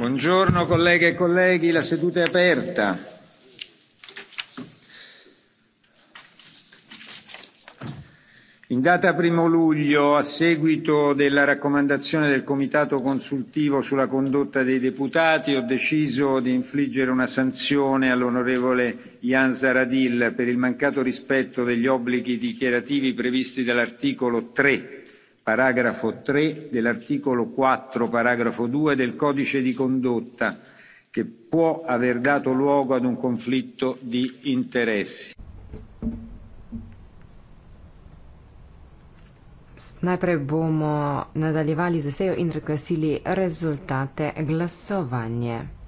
buongiorno colleghe e colleghi la seduta è aperta in data uno luglio a seguito della raccomandazione del comitato consultivo sulla condotta dei deputati ho deciso di infliggere una sanzione all'onorevole jan zahradil per il mancato rispetto degli obblighi dichiarativi previsti dall'articolo tre paragrafo tre dell'articolo quattro paragrafo due del codice di condotta che può aver dato luogo ad un conflitto di interessi. Najprej bomo nadaljevali z vsejo in razglasili rezultate glasovanja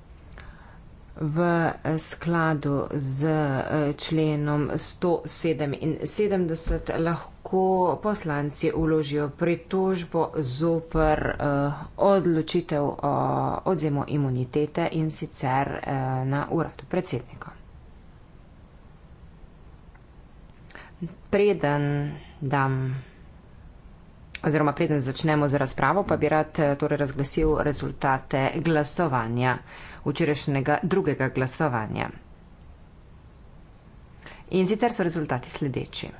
v eh, skladu z eh, členom 177 lahko poslanci uložijo pritožbo zoper eh, odločitev o odzemu imunitete in sicer na uradu predsednika. Preden dam oziroma preden začnemo z razpravo, pa bi rad torej razglasil rezultate glasovanja včerajšnjega drugega glasovanja. In sicer so rezultati sledeči.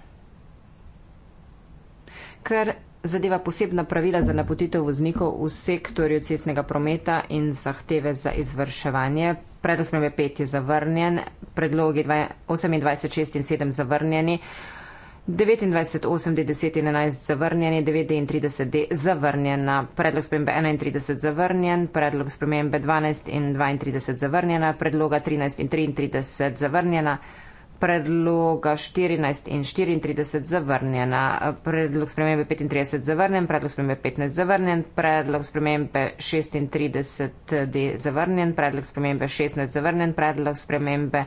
Ker zadeva posebna pravila za napotitev voznikov v sektorju cestnega prometa in zahteve za izvrševanje, predlog smeme 5 je zavrnjen, predlogi 28, 26 in 7 zavrnjeni. 29, 8, 10, 11 zavrnjeni, 9, 39, D zavrnjena, predlog spremembe 31 zavrnjen, predlog spremembe 12 in 32 zavrnjena, predloga 13 in 33 zavrnjena, predloga 14 in 34 zavrnjena, predlog spremembe 35 zavrnjen, predlog spremembe 15 zavrnjen, predlog spremembe 36 D zavrnjen, predlog spremembe 16 zavrnjen, predlog spremembe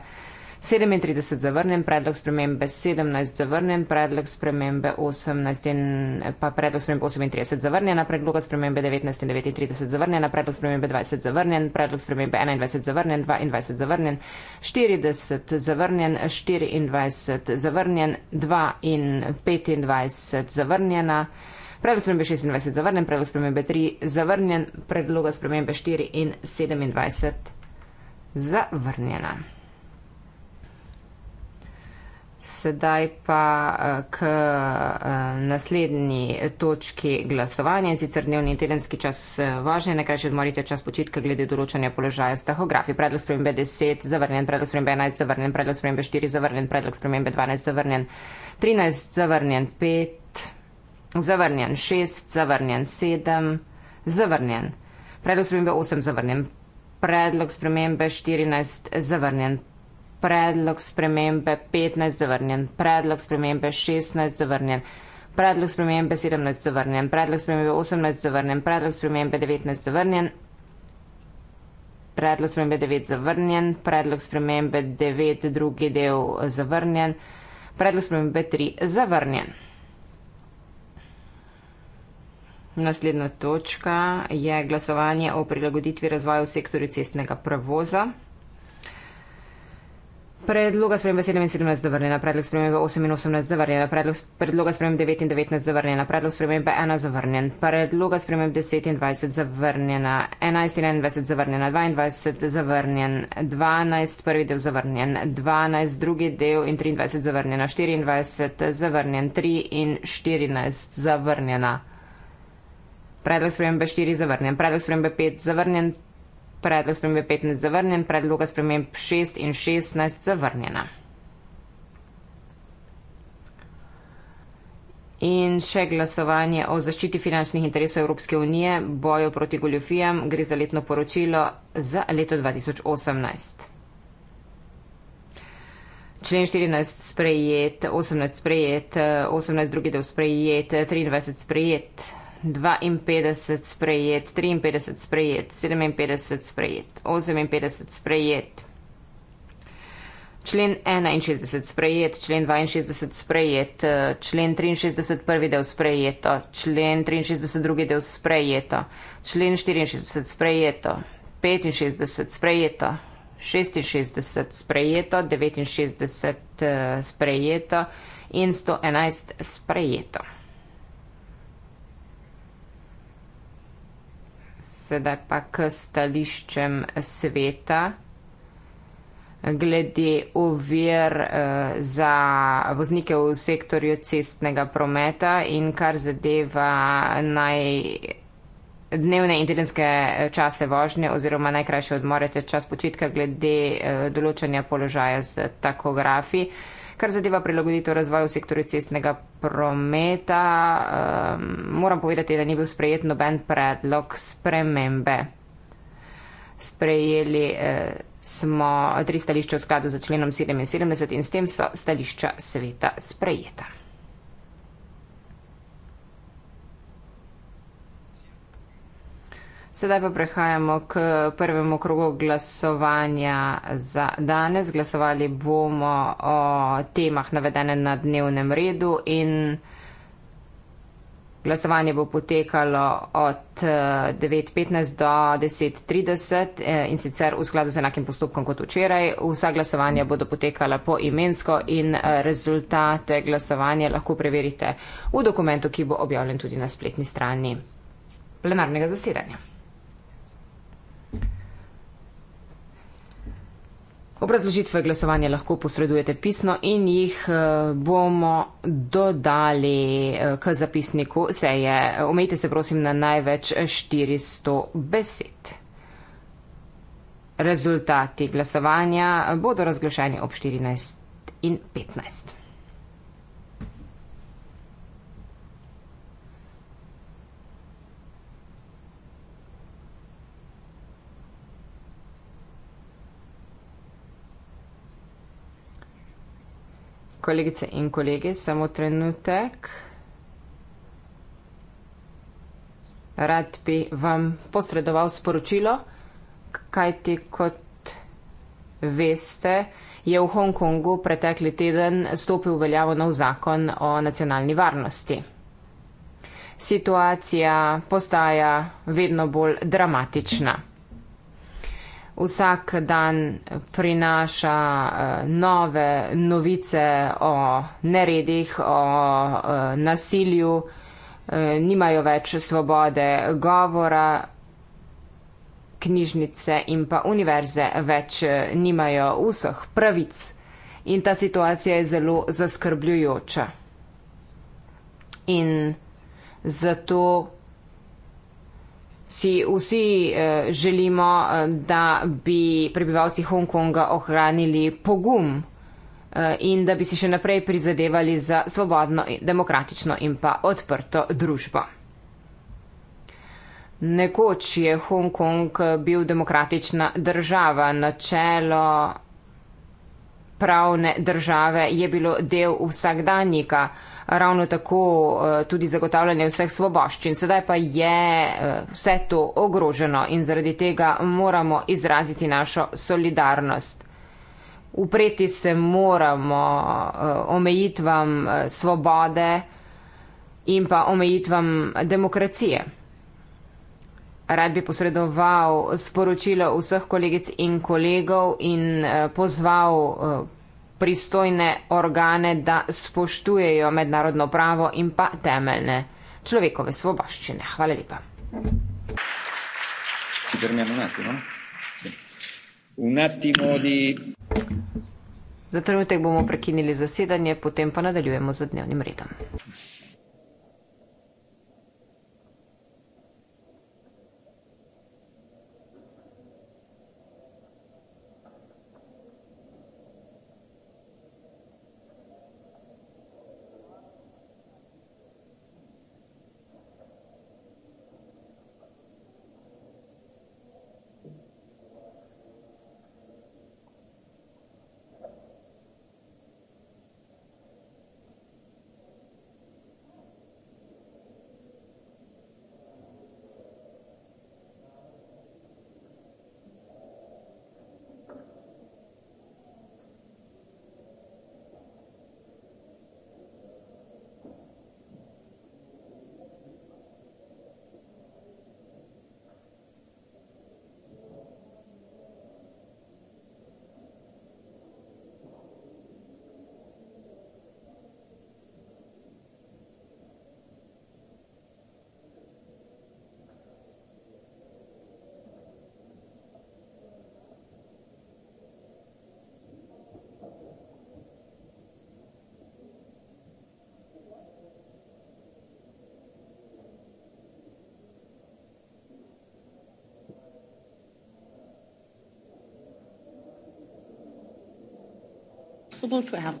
37 zavrnjen predlog spremembe, 17 zavrnjen predlog spremembe, 18 in pa predlog spremembe 38 zavrnjena, predloga spremembe 19 in 39 zavrnjena, predlog spremembe 20 zavrnjen, predlog spremembe 21 zavrnjen, 22 zavrnjen, 40 zavrnjen, 24 zavrnjen, 2 in 25 zavrnjena. Predlog spremembe 26 zavrnjen, predlog spremembe 3 zavrnjen, predloga spremembe 4 in 27 zavrnjena sedaj pa eh, k eh, naslednji točki glasovanja in sicer dnevni in tedenski čas eh, važni, nekaj še odmorite čas počitka glede določanja položaja stahografi. Predlog spremembe 10 zavrnjen, predlog spremembe 11 zavrnjen, predlog spremembe 4 zavrnjen, predlog spremembe 12 zavrnjen, 13 zavrnjen, 5 zavrnjen, 6 zavrnjen, 7 zavrnjen, predlog spremembe 8 zavrnjen, predlog spremembe 14 zavrnjen predlog spremembe 15 zavrnjen, predlog spremembe 16 zavrnjen, predlog spremembe 17 zavrnjen, predlog spremembe 18 zavrnjen, predlog spremembe 19 zavrnjen, predlog spremembe 9 zavrnjen, predlog spremembe 9 drugi del zavrnjen, predlog spremembe 3 zavrnjen. Naslednja točka je glasovanje o prilagoditvi razvoju sektorju cestnega prevoza predloga spremembe 17 zavrnjena, predlog spremembe 18 zavrnjena, predlog predloga spremembe 19 zavrnjena, predlog spremembe 1 zavrnjen, predloga spremembe 10 in 20 zavrnjena, 11 in 21 zavrnjena, 22 zavrnjen, 12 prvi del zavrnjen, 12 drugi del in 23 zavrnjena, 24 zavrnjen, 3 in 14 zavrnjena. Predlog spremembe 4 zavrnjen, predlog spremembe 5 zavrnjen, predlog spremembe 15 zavrnjen, predloga spremembe 6 in 16 zavrnjena. In še glasovanje o zaščiti finančnih interesov Evropske unije, bojo proti goljofijam, gre za letno poročilo za leto 2018. Člen 14 sprejet, 18 sprejet, 18 drugi del sprejet, 23 sprejet. 52 sprejet, 53 sprejet, 57 sprejet, 58 sprejet, člen 61 sprejet, člen 62 sprejet, eh, člen 63 prvi del sprejeto, člen 63 drugi del sprejeto, člen 64 sprejeto, 65 sprejeto. 66 sprejeto, 69 eh, sprejeto in 111 sprejeto. sedaj pa k stališčem sveta glede ovir eh, za voznike v sektorju cestnega prometa in kar zadeva naj dnevne in tedenske eh, čase vožnje oziroma najkrajše odmore ter čas počitka glede eh, določanja položaja z takografi. Eh, Kar zadeva prilagoditev razvoju sektorja cestnega prometa, um, moram povedati, da ni bil sprejet noben predlog spremembe. Sprejeli eh, smo tri stališča v skladu za členom 77 in s tem so stališča sveta sprejeta. Sedaj pa prehajamo k prvemu krogu glasovanja za danes. Glasovali bomo o temah navedene na dnevnem redu in glasovanje bo potekalo od 9.15 eh, do 10.30 eh, in sicer v skladu z enakim postopkom kot včeraj. Vsa glasovanja bodo potekala po imensko in eh, rezultate glasovanja lahko preverite v dokumentu, ki bo objavljen tudi na spletni strani plenarnega zasedanja. Obrazložitve glasovanja lahko posredujete pisno in jih eh, bomo dodali eh, k zapisniku seje. Omejte se prosim na največ 400 besed. Rezultati glasovanja bodo razglašeni ob 14 in 15. kolegice in kolegi, samo trenutek. Rad bi vam posredoval sporočilo, kajti kot veste, je v Hongkongu pretekli teden stopil veljavo nov zakon o nacionalni varnosti. Situacija postaja vedno bolj dramatična. Mm -hmm vsak dan prinaša eh, nove novice o neredih, o eh, nasilju, eh, nimajo več svobode govora, knjižnice in pa univerze več nimajo vseh pravic. In ta situacija je zelo zaskrbljujoča. In zato si vsi eh, želimo, eh, da bi prebivalci Hongkonga ohranili pogum eh, in da bi si še naprej prizadevali za svobodno, demokratično in pa odprto družbo. Nekoč je Hongkong eh, bil demokratična država, načelo pravne države je bilo del vsakdanjika ravno tako eh, tudi zagotavljanje vseh svoboščin. Sedaj pa je eh, vse to ogroženo in zaradi tega moramo izraziti našo solidarnost. Upreti se moramo eh, omejitvam svobode in pa omejitvam demokracije. Rad bi posredoval sporočilo vseh kolegic in kolegov in pozval pristojne organe, da spoštujejo mednarodno pravo in pa temeljne človekove svoboščine. Hvala lepa. Ci fermiamo un attimo? No? Un attimo di. Za trenutek bomo prekinili zasedanje, potem pa nadaljujemo z dnevnim redom. possible to have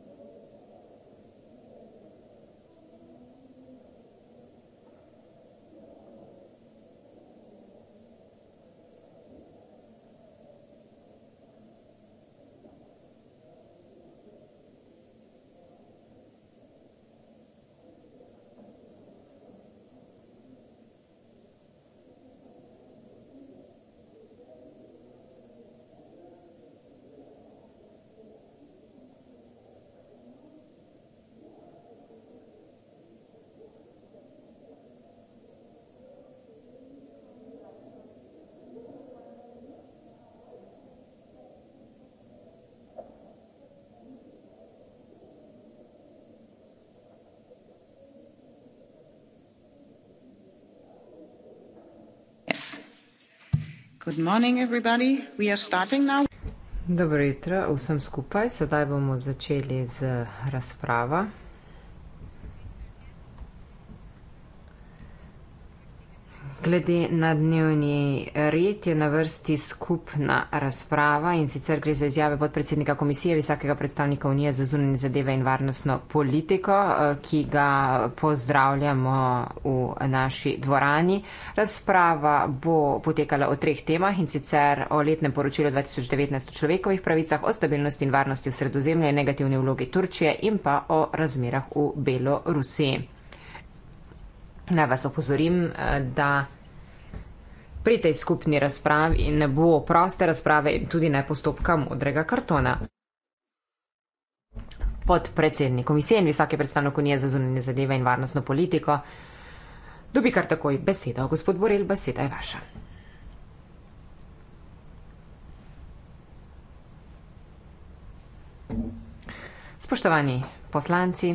Good morning, everybody. We are starting now. Dobro jutro vsem skupaj. Sedaj bomo začeli z razpravo. Glede na dnevni red je na vrsti skupna razprava in sicer gre za izjave podpredsednika komisije visakega predstavnika Unije za zunanje zadeve in varnostno politiko, eh, ki ga pozdravljamo v naši dvorani. Razprava bo potekala o treh temah in sicer o letnem poročilu 2019 o človekovih pravicah, o stabilnosti in varnosti v sredozemlju in negativni vlogi Turčije in pa o razmerah v Belorusiji. Naj vas opozorim, eh, da pri tej skupni razpravi in ne bo proste razprave in tudi ne postopka modrega kartona. Podpredsednik komisije in visoke predstavnike Unije za zunanje zadeve in varnostno politiko dobi kar takoj besedo. Gospod Borel, beseda je vaša. Spoštovani poslanci,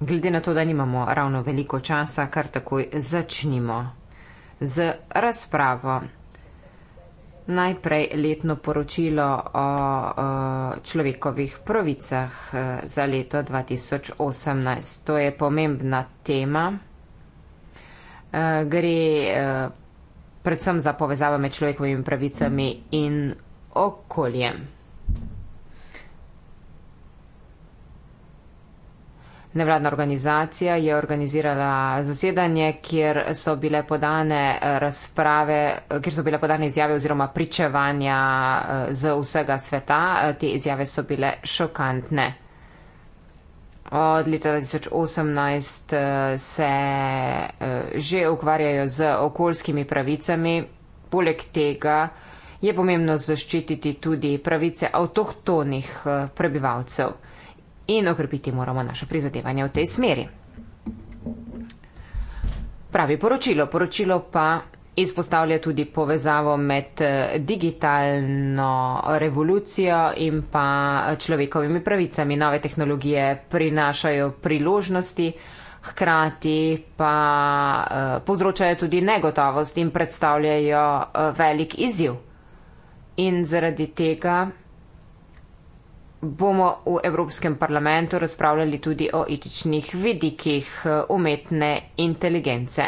Glede na to, da nimamo ravno veliko časa, kar takoj začnimo z razpravo. Najprej letno poročilo o, o človekovih pravicah eh, za leto 2018. To je pomembna tema. Eh, gre eh, predvsem za povezavo med človekovimi pravicami in okoljem. Nevladna organizacija je organizirala zasedanje, kjer so bile podane eh, razprave, eh, kjer so bile podane izjave oziroma pričevanja eh, z vsega sveta. Te izjave so bile šokantne. Od leta 2018 se že ukvarjajo z okoljskimi pravicami. Poleg tega je pomembno zaščititi tudi pravice avtohtonih prebivalcev in okrepiti moramo naše prizadevanje v tej smeri. Pravi poročilo. Poročilo pa izpostavlja tudi povezavo med eh, digitalno revolucijo in pa človekovimi pravicami. Nove tehnologije prinašajo priložnosti, hkrati pa eh, povzročajo tudi negotovost in predstavljajo eh, velik izziv. In zaradi tega bomo v Evropskem parlamentu razpravljali tudi o etičnih vidikih eh, umetne inteligence.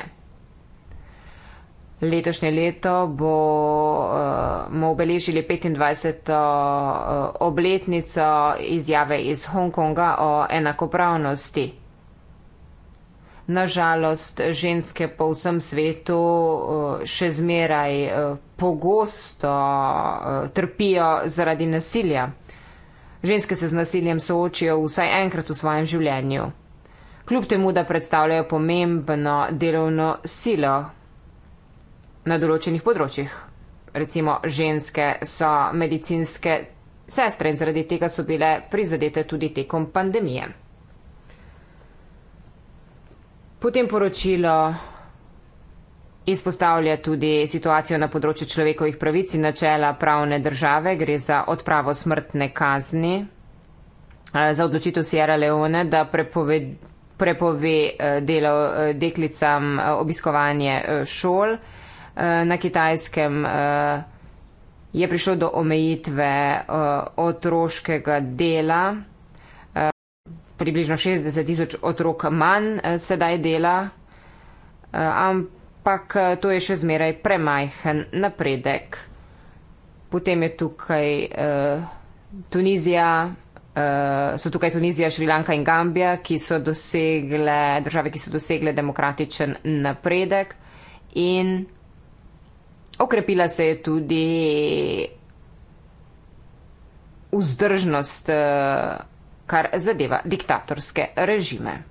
Letošnje leto bomo eh, obeležili 25. Eh, obletnico izjave iz Hongkonga o enakopravnosti. Nažalost, ženske po vsem svetu še zmeraj pogosto trpijo zaradi nasilja. Ženske se z nasiljem soočijo vsaj enkrat v svojem življenju. Kljub temu, da predstavljajo pomembno delovno silo na določenih področjih. Recimo, ženske so medicinske sestre in zaradi tega so bile prizadete tudi tekom pandemije. Potem poročilo Izpostavlja tudi situacijo na področju človekovih pravic in načela pravne države. Gre za odpravo smrtne kazni, eh, za odločitev Sierra Leone, da prepove, prepove eh, delo eh, deklicam obiskovanje šol na kitajskem. Je prišlo do omejitve otroškega dela. Približno 60 tisoč otrok manj sedaj dela. Ampak ampak eh, to je še zmeraj premajhen napredek. Potem je tukaj uh, Tunizija, uh, so tukaj Tunizija, Šrilanka in Gambija, ki so dosegle, države, ki so dosegle demokratičen napredek in okrepila se je tudi vzdržnost, uh, kar zadeva diktatorske režime.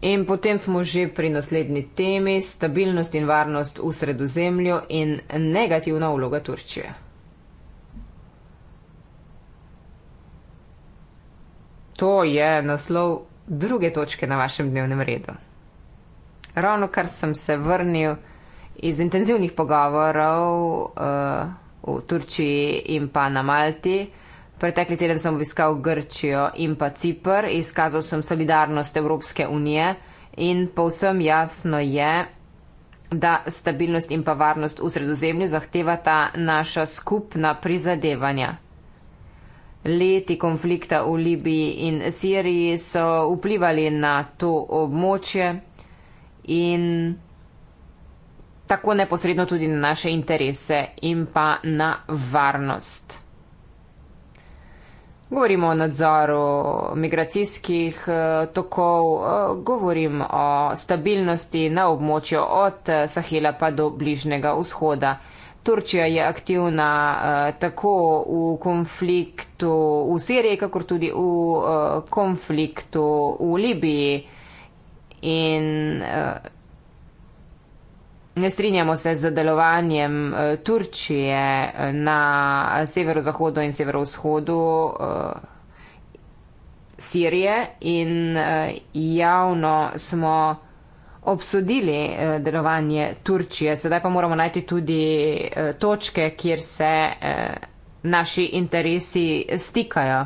In potem smo že pri naslednji temi, stabilnost in varnost v sredozemlju in negativna vloga Turčije. To je naslov druge točke na vašem dnevnem redu. Ravno kar sem se vrnil iz intenzivnih pogovorov uh, v Turčiji in pa na Malti, uh, Pretekli teden sem obiskal Grčijo in pa Cipr, izkazal sem solidarnost Evropske unije in povsem jasno je, da stabilnost in pa varnost v sredozemlju zahtevata naša skupna prizadevanja. Leti konflikta v Libiji in Siriji so vplivali na to območje in tako neposredno tudi na naše interese in pa na varnost. Govorimo o nadzoru migracijskih eh, tokov, eh, govorim o stabilnosti na območju od eh, Sahela pa do Bližnjega vzhoda. Turčija je aktivna tako v konfliktu v Siriji, kakor tudi v konfliktu v Libiji. In, Ne strinjamo se z delovanjem eh, Turčije eh, na severozahodu in severovzhodu eh, Sirije in javno smo obsodili delovanje Turčije. Sedaj pa moramo najti tudi točke, kjer se naši interesi stikajo.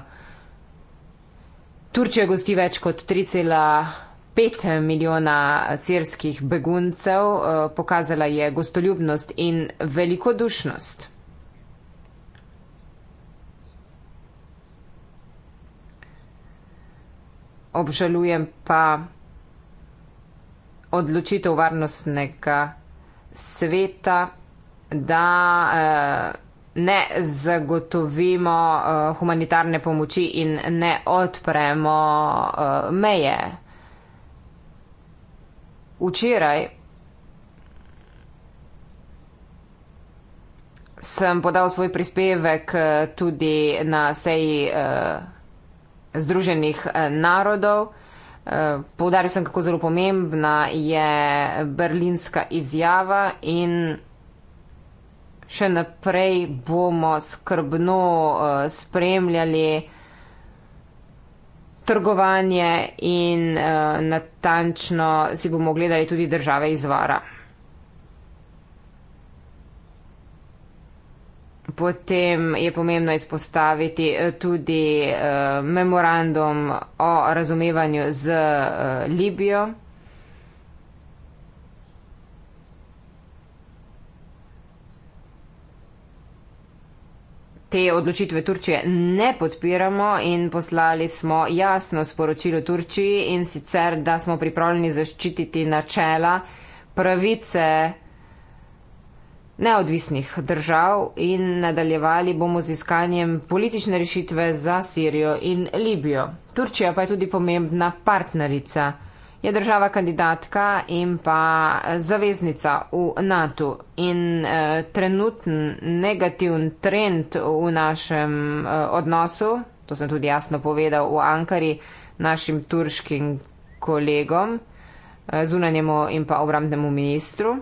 Turčija gosti več kot 3,5 milijona pet milijona eh, sirskih beguncev, eh, pokazala je gostoljubnost in velikodušnost. Obžalujem pa odločitev varnostnega sveta, da eh, ne zagotovimo humanitarne pomoči in ne odpremo meje. Včeraj sem podal svoj prispevek eh, tudi na seji eh, Združenih eh, narodov. Eh, Poudaril sem, kako zelo pomembna je berlinska izjava in še naprej bomo skrbno eh, spremljali eh, trgovanje in uh, natančno si bomo gledali tudi države izvara. Potem je pomembno izpostaviti eh, tudi uh, memorandum o razumevanju z uh, Libijo. te odločitve Turčije ne podpiramo in poslali smo jasno sporočilo Turčiji in sicer, da smo pripravljeni zaščititi načela pravice neodvisnih držav in nadaljevali bomo z iskanjem politične rešitve za Sirijo in Libijo. Turčija pa je tudi pomembna partnerica je država kandidatka in pa eh, zaveznica v NATO. In uh, trenutni negativni trend v našem uh, odnosu, to sem tudi jasno povedal v Ankari našim turškim kolegom, uh, zunanjemu in pa obramnemu ministru.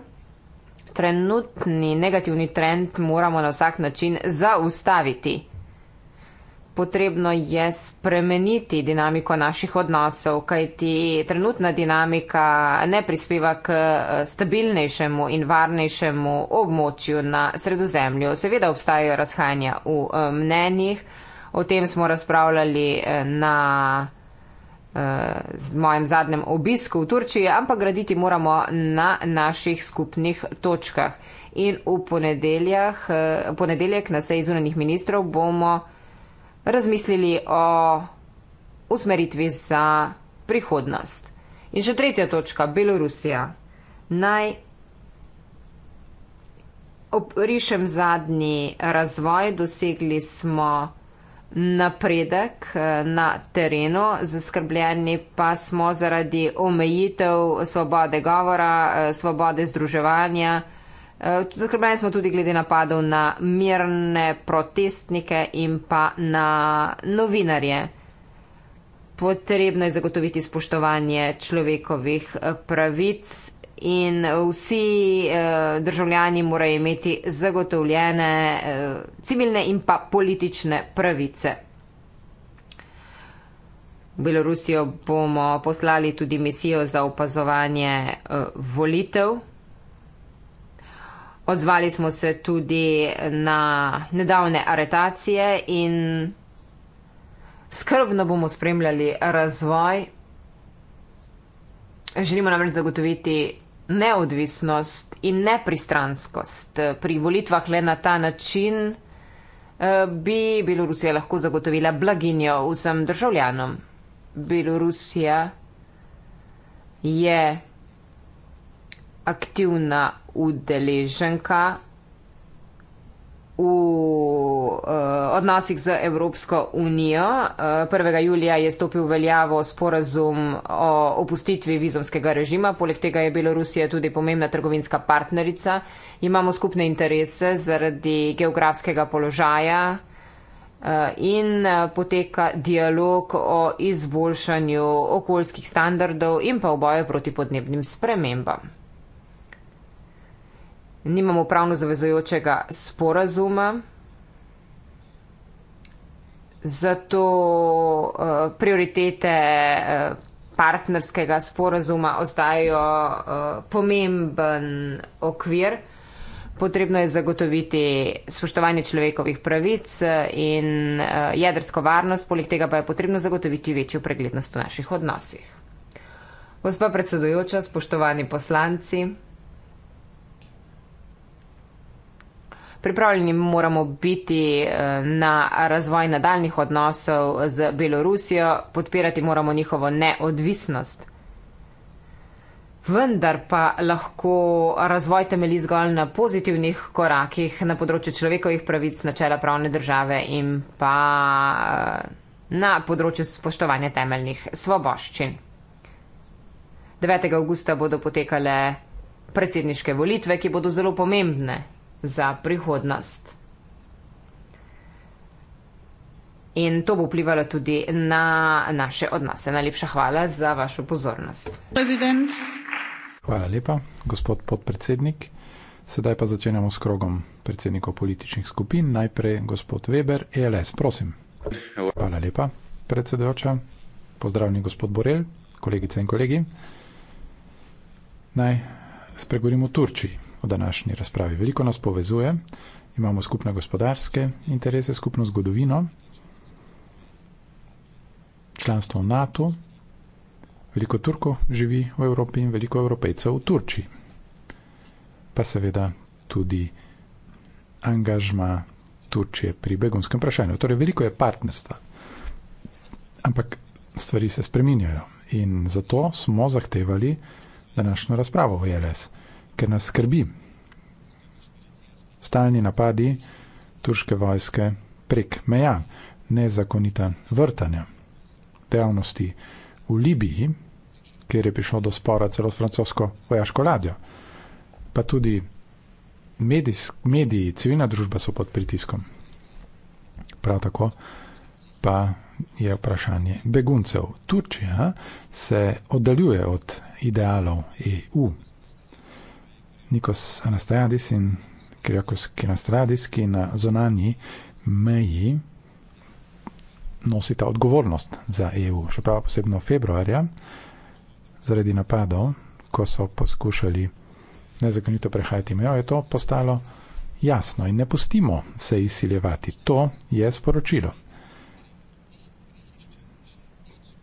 Trenutni negativni trend moramo na vsak način zaustaviti potrebno je spremeniti dinamiko naših odnosov, kajti trenutna dinamika ne prispeva k eh, stabilnejšemu in varnejšemu območju na sredozemlju. Seveda obstajajo razhajanja v eh, mnenjih, o tem smo razpravljali eh, na z mojem zadnjem obisku v Turčiji, ampak graditi moramo na naših skupnih točkah. In v ponedeljek na seji zunanih ministrov bomo razmislili o usmeritvi za prihodnost. In še tretja točka, Belorusija. Naj oprišem zadnji razvoj, dosegli smo napredek eh, na terenu, zaskrbljeni pa smo zaradi omejitev svobode govora, eh, svobode združevanja. Eh, Zaskrbljeni smo tudi glede napadov na mirne protestnike in pa na novinarje. Potrebno je zagotoviti spoštovanje človekovih eh, pravic in vsi eh, državljani morajo imeti zagotovljene civilne in pa politične pravice. V Belorusijo bomo poslali tudi misijo za opazovanje volitev. Odzvali smo se tudi na nedavne aretacije in skrbno bomo spremljali razvoj. Želimo namreč zagotoviti neodvisnost in nepristranskost. Pri volitvah le na ta način eh, bi Belorusija lahko zagotovila blaginjo vsem državljanom. Belorusija je. Yeah aktivna udeleženka v uh, odnosih z Evropsko unijo. Uh, eh, 1. julija je stopil veljavo sporazum o opustitvi vizumskega režima, poleg tega je Belorusija tudi pomembna trgovinska partnerica. Imamo skupne interese zaradi geografskega položaja uh, in poteka dialog o izboljšanju okoljskih standardov in pa oboje proti podnebnim spremembam nimamo pravno zavezojočega sporazuma. Zato uh, prioritete uh, partnerskega sporazuma ostajajo uh, pomemben okvir. Potrebno je zagotoviti spoštovanje človekovih pravic in uh, jedrsko varnost, poleg tega pa je potrebno zagotoviti večjo preglednost v naših odnosih. Gospa predsedujoča, spoštovani poslanci. pripravljeni moramo biti eh, na razvoj nadaljnih odnosov z Belorusijo, podpirati moramo njihovo neodvisnost. Vendar pa lahko razvoj temelji zgolj na pozitivnih korakih na področju človekovih pravic, načela pravne države in pa eh, na področju spoštovanja temeljnih svoboščin. 9. avgusta bodo potekale predsedniške volitve, ki bodo zelo pomembne za prihodnost. In to bo vplivalo tudi na naše odnose. Najlepša hvala za vašo pozornost. President. Hvala lepa, gospod podpredsednik. Sedaj pa začenjamo s krogom predsednikov političnih skupin. Najprej gospod Weber, ELS, prosim. Hvala lepa, predsedujoča. Pozdravljeni, gospod Borel, kolegice in kolegi. Naj spregovorimo o Turčiji v današnji razpravi. Veliko nas povezuje, imamo skupne gospodarske interese, skupno zgodovino, članstvo v NATO, veliko Turko živi v Evropi in veliko Evropejcev v Turčiji. Pa seveda tudi angažma Turčije pri begunskem vprašanju. Torej, veliko je partnerstva. Ampak stvari se spreminjajo in zato smo zahtevali današnjo razpravo v JLS ker nas skrbi. Stalni napadi turške vojske prek meja, nezakonita vrtanja, dejavnosti v Libiji, kjer je prišlo do spora celo s francosko vojaško ladjo, pa tudi mediji, civilna družba so pod pritiskom. Prav tako pa je vprašanje beguncev. Turčija se oddaljuje od idealov EU. Nikos Anastasijadis in Kyriakos Kinastasijadis, ki na zonanji meji nosita odgovornost za EU, še prav posebno februarja, zaradi napadov, ko so poskušali nezakonito prehajati mejo, je to postalo jasno in ne pustimo se izsiljevati. To je sporočilo.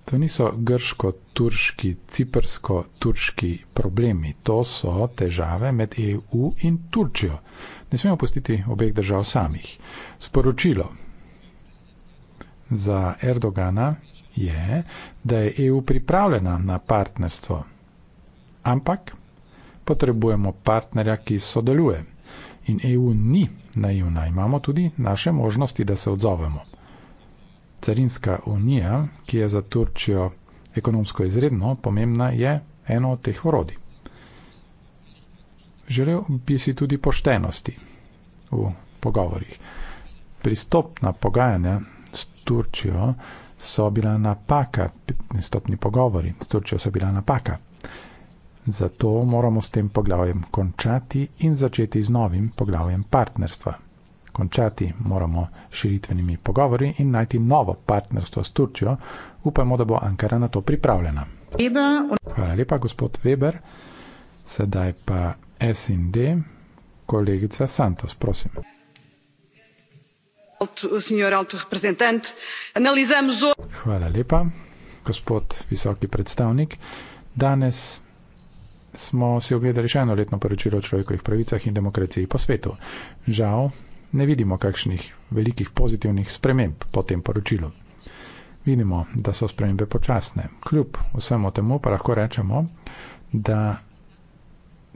To niso grško-turški, cipersko-turški problemi, to so težave med EU in Turčijo. Ne smemo pustiti obeh držav samih. Sporočilo za Erdogana je, da je EU pripravljena na partnerstvo, ampak potrebujemo partnerja, ki sodeluje. In EU ni naivna, imamo tudi naše možnosti, da se odzovemo carinska unija, ki je za Turčijo ekonomsko izredno pomembna, je eno od teh orodij. Želel bi si tudi poštenosti v pogovorih. Pristopna pogajanja s Turčijo so bila napaka, pristopni pogovori s Turčijo so bila napaka. Zato moramo s tem poglavjem končati in začeti z novim poglavjem partnerstva končati moramo širitvenimi pogovori in najti novo partnerstvo s Turčijo. Upamo, da bo Ankara na to pripravljena. Hvala lepa, gospod Weber. Sedaj pa SND, kolegica Santos, prosim. Hvala lepa, gospod visoki predstavnik. Danes smo si ogledali še eno letno poročilo o človekovih pravicah in demokraciji po svetu. Žal, ne vidimo kakšnih velikih pozitivnih sprememb po tem poročilu. Vidimo, da so spremembe počasne. Kljub vsemu temu pa lahko rečemo, da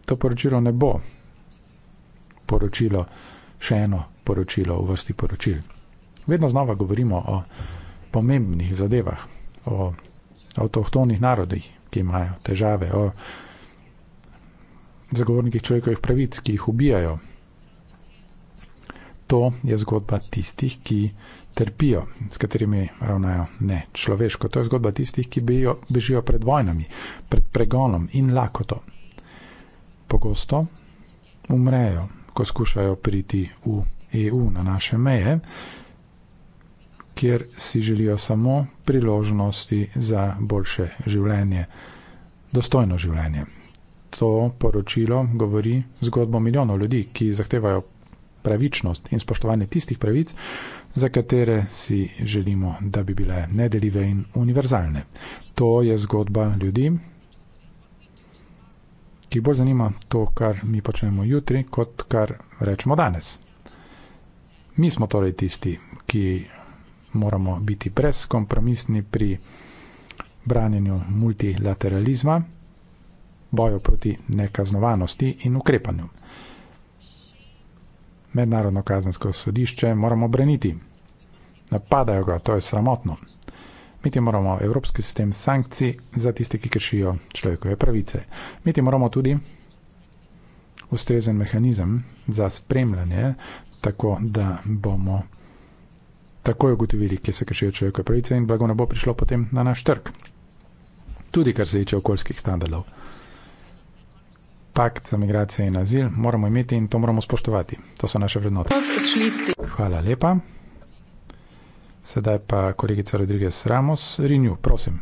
to poročilo ne bo poročilo, še eno poročilo v vrsti poročil. Vedno znova govorimo o pomembnih zadevah, o avtohtonih narodih, ki imajo težave, o zagovornikih človekovih pravic, ki jih ubijajo to je zgodba tistih, ki trpijo, s katerimi ravnajo ne človeško. To je zgodba tistih, ki bejo, bežijo pred vojnami, pred pregonom in lakoto. Pogosto umrejo, ko skušajo priti v EU na naše meje, kjer si želijo samo priložnosti za boljše življenje, dostojno življenje. To poročilo govori zgodbo milijonov ljudi, ki zahtevajo pravičnost in spoštovanje tistih pravic, za katere si želimo, da bi bile nedeljive in univerzalne. To je zgodba ljudi, ki bolj zanima to, kar mi počnemo jutri, kot kar rečemo danes. Mi smo torej tisti, ki moramo biti brezkompromisni pri branjenju multilateralizma, boju proti nekaznovanosti in ukrepanju mednarodno kazensko sodišče moramo braniti. Napadajo ga, to je sramotno. Mi ti moramo evropski sistem sankcij za tiste, ki kršijo človekove pravice. Mi ti moramo tudi ustrezen mehanizem za spremljanje, tako da bomo takoj ugotovili, kje se kršijo človekove pravice in blago ne bo prišlo potem na naš trg. Tudi kar se tiče okoljskih standardov pakt za migracije in azil moramo imeti in to moramo spoštovati. To so naše vrednote. Hvala lepa. Sedaj pa kolegica Rodriguez Ramos, Renew, prosim.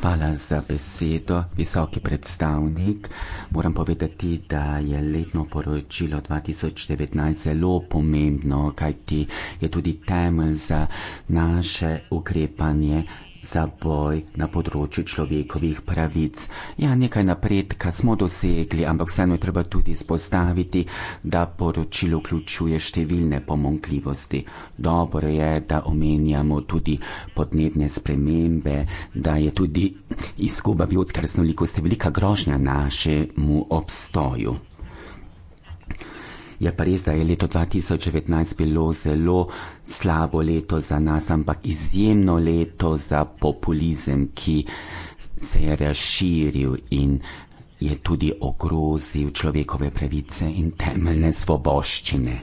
Hvala za besedo, visoki predstavnik. Moram povedati, da je letno poročilo 2019 zelo pomembno, kajti je tudi temelj za naše ukrepanje za boj na področju človekovih pravic. Ja, nekaj napredka smo dosegli, ampak vseeno je treba tudi spostaviti, da poročilo vključuje številne pomankljivosti. Dobro je, da omenjamo tudi podnebne spremembe, da je tudi izguba biotske raznolikosti velika grožnja našemu obstoju. Je pa res, da je leto 2019 bilo zelo slabo leto za nas, ampak izjemno leto za populizem, ki se je razširil in je tudi ogrozil človekove pravice in temeljne svoboščine.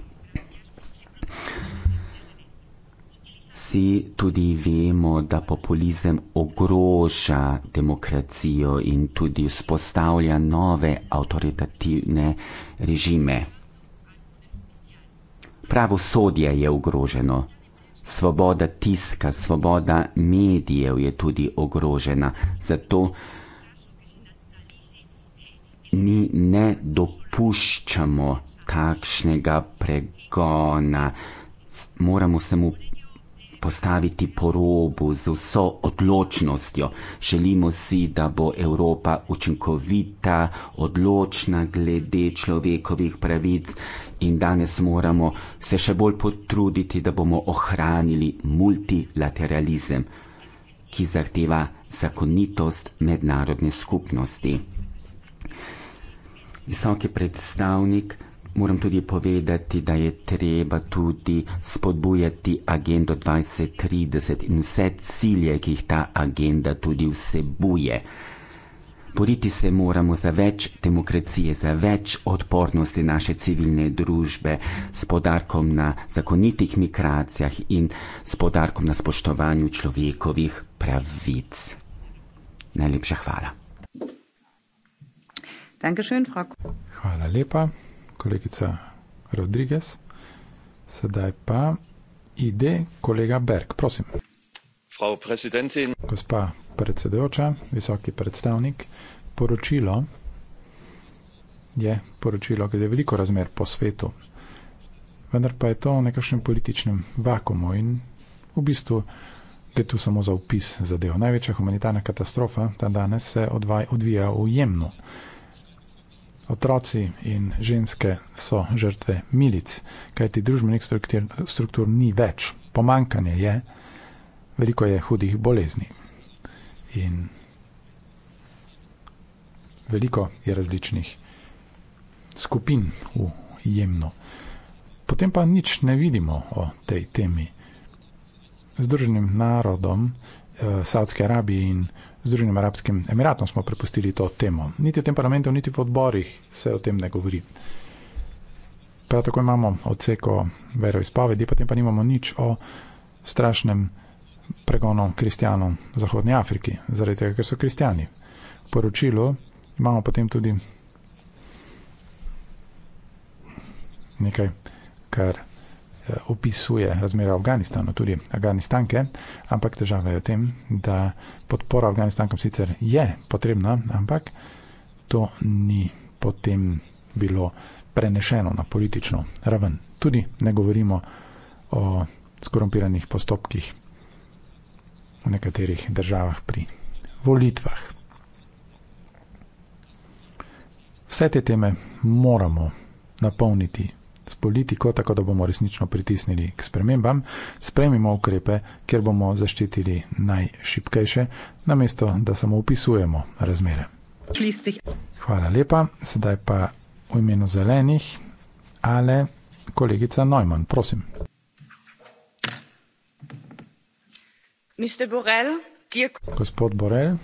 Vsi tudi vemo, da populizem ogroža demokracijo in tudi vzpostavlja nove avtoritativne režime pravosodje je ogroženo, svoboda tiska, svoboda medijev je tudi ogrožena. Zato mi ne dopuščamo takšnega pregona. Moramo se mu postaviti po robu z vso odločnostjo. Želimo si, da bo Evropa učinkovita, odločna glede človekovih pravic in danes moramo se še bolj potruditi, da bomo ohranili multilateralizem, ki zahteva zakonitost mednarodne skupnosti. Visoki predstavnik, moram tudi povedati, da je treba tudi spodbujati agendo 2030 in vse cilje, ki jih ta agenda tudi vsebuje. Boriti se moramo za več demokracije, za več odpornosti naše civilne družbe s podarkom na zakonitih migracijah in s podarkom na spoštovanju človekovih pravic. Najlepša hvala. Dankeschön, hvala lepa, kolegica Rodriguez. Sedaj pa ide kolega Berg, prosim. Gospa predsedujoča, visoki predstavnik, poročilo je poročilo, glede veliko razmer po svetu, vendar pa je to v nekakšnem političnem vakumu in v bistvu gre tu samo za upis zadev. Največja humanitarna katastrofa ta danes se odvaj, odvija v Jemnu. Otroci in ženske so žrtve milic, kajti družbenih struktur, struktur ni več, pomankanje je veliko je hudih bolezni. In veliko je različnih skupin v jemno. Potem pa nič ne vidimo o tej temi. Združenim narodom eh, Saudske Arabije in Združenim Arabskim Emiratom smo prepustili to temo. Niti v tem parlamentu, niti v odborih se o tem ne govori. Prav tako imamo odseko veroizpovedi, potem pa nimamo nič o strašnem eh, pregonom kristijanov v Zahodnji Afriki, zaradi tega, ker so kristijani. V poročilu imamo potem tudi nekaj, kar eh, opisuje razmere v Afganistanu, tudi Afganistanke, ampak težava je v tem, da podpora Afganistankom sicer je potrebna, ampak to ni potem bilo prenešeno na politično raven. Tudi ne govorimo o skorumpiranih postopkih v nekaterih državah pri volitvah. Vse te teme moramo napolniti s politiko, tako da bomo resnično pritisnili k spremembam, sprejmimo ukrepe, kjer bomo zaščitili najšipkejše, namesto da samo upisujemo razmere. Hvala lepa, sedaj pa v imenu zelenih, ale kolegica Neumann, prosim. Borel, je... Gospod Borel,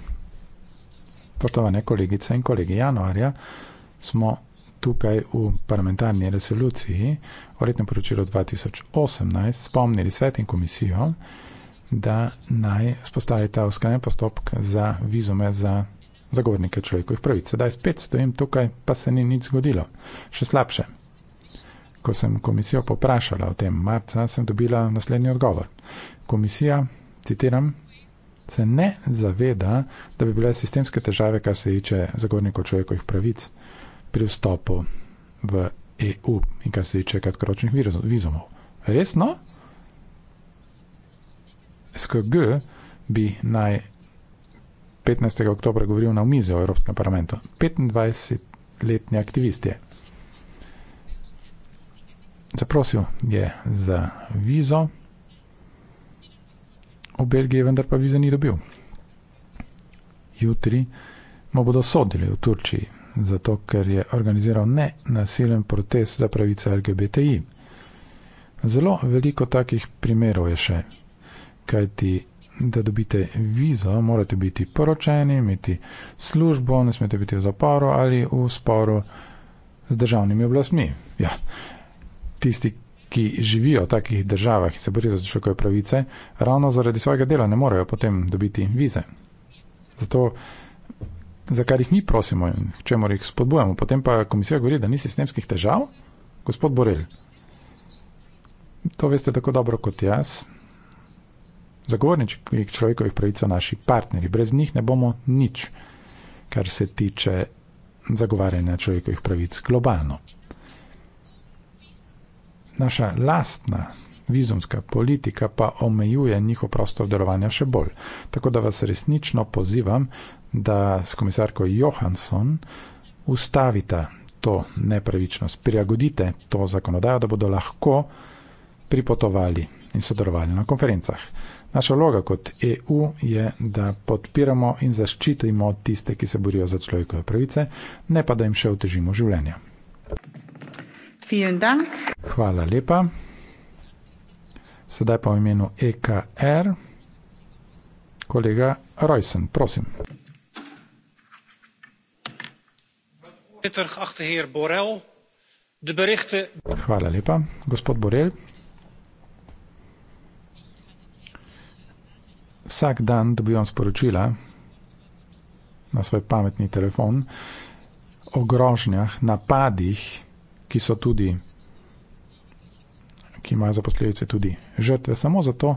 spoštovane kolegice in kolegi, januarja smo tukaj v parlamentarni resoluciji o letnem poročilu 2018 spomnili svet in komisijo, da naj spostavi ta usklajen postopk za vizume za zagovornike človekovih pravic. Sedaj spet stojim tukaj, pa se ni nič zgodilo. Še slabše. Ko sem komisijo poprašala o tem marca, sem dobila naslednji odgovor. Komisija citiram, se ne zaveda, da bi bile sistemske težave, kar se tiče zagovornikov človekovih pravic pri vstopu v EU in kar se tiče kratkoročnih vizumov. Resno? SKG bi naj 15. oktober govoril na omize v Evropskem parlamentu. 25-letni aktivist je. Zaprosil je za vizo v Belgiji, vendar pa vize ni dobil. Jutri mu bodo sodili v Turčiji, zato ker je organiziral nenasilen protest za pravice LGBTI. Zelo veliko takih primerov je še, kajti da dobite vizo, morate biti poročeni, imeti službo, ne smete biti v zaporu ali v sporu z državnimi oblastmi. Ja. Tisti, ki živijo v takih državah in se borijo za človekove pravice, ravno zaradi svojega dela ne morejo potem dobiti vize. Zato, za kar jih mi prosimo in če moramo jih spodbujamo, potem pa komisija govori, da ni sistemskih težav, gospod Borel. To veste tako dobro kot jaz. Zagovorniki človekovih pravic so naši partnerji, brez njih ne bomo nič, kar se tiče zagovarjanja človekovih pravic globalno. Naša lastna vizumska politika pa omejuje njihov prostor delovanja še bolj. Tako da vas resnično pozivam, da s komisarko Johansson ustavite to nepravičnost, prilagodite to zakonodajo, da bodo lahko pripotovali in sodelovali na konferencah. Naša vloga kot EU je, da podpiramo in zaščitimo tiste, ki se borijo za človekove pravice, ne pa da jim še otežimo življenje. Hvala lepa. Sedaj pa v imenu EKR, kolega Rojsen, prosim. Hvala lepa, gospod Borel. Vsak dan dobivam sporočila na svoj pametni telefon o grožnjah, napadih, ki so tudi, ki imajo za posledice tudi žrtve, samo zato,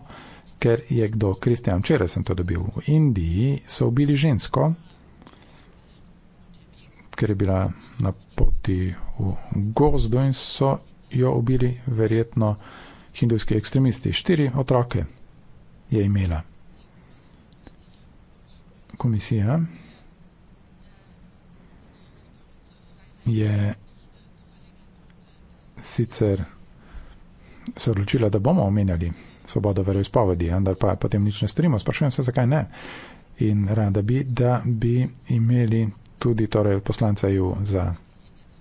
ker je kdo kristjan. Včeraj sem to dobil v Indiji, so ubili žensko, ker je bila na poti v gozdo in so jo ubili verjetno hindujski ekstremisti. Štiri otroke je imela komisija. Je yeah sicer se odločila, da bomo omenjali svobodo veroizpovedi, vendar pa potem nič ne strimo, sprašujem se, zakaj ne. In rada bi, da bi imeli tudi torej, poslanca EU za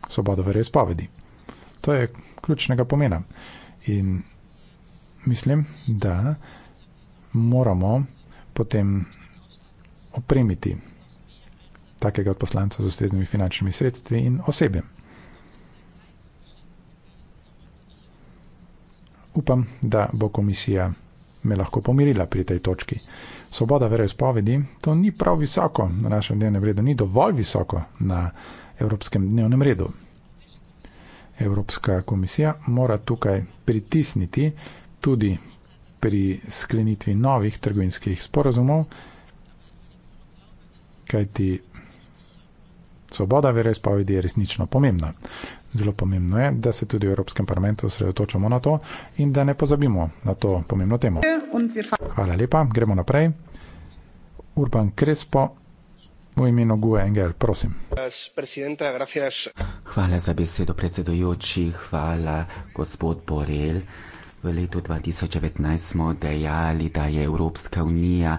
svobodo veroizpovedi. To je ključnega pomena. In mislim, da moramo potem opremiti takega odposlanca z ustreznimi finančnimi sredstvi in osebjem. upam, da bo komisija me lahko pomirila pri tej točki. Svoboda veroizpovedi, to ni prav visoko na našem dnevnem redu, ni dovolj visoko na evropskem dnevnem redu. Evropska komisija mora tukaj pritisniti tudi pri sklenitvi novih trgovinskih sporazumov, kajti Svoboda veroizpovedi je resnično pomembna. Zelo pomembno je, da se tudi v Evropskem parlamentu osredotočamo na to in da ne pozabimo na to pomembno temo. Hvala lepa, gremo naprej. Urban Krespo, v imenu Gue Engel, prosim. Hvala za besedo, predsedujoči, hvala gospod Borel. V letu 2019 smo dejali, da je Evropska unija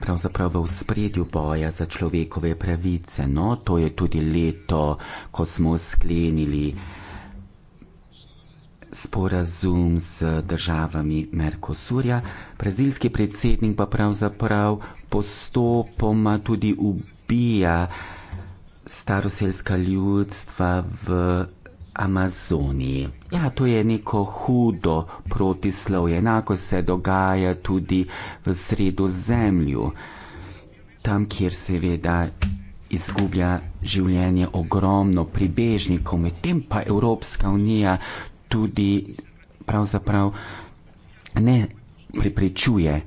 pravzaprav v spredju boja za človekove pravice. No, to je tudi leto, ko smo sklenili sporazum z državami Merkosurja. Brazilski predsednik pa pravzaprav postopoma tudi ubija staroselska ljudstva v Amazoniji. Ja, to je neko hudo protislovje, enako se dogaja tudi v sredozemlju, tam, kjer seveda izgublja življenje ogromno pribežnikov, medtem pa Evropska unija tudi pravzaprav ne preprečuje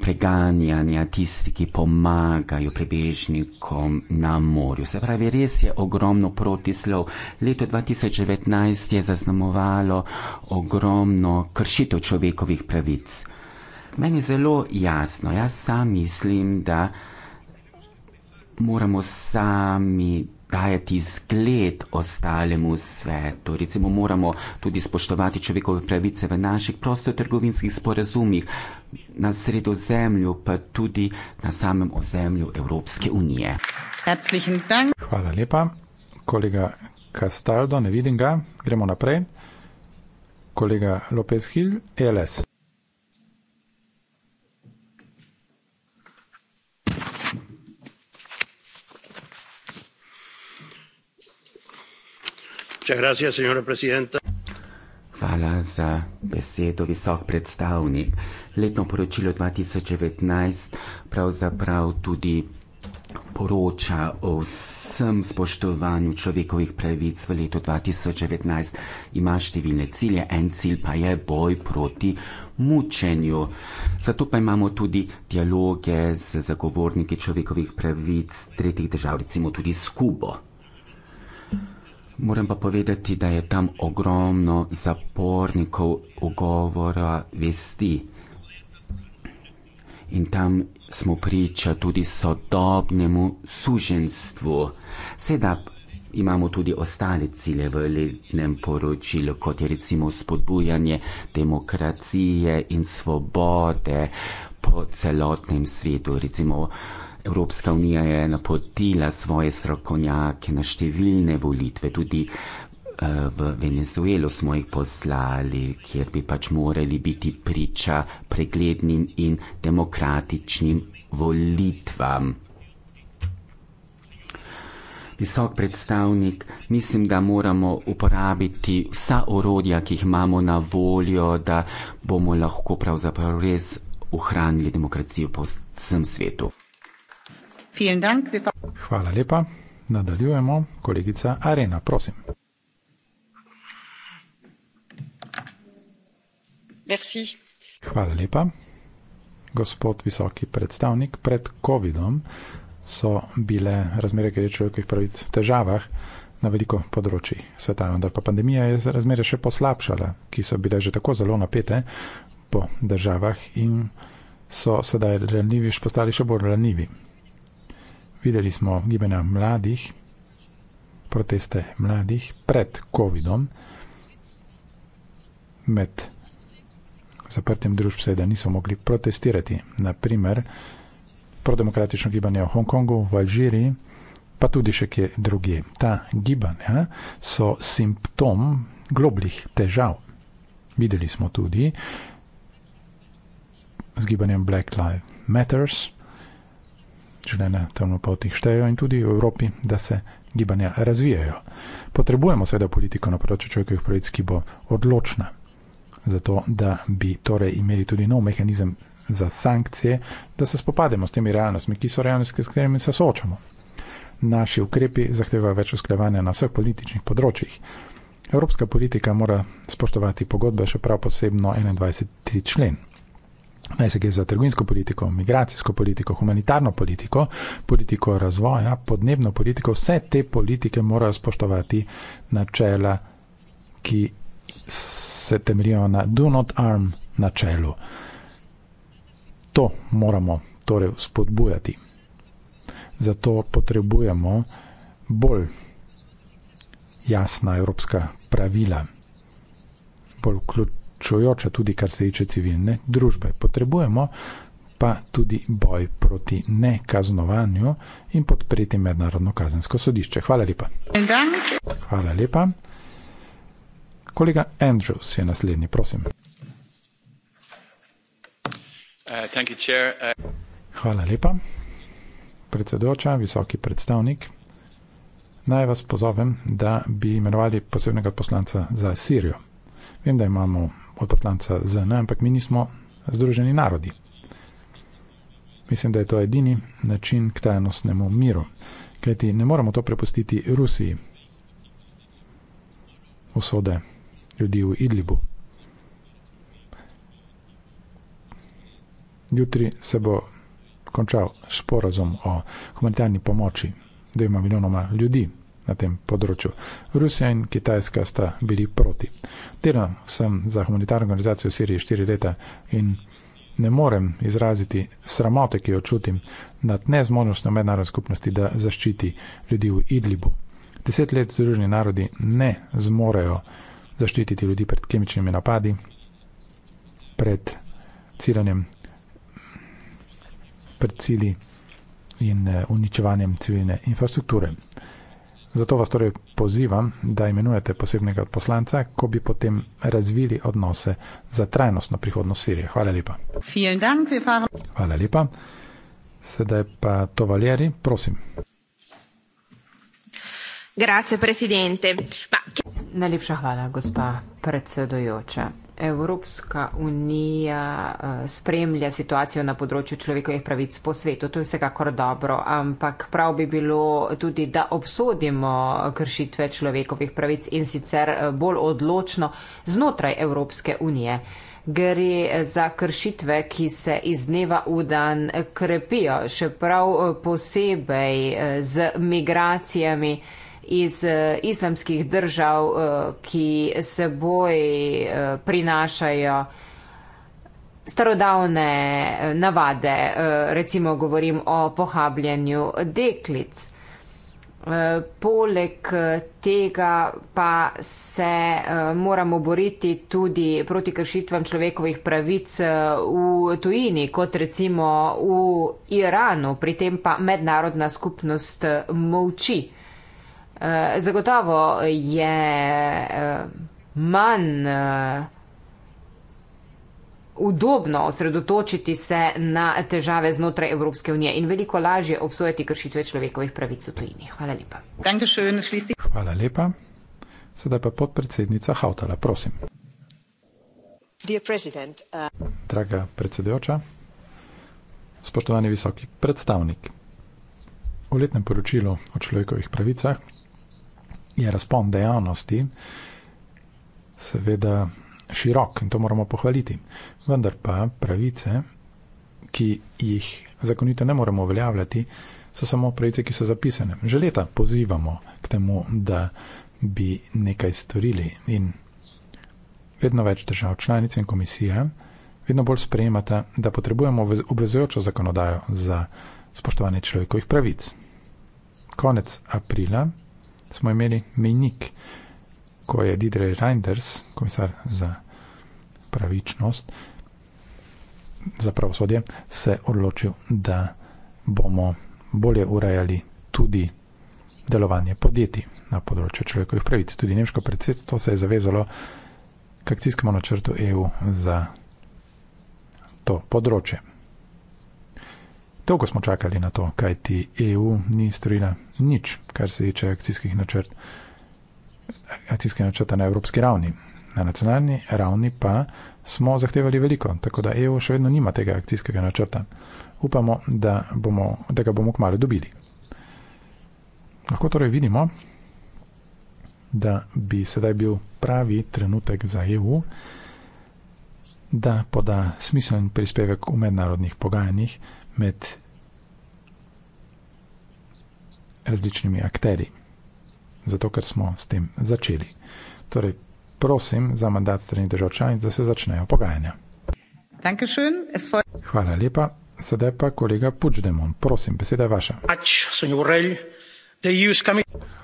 preganjanja tisti, ki pomagajo prebežnikom na morju. Se pravi, res je ogromno protislov. Leto 2019 je zaznamovalo ogromno kršitev človekovih pravic. Meni je zelo jasno, jaz sam mislim, da moramo sami dajati zgled ostalemu svetu. Recimo moramo tudi spoštovati človekove pravice v naših prostotrgovinskih sporazumih na sredozemlju, pa tudi na samem ozemlju Evropske unije. Hvala lepa. Kolega Castaldo, ne vidim ga. Gremo naprej. Kolega Lopez Hill, e LS. Hvala za besedo, visok predstavnik. Letno poročilo 2019 pravzaprav tudi poroča o vsem spoštovanju človekovih pravic v letu 2019. Ima številne cilje, en cilj pa je boj proti mučenju. Zato pa imamo tudi dialoge z zagovorniki človekovih pravic tretjih držav, recimo tudi s Kubo. Moram pa povedati, da je tam ogromno zapornikov ugovora vesti. In tam smo priča tudi sodobnemu suženstvu. Seda imamo tudi ostale cilje v letnem poročilu, kot je recimo spodbujanje demokracije in svobode po celotnem svetu. Recimo, uh, Evropska unija je napotila svoje strokovnjake na številne volitve, tudi eh, v Venezuelo smo jih poslali, kjer bi pač morali biti priča preglednim in demokratičnim volitvam. Visok predstavnik, mislim, da moramo uporabiti vsa orodja, ki jih imamo na voljo, da bomo lahko pravzaprav res ohranili demokracijo po vsem svetu. Hvala lepa. Nadaljujemo. Kolegica Arena, prosim. Merci. Hvala lepa. Gospod visoki predstavnik, pred COVID-om so bile razmere glede človekovih pravic v težavah na veliko področji sveta, vendar pa pandemija je razmere še poslabšala, ki so bile že tako zelo napete po državah in so sedaj ranljivi, postali še bolj ranljivi. Videli smo gibanja mladih, proteste mladih pred COVID-om, med zaprtjem družb seveda niso mogli protestirati. Naprimer, prodemokratično gibanje v Hongkongu, v Alžiriji, pa tudi še kje druge. Ta gibanja so simptom globlih težav. Videli smo tudi z gibanjem Black Lives Matters, življenja temnopoltih štejejo in tudi v Evropi, da se gibanja razvijajo. Potrebujemo seveda politiko na področju človekovih pravic, ki bo odločna za to, da bi torej imeli tudi nov mehanizem za sankcije, da se spopademo s temi realnostmi, ki so realnosti, s katerimi se soočamo. Naši ukrepi zahtevajo več usklajevanja na vseh političnih področjih. Evropska politika mora spoštovati pogodbe, še prav posebno 21. člen. Naj se gre za trgovinsko politiko, migracijsko politiko, humanitarno politiko, politiko razvoja, podnebno politiko, vse te politike morajo spoštovati načela, ki se temeljijo na do not arm načelu. To moramo torej spodbujati. Zato potrebujemo bolj jasna evropska pravila, bolj vključ, čujoča tudi kar se tiče civilne družbe. Potrebujemo pa tudi boj proti nekaznovanju in podpreti mednarodno kazensko sodišče. Hvala lepa. Hvala lepa. Kolega Andrews je naslednji, prosim. Uh, uh, Hvala lepa. Predsedoča, visoki predstavnik, naj vas pozovem, da bi imenovali posebnega poslanca za Sirijo. Vem, da imamo od poslanca ZN, ampak mi nismo združeni narodi. Mislim, da je to edini način k tajnostnemu miru, kajti ne moramo to prepustiti Rusiji, usode ljudi v Idlibu. Jutri se bo končal sporazum o humanitarni pomoči dvema milijonoma ljudi, na tem področju. Rusija in Kitajska sta bili proti. Delam sem za humanitarno organizacijo v Siriji štiri leta in ne morem izraziti sramote, ki jo čutim nad nezmožnostjo mednarodne skupnosti, da zaščiti ljudi v Idlibu. Deset let Združeni narodi ne zmorejo zaščititi ljudi pred kemičnimi napadi, pred ciljanjem, pred cili in eh, uničevanjem civilne infrastrukture. Zato vas torej pozivam, da imenujete posebnega odposlanca, ko bi potem razvili odnose za trajnostno prihodnost Sirije. Hvala lepa. Hvala lepa. Sedaj pa to valjeri, prosim. Grazie, Ma... Najlepša hvala, gospa predsedojoča. Evropska unija eh, spremlja situacijo na področju človekovih pravic po svetu. To je vsekakor dobro, ampak prav bi bilo tudi, da obsodimo kršitve človekovih pravic in sicer eh, bolj odločno znotraj Evropske unije. Gre eh, za kršitve, ki se iz dneva v dan krepijo, še prav posebej z migracijami iz eh, islamskih držav, eh, ki seboj eh, prinašajo starodavne navade, recimo govorim o pohabljanju deklic. Poleg tega pa se moramo boriti tudi proti kršitvam človekovih pravic v tujini, kot recimo v Iranu, pri tem pa mednarodna skupnost molči. Eh, zagotovo je uh, manj uh, udobno osredotočiti se na težave znotraj Evropske unije in veliko lažje obsojati kršitve človekovih pravic v tujini. Hvala lepa. Hvala lepa. Sedaj pa podpredsednica Hautala, prosim. Uh, Draga predsedujoča, spoštovani visoki predstavnik. V letnem poročilu o človekovih pravicah je razpon dejavnosti seveda širok in to moramo pohvaliti. Vendar pa pravice, ki jih zakonito ne moremo uveljavljati, so samo pravice, ki so zapisane. Že leta pozivamo k temu, da bi nekaj storili in vedno več držav, članice in komisije, vedno bolj sprejemata, da potrebujemo obvezujočo zakonodajo za spoštovanje človekovih pravic. Konec aprila smo imeli menik, ko je Didrej Reinders, komisar za pravičnost, za pravosodje, se odločil, da bomo bolje urajali tudi delovanje podjetij na področju človekovih pravic. Tudi nemško predsedstvo se je zavezalo k akcijskemu načrtu EU za to področje. Dolgo smo čakali na to, kaj ti EU ni storila nič, kar se tiče akcijskih načrt, akcijske načrta na evropski ravni. Na nacionalni ravni pa smo zahtevali veliko, tako da EU še vedno nima tega akcijskega načrta. Upamo, da, bomo, da ga bomo kmalo dobili. Lahko torej vidimo, da bi sedaj bil pravi trenutek za EU, da poda smiseln prispevek v mednarodnih pogajanjih, med različnimi akteri. Zato, ker smo s tem začeli. Torej, prosim za mandat strani držav članic, da se začnejo pogajanja. Hvala lepa. Sedaj pa kolega Pučdemon. Prosim, beseda je vaša.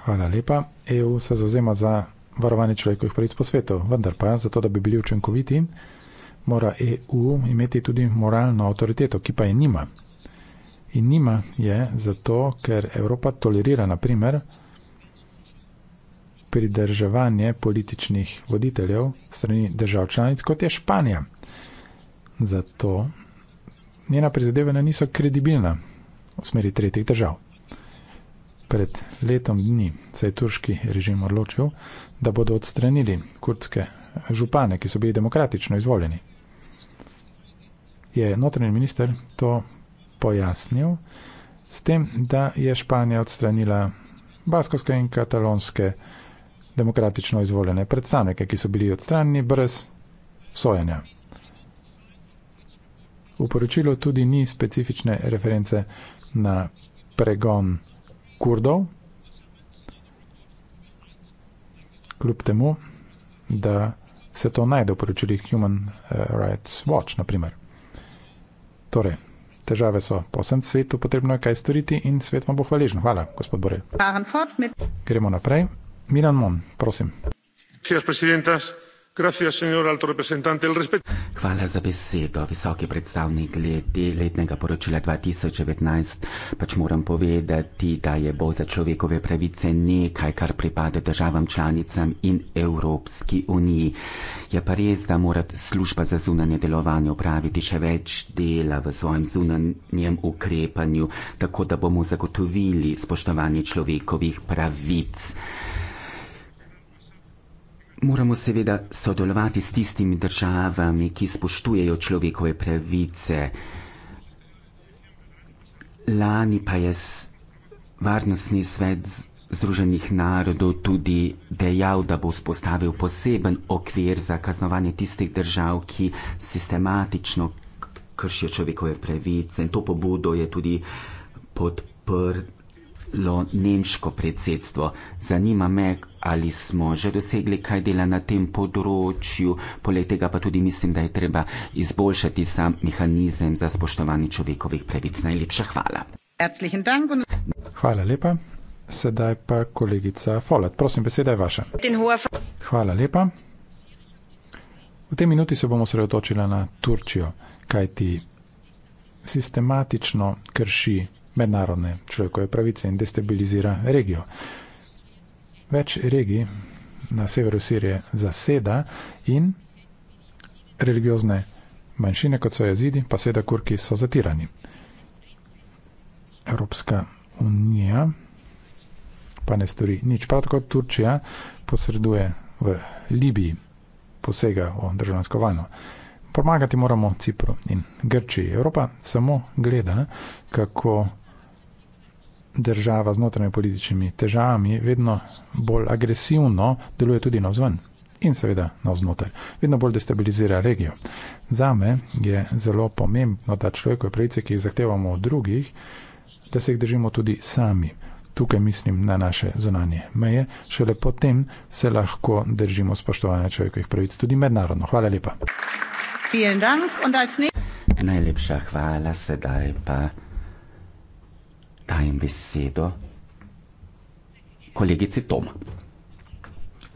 Hvala lepa. EU se zazema za varovanje človekovih pravic po svetu, vendar pa zato, da bi bili učinkoviti, mora EU imeti tudi moralno avtoriteto, ki pa je nima. In nima je zato, ker Evropa tolerira, na primer, pridrževanje političnih voditeljev strani držav članic, kot je Španija. Zato njena prizadevanja niso kredibilna v smeri tretjih držav. Pred letom dni se je turški režim odločil, da bodo odstranili kurdske župane, ki so bili demokratično izvoljeni. Je notranji minister to pojasnil, s tem, da je Španija odstranila baskovske in katalonske demokratično izvoljene predstavnike, ki so bili odstranjeni brez sojenja. V poročilu tudi ni specifične reference na pregon kurdov, kljub temu, da se to najde v poročilih Human eh, Rights Watch, na primer. Torej, težave so po vsem svetu, potrebno je kaj storiti in svet vam bo hvaležen. Hvala, gospod Borel. Gremo naprej. Milan Mon, prosim. Gospod predsednik, Hvala za besedo, visoki predstavnik glede letnega poročila 2019. Pač moram povedati, da je bo za človekove pravice nekaj, kar pripade državam članicam in Evropski uniji. Je pa res, da mora služba za zunanje delovanje upraviti še več dela v svojem zunanjem ukrepanju, tako da bomo zagotovili spoštovanje človekovih pravic. Moramo seveda sodelovati s tistimi državami, ki spoštujejo človekove pravice. Lani pa je Varnostni svet Združenih narodov tudi dejal, da bo vzpostavil poseben okvir za kaznovanje tistih držav, ki sistematično kršijo človekove pravice. In to pobudo je tudi podprl zaprlo nemško predsedstvo. Zanima me, ali smo že dosegli kaj dela na tem področju, poleg tega pa tudi mislim, da je treba izboljšati sam mehanizem za spoštovanje človekovih pravic. Najlepša hvala. Hvala lepa. Sedaj pa kolegica Folet. Prosim, beseda je vaša. Hvala lepa. V tej minuti se bomo sredotočili na Turčijo, kajti sistematično krši mednarodne človekove pravice in destabilizira regijo. Več regij na severu Sirije zaseda in religiozne manjšine, kot so jezidi, pa seveda kurki, so zatirani. Evropska unija pa ne stori nič. Prav tako Turčija posreduje v Libiji, posega v državansko vojno. Pomagati moramo Cipru in Grčiji. Evropa samo gleda, kako država z notranjimi političnimi težavami vedno bolj agresivno deluje tudi na vzven in seveda na vznoter. Vedno bolj destabilizira regijo. Zame je zelo pomembno, da človekove pravice, ki jih zahtevamo od drugih, da se jih držimo tudi sami. Tukaj mislim na naše zunanje meje. Šele potem se lahko držimo spoštovanja človekovih pravic tudi mednarodno. Hvala lepa. Najlepša hvala, sedaj pa dajem besedo kolegici Toma.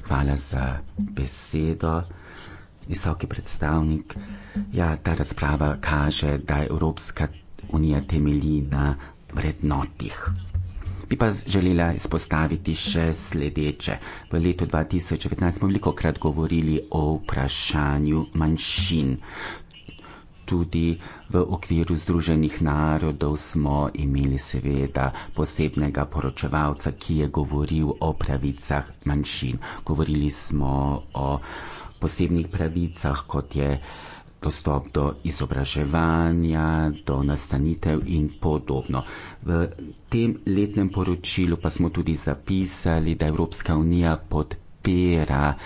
Hvala za besedo, visoki predstavnik. Ja, ta razprava kaže, da Evropska unija temelji na vrednotih. Bi pa želela izpostaviti še sledeče. V letu 2019 smo veliko krat govorili o vprašanju manjšin. Tudi uh, V okviru Združenih narodov smo imeli seveda posebnega poročevalca, ki je govoril o pravicah manjšin. Govorili smo o posebnih pravicah, kot je dostop do izobraževanja, do nastanitev in podobno. V tem letnem poročilu pa smo tudi zapisali, da Evropska unija podpira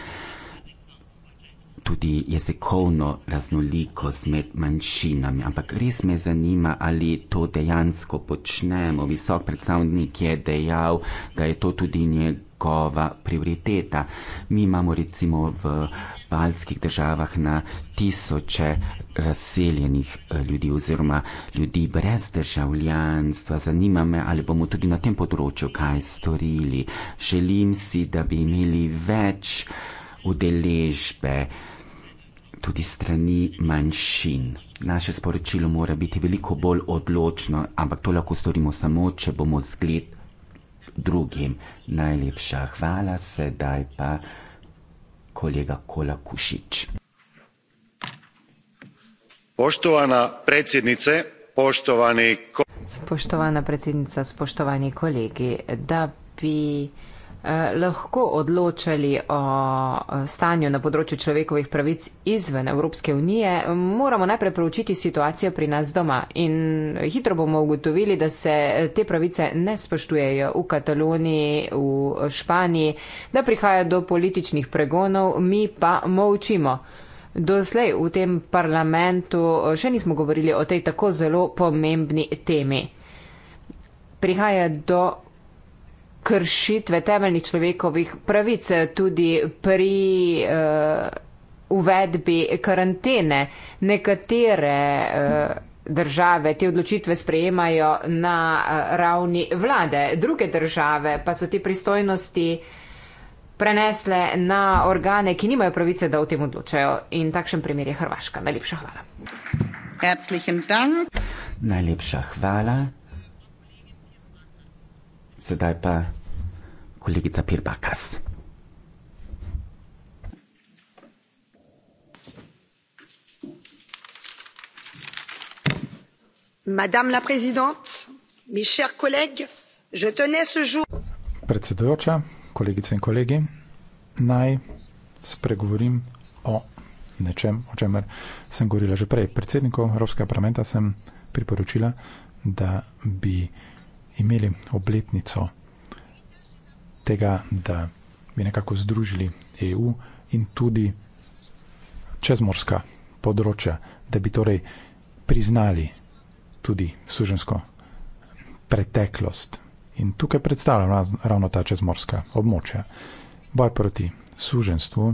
tudi jezikovno raznolikost med manjšinami. Ampak res me zanima, ali to dejansko počnemo. Visok predstavnik je dejal, da je to tudi njegova prioriteta. Mi imamo recimo v baljskih državah na tisoče razseljenih eh, ljudi oziroma ljudi brez državljanstva. Zanima me, ali bomo tudi na tem področju kaj storili. Želim si, da bi imeli več udeležbe, tudi strani manjšin. Naše sporočilo mora biti veliko bolj odločno, ampak to lahko storimo samo, če bomo zgled drugim. Najlepša hvala, sedaj pa kolega Kola Kušič. Poštovana predsednice, poštovani kolegi. Spoštovana predsednica, spoštovani kolegi, da bi. Eh, lahko odločali o eh, stanju na področju človekovih pravic izven Evropske unije, moramo najprej preučiti situacijo pri nas doma in hitro bomo ugotovili, da se eh, te pravice ne spoštujejo v Kataloniji, v Španiji, da prihaja do političnih pregonov, mi pa molčimo. Doslej v tem parlamentu še nismo govorili o tej tako zelo pomembni temi. Prihaja do kršitve temeljnih človekovih pravic eh, tudi pri uh, uvedbi karantene. Nekatere uh, države te odločitve sprejemajo na uh, ravni vlade, druge države pa so te pristojnosti prenesle na organe, ki nimajo pravice, da o tem odločajo. In takšen primer je Hrvaška. Najlepša hvala. Herzlichen Dank. Najlepša hvala. Sedaj pa kolegica Pirbakas. Madame la présidente, mes chers collègues, je tenais ce jour. Predsedujoča, kolegice in kolegi, naj spregovorim o nečem, o čemer sem govorila že prej. Predsedniku Evropskega parlamenta sem priporočila, da bi imeli obletnico tega, da bi nekako združili EU in tudi čezmorska področja, da bi torej priznali tudi sužensko preteklost. In tukaj predstavljam ravno ta čezmorska območja. Boj proti suženstvu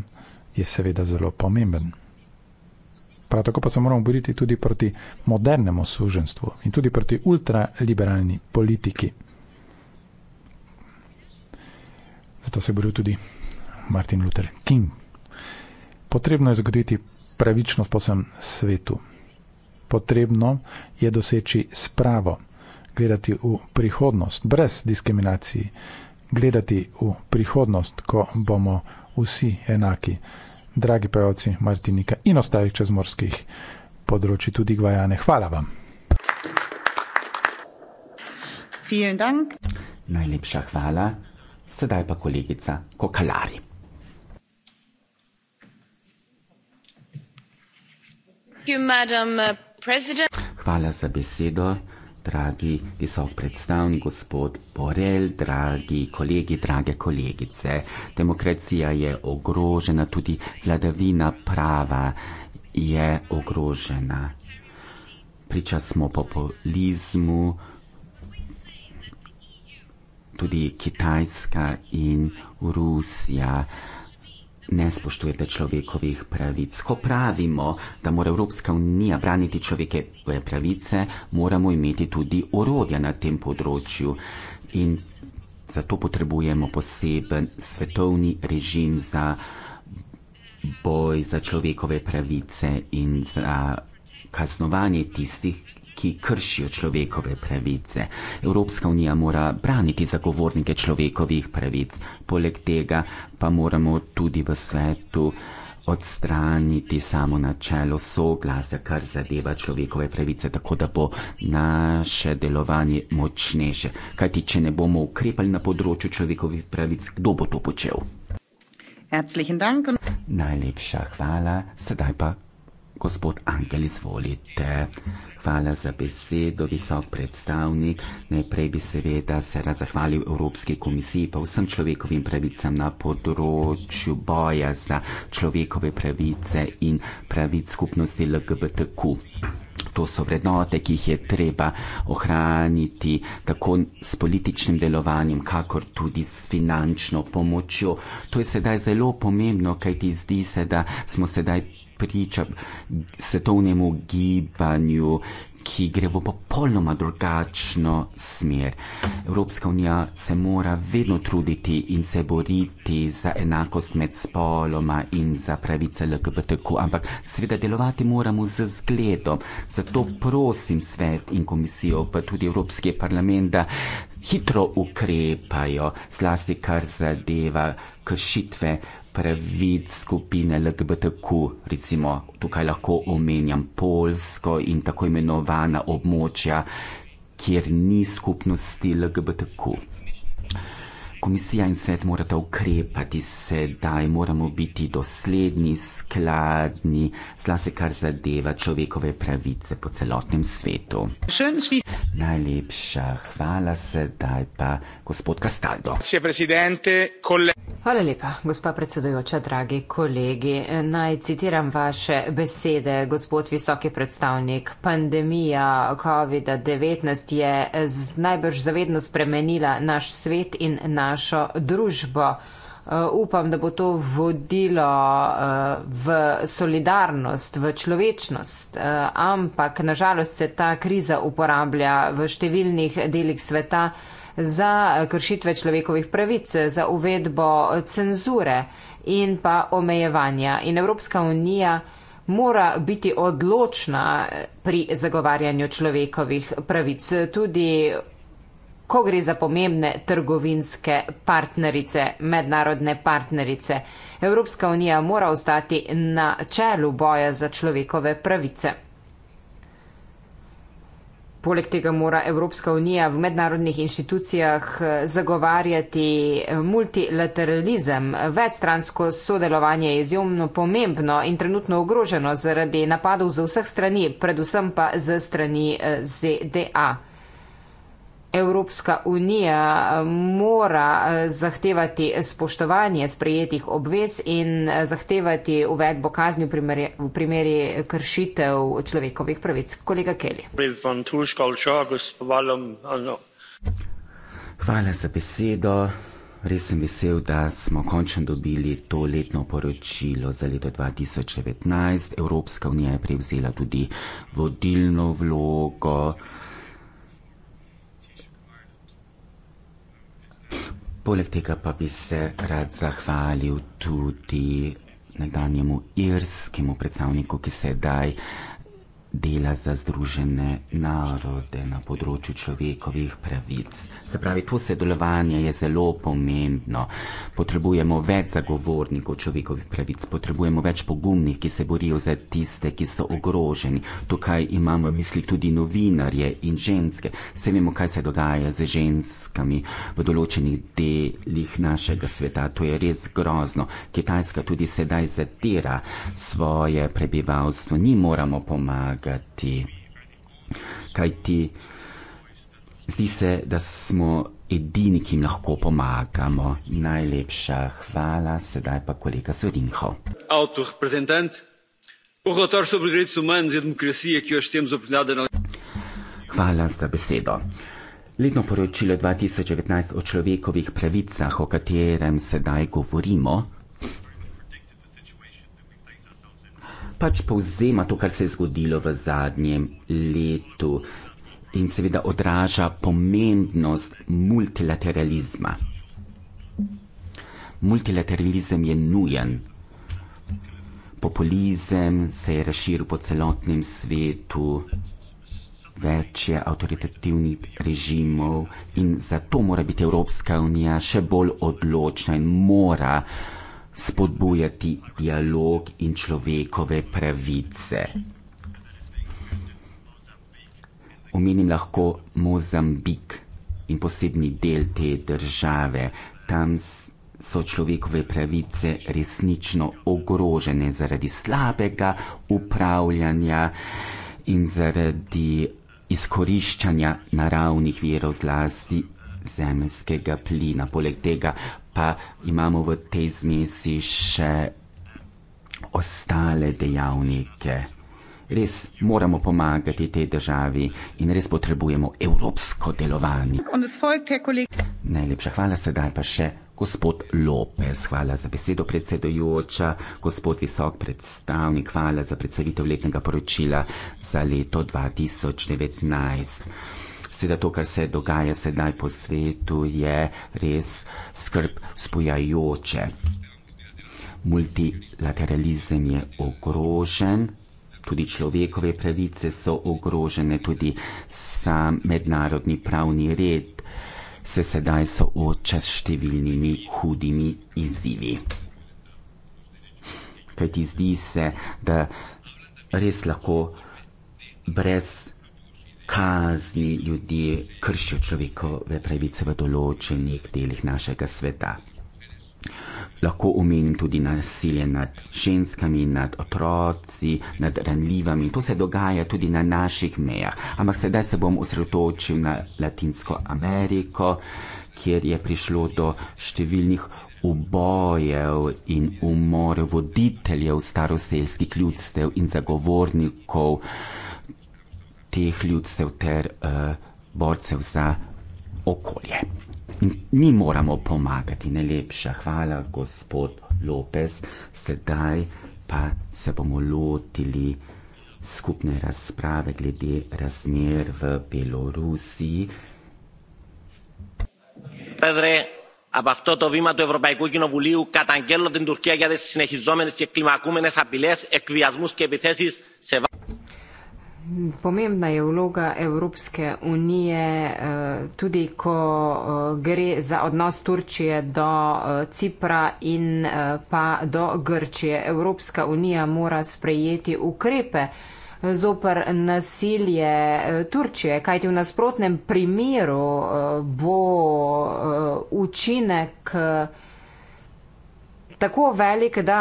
je seveda zelo pomemben. Prav tako pa se moramo boriti tudi proti modernemu suženstvu in tudi proti ultraliberalni politiki. Zato se je boril tudi Martin Luther King. Potrebno je zagotoviti pravičnost po vsem svetu. Potrebno je doseči spravo, gledati v prihodnost brez diskriminacij, gledati v prihodnost, ko bomo vsi enaki dragi pravci Martinika in ostalih čezmorskih področji, tudi Gvajane. Hvala vam. Najlepša hvala, sedaj pa kolegica Kokalari. Uh, hvala za besedo dragi visok predstavnik, gospod Borel, dragi kolegi, drage kolegice. Demokracija je ogrožena, tudi vladavina prava je ogrožena. Priča smo populizmu, tudi Kitajska in Rusija ne spoštujete človekovih pravic. Ko pravimo, da mora Evropska unija braniti človekove pravice, moramo imeti tudi orodja na tem področju. In zato potrebujemo poseben svetovni režim za boj za človekove pravice in za kaznovanje tistih, ki kršijo človekove pravice. Evropska unija mora braniti zagovornike človekovih pravic, poleg tega pa moramo tudi v svetu odstraniti samo načelo soglasja, kar zadeva človekove pravice, tako da bo naše delovanje močnejše. Kajti, če ne bomo ukrepali na področju človekovih pravic, kdo bo to počel? Najlepša hvala, sedaj pa gospod Angel, izvolite hvala za besedo, visok predstavnik. Najprej bi seveda se rad zahvalil Evropski komisiji pa vsem človekovim pravicam na področju boja za človekove pravice in pravic skupnosti LGBTQ. To so vrednote, ki jih je treba ohraniti tako s političnim delovanjem, kakor tudi s finančno pomočjo. To je sedaj zelo pomembno, kajti zdi se, da smo sedaj priča svetovnemu gibanju, ki gre v popolnoma drugačno smer. Evropska unija se mora vedno truditi in se boriti za enakost med spoloma in za pravice LGBTQ, ampak seveda delovati moramo z zgledom. Zato prosim svet in komisijo, pa tudi Evropski parlament, da hitro ukrepajo, zlasti kar zadeva kršitve pravic skupine LGBTQ, recimo tukaj lahko omenjam Polsko in tako imenovana območja, kjer ni skupnosti LGBTQ. Komisija in svet morata ukrepati sedaj, moramo biti dosledni, skladni, zlasti kar zadeva človekove pravice po celotnem svetu. Najlepša hvala sedaj pa gospod Castaldo. Se, Hvala lepa, gospa predsedujoča, dragi kolegi. Naj citiram vaše besede, gospod visoki predstavnik. Pandemija COVID-19 je najbrž zavedno spremenila naš svet in našo družbo. Uh, upam, da bo to vodilo uh, v solidarnost, v človečnost, uh, ampak nažalost se ta kriza uporablja v številnih delih sveta za kršitve človekovih pravic, za uvedbo cenzure in pa omejevanja. In Evropska unija mora biti odločna pri zagovarjanju človekovih pravic, tudi ko gre za pomembne trgovinske partnerice, mednarodne partnerice. Evropska unija mora ostati na čelu boja za človekove pravice poleg tega mora Evropska unija v mednarodnih institucijah eh, zagovarjati eh, multilateralizem. Večstransko sodelovanje je izjemno pomembno in trenutno ogroženo zaradi napadov z vseh strani, predvsem pa z strani eh, ZDA. Evropska unija eh, mora eh, zahtevati spoštovanje sprejetih obvez in eh, zahtevati uvedbo kazni v, primer, v primeri kršitev človekovih pravic. Kolega Kelly. Hvala za besedo. Res sem vesel, da smo končno dobili to letno poročilo za leto 2019. Evropska unija je prevzela tudi vodilno vlogo. Poleg tega pa bi se rad zahvalil tudi nekdanjemu irskemu predstavniku, ki se je daj dela za združene narode na področju človekovih pravic. Se pravi, to sodelovanje je zelo pomembno. Potrebujemo več zagovornikov človekovih pravic, potrebujemo več pogumnih, ki se borijo za tiste, ki so ogroženi. Tukaj imamo v misli tudi novinarje in ženske. Vse vemo, kaj se dogaja z ženskami v določenih delih našega sveta. To je res grozno. Kitajska tudi sedaj zatira svoje prebivalstvo. Ni moramo pomagati vlagati. Kaj ti zdi se, da smo edini, ki jim lahko pomagamo. Najlepša hvala, sedaj pa kolega Sodinho. Avtor, prezentant, ugotovar so bili res umen z demokracije, ki jo s tem zapljadeno. Hvala za besedo. Letno poročilo 2019 o človekovih pravicah, o katerem sedaj govorimo, pač povzema to, kar se je zgodilo v zadnjem letu in seveda odraža pomembnost multilateralizma. Multilateralizem je nujen. Populizem se je razširil po celotnem svetu, več je avtoritativnih režimov in zato mora biti Evropska unija še bolj odločna in mora uh, spodbujati dialog in človekove pravice. Omenim lahko Mozambik in posebni del te države. Tam so človekove pravice resnično ogrožene zaradi slabega upravljanja in zaradi izkoriščanja naravnih virov zlasti zemljskega plina. Poleg tega pa imamo v tej zmesi še ostale dejavnike. Res moramo pomagati tej državi in res potrebujemo evropsko delovanje. Najlepša hvala, sedaj pa še gospod Lopez. Hvala za besedo, predsedujoča, gospod visok predstavnik, hvala za predstavitev letnega poročila za leto 2019. Seveda to, kar se dogaja sedaj po svetu, je res skrb spojajoče. Multilateralizem je ogrožen, tudi človekove pravice so ogrožene, tudi sam mednarodni pravni red se sedaj sooča s številnimi hudimi izzivi. Kajti zdi se, da res lahko brez kazni ljudi, kršijo človekove pravice v določenih delih našega sveta. Lahko omenim tudi nasilje nad ženskami, nad otroci, nad ranljivami. To se dogaja tudi na naših mejah. Ampak sedaj se bom osredotočil na Latinsko Ameriko, kjer je prišlo do številnih ubojev in umorov voditeljev staroseljskih ljudstev in zagovornikov teh ljudstev ter uh, borcev za okolje. In mi moramo pomagati, najlepša hvala, gospod Lopes. Sedaj pa se bomo lotili skupne razprave glede razmer v Belorusiji. Pedre. Από αυτό το βήμα του Ευρωπαϊκού Κοινοβουλίου καταγγέλλω την Τουρκία για τις συνεχιζόμενες και κλιμακούμενες απειλές, εκβιασμούς και επιθέσεις σε Pomembna je vloga Evropske unije eh, tudi, ko eh, gre za odnos Turčije do eh, Cipra in pa do Grčije. Evropska unija mora sprejeti ukrepe zopr nasilje Turčije, kajti v nasprotnem primeru bo učinek tako velik, da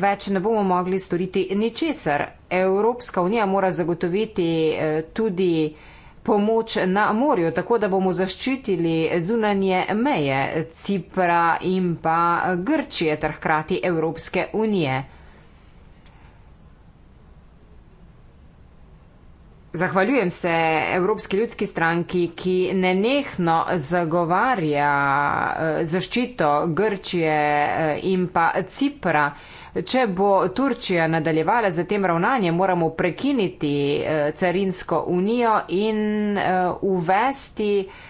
več ne bomo mogli storiti ničesar. Evropska unija mora zagotoviti eh, tudi pomoč na morju, tako da bomo zaščitili zunanje meje Cipra in pa Grčije ter hkrati Evropske unije. Zahvaljujem se Evropski ljudski stranki, ki nenehno zagovarja eh, zaščito Grčije eh, in pa Cipra. Če bo Turčija nadaljevala z tem ravnanjem, moramo prekiniti eh, carinsko unijo in eh, uvesti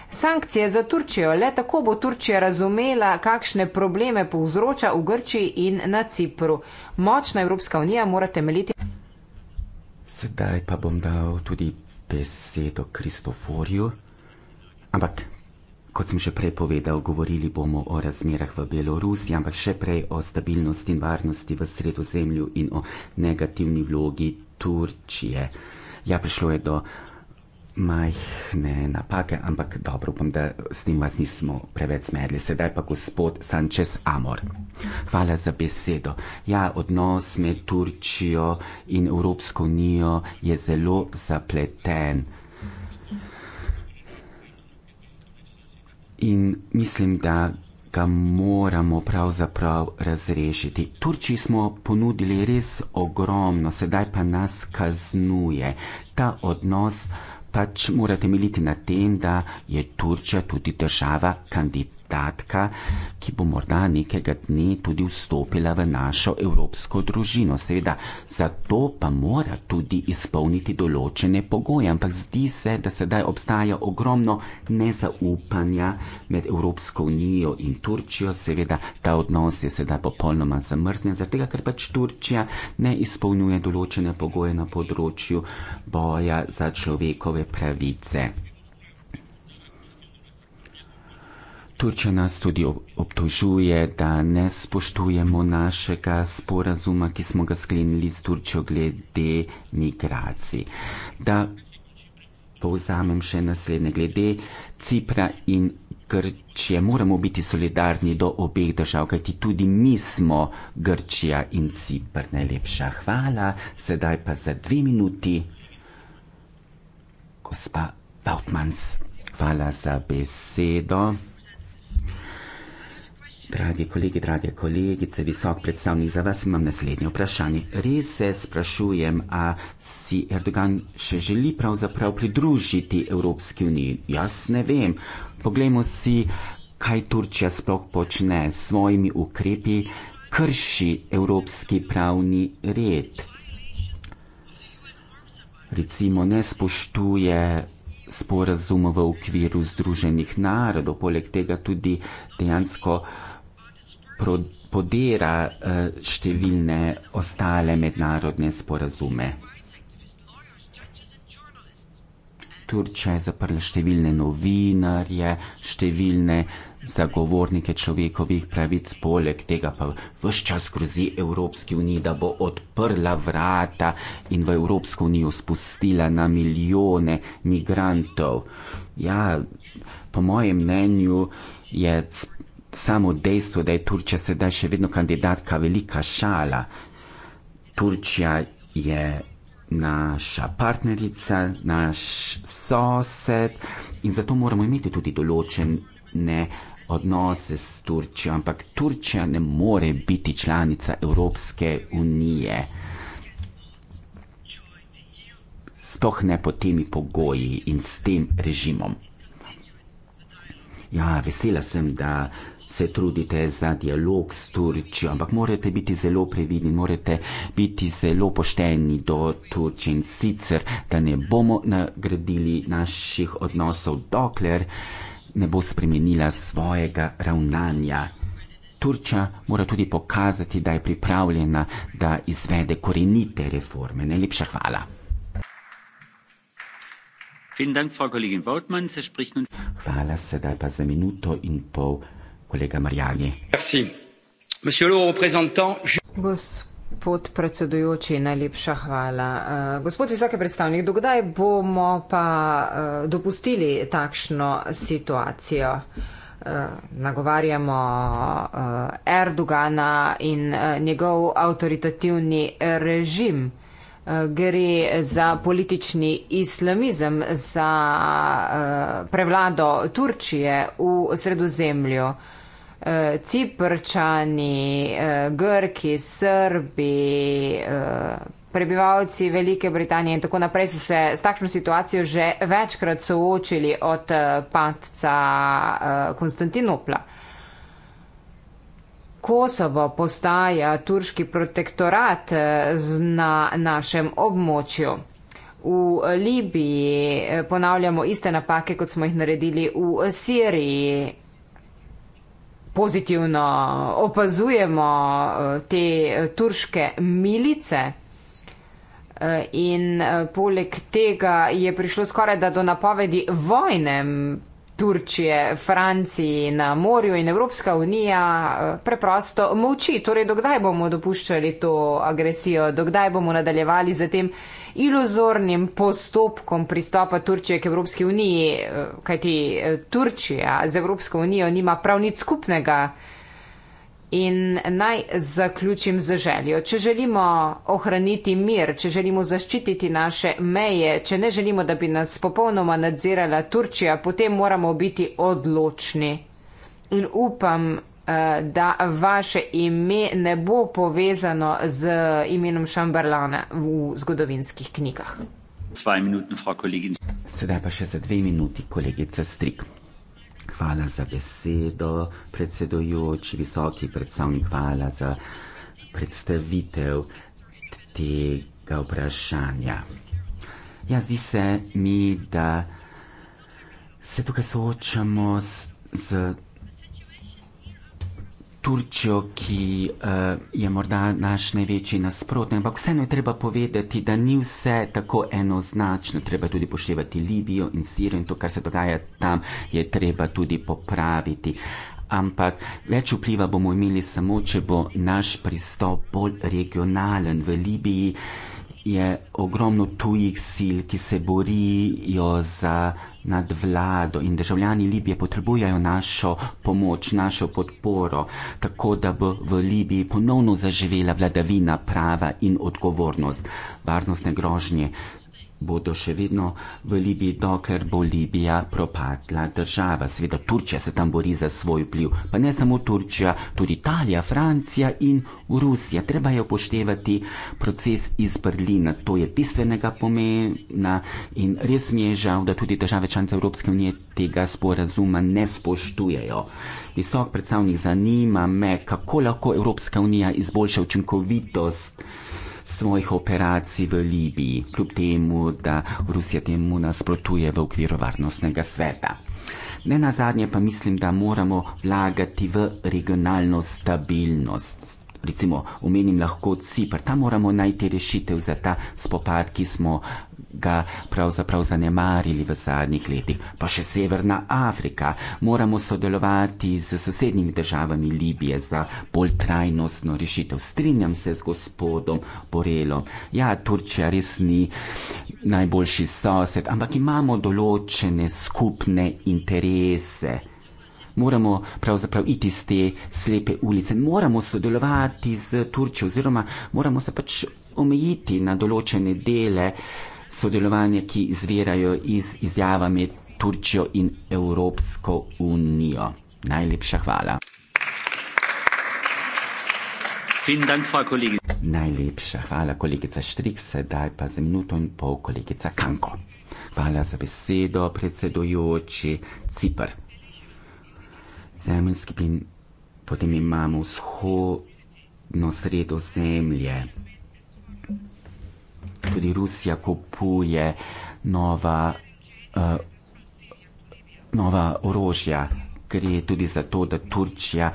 sankcije za Turčijo. Le tako bo Turčija razumela, kakšne probleme povzroča v Grčiji in na Cipru. Močna Evropska unija mora temeljiti. Sedaj pa bom dal tudi besedo Kristoforju. Ampak Kot sem že prej povedal, govorili bomo o razmerah v Belorusiji, ampak še prej o stabilnosti in varnosti v sredozemlju in o negativni vlogi Turčije. Ja, prišlo je do majhne napake, ampak dobro, upam, da s tem vas nismo preveč smedli. Sedaj pa gospod Sanchez Amor. Hvala za besedo. Ja, odnos med Turčijo in Evropsko unijo je zelo zapleten. in mislim, da ga moramo pravzaprav razrešiti. Turčiji smo ponudili res ogromno, sedaj pa nas kaznuje. Ta odnos pač mora temeljiti na tem, da je Turčija tudi država kandidata kandidatka, ki bo morda nekega dne tudi vstopila v našo evropsko družino. Seveda, za to pa mora tudi izpolniti določene pogoje, ampak zdi se, da sedaj obstaja ogromno nezaupanja med Evropsko unijo in Turčijo. Seveda, ta odnos je sedaj popolnoma zamrznjen, zato ker pač Turčija ne izpolnjuje določene pogoje na področju boja za človekove pravice. Turčija nas tudi obtožuje, da ne spoštujemo našega sporazuma, ki smo ga sklenili s Turčijo glede migracij. Da povzamem še naslednje glede Cipra in Grčije. Moramo biti solidarni do obeh držav, kajti tudi mi smo Grčija in Cipr. Najlepša hvala. Sedaj pa za dve minuti. Gospa Vautmans. Hvala za besedo. Dragi kolegi, drage kolegice, visok predstavnik za vas imam naslednje vprašanje. Res se sprašujem, a si Erdogan še želi pravzaprav pridružiti Evropski uniji? Jaz ne vem. Poglejmo si, kaj Turčija sploh počne s svojimi ukrepi, krši evropski pravni red. Recimo ne spoštuje sporazumov v okviru Združenih narodov, poleg tega tudi dejansko podira eh, številne ostale mednarodne sporazume. Turčija je zaprla številne novinarje, številne zagovornike človekovih pravic, poleg tega pa vse čas grozi Evropski uniji, da bo odprla vrata in v Evropsko unijo spustila na milijone migrantov. Ja, po mojem mnenju je sploh samo dejstvo, da je Turčija sedaj še vedno kandidatka, velika šala. Turčija je naša partnerica, naš sosed in zato moramo imeti tudi določene odnose s Turčijo, ampak Turčija ne more biti članica Evropske unije. Sploh ne pod temi pogoji in s tem režimom. Ja, vesela sem, da se trudite za dialog s Turčijo, ampak morate biti zelo previdni, morate biti zelo pošteni do Turčije in sicer, da ne bomo nagradili naših odnosov, dokler ne bo spremenila svojega ravnanja. Turčja mora tudi pokazati, da je pripravljena, da izvede korenite reforme. Najlepša hvala. Vielen Dank, Frau Kollegin Wautmann. Sie spricht nun. Hvala sedaj pa za minuto in pol kolega Marjani. Gospod predsedujoči, najlepša hvala. Eh, gospod visoki predstavnik, dokdaj bomo pa eh, dopustili takšno situacijo? Eh, nagovarjamo Erdogana in njegov avtoritativni režim. Gre za politični islamizem, za prevlado Turčije v sredozemlju. Eh, Ciprčani, eh, Grki, Srbi, eh, prebivalci Velike Britanije in tako naprej so se s takšno situacijo že večkrat soočili od padca Konstantinopla. Kosovo postaja turški protektorat na našem območju. V Libiji ponavljamo iste napake, kot smo jih naredili v Siriji pozitivno opazujemo eh, te eh, turške milice. Eh, in poleg tega je prišlo skoraj da do napovedi vojne Turčije, Franciji na morju in Evropska unija preprosto molči. Torej, dokdaj bomo dopuščali to agresijo, dokdaj bomo nadaljevali z tem iluzornim postopkom pristopa Turčije k Evropski uniji, kajti eh, Turčija z Evropsko unijo nima prav nič skupnega. In naj zaključim z željo. Če želimo ohraniti mir, če želimo zaščititi naše meje, če ne želimo, da bi nas popolnoma nadzirala Turčija, potem moramo biti odločni. In upam, Eh, da vaše ime ne bo povezano z imenom Šamberlana v zgodovinskih knjigah. Sedaj pa še za dve minuti, kolegica Strik. Hvala za besedo, predsedujoči, visoki predstavnik, hvala za predstavitev tega vprašanja. Ja, zdi se mi, da se tukaj soočamo z, z Turčijo, ki uh, je morda naš največji nasprotnik, ampak vseeno je treba povedati, da ni vse tako enoznačno. Treba tudi poštevati Libijo in Sirijo in to, kar se dogaja tam, je treba tudi popraviti. Ampak več vpliva bomo imeli samo, če bo naš pristop bolj regionalen v Libiji je ogromno tujih sil, ki se borijo za nadvlado in državljani Libije potrebujejo našo pomoč, našo podporo, tako da bo v Libiji ponovno zaživela vladavina prava in odgovornost. Varnostne grožnje bodo še vedno v Libiji, dokler bo Libija propadla država. Seveda Turčija se tam bori za svoj vpliv, pa ne samo Turčija, tudi Italija, Francija in Rusija. Treba je upoštevati proces iz Berlina, to je bistvenega pomena in res mi je žal, da tudi države članice Evropske unije tega sporazuma ne spoštujejo. Visok predstavnik zanima me, kako lahko Evropska unija izboljša učinkovitost svojih operacij v Libiji, kljub temu, da Rusija temu nasprotuje v okviru varnostnega sveta. Ne na zadnje pa mislim, da moramo vlagati v regionalno stabilnost recimo omenim lahko Cipr, tam moramo najti rešitev za ta spopad, ki smo ga pravzaprav zanemarili v zadnjih letih. Pa še Severna Afrika. Moramo sodelovati z sosednjimi državami Libije za bolj trajnostno rešitev. Strinjam se z gospodom Borelom. Ja, Turčija res ni najboljši sosed, ampak imamo določene skupne interese moramo pravzaprav iti iz te slepe ulice, moramo sodelovati z Turčijo oziroma moramo se pač omejiti na določene dele sodelovanja, ki izvirajo iz izjavami Turčijo in Evropsko unijo. Najlepša hvala. Dank, Najlepša hvala, kolegica Štrik, sedaj pa za minuto in pol kolegica Kanko. Hvala za besedo, predsedujoči Cipr zemljski plin, potem imamo vzhodno sredo zemlje. Tudi Rusija kupuje nova, uh, nova orožja. Gre tudi za to, da Turčija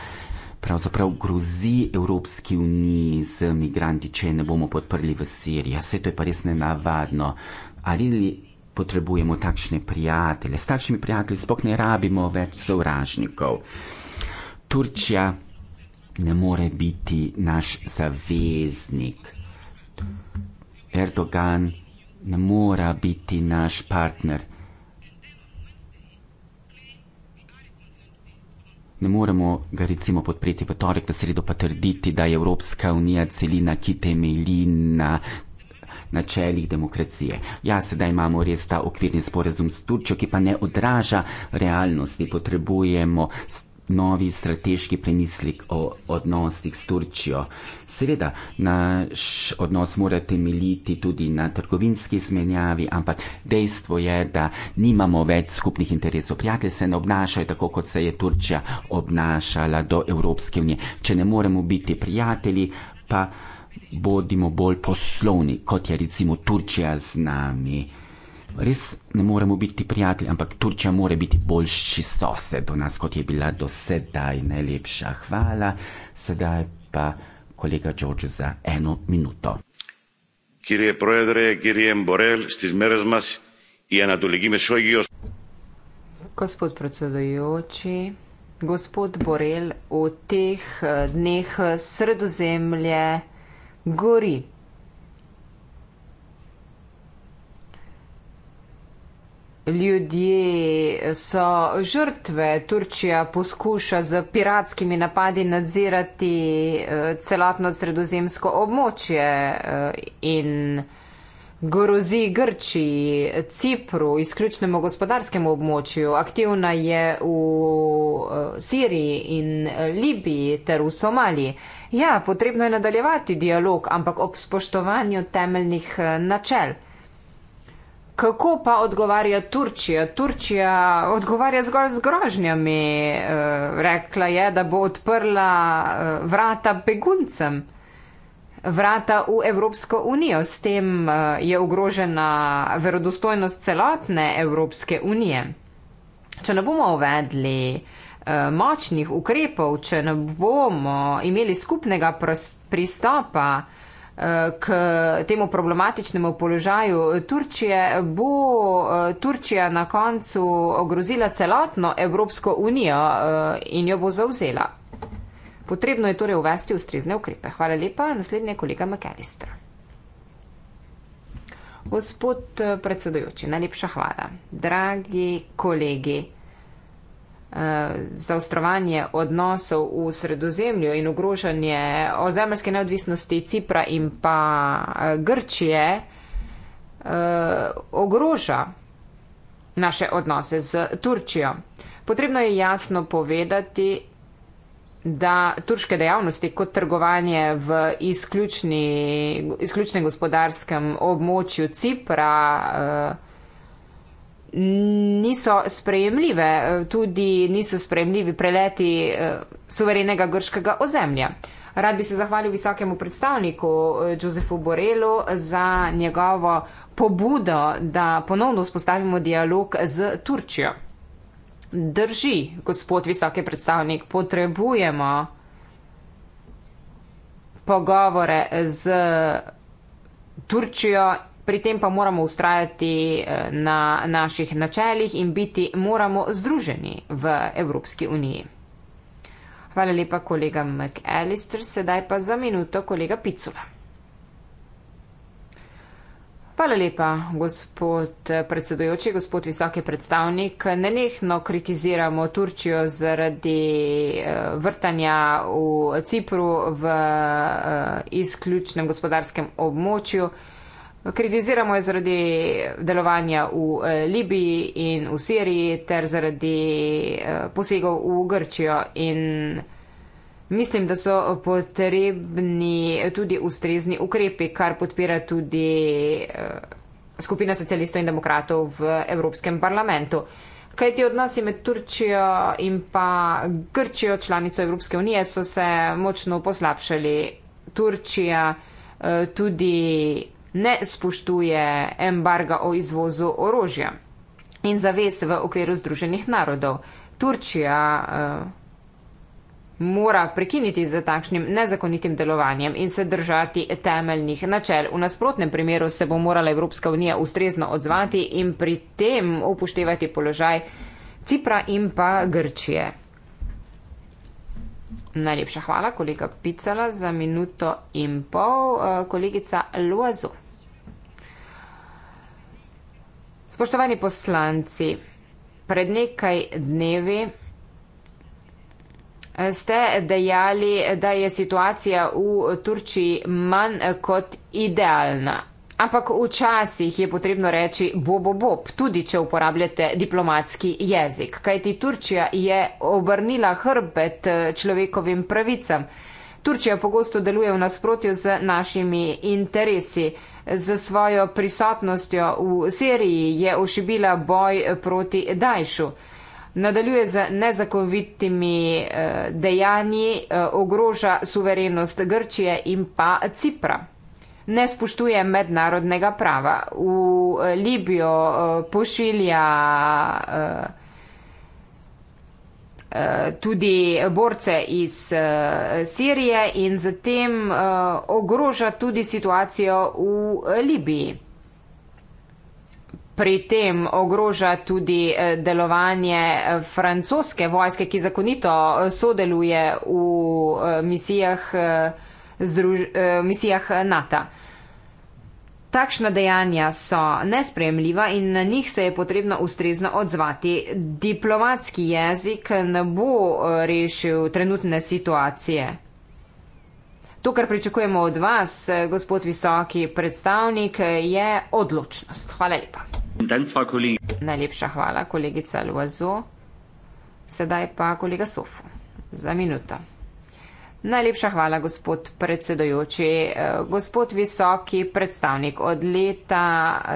pravzaprav grozi Evropski uniji z migranti, če ne bomo podprli v Sirijo. Vse to je pa res nenavadno. Ali potrebujemo takšne prijatelje. S takšnimi prijatelji spok ne rabimo več sovražnikov. Turčija ne more biti naš zaveznik. Erdogan ne mora biti naš partner. Ne moremo ga recimo podpreti v torek, v sredo pa trditi, da je Evropska unija celina, ki temelji na načeljih demokracije. Ja, sedaj imamo res ta okvirni sporazum s Turčjo, ki pa ne odraža realnosti. Potrebujemo novi strateški premislik o odnosih s Turčjo. Seveda, naš odnos mora temeljiti tudi na trgovinski izmenjavi, ampak dejstvo je, da nimamo več skupnih interesov. Prijatelji se ne obnašajo tako, kot se je Turčja obnašala do Evropske unije. Če ne moremo biti prijatelji, pa bodimo bolj poslovni, kot je recimo Turčija z nami. Res ne moremo biti prijatelji, ampak Turčija mora biti boljši sosed do nas, kot je bila do sedaj. Najlepša hvala, sedaj pa kolega George za eno minuto. Kirje Proedre, kirje Borel, ste zmeraj ja z nami in Anatolegime Šojgijo. Gospod predsedujoči, gospod Borel, v teh eh, dneh eh, sredozemlje gori. Ljudje so žrtve. Turčija poskuša z piratskimi napadi nadzirati eh, celotno sredozemsko območje eh, in grozi Grčiji, Cipru, izključnemu gospodarskemu območju. Aktivna je v eh, Siriji in Libiji ter v Somaliji. Ja, potrebno je nadaljevati dialog, ampak ob spoštovanju temeljnih eh, načel. Kako pa odgovarja Turčija? Turčija odgovarja zgolj z grožnjami. Eh, rekla je, da bo odprla eh, vrata beguncem, vrata v Evropsko unijo. S tem je ogrožena verodostojnost celotne Evropske unije. Če ne bomo uvedli uh, Eh, močnih ukrepov, če ne bomo imeli skupnega pristopa eh, k temu problematičnemu položaju Turčije, bo eh, Turčija na koncu ogrozila celotno Evropsko unijo in jo bo zauzela. Potrebno je torej uvesti ustrezne ukrepe. Hvala lepa. Naslednji je kolega McAllister. Gospod predsedujoči, najlepša hvala. Dragi kolegi. Eh, zaostrovanje odnosov v sredozemlju in ogrožanje ozemljske neodvisnosti Cipra in pa eh, Grčije eh, ogroža naše odnose z Turčijo. Potrebno je jasno povedati, da turške dejavnosti kot trgovanje v izključni, izključnem gospodarskem območju Cipra eh, niso sprejemljive, tudi niso sprejemljivi preleti eh, suverenega grškega ozemlja. Rad bi se zahvalil visokemu predstavniku eh, Josefu Borelu za njegovo pobudo, da ponovno vzpostavimo dialog z Turčijo. Drži, gospod visoki predstavnik, potrebujemo pogovore z Turčijo pri tem pa moramo ustrajati eh, na naših načeljih in biti moramo združeni v Evropski uniji. Hvala lepa kolega McAllister, sedaj pa za minuto kolega Picula. Hvala lepa, gospod eh, predsedujoči, gospod visoki predstavnik. Nenehno kritiziramo Turčijo zaradi eh, vrtanja v Cipru v izključnem gospodarskem območju. Kritiziramo jo zaradi delovanja v eh, Libiji in v Siriji ter zaradi eh, posegov v Grčijo in mislim, da so potrebni tudi ustrezni ukrepi, kar podpira tudi eh, skupina socialistov in demokratov v Evropskem parlamentu. Kaj ti odnosi med Turčijo in pa Grčijo, članico Evropske unije, so se močno poslabšali. Turčija tudi ne spoštuje embarga o izvozu orožja in zavez v okviru Združenih narodov. Turčija uh, mora prekiniti z takšnim nezakonitim delovanjem in se držati temeljnih načel. V nasprotnem primeru se bo morala Evropska unija ustrezno odzvati in pri tem upoštevati položaj Cipra in pa Grčije. Najlepša hvala, kolega Picala, za minuto in pol, eh, kolegica Loazo. Spoštovani poslanci, pred nekaj dnevi eh, ste dejali, da je situacija v Turčiji manj kot idealna. Ampak včasih je potrebno reči bobobob, tudi če uporabljate diplomatski jezik, kajti Turčija je obrnila hrbet eh, človekovim pravicam. Turčija pogosto deluje v nasprotju z našimi interesi. Z svojo prisotnostjo v Siriji je ošibila boj eh, proti Dajšu. Nadaljuje z nezakovitimi eh, dejanji, ogroža suverenost Grčije in pa Cipra ne spoštuje mednarodnega prava. V eh, Libijo eh, pošilja eh, tudi borce iz Sirije in zatem ogroža tudi situacijo v Libiji. Pri tem ogroža tudi delovanje francoske vojske, ki zakonito sodeluje v misijah, misijah NATO. Takšna dejanja so nespremljiva in na njih se je potrebno ustrezno odzvati. Diplomatski jezik ne bo eh, rešil trenutne situacije. To, kar pričakujemo od vas, eh, gospod visoki predstavnik, je odločnost. Hvala lepa. Najlepša hvala, kolegica Luazo. Sedaj pa kolega Sofu. Za minuto. Najlepša hvala, gospod predsedojoči. Eh, gospod visoki predstavnik, od leta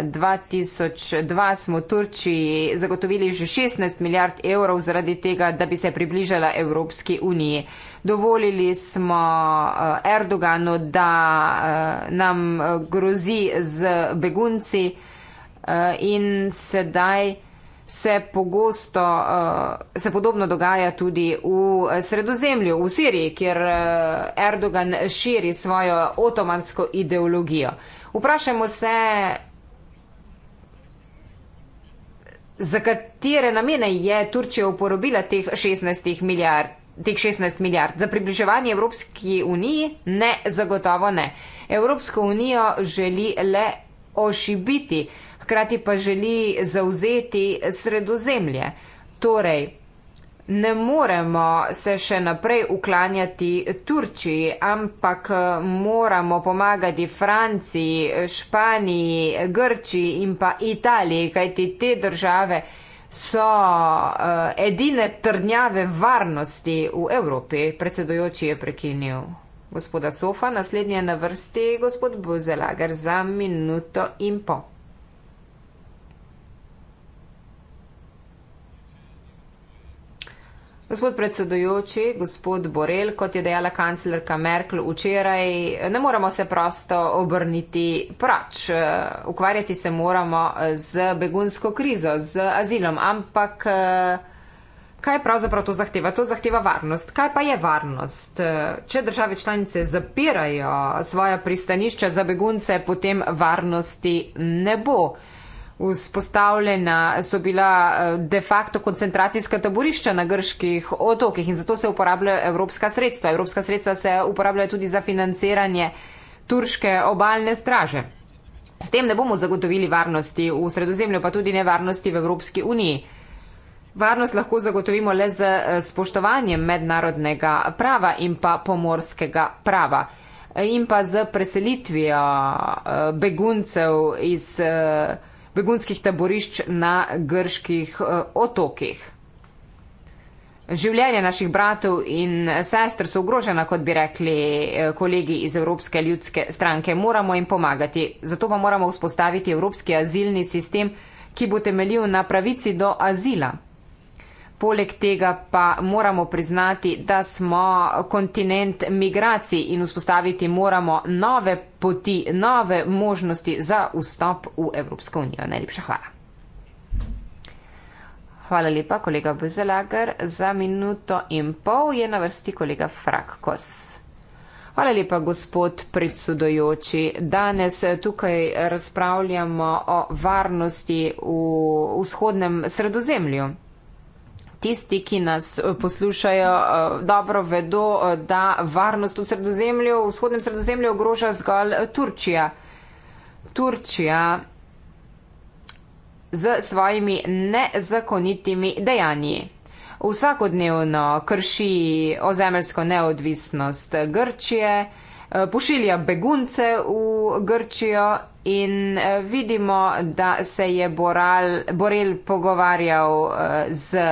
2002 smo Turčiji zagotovili že 16 milijard evrov zaradi tega, da bi se približala Evropski uniji. Dovolili smo eh, Erdoganu, da eh, nam grozi z begunci in sedaj se pogosto, eh, se podobno dogaja tudi v sredozemlju, v Siriji, kjer eh, Erdogan širi svojo otomansko ideologijo. Vprašajmo se, za katere namene je Turčija uporobila teh 16 milijard. Tih 16 milijard. Za približevanje Evropski uniji ne, zagotovo ne. Evropsko unijo želi le ošibiti. Uh, hkrati pa želi zauzeti sredozemlje. Torej, ne moremo se še naprej uklanjati Turčiji, ampak eh, moramo pomagati Franciji, Španiji, Grčiji in pa Italiji, kajti te države so uh, edine trdnjave varnosti v Evropi. Predsedujoči je prekinil gospoda Sofa, naslednji je na vrsti gospod Buzelager za minuto in pol. Gospod predsedujoči, gospod Borel, kot je dejala kanclerka Merkel včeraj, ne moramo se prosto obrniti prač. Ukvarjati se moramo z begunsko krizo, z azilom, ampak kaj pravzaprav to zahteva? To zahteva varnost. Kaj pa je varnost? Če države članice zapirajo svoja pristanišča za begunce, potem varnosti ne bo. Vzpostavljena so bila eh, de facto koncentracijska taborišča na grških otokih in zato se uporabljajo evropska sredstva. Evropska sredstva se uporabljajo tudi za financiranje turške obaljne straže. S tem ne bomo zagotovili varnosti v sredozemlju, pa tudi ne varnosti v Evropski uniji. Varnost lahko zagotovimo le z eh, spoštovanjem mednarodnega prava in pa pomorskega prava. In pa z preselitvijo eh, beguncev iz begunskih taborišč na grških eh, otokih. Življenje naših bratov in sester so ogrožena, kot bi rekli eh, kolegi iz Evropske ljudske stranke. Moramo jim pomagati. Zato pa moramo vzpostaviti evropski azilni sistem, ki bo temeljil na pravici do azila poleg tega pa moramo priznati, da smo kontinent migracij in vzpostaviti moramo nove poti, nove možnosti za vstop v Evropsko unijo. Najlepša hvala. Hvala lepa, kolega Bezelager. Za minuto in pol je na vrsti kolega Frakkos. Hvala lepa, gospod predsedojoči. Danes tukaj razpravljamo o varnosti v vzhodnem sredozemlju tisti, ki nas eh, poslušajo, eh, dobro vedo, eh, da varnost v sredozemlju, v vzhodnem sredozemlju ogroža zgolj Turčija. Turčija z svojimi nezakonitimi dejanji. Vsakodnevno krši ozemelsko neodvisnost Grčije, Eh, pošilja begunce v Grčijo in eh, vidimo, da se je Boral, Borel pogovarjal eh, z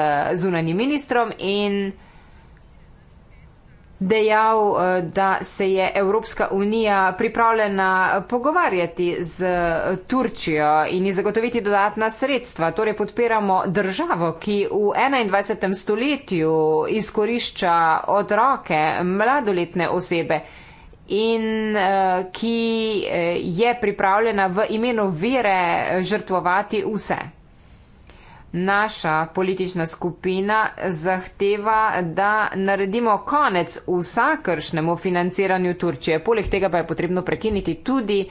zunanjim ministrom in dejal, da se je Evropska unija pripravljena pogovarjati z Turčijo in ji zagotoviti dodatna sredstva. Torej podpiramo državo, ki v 21. stoletju izkorišča otroke, mladoletne osebe in uh, ki eh, je pripravljena v imenu vire eh, žrtvovati vse. Naša politična skupina zahteva, da naredimo konec vsakršnemu financiranju Turčije. Poleg tega pa je potrebno prekiniti tudi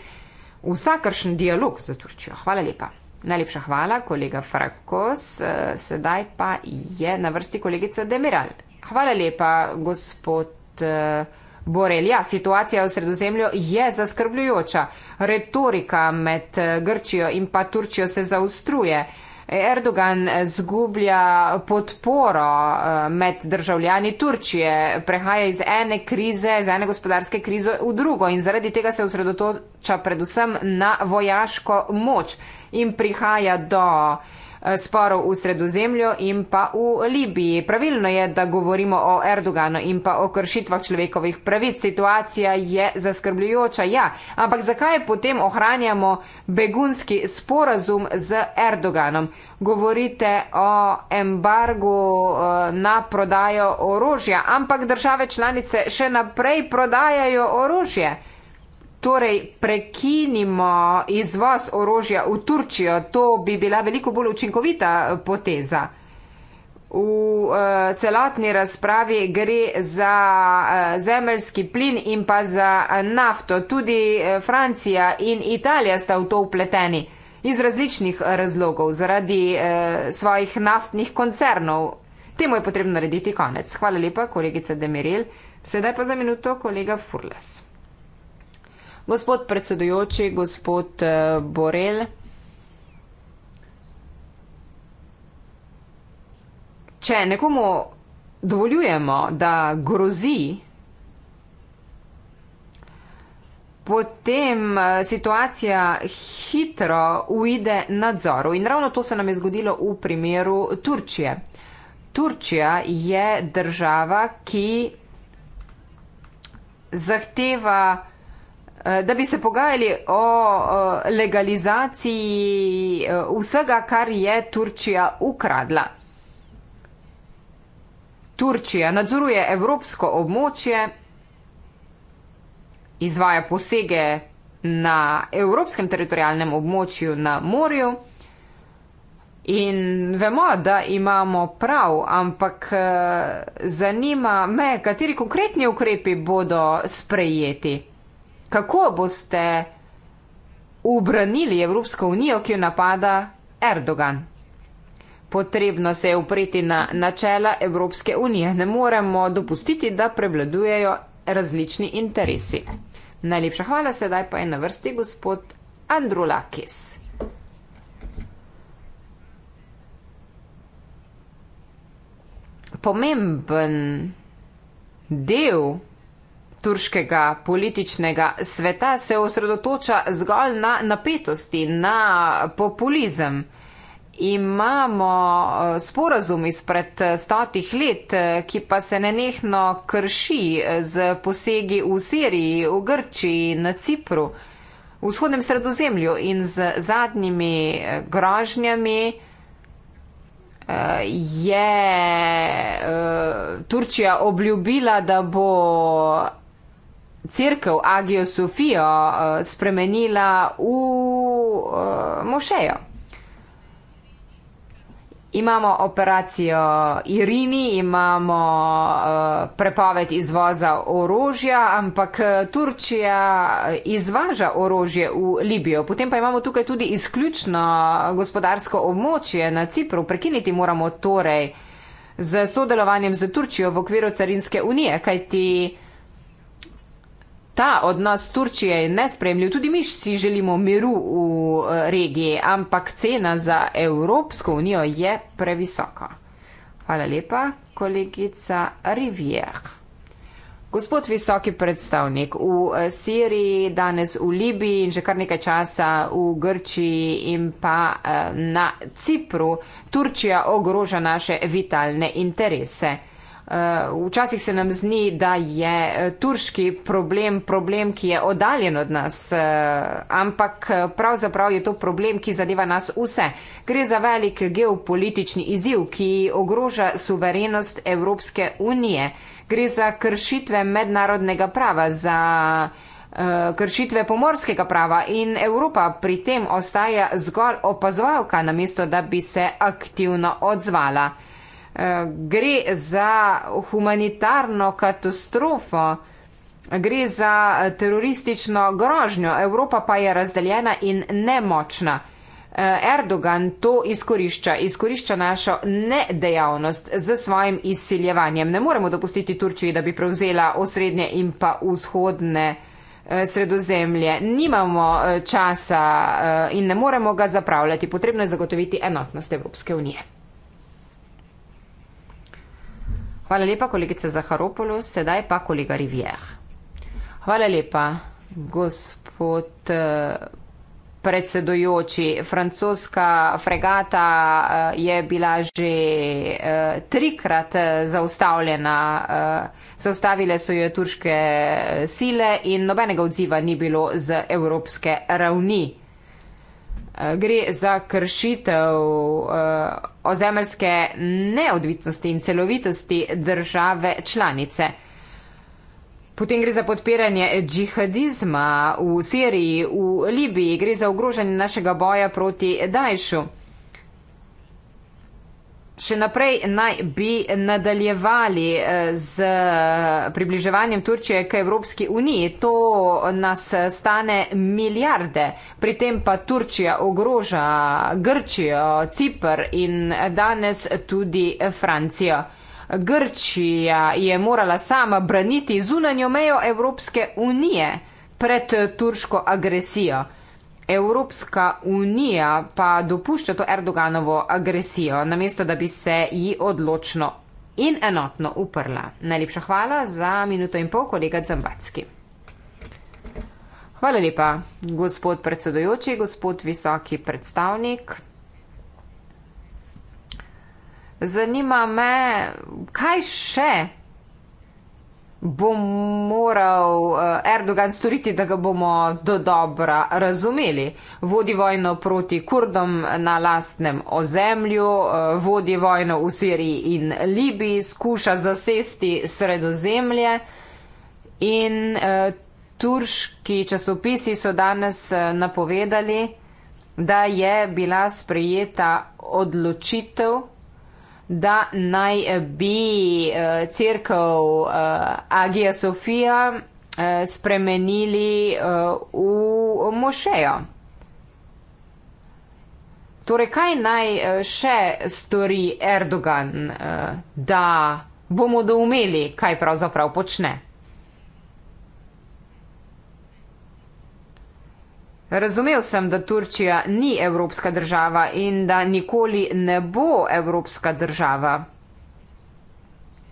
vsakršen dialog za Turčijo. Hvala lepa. Najlepša hvala, kolega Frakos. Sedaj pa je na vrsti kolegica Demiral. Hvala lepa, gospod. Uh, Borel, ja, situacija v sredozemlju je zaskrbljujoča. Retorika med eh, Grčijo in pa Turčijo se zaustruje. Erdogan eh, zgublja podporo eh, med državljani Turčije, prehaja iz ene krize, iz ene gospodarske krize v drugo in zaradi tega se osredotoča predvsem na vojaško moč in prihaja do Eh, sporov v sredozemlju in pa v Libiji. Pravilno je, da govorimo o Erdoganu in pa o kršitvah človekovih pravic. Situacija je zaskrbljujoča, ja, ampak zakaj potem ohranjamo begunski sporazum z Erdoganom? Govorite o embargu eh, na prodajo orožja, ampak države članice še naprej prodajajo orožje torej prekinimo izvoz orožja v Turčijo, to bi bila veliko bolj učinkovita eh, poteza. V uh, celotni razpravi gre za uh, zemeljski plin in pa za nafto. Tudi uh, Francija in Italija sta v to upleteni iz različnih razlogov, zaradi uh, svojih naftnih koncernov. Temu je potrebno narediti konec. Hvala lepa, kolegica Demiril. Sedaj pa za minuto kolega Furles. Gospod predsedujoči, gospod eh, Borel. Če nekomu dovoljujemo, da grozi, potem eh, situacija hitro uide nadzoru. In ravno to se nam je zgodilo v primeru Turčije. Turčija je država, ki zahteva Eh, da bi se pogajali o legalizaciji eh, vsega, kar je Turčija ukradla. Turčija nadzoruje evropsko območje, izvaja posege na evropskem teritorijalnem območju na morju. In vemo, da imamo prav, ampak eh, zanima me, kateri konkretni ukrepi bodo sprejeti kako boste obranili Evropsko unijo, ki jo napada Erdogan. Potrebno se je upreti na načela Evropske unije. Ne moremo dopustiti, da prevladujejo različni interesi. Najlepša hvala, sedaj pa je na vrsti gospod Andrulakis. Pomemben del turškega političnega sveta se osredotoča zgolj na napetosti, na populizem. Imamo eh, sporazum izpred eh, stotih let, eh, ki pa se nenehno krši z posegi v Siriji, v Grčiji, na Cipru, v vzhodnem sredozemlju in z zadnjimi grožnjami. Je uh, Turčija obljubila, da bo crkv Agijo Sofijo uh, spremenila v uh, mošejo. Imamo operacijo Irini, imamo uh, prepoved izvoza orožja, ampak Turčija izvaža orožje v Libijo. Potem pa imamo tukaj tudi izključno gospodarsko območje na Cipru. Prekiniti moramo torej z sodelovanjem z Turčijo v okviru carinske unije, kajti uh, ta odnos Turčije je nespremljiv. Tudi mi si želimo miru v eh, regiji, ampak cena za Evropsko unijo je previsoka. Hvala lepa, kolegica Rivier. Gospod visoki predstavnik, v eh, Siriji, danes v Libiji in že kar nekaj časa v Grčiji in pa eh, na Cipru, Turčija ogroža naše vitalne interese. Eh, včasih se nam zni, da je eh, turški problem problem, ki je oddaljen od nas, eh, ampak pravzaprav je to problem, ki zadeva nas vse. Gre za velik geopolitični izziv, ki ogroža suverenost Evropske unije. Gre za kršitve mednarodnega prava, za kršitve pomorskega prava in Evropa pri tem ostaja zgolj opazovalka, namesto da bi se aktivno odzvala. Eh, gre za humanitarno katastrofo, gre za teroristično grožnjo. Evropa pa je razdeljena in nemočna. Eh, Erdogan to izkorišča, izkorišča našo nedejavnost z svojim izsiljevanjem. Ne moremo dopustiti Turčiji, da bi prevzela osrednje in pa vzhodne eh, sredozemlje. Nimamo časa in ne moremo ga zapravljati. Potrebno je zagotoviti enotnost Evropske unije. Hvala lepa, kolegica Zaharopoulos, sedaj pa kolega Rivier. Hvala lepa, gospod eh, predsedojoči. Francoska fregata eh, je bila že eh, trikrat zaustavljena, zaustavile so jo turške sile in nobenega odziva ni bilo z evropske ravni. Eh, gre za kršitev eh, ozemeljske neodvitnosti in celovitosti države članice. Potem gre za podpiranje džihadizma v Siriji, v Libiji, gre za ogrožanje našega boja proti Dajšu še naprej naj bi nadaljevali eh, z eh, približevanjem Turčije k Evropski uniji. To nas stane milijarde. Pri tem pa Turčija ogroža Grčijo, Cipr in danes tudi Francijo. Grčija je morala sama braniti zunanjo mejo Evropske unije pred turško agresijo. Evropska unija pa dopušča to Erdoganovo agresijo, namesto da bi se ji odločno in enotno uprla. Najlepša hvala za minuto in pol, kolega Zambacki. Hvala lepa, gospod predsedojoči, gospod visoki predstavnik. Zanima me, kaj še bo moral eh, Erdogan storiti, da ga bomo do dobra razumeli. Vodi vojno proti Kurdom na lastnem ozemlju, eh, vodi vojno v Siriji in Libiji, skuša zasesti sredozemlje in eh, turški časopisi so danes napovedali, da je bila sprejeta odločitev, da naj bi uh, eh, crkav uh, eh, Agija Sofija uh, spremenili uh, v mošejo. Torej, kaj naj uh, še stori Erdogan, uh, da bomo doumeli, kaj pravzaprav počne? Razumel sem, da Turčija ni evropska država in da nikoli ne bo evropska država.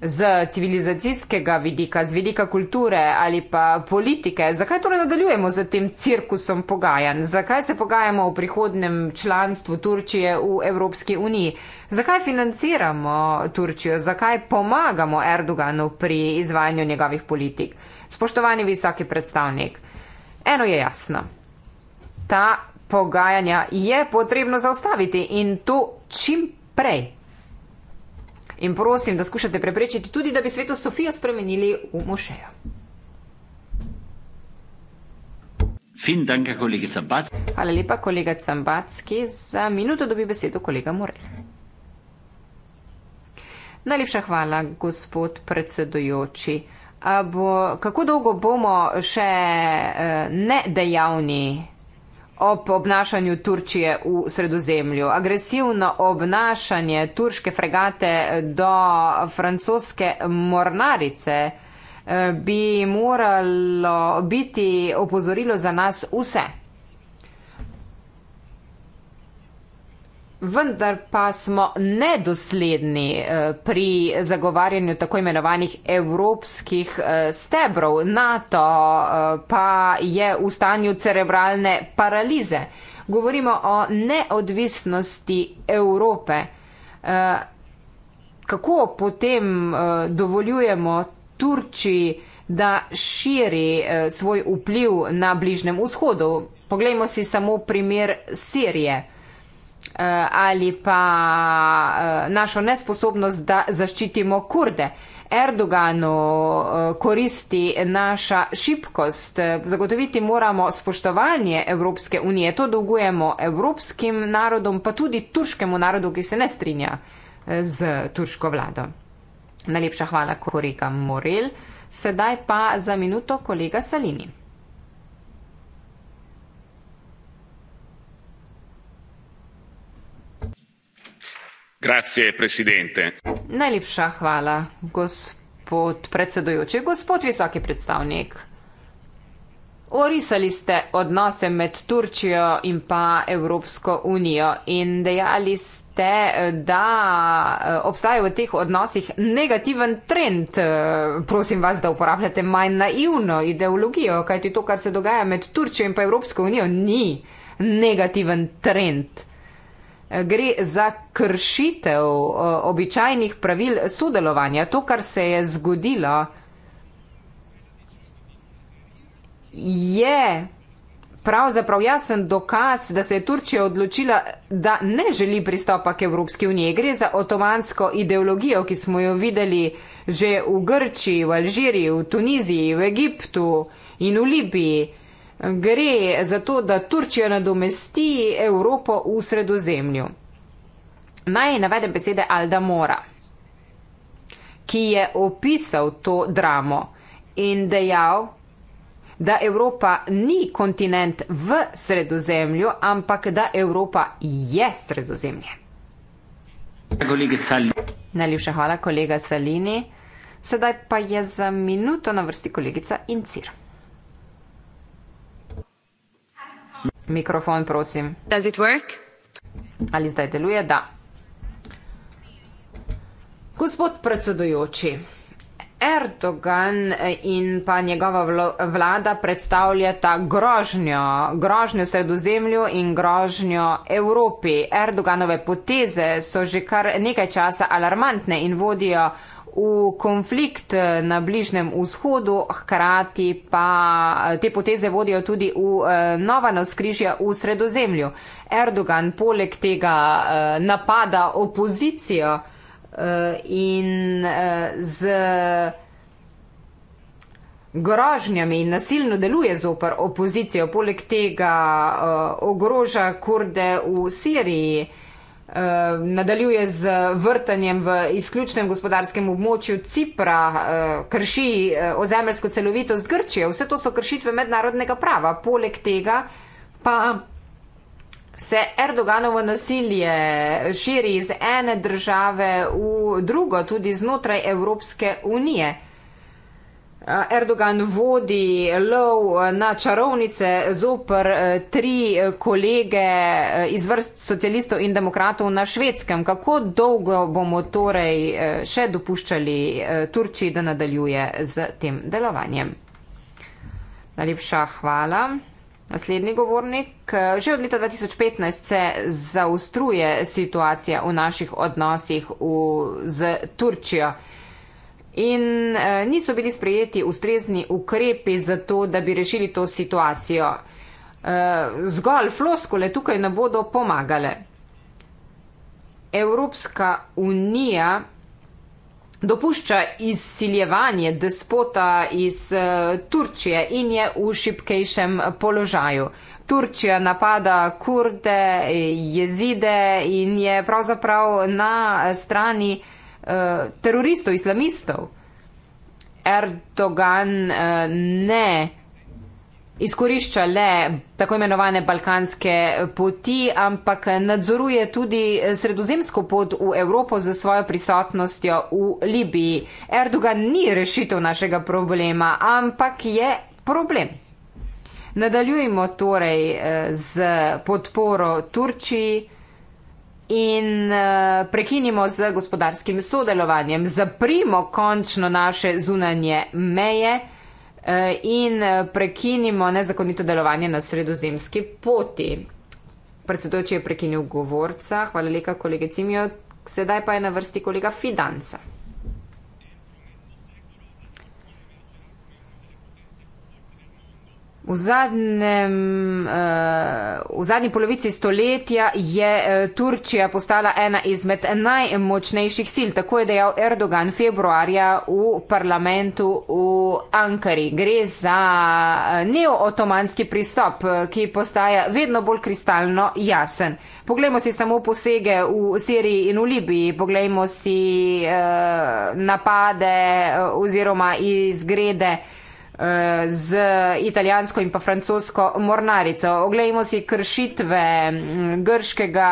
Z civilizacijskega vidika, z vidika kulture ali pa politike, zakaj torej nadaljujemo z tem cirkusom pogajanj? Zakaj se pogajamo o prihodnem članstvu Turčije v Evropski uniji? Zakaj financiramo Turčijo? Zakaj pomagamo Erdoganu pri izvajanju njegovih politik? Spoštovani visoki predstavnik, eno je jasno ta pogajanja je potrebno zaustaviti in to čim prej. In prosim, da skušate preprečiti tudi, da bi sveto Sofijo spremenili v mošejo. Hvala lepa, kolega Cambacki, za minuto dobi besedo kolega Morel. Najlepša hvala, gospod predsedujoči. Bo, kako dolgo bomo še eh, nedejavni ob obnašanju Turčije v sredozemlju. Agresivno obnašanje turške fregate do francoske mornarice eh, bi moralo biti opozorilo za nas vse. Vendar pa smo nedosledni eh, pri zagovarjanju tako imenovanih evropskih eh, stebrov. NATO eh, pa je v stanju cerebralne paralize. Govorimo o neodvisnosti Evrope. Kako potem dovoljujemo Turčiji, da širi svoj vpliv na Bližnem vzhodu? Poglejmo si samo primer Sirije. Eh, ali pa eh, našo nesposobnost, da zaščitimo kurde. Erdoganu eh, koristi naša šibkost. Zagotoviti moramo spoštovanje Evropske unije. To dolgujemo evropskim narodom, pa tudi turškemu narodu, ki se ne strinja z turško vlado. Najlepša hvala, kolega Morel. Sedaj pa za minuto kolega Salini. Grazie, presidente. Najlepša hvala, gospod predsedujoči, gospod visoki predstavnik. Orisali ste odnose med Turčijo in pa Evropsko unijo in dejali ste, da eh, obstaja v teh odnosih negativen trend. Eh, prosim vas, da uporabljate manj naivno ideologijo, kajti to, kar se dogaja med Turčijo in pa Evropsko unijo, ni negativen trend. Eh, gre za kršitev eh, običajnih pravil sodelovanja. To, kar se je zgodilo, je pravzaprav jasen dokaz, da se je Turčija odločila, da ne želi pristopa k Evropski uniji. Gre za otomansko ideologijo, ki smo jo videli že v Grčiji, v Alžiriji, v Tuniziji, v Egiptu in v Libiji gre za to, da Turčija nadomesti Evropo v sredozemlju. Naj navedem besede Alda Mora, ki je opisal to dramo in dejal, da Evropa ni kontinent v sredozemlju, ampak da Evropa je sredozemlje. Najlepša hvala, kolega Salini. Sedaj pa je za minuto na vrsti kolegica Incir. Mikrofon, prosim. Ali zdaj deluje? Da. Gospod predsedujoči, Erdogan eh, in pa njegova vlada predstavljata grožnjo, grožnjo sredozemlju in grožnjo Evropi. Erdoganove poteze so že kar nekaj časa alarmantne in vodijo v konflikt eh, na Bližnem vzhodu, hkrati pa eh, te poteze vodijo tudi v eh, nova navskrižja v sredozemlju. Erdogan poleg tega napada opozicijo in z grožnjami in nasilno deluje zoper opozicijo, poleg tega ogroža kurde v Siriji. Eh, nadaljuje z vrtanjem v izključnem gospodarskem območju Cipra, eh, krši eh, ozemelsko celovitost Grčije. Vse to so kršitve mednarodnega prava. Poleg tega pa se Erdoganovo nasilje širi iz ene države v drugo, tudi znotraj Evropske unije. Eh, Erdogan vodi lov eh, na čarovnice zoper eh, tri kolege iz vrst socialistov in demokratov na švedskem. Kako dolgo bomo torej še dopuščali Turčiji, da nadaljuje z tem delovanjem? Najlepša hvala. Naslednji govornik. Že od leta 2015 se zaustruje situacija v naših odnosih v, z Turčijo in eh, niso bili sprejeti ustrezni ukrepi za to, da bi rešili to situacijo. Eh, zgolj floskole tukaj ne bodo pomagale. Evropska unija dopušča izsiljevanje despota iz eh, Turčije in je v šipkejšem položaju. Turčija napada kurde, jezide in je pravzaprav na strani eh, Eh, teroristov, islamistov. Erdogan uh, ne izkorišča le tako imenovane balkanske poti, ampak nadzoruje tudi sredozemsko pot v Evropo za svojo prisotnostjo v Libiji. Erdogan ni rešitev našega problema, ampak je problem. Nadaljujemo torej z eh, podporo Turčiji in uh, prekinimo z gospodarskim sodelovanjem, zaprimo končno naše zunanje meje uh, in eh, prekinimo nezakonito delovanje na sredozemski poti. Predsedujoči je prekinil govorca, hvala lepa kolegi Cimijo, sedaj pa je na vrsti kolega Fidanca. V, zadnjem, eh, v zadnji polovici stoletja je eh, Turčija postala ena izmed najmočnejših sil, tako je dejal Erdogan februarja v parlamentu v Ankari. Gre za eh, neo-otomanski pristop, ki postaja vedno bolj kristalno jasen. Poglejmo si samo posege v Siriji in v Libiji, poglejmo si napade oziroma izgrede. Eh, z italijansko in pa francosko mornarico. Oglejmo si kršitve mm, grškega,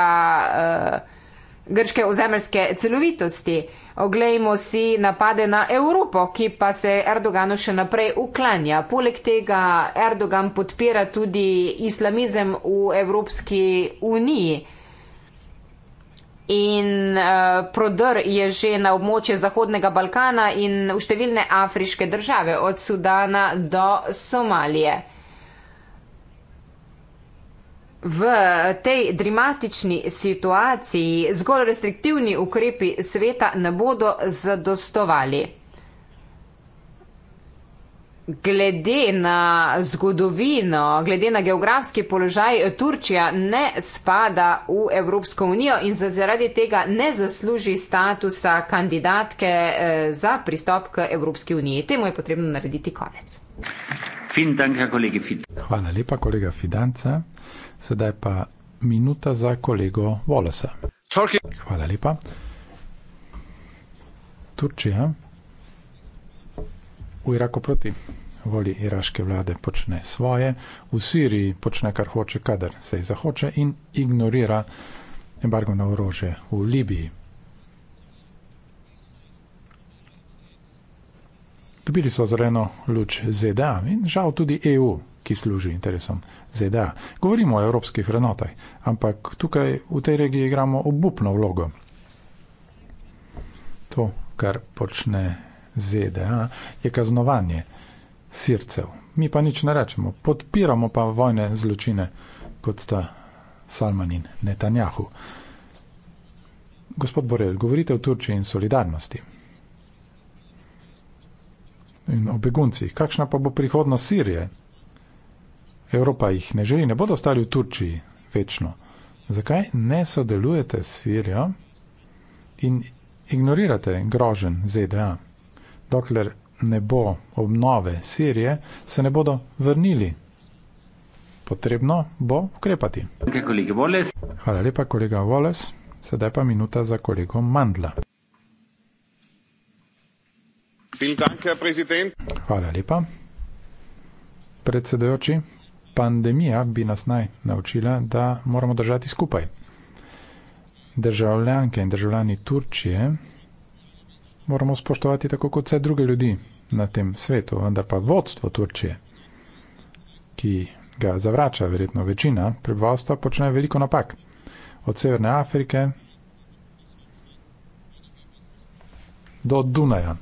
eh, grške ozemeljske celovitosti. Oglejmo si napade na Evropo, ki pa se Erdoganu še naprej uklanja. Poleg tega Erdogan podpira tudi islamizem v Evropski uniji. In uh, prodr je že na območje Zahodnega Balkana in v številne afriške države, od Sudana do Somalije. V tej dramatični situaciji zgolj restriktivni ukrepi sveta ne bodo zadostovali glede na zgodovino, glede na geografski položaj, Turčija ne spada v Evropsko unijo in zaradi tega ne zasluži statusa kandidatke eh, za pristop k Evropski uniji. Temu je potrebno narediti konec. Hvala lepa, kolega Fidanca. Sedaj pa minuta za kolego Volosa. Hvala lepa. Turčija v Iraku proti voli iraške vlade počne svoje, v Siriji počne kar hoče, kadar se jih zahoče in ignorira embargo na orože v Libiji. Dobili so zeleno luč ZDA in žal tudi EU, ki služi interesom ZDA. Govorimo o evropskih vrednotah, ampak tukaj v tej regiji igramo obupno vlogo. To, kar počne ZDA je kaznovanje sircev. Mi pa nič ne rečemo. Podpiramo pa vojne zločine, kot sta Salman in Netanjahu. Gospod Borel, govorite o Turčiji in solidarnosti. In o beguncih. Kakšna pa bo prihodnost Sirije? Evropa jih ne želi. Ne bodo ostali v Turčiji večno. Zakaj ne sodelujete s Sirijo in ignorirate grožen ZDA? dokler ne bo obnove Sirije, se ne bodo vrnili. Potrebno bo ukrepati. Hvala lepa, kolega Voles. Sedaj pa minuta za kolego Mandla. Hvala lepa. Predsedujoči, pandemija bi nas naj naučila, da moramo držati skupaj. Državljanke in državljani Turčije moramo spoštovati tako kot vse druge ljudi na tem svetu, vendar pa vodstvo Turčije, ki ga zavrača verjetno večina prebivalstva, počne veliko napak. Od Severne Afrike do Dunaja.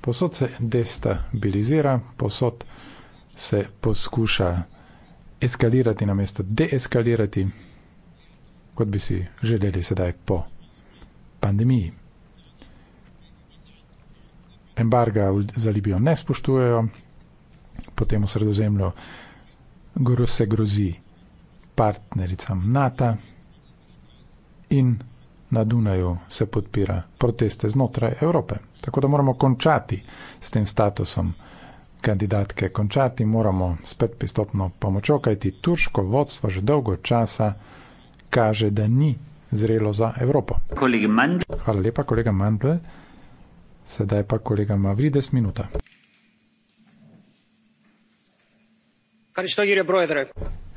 Posod se destabilizira, posod se poskuša eskalirati na mesto deeskalirati, kot bi si želeli sedaj po pandemiji embarga za Libijo ne spoštujejo, potem v sredozemlju se grozi partnericam NATO in na Dunaju se podpira proteste znotraj Evrope. Tako da moramo končati s tem statusom kandidatke, končati moramo spet pristopno pomočjo, kajti turško vodstvo že dolgo časa kaže, da ni zrelo za Evropo. Hvala lepa, kolega Mandl. Sedaj pa kolega Mavrides minuta.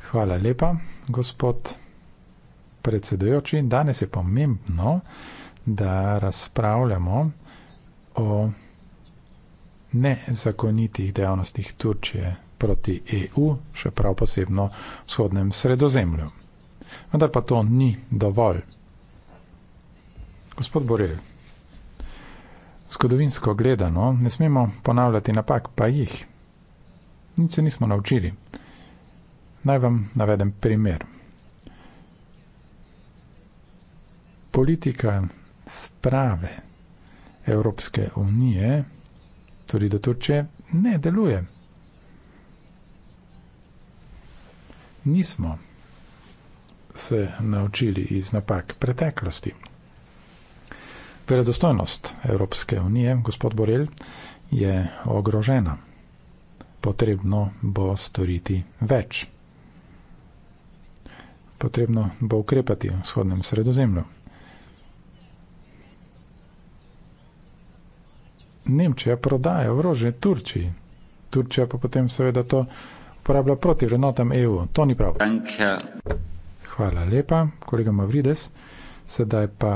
Hvala lepa, gospod predsedujoči. Danes je pomembno, da razpravljamo o nezakonitih dejavnostih Turčije proti EU, še prav posebno v shodnem sredozemlju. Vendar pa to ni dovolj. Gospod Borel, Zgodovinsko gledano, ne smemo ponavljati napak, pa jih. Nič se nismo naučili. Naj vam navedem primer. Politika sprave Evropske unije, torej do Turčije, ne deluje. Nismo se naučili iz napak preteklosti. Veredostojnost Evropske unije, gospod Borel, je ogrožena. Potrebno bo storiti več. Potrebno bo ukrepati v vzhodnem sredozemlju. Nemčija prodaja orožje Turčiji. Turčija pa potem seveda to uporablja proti vrednotam EU. To ni prav. Hvala lepa, kolega Mavrides. Sedaj pa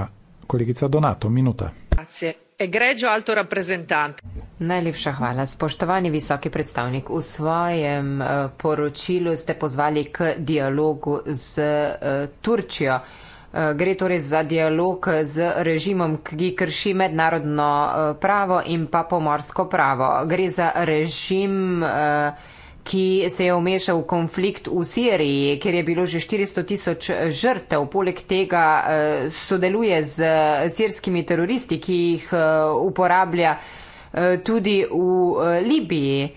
kolegica Donato, minuta. Grazie. Egregio alto rappresentante. Najlepša hvala. Spoštovani visoki predstavnik, v svojem eh, poročilu ste pozvali k dialogu z eh, Turčijo. Eh, gre torej za dialog z režimom, ki krši mednarodno pravo in pa pomorsko pravo. Gre za režim. Uh ki se je omešal v konflikt v Siriji, kjer je bilo že 400 tisoč žrtev. Poleg tega eh, sodeluje z sirskimi teroristi, ki jih eh, uporablja eh, tudi v Libiji.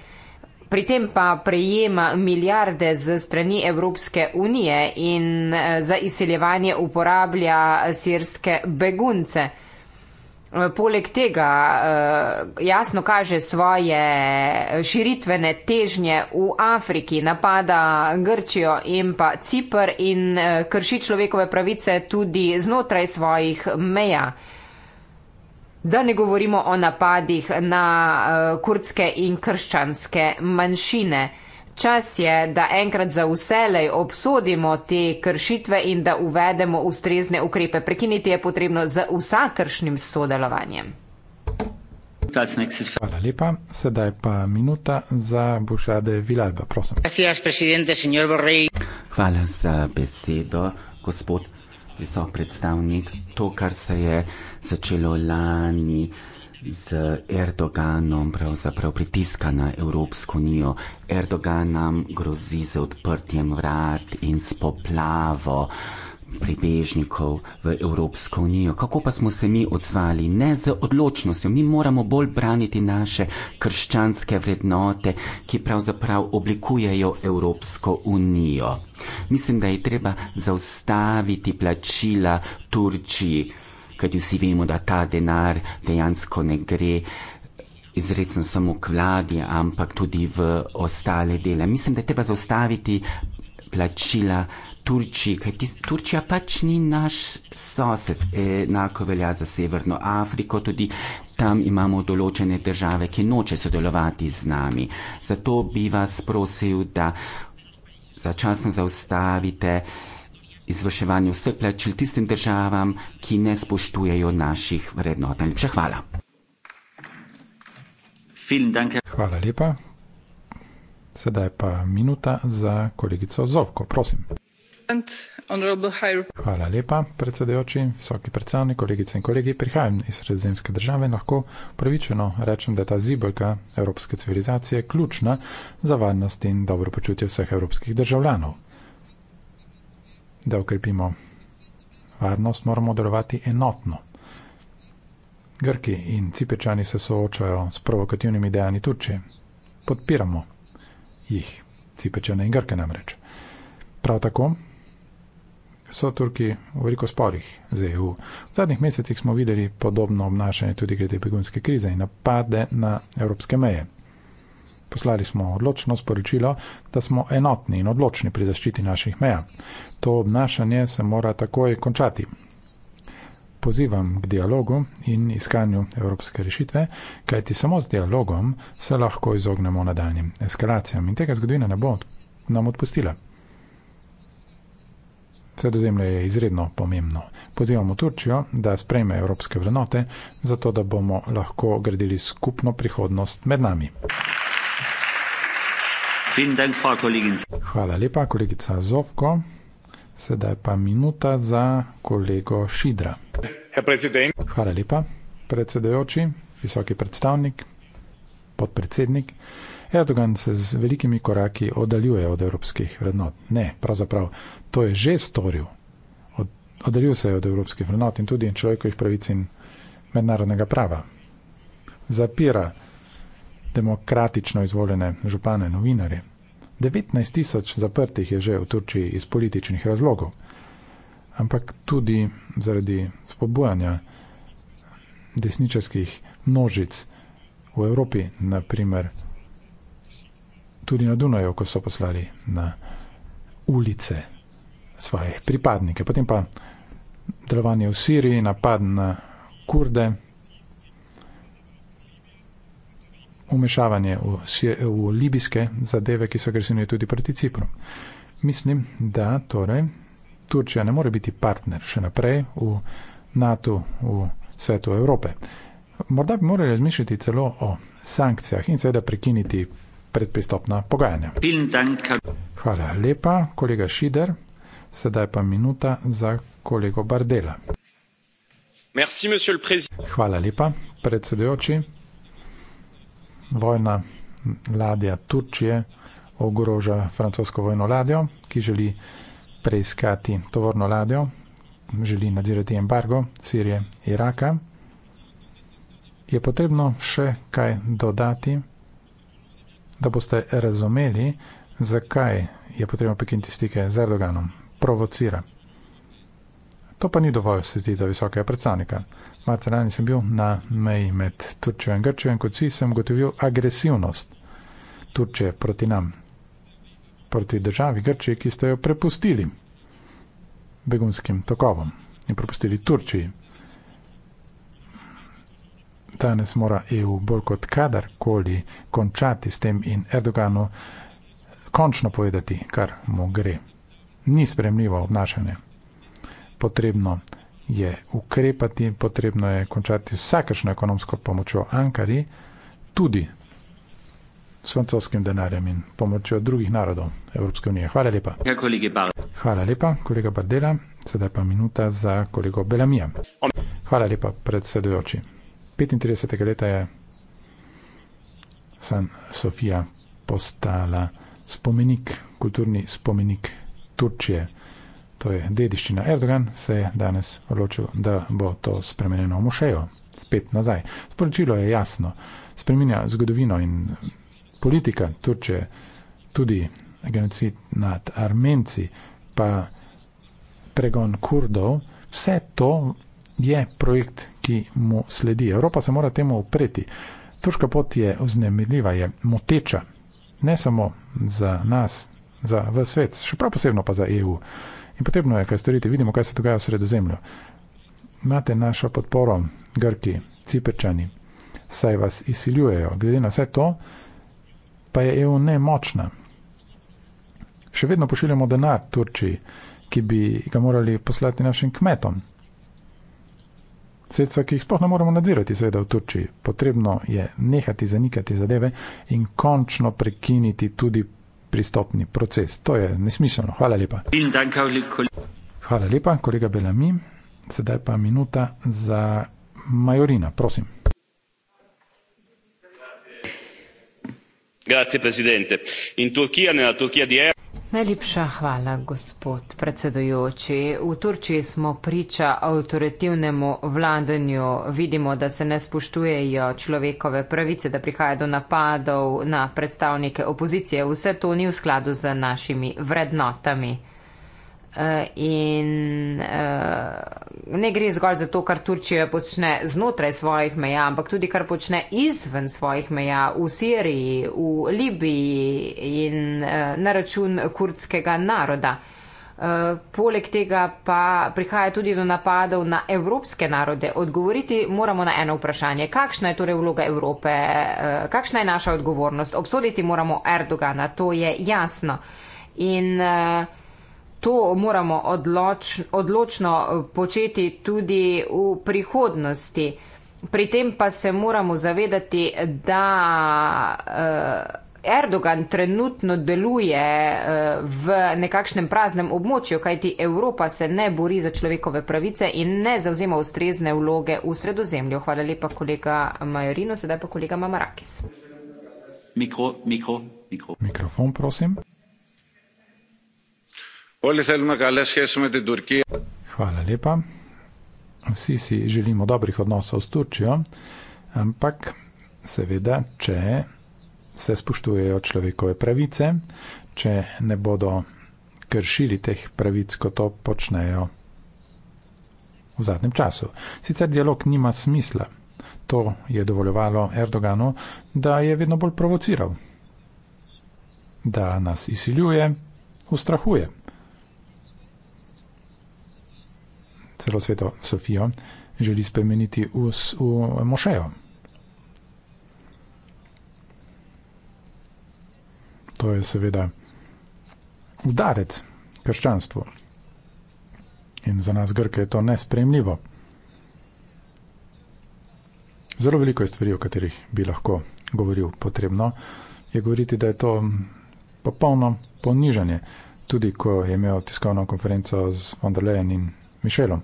Pri tem pa prejema milijarde z strani Evropske unije in za izseljevanje uporablja sirske begunce. Poleg tega eh, jasno kaže svoje širitvene težnje v Afriki, napada Grčijo in pa Cipr in eh, krši človekove pravice tudi znotraj svojih meja. Da ne govorimo o napadih na eh, kurdske in krščanske manjšine. Čas je, da enkrat za vselej obsodimo te kršitve in da uvedemo ustrezne ukrepe. Prekiniti je potrebno z vsakršnim sodelovanjem. Hvala lepa. Sedaj pa minuta za Bušade Vilalba, prosim. Hvala za besedo, gospod visok predstavnik. To, kar se je začelo lani z Erdoganom pravzaprav pritiska na Evropsko unijo. Erdogan nam grozi z odprtjem vrat in s poplavo pribežnikov v Evropsko unijo. Kako pa smo se mi odzvali? Ne z odločnostjo. Mi moramo bolj braniti naše krščanske vrednote, ki pravzaprav oblikujejo Evropsko unijo. Mislim, da je treba zaustaviti plačila Turčiji kajti vsi vemo, da ta denar dejansko ne gre izredno samo k vladi, ampak tudi v ostale dele. Mislim, da je treba zaustaviti plačila Turčiji, kajti Turčija pač ni naš sosed. Enako velja za Severno Afriko, tudi tam imamo določene države, ki noče sodelovati z nami. Zato bi vas prosil, da začasno zaustavite izvrševanju vseh plačil tistim državam, ki ne spoštujejo naših vrednot. Najlepša hvala. Hvala lepa. Sedaj pa minuta za kolegico Zovko, prosim. Hvala lepa, predsedojoči, visoki predstavniki, kolegice in kolegi. Prihajam iz sredozemske države in lahko pravičeno rečem, da je ta zibelka evropske civilizacije ključna za varnost in dobro počutje vseh evropskih državljanov da ukrepimo varnost, moramo delovati enotno. Grki in cipečani se soočajo s provokativnimi dejanji Turčije. Podpiramo jih, cipečane in grke namreč. Prav tako so Turki v veliko sporih z EU. V zadnjih mesecih smo videli podobno obnašanje tudi glede begunske krize in napade na evropske meje. Poslali smo odločno sporočilo, da smo enotni in odločni pri zaščiti naših meja. To obnašanje se mora takoj končati. Pozivam k dialogu in iskanju evropske rešitve, kajti samo z dialogom se lahko izognemo nadaljnjim eskalacijam in tega zgodovina ne bo nam odpustila. Sredozemlje je izredno pomembno. Pozivamo Turčijo, da sprejme evropske vrednote, zato da bomo lahko gradili skupno prihodnost med nami. Hvala lepa, kolegica Zovko. Sedaj pa minuta za kolego Šidra. Hvala lepa, predsedujoči, visoki predstavnik, podpredsednik. Erdogan se z velikimi koraki oddaljuje od evropskih vrednot. Ne, pravzaprav to je že storil. Od, oddaljuje se od evropskih vrednot in tudi človekovih pravic in mednarodnega prava. Zapira demokratično izvoljene župane, novinarje, 19 tisoč zaprtih je že v Turčiji iz političnih razlogov, ampak tudi zaradi spodbujanja desničarskih množic v Evropi, naprimer tudi na Dunaju, ko so poslali na ulice svoje pripadnike. Potem pa delovanje v Siriji, napad na Kurde, umešavanje v, v libijske zadeve, ki so agresivne tudi proti Cipru. Mislim, da torej Turčija ne more biti partner še naprej v NATO, v svetu Evrope. Morda bi morali razmišljati celo o sankcijah in seveda prekiniti predpristopna pogajanja. Hvala lepa, kolega Šider. Sedaj pa minuta za kolego Bardela. Merci, Hvala lepa, predsedujoči vojna ladja Turčije ogroža francosko vojno ladjo, ki želi preiskati tovorno ladjo, želi nadzirati embargo Sirije, Iraka. Je potrebno še kaj dodati, da boste razumeli, zakaj je potrebno prekiniti stike z Erdoganom. Provocira. To pa ni dovolj, se zdi, za visokega predstavnika. Marca lani sem bil na meji med Turčijo in Grčijo in kot vsi sem gotovil agresivnost Turčije proti nam, proti državi Grčije, ki ste jo prepustili begunskim tokovom in prepustili Turčiji. Danes mora EU bolj kot kadarkoli končati s tem in Erdoganu končno povedati, kar mu gre. Ni spremljivo obnašanje. Potrebno je je ukrepati in potrebno je končati vsakešno ekonomsko pomočjo Ankari, tudi s francoskim denarjem in pomočjo drugih narodov Evropske unije. Hvala lepa. Ja, Hvala lepa, kolega Bardela. Sedaj pa minuta za kolego Belamija. Hvala lepa, predsedujoči. 35. leta je San Sofija postala spomenik, kulturni spomenik Turčije to je dediščina Erdogan, se je danes odločil, da bo to spremenjeno v mušejo. Spet nazaj. Sporočilo je jasno. Spreminja zgodovino in politika Turčje, tudi genocid nad Armenci, pa pregon Kurdov. Vse to je projekt, ki mu sledi. Evropa se mora temu upreti. Turška pot je vznemirljiva, je moteča. Ne samo za nas, za vse svet, še prav posebno pa za EU. In potrebno je kaj storiti, vidimo, kaj se dogaja v sredozemlju. Imate našo podporo, Grki, Ciprčani, saj vas izsiljujejo. Glede na vse to, pa je EU nemočna. Še vedno pošiljamo denar Turčiji, ki bi ga morali poslati našim kmetom. Sredstva, ki jih sploh ne moremo nadzirati, seveda v Turčiji. Potrebno je nehati zanikati zadeve in končno prekiniti tudi predpristopni proces. To je nesmiselno. Hvala lepa. Hvala lepa, kolega Belami. Sedaj pa minuta za Majorina, prosim. Grazie, predsednik. In Turčija, ne na Turčija, di Erdogan. Najlepša hvala, gospod predsedujoči. V Turčiji smo priča avtoritativnemu vladanju. Vidimo, da se ne spoštujejo človekove pravice, da prihaja do napadov na predstavnike opozicije. Vse to ni v skladu z našimi vrednotami. Eh, in uh, ne gre zgolj za to, kar Turčija počne znotraj svojih meja, ampak tudi kar počne izven svojih meja v Siriji, v Libiji in uh, na račun kurdskega naroda. Poleg tega pa prihaja tudi do napadov na evropske narode. Odgovoriti moramo na eno vprašanje. Kakšna je torej vloga Evrope? Kakšna je naša odgovornost? Obsoditi moramo Erdogana, to je jasno. In uh, to moramo odloč, odločno početi tudi v prihodnosti. Pri tem pa se moramo zavedati, da eh, Erdogan trenutno deluje eh, v nekakšnem praznem območju, kajti Evropa se ne bori za človekove pravice in ne zauzema ustrezne vloge v sredozemlju. Hvala lepa, kolega Majorino, sedaj pa kolega Mamarakis. Mikro, mikro, mikro. Mikrofon, prosim. Oli thelma kale sheshme te Turkije. Hvala lepa. Vsi si želimo dobrih odnosov s Turčijo, ampak seveda, če se spoštujejo človekove pravice, če ne bodo kršili teh pravic, kot to počnejo v zadnjem času. Sicer dialog nima smisla. To je dovoljevalo Erdoganu, da je vedno bolj provociral, da nas izsiljuje, ustrahuje. celo sveto Sofijo, želi spremeniti v, v mošejo. To je seveda udarec krščanstvu. In za nas, Grke, je to nespremljivo. Zelo veliko je stvari, o katerih bi lahko govoril. Potrebno je govoriti, da je to popolno ponižanje. Tudi ko je imel tiskovno konferenco z von der Leyen in Mišelom.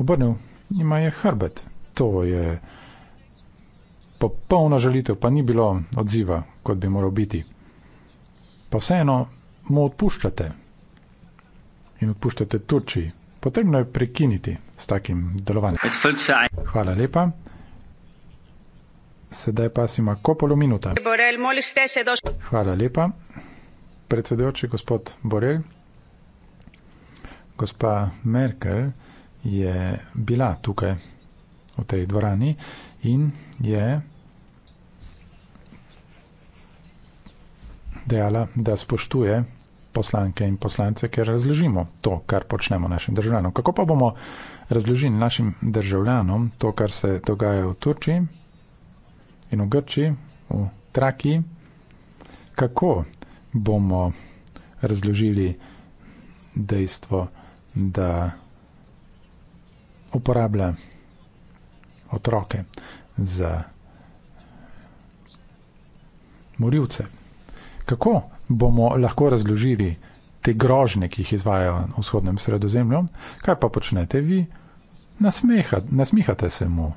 Obrnil, ima je hrbet. To je popolna žalitev, pa ni bilo odziva, kot bi moral biti. Pa vseeno mu odpuščate in odpuščate Turčiji. Potrebno je prekiniti s takim delovanjem. Hvala lepa. Sedaj pa si ima ko polo minuta. Hvala lepa. Predsedujoči gospod Borel, Gospa Merkel je bila tukaj v tej dvorani in je dejala, da spoštuje poslanke in poslance, ker razložimo to, kar počnemo našim državljanom. Kako pa bomo razložili našim državljanom to, kar se dogaja v Turčiji in v Grčiji, v Trakiji? Kako bomo razložili dejstvo, da da uporablja otroke za morilce. Kako bomo lahko razložili te grožne, ki jih izvajajo v vzhodnem sredozemlju? Kaj pa počnete vi? Nasmeha, nasmihate se mu.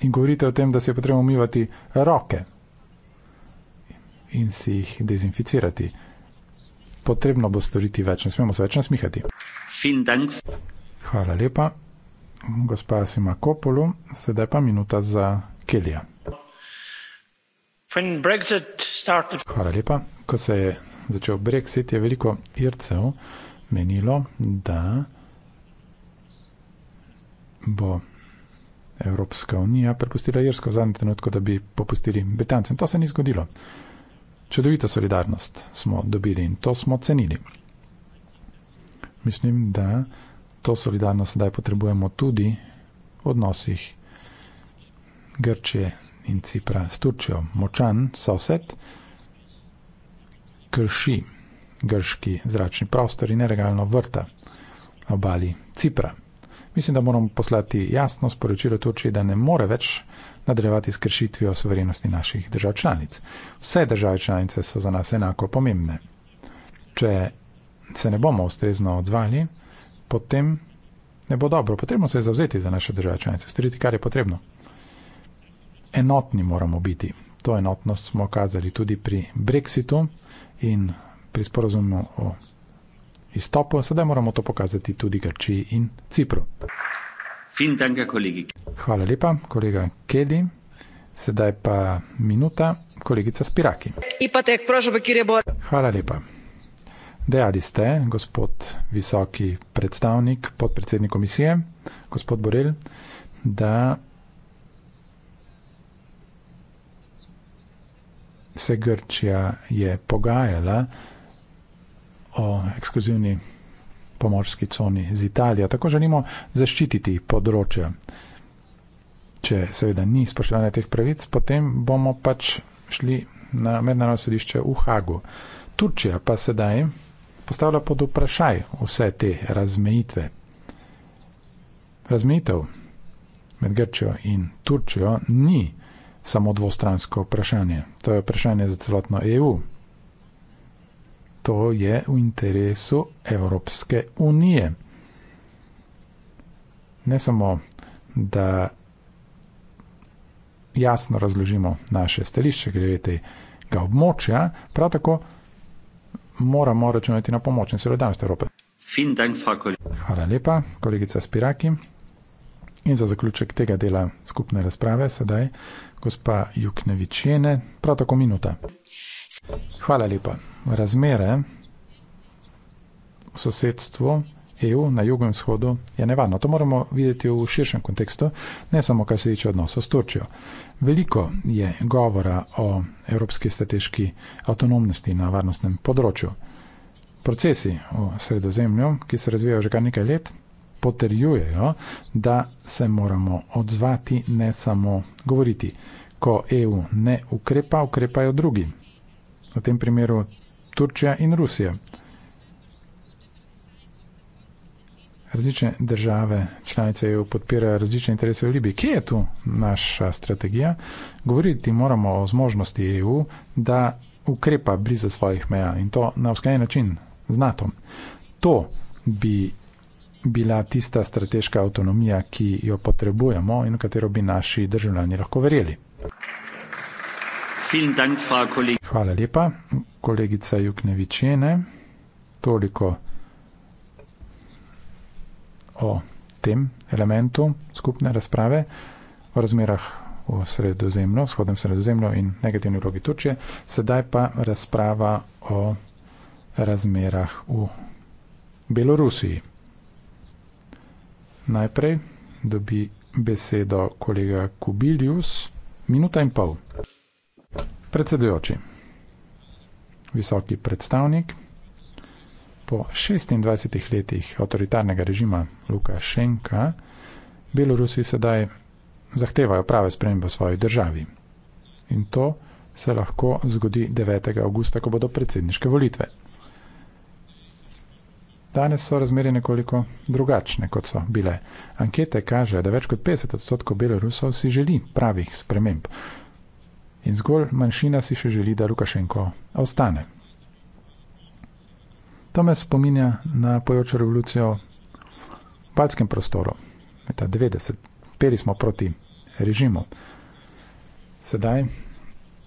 In govorite o tem, da se je potrebno umivati roke in si jih dezinficirati potrebno bo storiti več, ne smemo se več nasmihati. Hvala lepa, gospa Sima Kopolu, sedaj pa minuta za Kelija. Hvala lepa. Ko se je začel Brexit, je veliko Ircev menilo, da bo Evropska unija prepustila Irsko v zadnjem trenutku, da bi popustili Britancem. To se ni zgodilo čudovito solidarnost smo dobili in to smo cenili. Mislim, da to solidarnost zdaj potrebujemo tudi v odnosih Grčije in Cipra s Turčijo. Močan sosed krši grški zračni prostor in nelegalno vrta obali Cipra. Mislim, da moramo poslati jasno sporočilo Turčiji, da ne more več nadaljevati s kršitvijo soverenosti naših držav članic. Vse države članice so za nas enako pomembne. Če se ne bomo ustrezno odzvali, potem ne bo dobro. Potrebno se je zavzeti za naše države članice, storiti, kar je potrebno. Enotni moramo biti. To enotnost smo kazali tudi pri Brexitu in pri sporozumu o izstopu. Sedaj moramo to pokazati tudi Grčiji in Cipru. Fin dan ga, kolegi. Hvala lepa, kolega Kedi. Sedaj pa minuta, kolegica Spiraki. Ipatek, prošu, Hvala lepa. Dejali ste, gospod visoki predstavnik, podpredsednik komisije, gospod Borel, da se Grčija je pogajala o ekskluzivni pomorski coni z Italijo. Tako želimo zaščititi področje. Če seveda ni spoštovanje teh pravic, potem bomo pač šli na mednarodno sodišče v Hagu. Turčija pa sedaj postavlja pod vprašaj vse te razmejitve. Razmejitev med Grčijo in Turčijo ni samo dvostransko vprašanje, to je vprašanje za celotno EU to je v interesu Evropske unije. Ne samo, da jasno razložimo naše stališče glede tega območja, prav tako moramo računati na pomoč in sodelovanje Evrope. Hvala lepa, kolegica Spiraki. In za zaključek tega dela skupne razprave, sedaj gospa Juknevičene, prav tako minuta. Hvala lepa razmere v sosedstvu EU na jugu in vzhodu je nevarno. To moramo videti v širšem kontekstu, ne samo kar se tiče odnosa s Turčijo. Veliko je govora o evropski strateški avtonomnosti na varnostnem področju. Procesi v sredozemlju, ki se razvijajo že kar nekaj let, potrjujejo, da se moramo odzvati, ne samo govoriti. Ko EU ne ukrepa, ukrepajo drugi. V tem primeru Turčija in Rusija. Različne države, članice EU podpirajo različne interese v Libiji. Kje je tu naša strategija? Govoriti moramo o zmožnosti EU, da ukrepa blizu svojih meja in to na vsaj način z NATO. To bi bila tista strateška avtonomija, ki jo potrebujemo in v katero bi naši državljani lahko verjeli. Hvala lepa kolegica Juknevičene. Toliko o tem elementu skupne razprave o razmerah v sredozemlju, vzhodnem sredozemlju in negativni vlogi Turčije. Sedaj pa razprava o razmerah v Belorusiji. Najprej dobi besedo kolega Kubilius. Minuta in pol. Predsedujoči visoki predstavnik. Po 26 letih avtoritarnega režima Lukašenka Belorusi sedaj zahtevajo prave spremembe v svoji državi. In to se lahko zgodi 9. augusta, ko bodo predsedniške volitve. Danes so razmere nekoliko drugačne, kot so bile. Ankete kažejo, da več kot 50 odstotkov Belorusov si želi pravih sprememb. In zgolj manjšina si še želi, da Lukašenko ostane. To me spominja na pojočo revolucijo v Balskem prostoru, leta 90. Peli smo proti režimu. Sedaj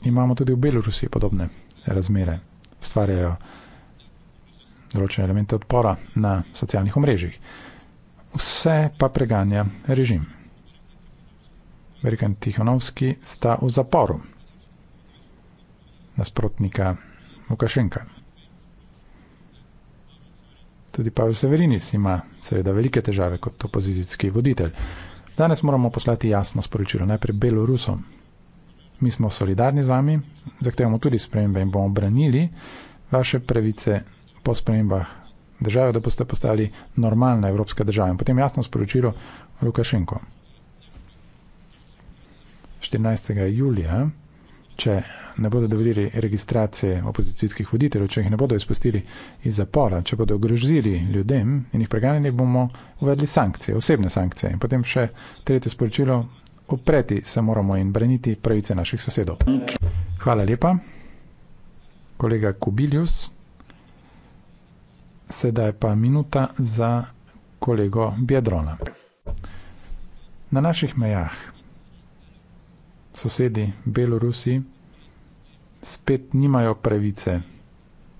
imamo tudi v Belorusiji podobne razmere. Stvarjajo določene elemente odpora na socialnih omrežjih. Vse pa preganja režim. Amerikan Tihonovski sta v zaporu nasprotnika Lukašenka. Tudi Pavel Severinis ima seveda velike težave kot opozicijski voditelj. Danes moramo poslati jasno sporočilo najprej Belorusom. Mi smo solidarni z vami, zahtevamo tudi spremembe in bomo branili vaše pravice po spremembah države, da boste postali normalna evropska država. In potem jasno sporočilo Lukašenko. 14. julija, če ne bodo dovolili registracije opozicijskih voditeljev, če jih ne bodo izpustili iz zapora, če bodo ogrožili ljudem in jih preganjali, bomo uvedli sankcije, osebne sankcije. In potem še tretje sporočilo, opreti se moramo in braniti pravice naših sosedov. Hvala lepa. Kolega Kubilius, sedaj pa minuta za kolego Biedrona. Na naših mejah sosedi Belorusi spet nimajo pravice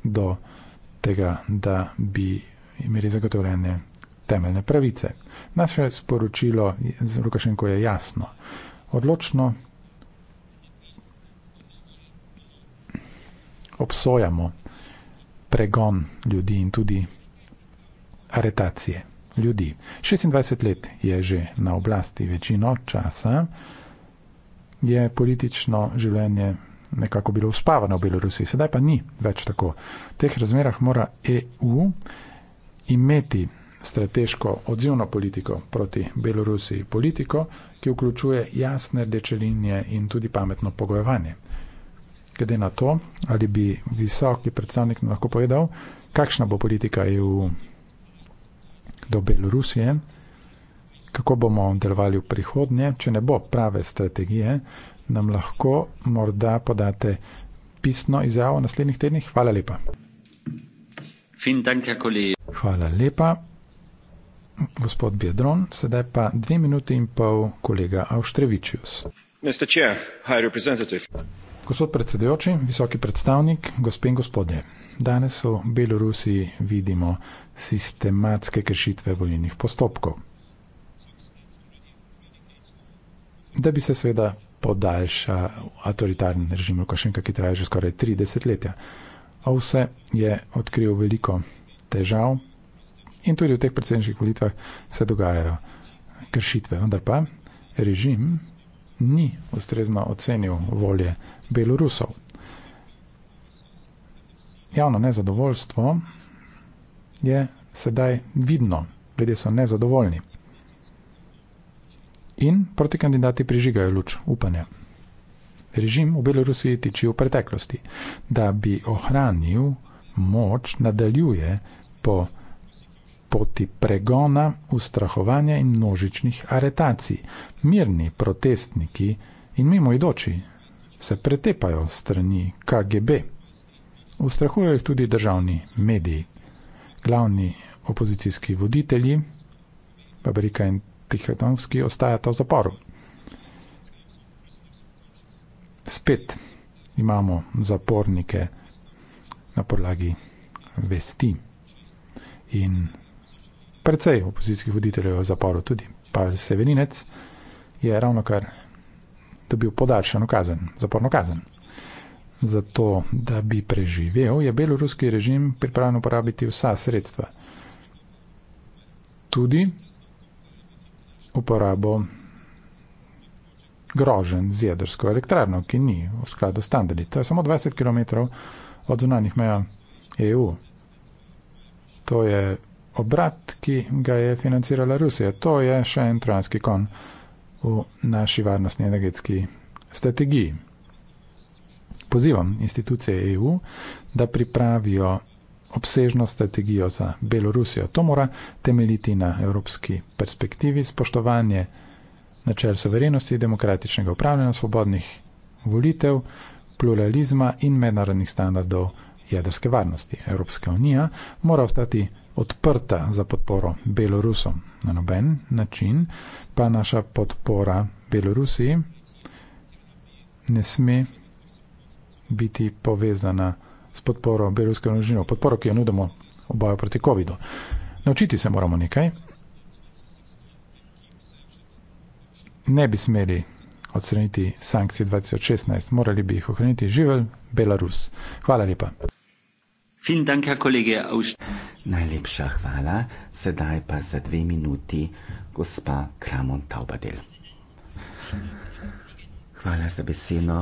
do tega, da bi imeli zagotovljene temeljne pravice. Naše sporočilo z Lukašenko je jasno. Odločno obsojamo pregon ljudi in tudi aretacije ljudi. 26 let je že na oblasti večino časa, je politično življenje nekako bilo uspavano v Belorusiji, sedaj pa ni več tako. V teh razmerah mora EU imeti strateško odzivno politiko proti Belorusiji, politiko, ki vključuje jasne rdeče linije in tudi pametno pogojevanje. Glede na to, ali bi visoki predstavnik lahko povedal, kakšna bo politika EU do Belorusije, kako bomo delovali v prihodnje, če ne bo prave strategije, nam lahko morda podate pisno izjavo v naslednjih tednih. Hvala lepa. Hvala lepa, gospod Biedron. Sedaj pa dve minuti in pol kolega Avštrevičius. Gospod predsedujoči, visoki predstavnik, gospe in gospodje, danes v Belorusiji vidimo sistematske kršitve volilnih postopkov. Da bi se seveda podaljša avtoritarni režim Lukašenka, ki traja že skoraj 30 let. Ovse je odkril veliko težav in tudi v teh predsedniških volitvah se dogajajo kršitve. Vendar pa režim ni ustrezno ocenil volje Belorusov. Javno nezadovoljstvo je sedaj vidno, ljudje so nezadovoljni in proti kandidati prižigajo luč upanja. Režim v Belorusiji tiči v preteklosti, da bi ohranil moč, nadaljuje po poti pregona, ustrahovanja in množičnih aretacij. Mirni protestniki in mimoidoči se pretepajo strani KGB. Ustrahujejo jih tudi državni mediji. Glavni opozicijski voditelji, Babrika in Tihotovski ostajata v zaporu. Spet imamo zapornike na podlagi vesti in precej opozicijskih voditeljev v zaporu, tudi Pavel Severinec je ravno kar dobil podaljšano kazen, zaporno kazen. Zato, da bi preživel, je beloruski režim pripravljen uporabiti vsa sredstva. Tudi uporabo grožen z jedrsko elektrarno, ki ni v skladu standardi. To je samo 20 km od zunanjih meja EU. To je obrat, ki ga je financirala Rusija. To je še en trojanski kon v naši varnostni energetski strategiji. Pozivam institucije EU, da pripravijo obsežno strategijo za Belorusijo. To mora temeljiti na evropski perspektivi, spoštovanje načel soverenosti, demokratičnega upravljanja, svobodnih volitev, pluralizma in mednarodnih standardov jedrske varnosti. Evropska unija mora ostati odprta za podporo Belorusom. Na noben način pa naša podpora Belorusiji ne sme biti povezana s s podporo beruske množine, podporo, ki jo nudimo v boju proti COVID-u. Naučiti se moramo nekaj. Ne bi smeli odstraniti sankcij 2016, morali bi jih ohraniti živel Belarus. Hvala lepa. Dank, Najlepša hvala, sedaj pa za dve minuti gospa Kramon Taubadel. Hvala za besedo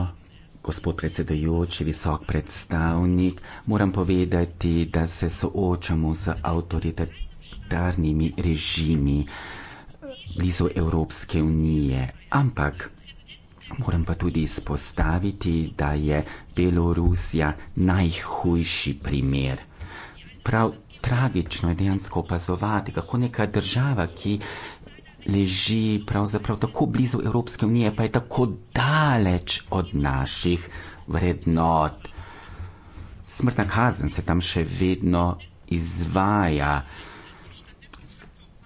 gospod predsedujoči, visok predstavnik, moram povedati, da se soočamo z avtoritarnimi režimi blizu Evropske unije. Ampak moram pa tudi izpostaviti, da je Belorusija najhujši primer. Prav tragično je dejansko opazovati, kako neka država, ki leži pravzaprav tako blizu Evropske unije, pa je tako daleč od naših vrednot. Smrtna kazen se tam še vedno izvaja.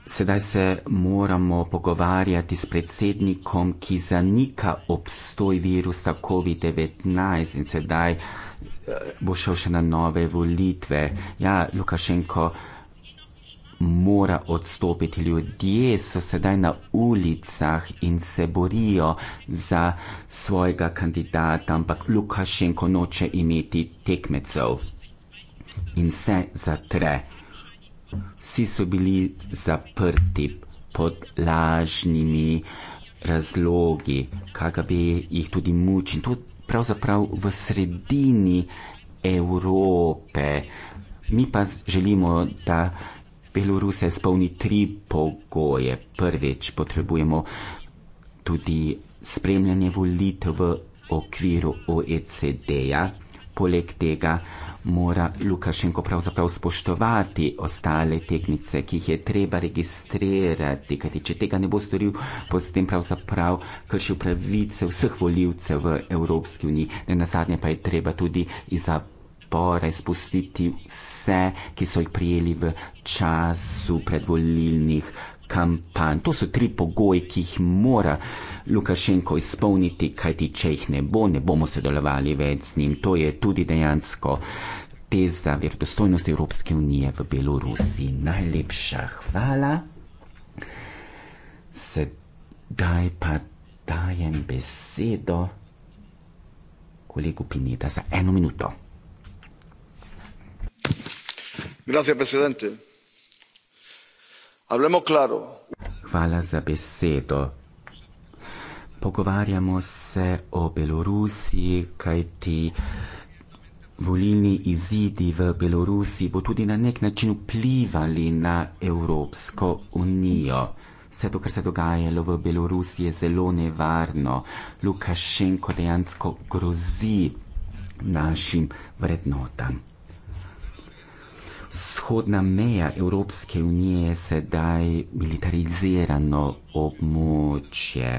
Sedaj se moramo pogovarjati s predsednikom, ki zanika obstoj virusa COVID-19 in sedaj eh, bo šel še na nove volitve. Ja, Lukašenko, mora odstopiti. Ljudje so sedaj na ulicah in se borijo za svojega kandidata, ampak Lukašenko noče imeti tekmecev in vse zatre. Vsi so bili zaprti pod lažnimi razlogi, KGB jih tudi muči in to pravzaprav v sredini Evrope. Mi pa želimo, da Beloruse spolni tri pogoje. Prvič potrebujemo tudi spremljanje volitev v okviru OECD-ja. Poleg tega mora Lukašenko pravzaprav spoštovati ostale tekmice, ki jih je treba registrirati, kajti če tega ne bo storil, bo s tem pravzaprav kršil pravice vseh voljivcev v Evropski uniji. Na zadnje pa je treba tudi izabrati podpore, spustiti vse, ki so jih prijeli v času predvolilnih kampanj. To so tri pogoji, ki jih mora Lukašenko izpolniti, kajti če jih ne bo, ne bomo sodelovali več z njim. To je tudi dejansko teza verodostojnosti Evropske unije v Belorusiji. Najlepša hvala. Sedaj pa dajem besedo kolegu Pineda za eno minuto. Hvala za besedo. Pogovarjamo se o Belorusiji, kajti volilni izidi v Belorusiji bo tudi na nek način vplivali na Evropsko unijo. Vse to, kar se je dogajalo v Belorusiji, je zelo nevarno. Lukašenko dejansko grozi našim vrednotam vzhodna meja Evropske unije je sedaj militarizirano območje.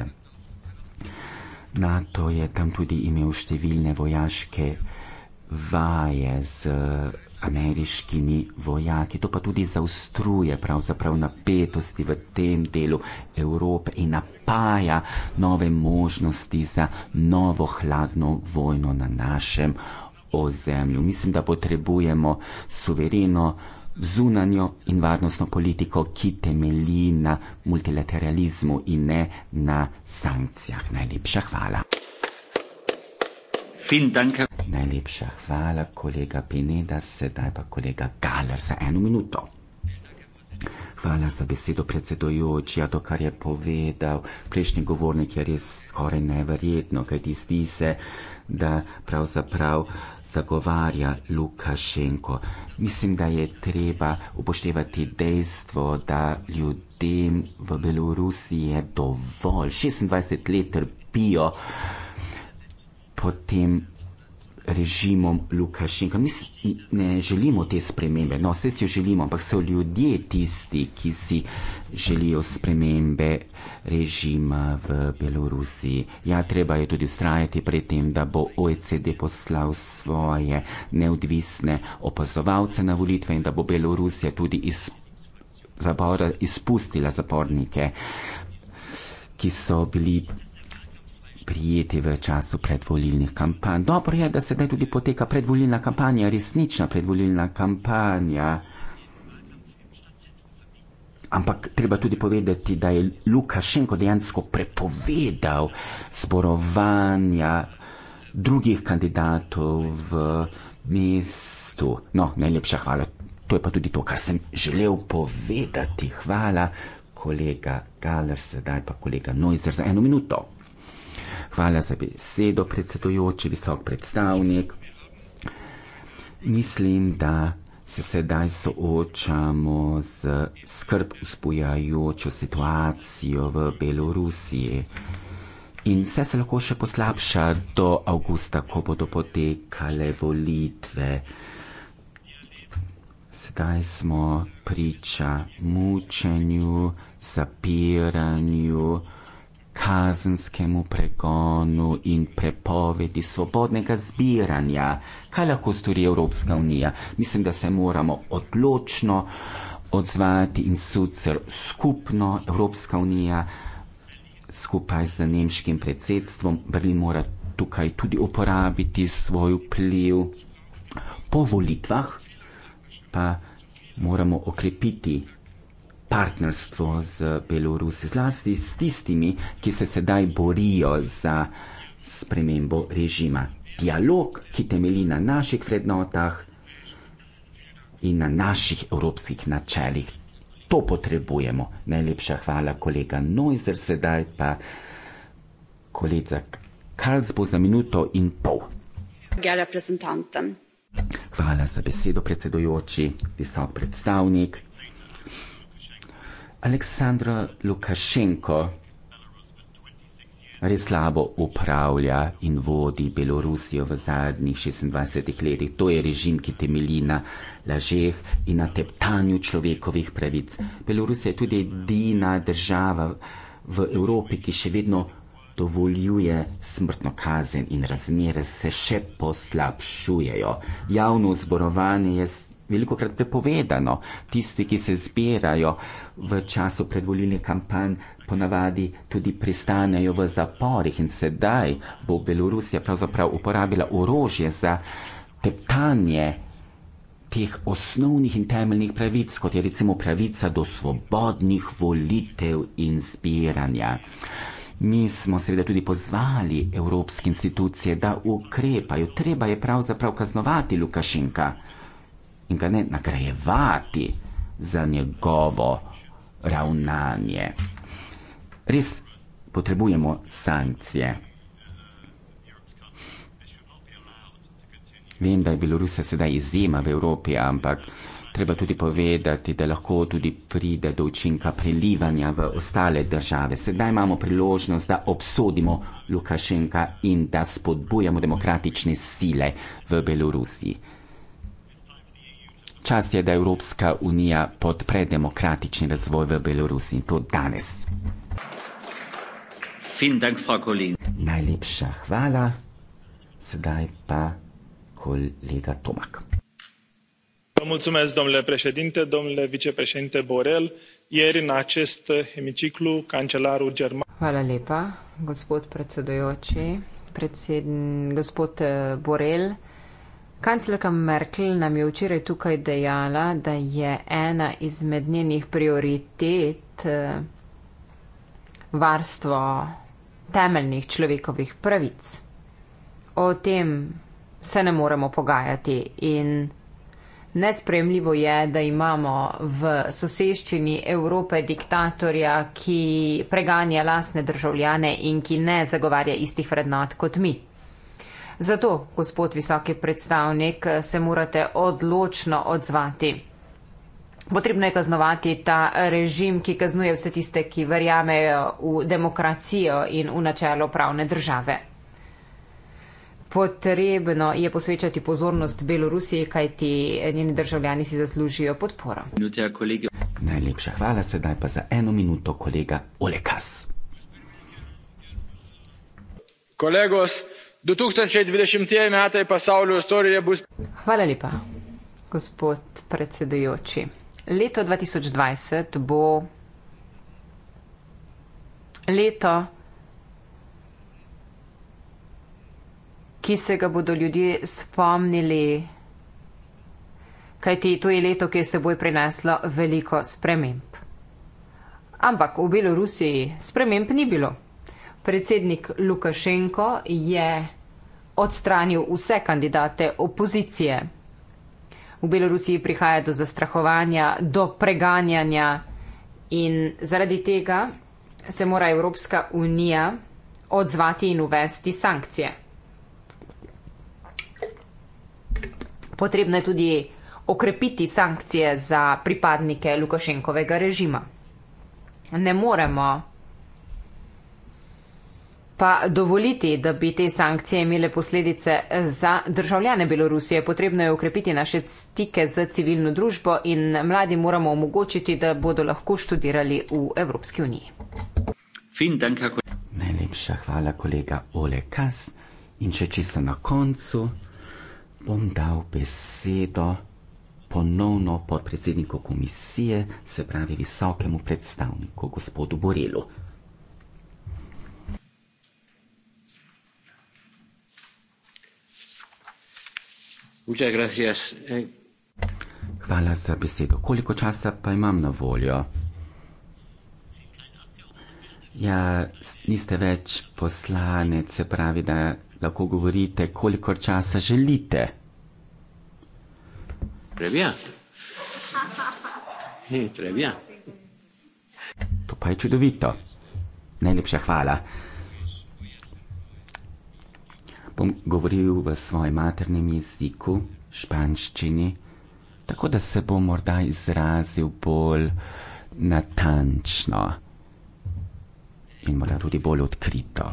NATO je tam tudi imel številne vojaške vaje z eh, ameriškimi vojaki. To pa tudi zaustruje pravzaprav napetosti v tem delu Evrope in napaja nove možnosti za novo hladno vojno na našem območju ozemlju. Mislim, da potrebujemo suvereno zunanjo in varnostno politiko, ki temelji na multilateralizmu in ne na sankcijah. Najlepša hvala. Najlepša hvala, kolega Pineda, sedaj pa kolega Galer za eno minuto. Hvala za besedo predsedojočija, to, kar je povedal prejšnji govornik, je res skoraj neverjetno, kaj ti zdi se, da pravzaprav. Prav zagovarja Lukašenko. Mislim, da je treba upoštevati dejstvo, da ljudem v Belorusiji je dovolj 26 let trpijo, potem režimom Lukašenka. Mi ne želimo te spremembe, no, vse si jo želimo, ampak so ljudje tisti, ki si želijo spremembe režima v Belorusiji. Ja, treba je tudi ustrajati pred tem, da bo OECD poslal svoje neodvisne opazovalce na volitve in da bo Belorusija tudi iz zapora, izpustila zapornike, ki so bili prijeti v času predvolilnih kampanj. Dobro je, da sedaj tudi poteka predvolilna kampanja, resnična predvolilna kampanja. Ampak treba tudi povedati, da je Lukašenko dejansko prepovedal sporovanja drugih kandidatov v mestu. No, najlepša hvala. To je pa tudi to, kar sem želel povedati. Hvala, kolega Galer, sedaj pa kolega Neuser za eno minuto. Hvala za besedo, predsedujoči, visok predstavnik. Mislim, da se sedaj soočamo z skrb uspojajočo situacijo v Belorusiji. In vse se lahko še poslabša do avgusta, ko bodo potekale volitve. Sedaj smo priča mučenju, zapiranju kazenskemu pregonu in prepovedi svobodnega zbiranja. Kaj lahko stori Evropska unija? Mislim, da se moramo odločno odzvati in sicer skupno Evropska unija skupaj z nemškim predsedstvom. Berlin mora tukaj tudi uporabiti svoj vpliv. Po volitvah pa moramo okrepiti partnerstvo z Belorusi, zlasti s tistimi, ki se sedaj borijo za spremembo režima. Dialog, ki temelji na naših vrednotah in na naših evropskih načelih. To potrebujemo. Najlepša hvala, kolega Neuser, sedaj pa kolega Karlsbo za minuto in pol. Hvala za besedo, predsedujoči, visok predstavnik. Aleksandro Lukašenko res slabo upravlja in vodi Belorusijo v zadnjih 26 letih. To je režim, ki temelji na lažeh in na teptanju človekovih pravic. Belorusija je tudi edina država v Evropi, ki še vedno dovoljuje smrtno kazen in razmere se še poslabšujejo. Javno zborovanje je veliko krat prepovedano. Tisti, ki se zbirajo v času predvolilnih kampanj, ponavadi tudi pristanejo v zaporih in sedaj bo Belorusija pravzaprav uporabila orožje za teptanje teh osnovnih in temeljnih pravic, kot je recimo pravica do svobodnih volitev in zbiranja. Mi smo seveda tudi pozvali evropske institucije, da ukrepajo. Treba je pravzaprav kaznovati Lukašenka in ga ne nagrajevati za njegovo ravnanje. Res potrebujemo sankcije. Vem, da je Belorusija sedaj izjema v Evropi, ampak treba tudi povedati, da lahko tudi pride do učinka prelivanja v ostale države. Sedaj imamo priložnost, da obsodimo Lukašenka in da spodbujamo demokratične sile v Belorusiji. Čas je, da Evropska unija podpre demokratični razvoj v Belorusi in to danes. Dank, Najlepša hvala, sedaj pa kolega Tomak. Mulțumesc, domnule președinte, domnule vicepreședinte Borel. Ieri în acest hemiciclu, cancelarul german. Hvala lepa, gospod predsedujoči, predsedn... gospod eh, Borel. Kanclerka Merkel nam je včeraj tukaj dejala, da je ena izmed njenih prioritet eh, varstvo temeljnih človekovih pravic. O tem se ne moremo pogajati in nespremljivo je, da imamo v soseščini Evrope diktatorja, ki preganja lasne državljane in ki ne zagovarja istih vrednot kot mi. Zato, gospod visoki predstavnik, se morate odločno odzvati. Potrebno je kaznovati ta režim, ki kaznuje vse tiste, ki verjamejo v demokracijo in v načelo pravne države. Potrebno je posvečati pozornost Belorusiji, kajti njeni državljani si zaslužijo podporo. Ja, Najlepša hvala, sedaj pa za eno minuto, kolega Olekas. Kolegos, 2020 metai pasaulio istorijoje bus. Hvala lepa, gospod predsedujoči. Leto 2020 bo leto, ki se ga bodo ljudje spomnili, kajti to je leto, ki je seboj prineslo veliko sprememb. Ampak v Belorusiji sprememb ni bilo. Predsednik Lukašenko je odstranil vse kandidate opozicije. V Belorusiji prihaja do zastrahovanja, do preganjanja in zaradi tega se mora Evropska unija odzvati in uvesti sankcije. Potrebno je tudi okrepiti sankcije za pripadnike Lukašenkovega režima. Ne moremo Pa dovoliti, da bi te sankcije imele posledice za državljane Belorusije. Potrebno je ukrepiti naše stike z civilno družbo in mladi moramo omogočiti, da bodo lahko študirali v Evropski uniji. Najlepša hvala, kolega Ole Kas. In še čisto na koncu bom dal besedo ponovno podpredsedniku komisije, se pravi visokemu predstavniku, gospodu Borelu. Eh. Hvala za besedo. Koliko časa pa imam na voljo? Ja, niste več poslanec, se pravi, da lahko govorite, kolikor časa želite. Eh, to pa je čudovito. Najlepša hvala bom govoril v svojem maternem jeziku, španščini, tako da se bom morda izrazil bolj natančno in morda tudi bolj odkrito.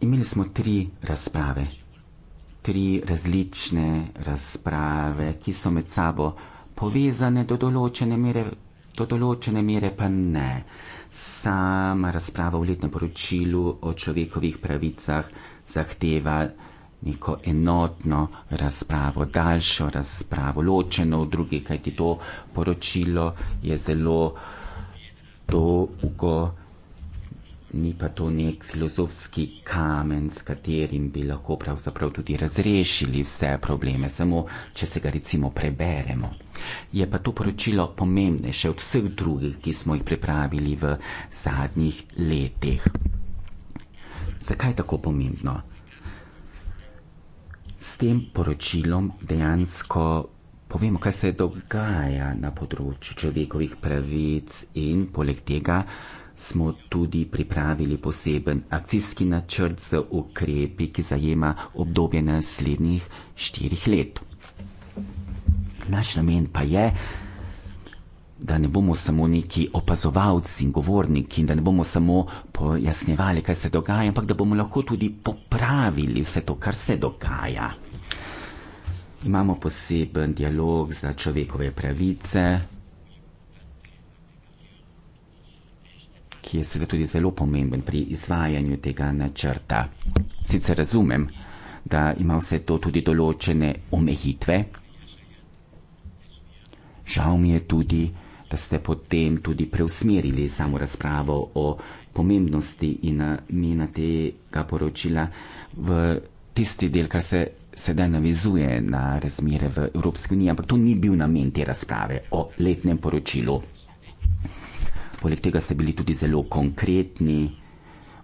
Imeli smo tri razprave, tri različne razprave, ki so med sabo povezane do določene mere, do določene mere pa ne sama razprava v letnem poročilu o človekovih pravicah zahteva neko enotno razpravo, daljšo razpravo, ločeno od drugih, kajti to poročilo je zelo dolgo ni pa to nek filozofski kamen, s katerim bi lahko pravzaprav tudi razrešili vse probleme, samo če se ga recimo preberemo. Je pa to poročilo pomembnejše od vseh drugih, ki smo jih pripravili v zadnjih letih. Zakaj je tako pomembno? S tem poročilom dejansko povemo, kaj se dogaja na področju človekovih pravic in poleg tega smo tudi pripravili poseben akcijski načrt z ukrepi, ki zajema obdobje naslednjih štirih let. Naš namen pa je, da ne bomo samo neki opazovalci in govorniki, in da ne bomo samo pojasnjevali, kaj se dogaja, ampak da bomo lahko tudi popravili vse to, kar se dogaja. Imamo poseben dialog za človekove pravice, ki je seveda tudi zelo pomemben pri izvajanju tega načrta. Sicer razumem, da ima vse to tudi določene omejitve, žal mi je tudi, da ste potem tudi preusmerili samo razpravo o pomembnosti in namena eh, tega poročila v tisti del, kar se sedaj navizuje na razmere v Evropski uniji, ampak to ni bil namen te razprave o letnem poročilu. Poleg tega ste bili tudi zelo konkretni,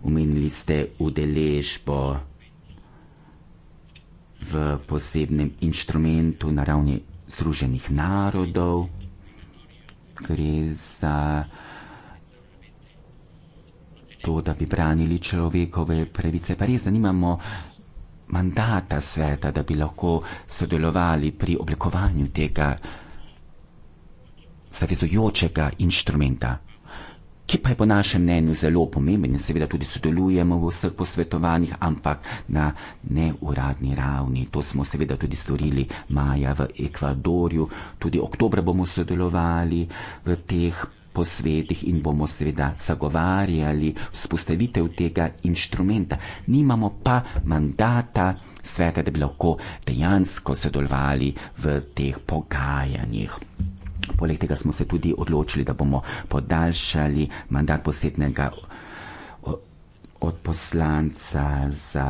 omenili ste udeležbo v posebnem inštrumentu na ravni Združenih narodov, gre za to, da bi branili človekove pravice. Pa res zanimamo mandata sveta, da bi lahko sodelovali pri oblikovanju tega zavezujočega inštrumenta ki pa je po našem mnenju zelo pomemben in seveda tudi sodelujemo v vseh posvetovanjih, ampak na neuradni ravni. To smo seveda tudi storili maja v Ekvadorju, tudi oktobra bomo sodelovali v teh posvetih in bomo seveda zagovarjali vzpostavitev tega inštrumenta. Nimamo pa mandata sveta, da bi lahko dejansko sodelovali v teh pogajanjih. Poleg tega smo se tudi odločili, da bomo podaljšali mandat posebnega odposlanca za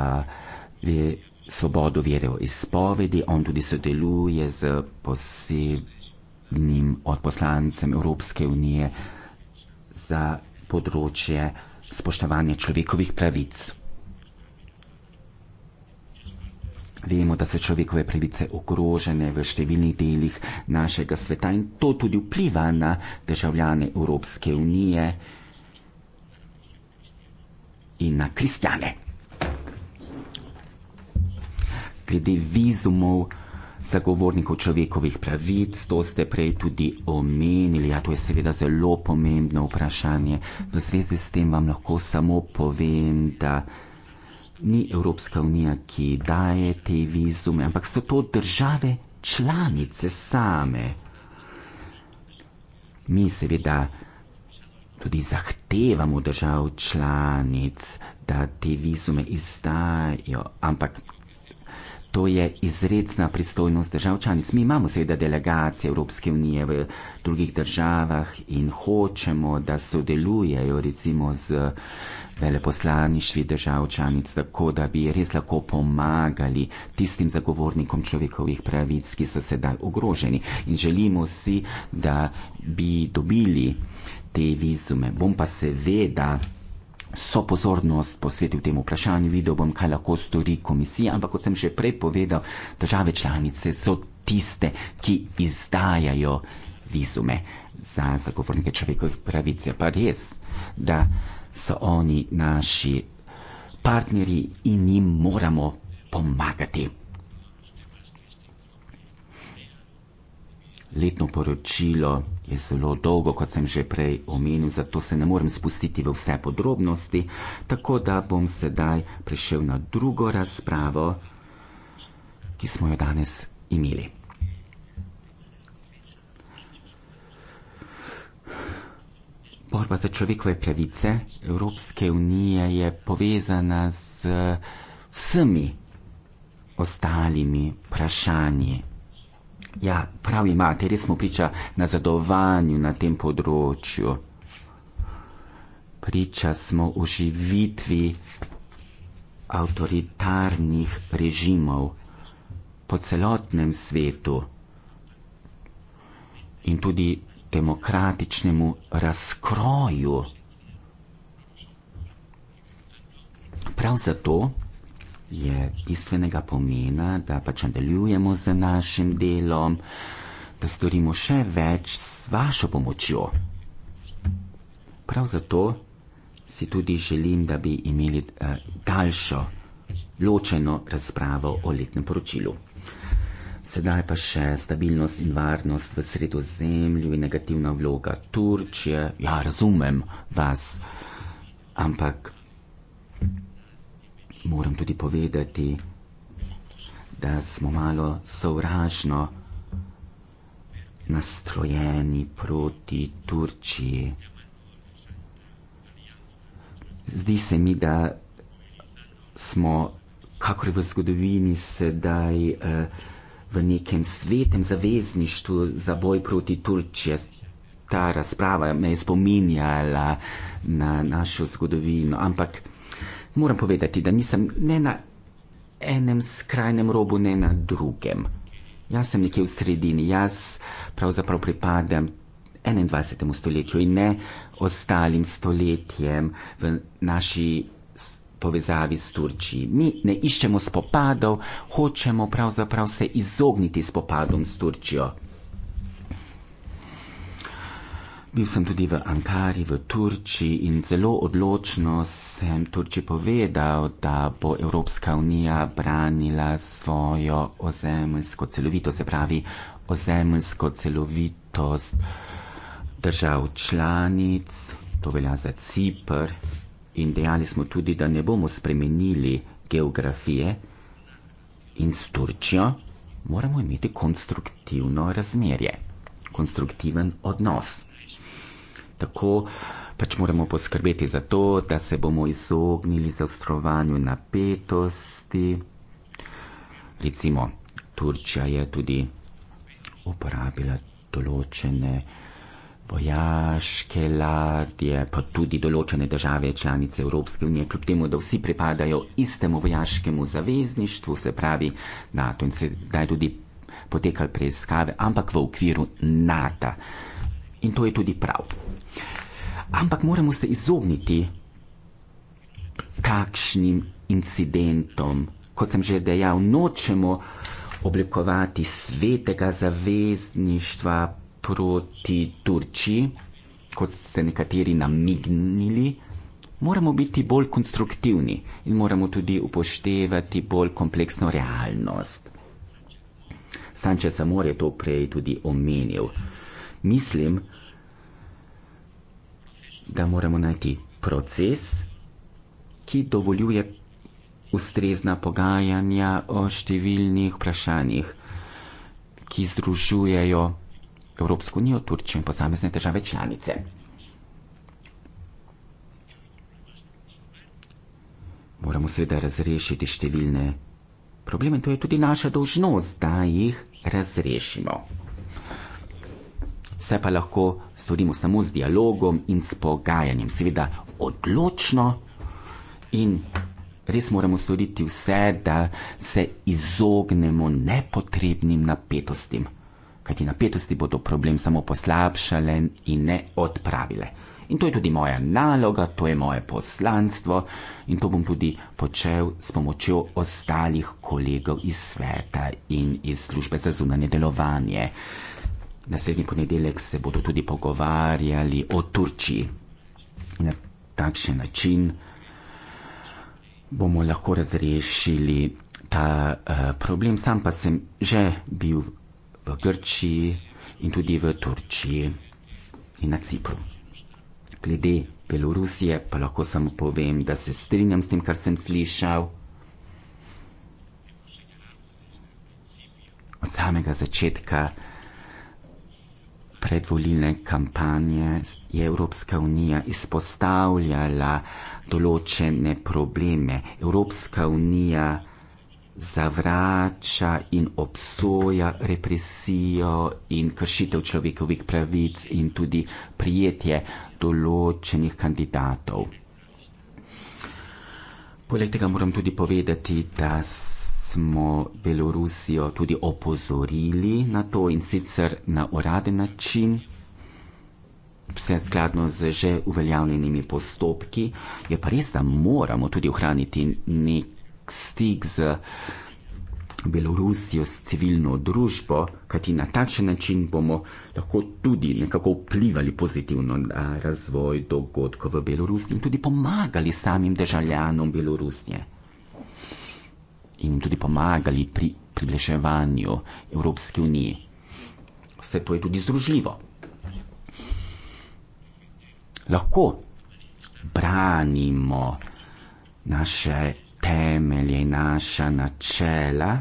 ve, svobodo vere v izpovedi. On tudi sodeluje z posebnim odposlancem Evropske unije za področje spoštovanja človekovih pravic. Vemo, da so človekove pravice ogrožene v številnih delih našega sveta in to tudi vpliva na državljane Evropske unije in na kristjane. Glede vizumov zagovornikov človekovih pravic, to ste prej tudi omenili, a to je seveda zelo pomembno vprašanje. V zvezi s tem vam lahko samo povem, da ni Evropska unija, ki daje te vizume, ampak so to države članice same. Mi seveda tudi zahtevamo držav članic, da te vizume izdajo, ampak to je izredna pristojnost držav članic. Mi imamo seveda delegacije Evropske unije v drugih državah in hočemo, da sodelujejo recimo z uh, veleposlaništvi držav članic, tako da bi res lahko pomagali tistim zagovornikom človekovih pravic, ki so sedaj ogroženi. In želimo si, da bi dobili te vizume. Bom pa seveda so pozornost posvetil temu vprašanju, videl bom, kaj lahko stori komisija, ampak kot sem že prej povedal, države članice so tiste, ki izdajajo vizume za zagovornike človekovih pravic. Pa res, da so oni naši partnerji in jim moramo pomagati. Letno poročilo je zelo dolgo, kot sem že prej omenil, zato se ne morem spustiti v vse podrobnosti, tako da bom sedaj prešel na drugo razpravo, ki smo jo danes imeli. borba za človekove pravice Evropske unije je povezana z vsemi ostalimi vprašanji. Ja, prav imate, res smo priča nazadovanju na tem področju. Priča smo oživitvi avtoritarnih režimov po celotnem svetu. In tudi demokratičnemu razkroju. Prav zato je bistvenega pomena, da pač nadaljujemo z našim delom, da storimo še več s vašo pomočjo. Prav zato si tudi želim, da bi imeli eh, daljšo ločeno razpravo o letnem poročilu sedaj pa še stabilnost in varnost v sredozemlju in negativna vloga Turčije. Ja, razumem vas, ampak moram tudi povedati, da smo malo sovražno nastrojeni proti Turčiji. Zdi se mi, da smo, kakor v zgodovini sedaj, eh, v nekem svetem zavezništvu za boj proti Turčiji. Ta razprava me je spominjala na našo zgodovino, ampak moram povedati, da nisem ne na enem skrajnem robu, ne na drugem. Jaz sem nekje v sredini, jaz pravzaprav pripadam 21. stoletju in ne ostalim stoletjem v naši povezavi s Turčijo. Mi ne iščemo spopadov, hočemo pravzaprav se izogniti spopadom s Turčijo. Bil sem tudi v Ankari, v Turčiji in zelo odločno sem Turčiji povedal, da bo Evropska unija branila svojo ozemljsko celovitost, se pravi ozemljsko celovitost držav članic, to velja za Cipr, in dejali smo tudi, da ne bomo spremenili geografije in s Turčijo moramo imeti konstruktivno razmerje, konstruktiven odnos. Tako pač moramo poskrbeti za to, da se bomo izognili zaostrovanju napetosti. Recimo, Turčija je tudi uporabila določene vojaške ladje, pa tudi določene države članice Evropske unije, kljub temu, da vsi pripadajo istemu vojaškemu zavezništvu, se pravi NATO in sedaj tudi potekali preiskave, ampak v okviru NATO. In to je tudi prav. Ampak moramo se izogniti takšnim incidentom, kot sem že dejal, nočemo oblikovati svetega zavezništva, proti Turčiji, kot ste nekateri namignili, moramo biti bolj konstruktivni in moramo tudi upoštevati bolj kompleksno realnost. Sančes Amor je to prej tudi omenil. Mislim, da moramo najti proces, ki dovoljuje ustrezna pogajanja o številnih vprašanjih, ki združujejo Evropsko unijo, Turčijo in posamezne države članice. Moramo seveda razrešiti številne probleme in to je tudi naša dožnost, da jih razrešimo. Vse pa lahko storimo samo z dialogom in s pogajanjem, seveda odločno in res moramo storiti vse, da se izognemo nepotrebnim napetostim kajti napetosti bodo problem samo poslabšale in ne odpravile. In to je tudi moja naloga, to je moje poslanstvo in to bom tudi počel s pomočjo ostalih kolegov iz sveta in iz službe za zunanje delovanje. Naslednji ponedeljek se bodo tudi pogovarjali o Turčiji. In na takšen način bomo lahko razrešili ta uh, problem. Sam pa sem že bil v Grčiji in tudi v Turčiji in na Cipru. Glede Belorusije pa lahko samo povem, da se strinjam s tem, kar sem slišal od samega začetka predvolilne kampanje je Evropska unija izpostavljala določene probleme. Evropska unija zavrača in obsoja represijo in kršitev človekovih pravic in tudi prijetje določenih kandidatov. Poleg tega moram tudi povedati, da smo Belorusijo tudi opozorili na to in sicer na uraden način, vse skladno z že uveljavljenimi postopki, je pa res, da moramo tudi ohraniti nekaj stik z Belorusijo, s civilno družbo, kajti na takšen način bomo lahko tudi nekako vplivali pozitivno na razvoj dogodkov v Belorusiji in tudi pomagali samim državljanom Belorusije. In tudi pomagali pri približevanju Evropske unije. Vse to je tudi združljivo. Lahko branimo naše temelje in naša načela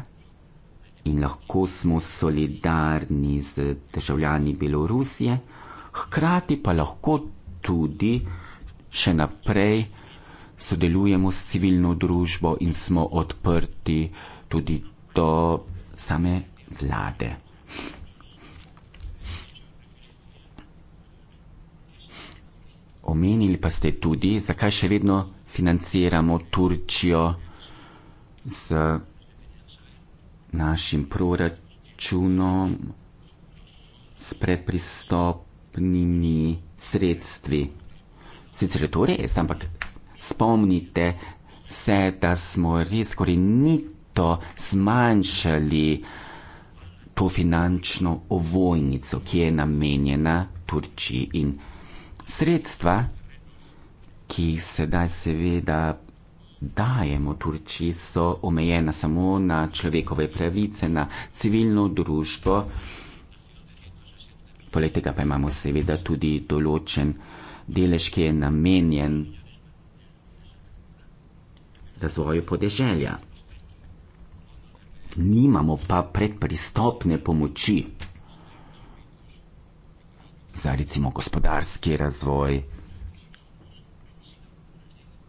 in lahko smo solidarni z državljani Belorusije, hkrati pa lahko tudi še naprej sodelujemo s civilno družbo in smo odprti tudi do same vlade. Omenili pa ste tudi, zakaj še vedno financiramo Turčijo z našim proračunom, s predpristopnimi sredstvi. Sicer je to res, ampak spomnite se, da smo res korenito zmanjšali to finančno ovojnico, ki je namenjena Turčiji in sredstva, ki jih sedaj seveda dajemo Turčiji, so omejena samo na človekove pravice, na civilno družbo. Poleg tega pa imamo seveda tudi določen delež, ki je namenjen razvoju podeželja. Nimamo pa predpristopne pomoči za recimo gospodarski razvoj,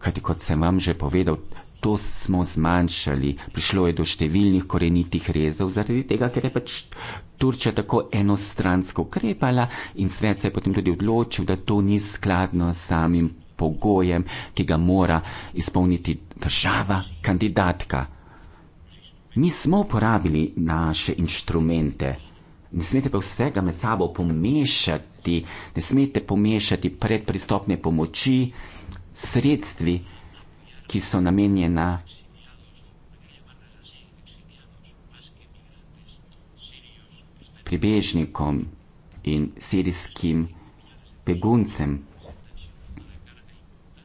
kajti kot sem vam že povedal, to smo zmanjšali, prišlo je do številnih korenitih rezov, zaradi tega, ker je pač Turčija tako enostransko ukrepala in svet se je potem tudi odločil, da to ni skladno s samim pogojem, ki ga mora izpolniti država, kandidatka. Mi smo uporabili naše inštrumente. Ne smete pa vsega med sabo pomešati, ne smete pomešati predpristopne pomoči sredstvi, ki so namenjena pribežnikom in sirijskim beguncem.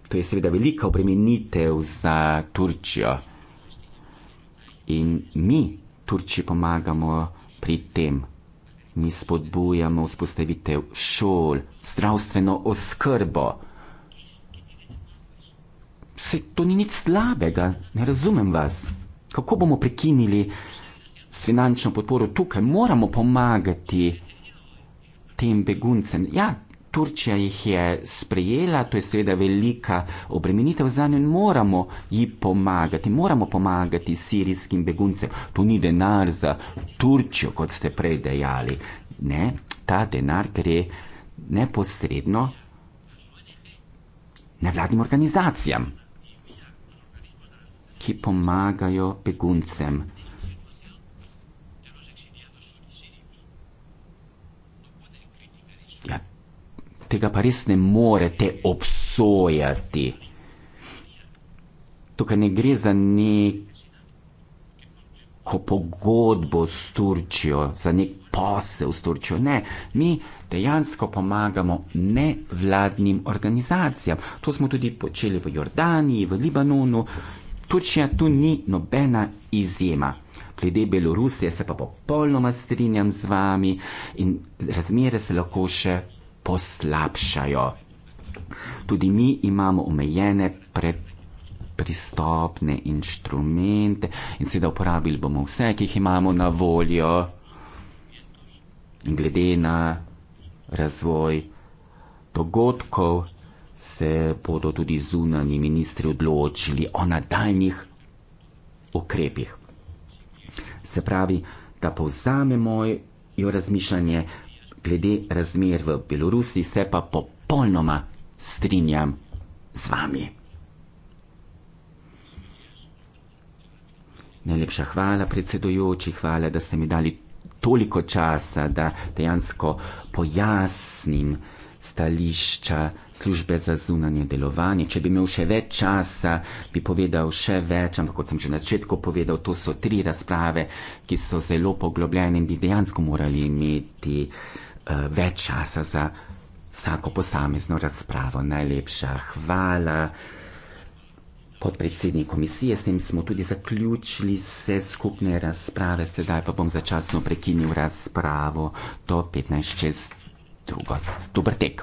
To je seveda velika obremenitev za Turčijo. In mi Turčiji pomagamo pri tem. Mi spodbujamo vzpostavitev šol, zdravstveno oskrbo. Se to ni nič slabega, ne razumem vas. Kako bomo prekinili s finančno podporo tukaj? Moramo pomagati tem beguncem. Ja, Turčija jih je sprejela, to je seveda velika obremenitev za njo in moramo ji pomagati, moramo pomagati sirijskim beguncem. To ni denar za Turčijo, kot ste prej dejali. Ne, ta denar gre neposredno nevladnim organizacijam ki pomagajo beguncem. Ja, tega pa res ne morete obsojati. Tukaj ne gre za neko pogodbo s Turčijo, za nek posel s Turčijo. Ne, mi dejansko pomagamo nevladnim organizacijam. To smo tudi počeli v Jordaniji, v Libanonu Turčija tu ni nobena izjema. Glede Belorusije se pa popolnoma strinjam z vami in razmere se lahko še poslabšajo. Tudi mi imamo omejene pristopne inštrumente in seveda uporabili bomo vse, ki jih imamo na voljo. In glede na razvoj dogodkov, se bodo tudi zunani ministri odločili o nadaljnih ukrepih. Se pravi, da povzamemo jo razmišljanje glede razmer v Belorusiji, se pa popolnoma strinjam z vami. Najlepša hvala, predsedujoči, hvala, da ste mi dali toliko časa, da dejansko pojasnim, stališča službe za zunanje delovanje. Če bi imel še več časa, bi povedal še več, ampak kot sem že na začetku povedal, to so tri razprave, ki so zelo poglobljene in bi dejansko morali imeti uh, več časa za vsako posamezno razpravo. Najlepša hvala podpredsednik komisije, s tem smo tudi zaključili vse skupne razprave, sedaj pa bom začasno prekinil razpravo do 15 čez druga za dober tek.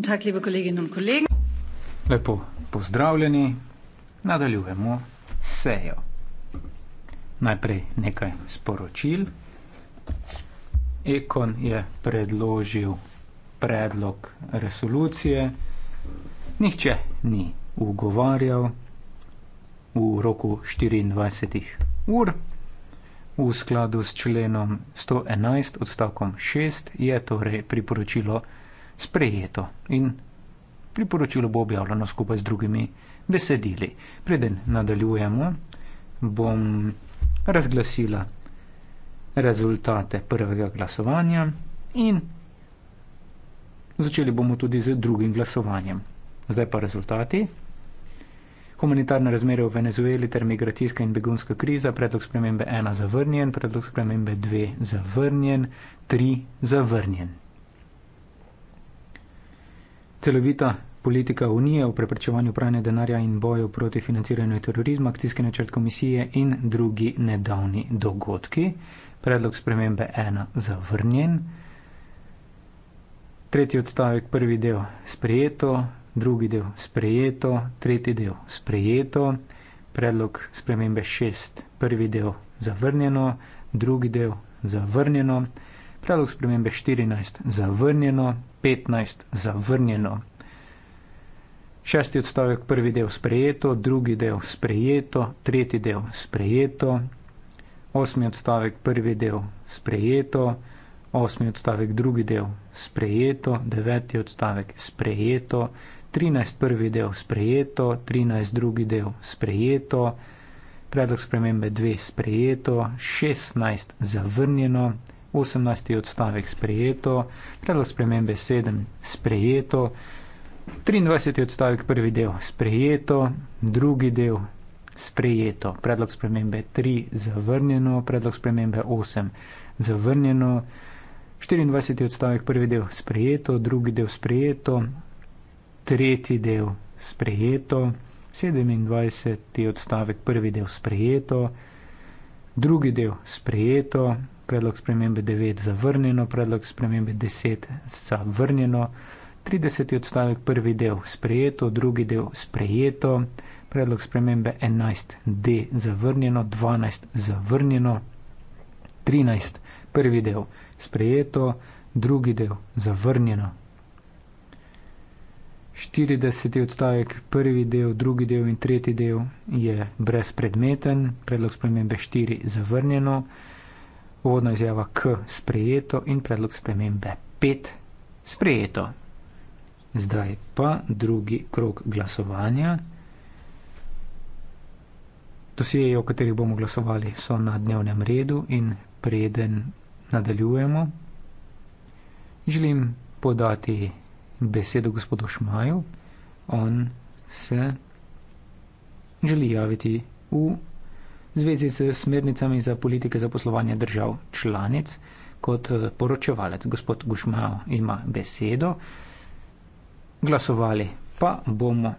Guten Tag, liebe Kolleginnen und Kollegen. Lepo pozdravljeni, nadaljujemo sejo. Najprej nekaj sporočil. Ekon je predložil predlog resolucije. Nihče ni ugovarjal v roku 24 ur. V skladu s členom 111 odstavkom 6 je torej priporočilo resolucije sprejeto in priporočilo bo objavljeno skupaj z drugimi besedili. Preden nadaljujemo, bom razglasila rezultate prvega glasovanja in začeli bomo tudi z drugim glasovanjem. Zdaj pa rezultati. Humanitarne razmere v Venezueli ter migracijska in begunska kriza, predlog spremembe 1 zavrnjen, predlog spremembe 2 zavrnjen, 3 zavrnjen celovita politika Unije v preprečevanju pranja denarja in boju proti financiranju terorizma, akcijski načrt komisije in drugi nedavni dogodki. Predlog spremembe 1 zavrnjen. Tretji odstavek, prvi del sprejeto, drugi del sprejeto, tretji del sprejeto. Predlog spremembe 6, prvi del zavrnjeno, drugi del zavrnjeno. Predlog spremembe 14 zavrnjeno, 15 zavrnjeno. Šesti odstavek, prvi del sprejeto, drugi del sprejeto, tretji del sprejeto, osmi odstavek, prvi del sprejeto, osmi odstavek, drugi del sprejeto, deveti odstavek sprejeto, 13 prvi del sprejeto, 13 drugi del sprejeto, predlog spremembe 2 sprejeto, 16 zavrnjeno, 18. odstavek sprejeto, predlog spremembe 7 sprejeto, 23. odstavek prvi del sprejeto, drugi del sprejeto, predlog spremembe 3 zavrnjeno, predlog spremembe 8 zavrnjeno, 24. odstavek prvi del sprejeto, drugi del sprejeto, tretji del sprejeto, 27. odstavek prvi del sprejeto, drugi del sprejeto, predlog spremembe 9 zavrnjeno, predlog spremembe 10 zavrnjeno, 30. odstavek prvi del sprejeto, drugi del sprejeto, predlog spremembe 11d zavrnjeno, 12 zavrnjeno, 13. prvi del sprejeto, drugi del zavrnjeno. 40. odstavek, prvi del, drugi del in tretji del je brezpredmeten, predlog spremembe 4 zavrnjeno, Uvodna izjava K sprejeto in predlog spremembe 5 sprejeto. Zdaj pa drugi krok glasovanja. Dosjeje, o katerih bomo glasovali, so na dnevnem redu in preden nadaljujemo, želim podati besedo gospodu Šmaju. On se želi javiti v v zvezi z smernicami za politike za poslovanje držav članic. Kot eh, poročevalec, gospod Gušmao ima besedo. Glasovali pa bomo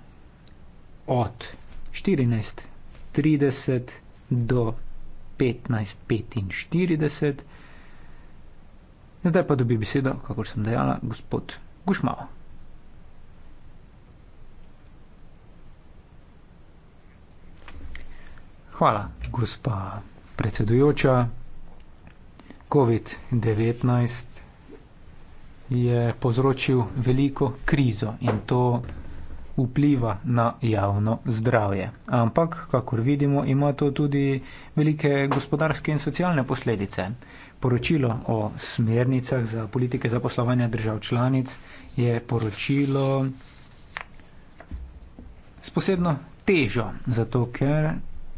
od 14.30 do 15.45. Zdaj pa dobi besedo, kakor sem dejala, gospod Gušmao. Hvala, gospa predsedujoča. COVID-19 je povzročil veliko krizo in to vpliva na javno zdravje. Ampak, kakor vidimo, ima to tudi velike gospodarske in socialne posledice. Poročilo o smernicah za politike zaposlovanja držav članic je poročilo s posebno težo, zato ker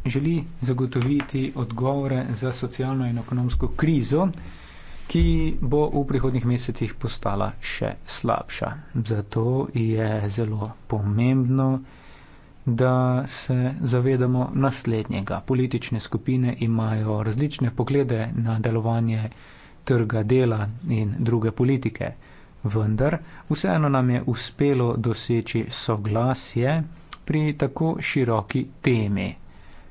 želi zagotoviti odgovore za socialno in ekonomsko krizo, ki bo v prihodnjih mesecih postala še slabša. Zato je zelo pomembno, da se zavedamo naslednjega. Politične skupine imajo različne poglede na delovanje trga dela in druge politike. Vendar vseeno nam je uspelo doseči soglasje pri tako široki temi.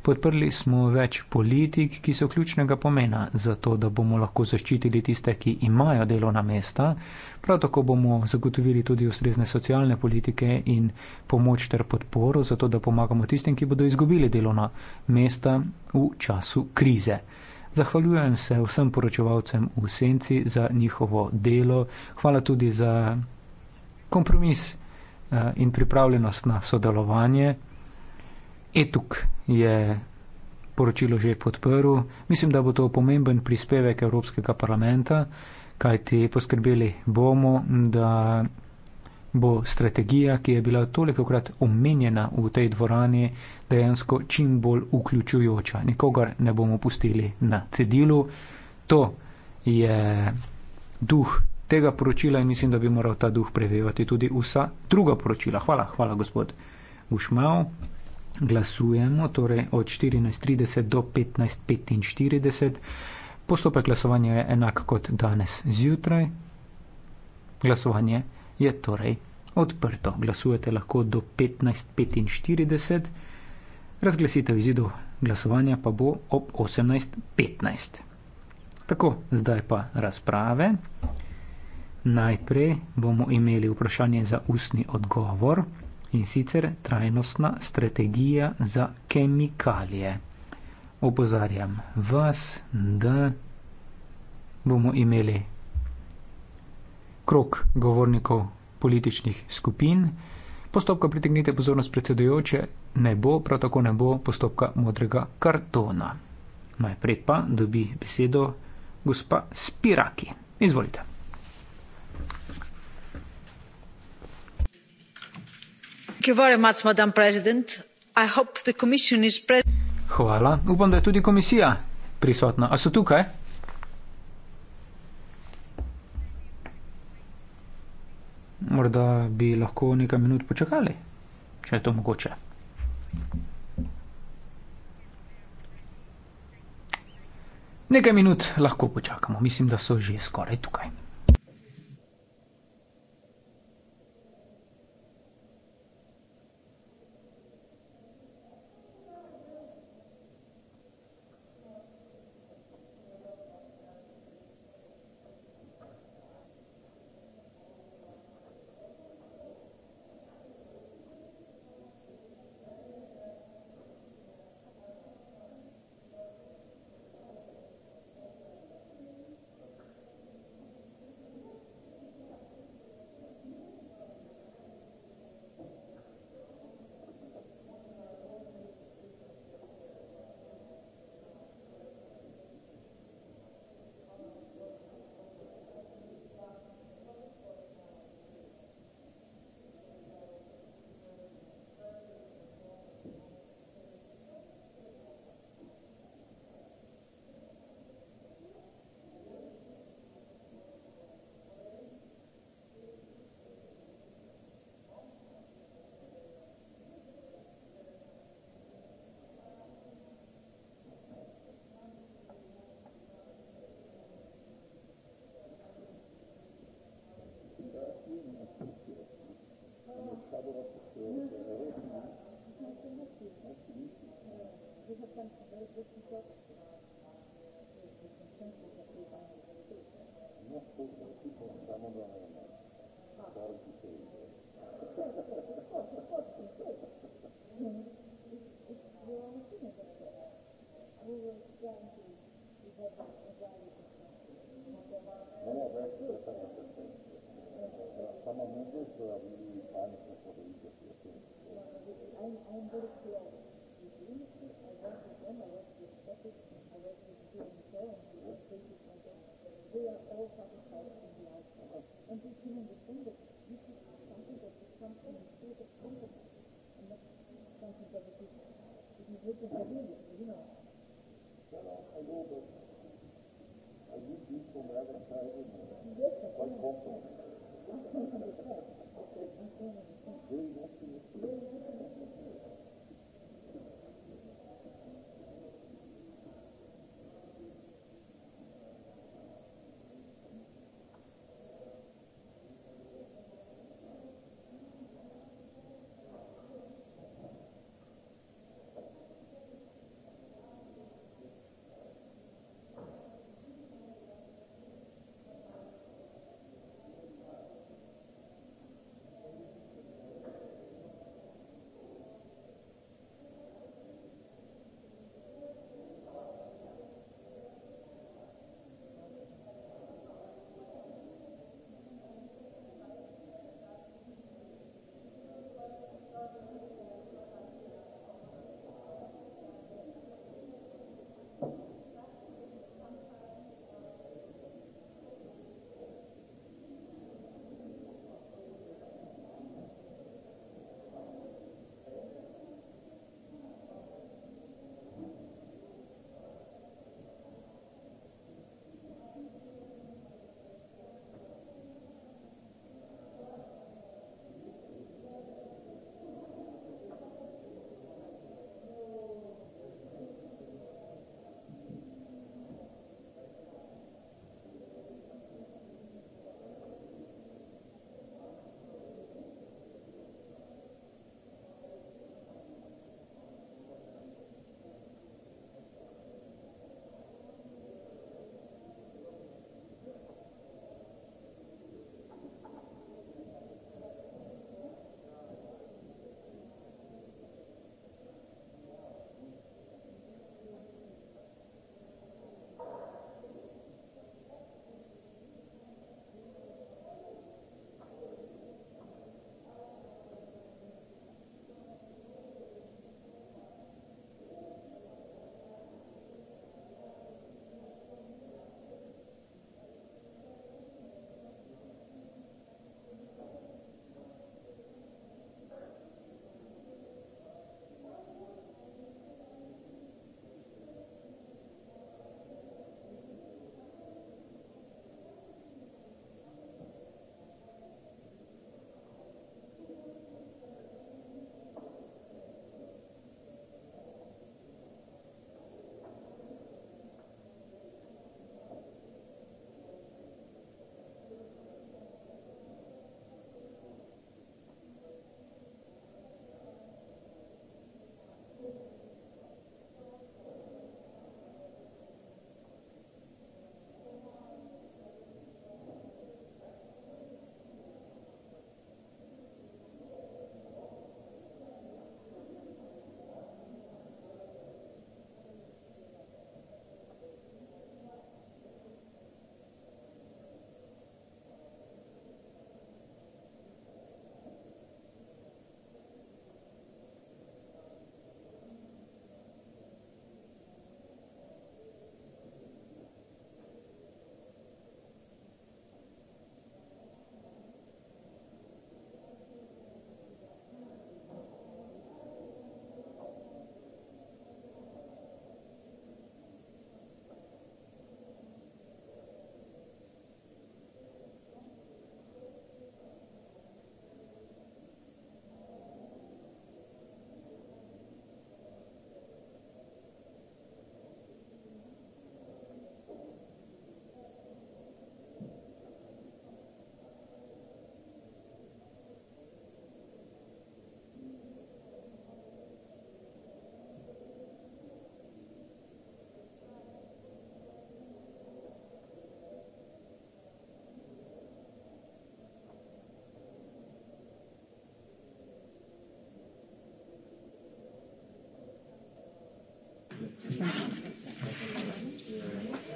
Podprli smo več politik, ki so ključnega pomena za to, da bomo lahko zaščitili tiste, ki imajo delovna mesta. Prav tako bomo zagotovili tudi ustrezne socialne politike in pomoč ter podporo za to, da pomagamo tistim, ki bodo izgubili delovna mesta v času krize. Zahvaljujem se vsem poročevalcem v senci za njihovo delo. Hvala tudi za kompromis eh, in pripravljenost na sodelovanje. Etuk je poročilo že podprl. Mislim, da bo to pomemben prispevek Evropskega parlamenta, kajti poskrbeli bomo, da bo strategija, ki je bila toliko krat omenjena v tej dvorani, dejansko čim bolj vključujoča. Nikogar ne bomo pustili na cedilu. To je duh tega poročila in mislim, da bi moral ta duh prevevati tudi vsa druga poročila. Hvala, hvala gospod Ušmao glasujemo, torej od 14.30 do 15.45. Postopek glasovanja je enak kot danes zjutraj. Glasovanje je torej odprto. Glasujete lahko do 15.45, razglasitev izidov glasovanja pa bo ob 18.15. Tako, zdaj pa razprave. Najprej bomo imeli vprašanje za ustni odgovor in sicer trajnostna strategija za kemikalije. Opozarjam vas, da bomo imeli krok govornikov političnih skupin. Postopka pritegnite pozornost predsedujoče ne bo, prav tako ne bo postopka modrega kartona. Najprej pa dobi besedo gospa Spiraki. Izvolite. gospa predsednica. Hvala. Upam, da je tudi komisija prisotna. A so tukaj? Morda bi lahko nekaj minut počakali, če je to mogoče. Nekaj minut lahko počakamo, mislim, da so že skoraj tukaj.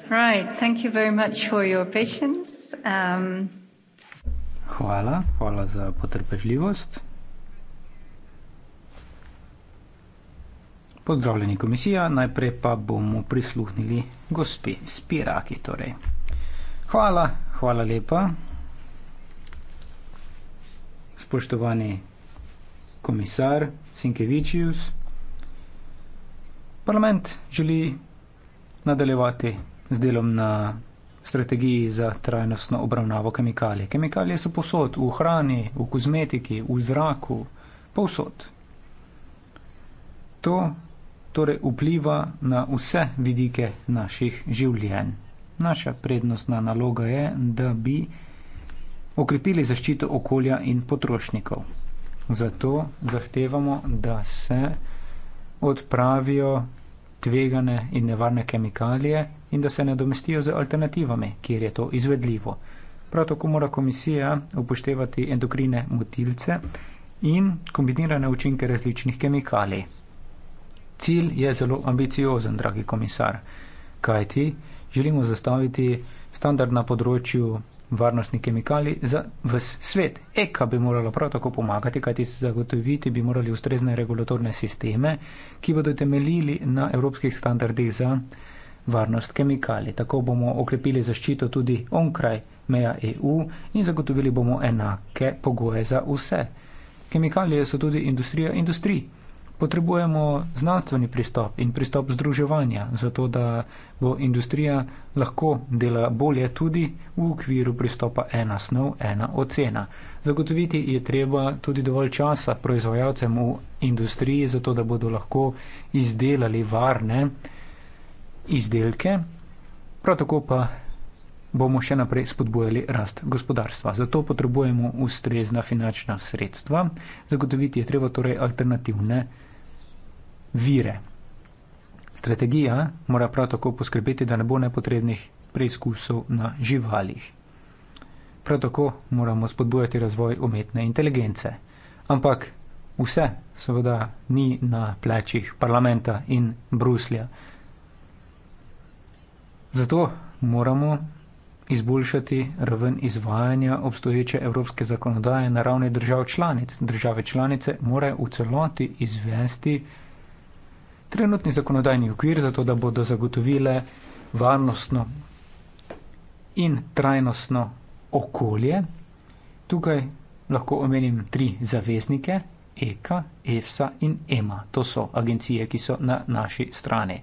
Right. Thank you very much for your patience. Um... Hvala, hvala za potrpežljivost. Pozdravljeni komisija, najprej pa bomo prisluhnili gospe Spiraki. Torej. Hvala, hvala lepa. Spoštovani komisar Sinkevičius, parlament želi nadaljevati z delom na strategiji za trajnostno obravnavo kemikalij. Kemikalije so posod, v hrani, v kozmetiki, v zraku, povsod. To torej vpliva na vse vidike naših življenj. Naša prednostna naloga je, da bi okrepili zaščito okolja in potrošnikov. Zato zahtevamo, da se odpravijo tvegane in nevarne kemikalije in da se nadomestijo z alternativami, kjer je to izvedljivo. Prav tako mora komisija upoštevati endokrine motilce in kombinirane učinke različnih kemikalij. Cilj je zelo ambiciozen, dragi komisar, kajti želimo zastaviti standard na področju varnostnih kemikalij za vse svet. EKA bi morala prav tako pomagati, kajti zagotoviti bi morali ustrezne regulatorne sisteme, ki bodo temeljili na evropskih standardih za varnost kemikalij. Tako bomo okrepili zaščito tudi onkraj meja EU in zagotovili bomo enake pogoje za vse. Kemikalije so tudi industrija industrij. Potrebujemo znanstveni pristop in pristop združevanja, zato da bo industrija lahko dela bolje tudi v okviru pristopa ena snov, ena ocena. Zagotoviti je treba tudi dovolj časa proizvajalcem v industriji, zato da bodo lahko izdelali varne izdelke, prav tako pa bomo še naprej spodbojali rast gospodarstva. Zato potrebujemo ustrezna finančna sredstva, zagotoviti je treba torej alternativne vire. Strategija mora prav tako poskrbeti, da ne bo nepotrebnih preizkusov na živalih. Prav tako moramo spodbujati razvoj umetne inteligence. Ampak vse seveda ni na plečih parlamenta in Bruslja. Zato moramo izboljšati raven izvajanja obstoječe evropske zakonodaje na ravni držav članic. Države članice morajo v celoti izvesti trenutni zakonodajni okvir, zato da bodo zagotovile varnostno in trajnostno okolje. Tukaj lahko omenim tri zaveznike, EKA, e EFSA in EMA. To so agencije, ki so na naši strani.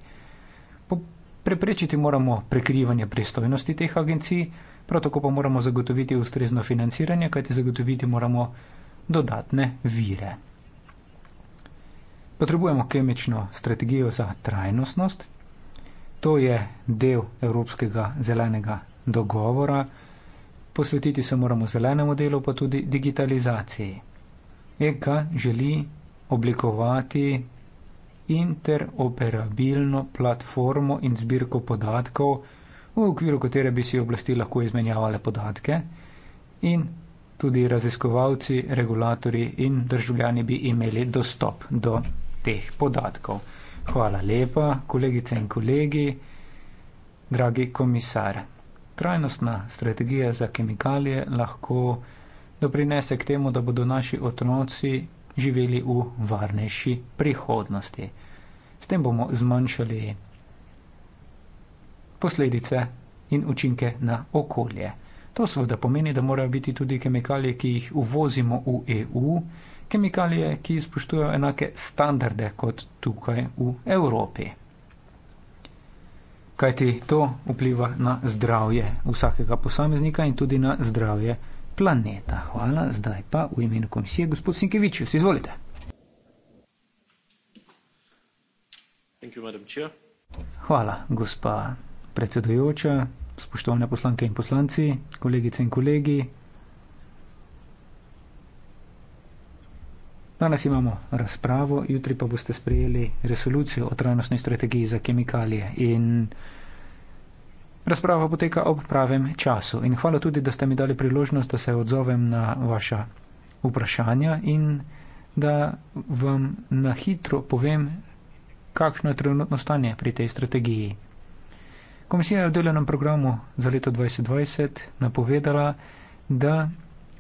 Preprečiti moramo prekrivanje pristojnosti teh agencij, prav tako pa moramo zagotoviti ustrezno financiranje, kajti zagotoviti moramo dodatne vire. Potrebujemo kemično strategijo za trajnostnost. To je del Evropskega zelenega dogovora. Posvetiti se moramo zelenemu delu, pa tudi digitalizaciji. EK želi oblikovati interoperabilno platformo in zbirko podatkov, v okviru katere bi si oblasti lahko izmenjavale podatke, in tudi raziskovalci, regulatori in državljani bi imeli dostop do teh podatkov. Hvala lepa, kolegice in kolegi, dragi komisar. Trajnostna strategija za kemikalije lahko doprinese k temu, da bodo naši otroci živeli v varnejši prihodnosti. S tem bomo zmanjšali posledice in učinke na okolje. To seveda pomeni, da morajo biti tudi kemikalije, ki jih uvozimo v EU, kemikalije, ki spoštujejo enake standarde kot tukaj v Evropi. Kajti to vpliva na zdravje vsakega posameznika in tudi na zdravje vsakega planeta. Hvala, zdaj pa v imenu komisije gospod Sinkevič, vsi izvolite. Hvala, gospa predsedujoča, spoštovane poslanke in poslanci, kolegice in kolegi. Danes imamo razpravo, jutri pa boste sprejeli resolucijo o trajnostni strategiji za kemikalije in kemikalije. Razprava poteka ob pravem času in hvala tudi, da ste mi dali priložnost, da se odzovem na vaša vprašanja in da vam na hitro povem, kakšno je trenutno stanje pri tej strategiji. Komisija je v delenem programu za leto 2020 napovedala, da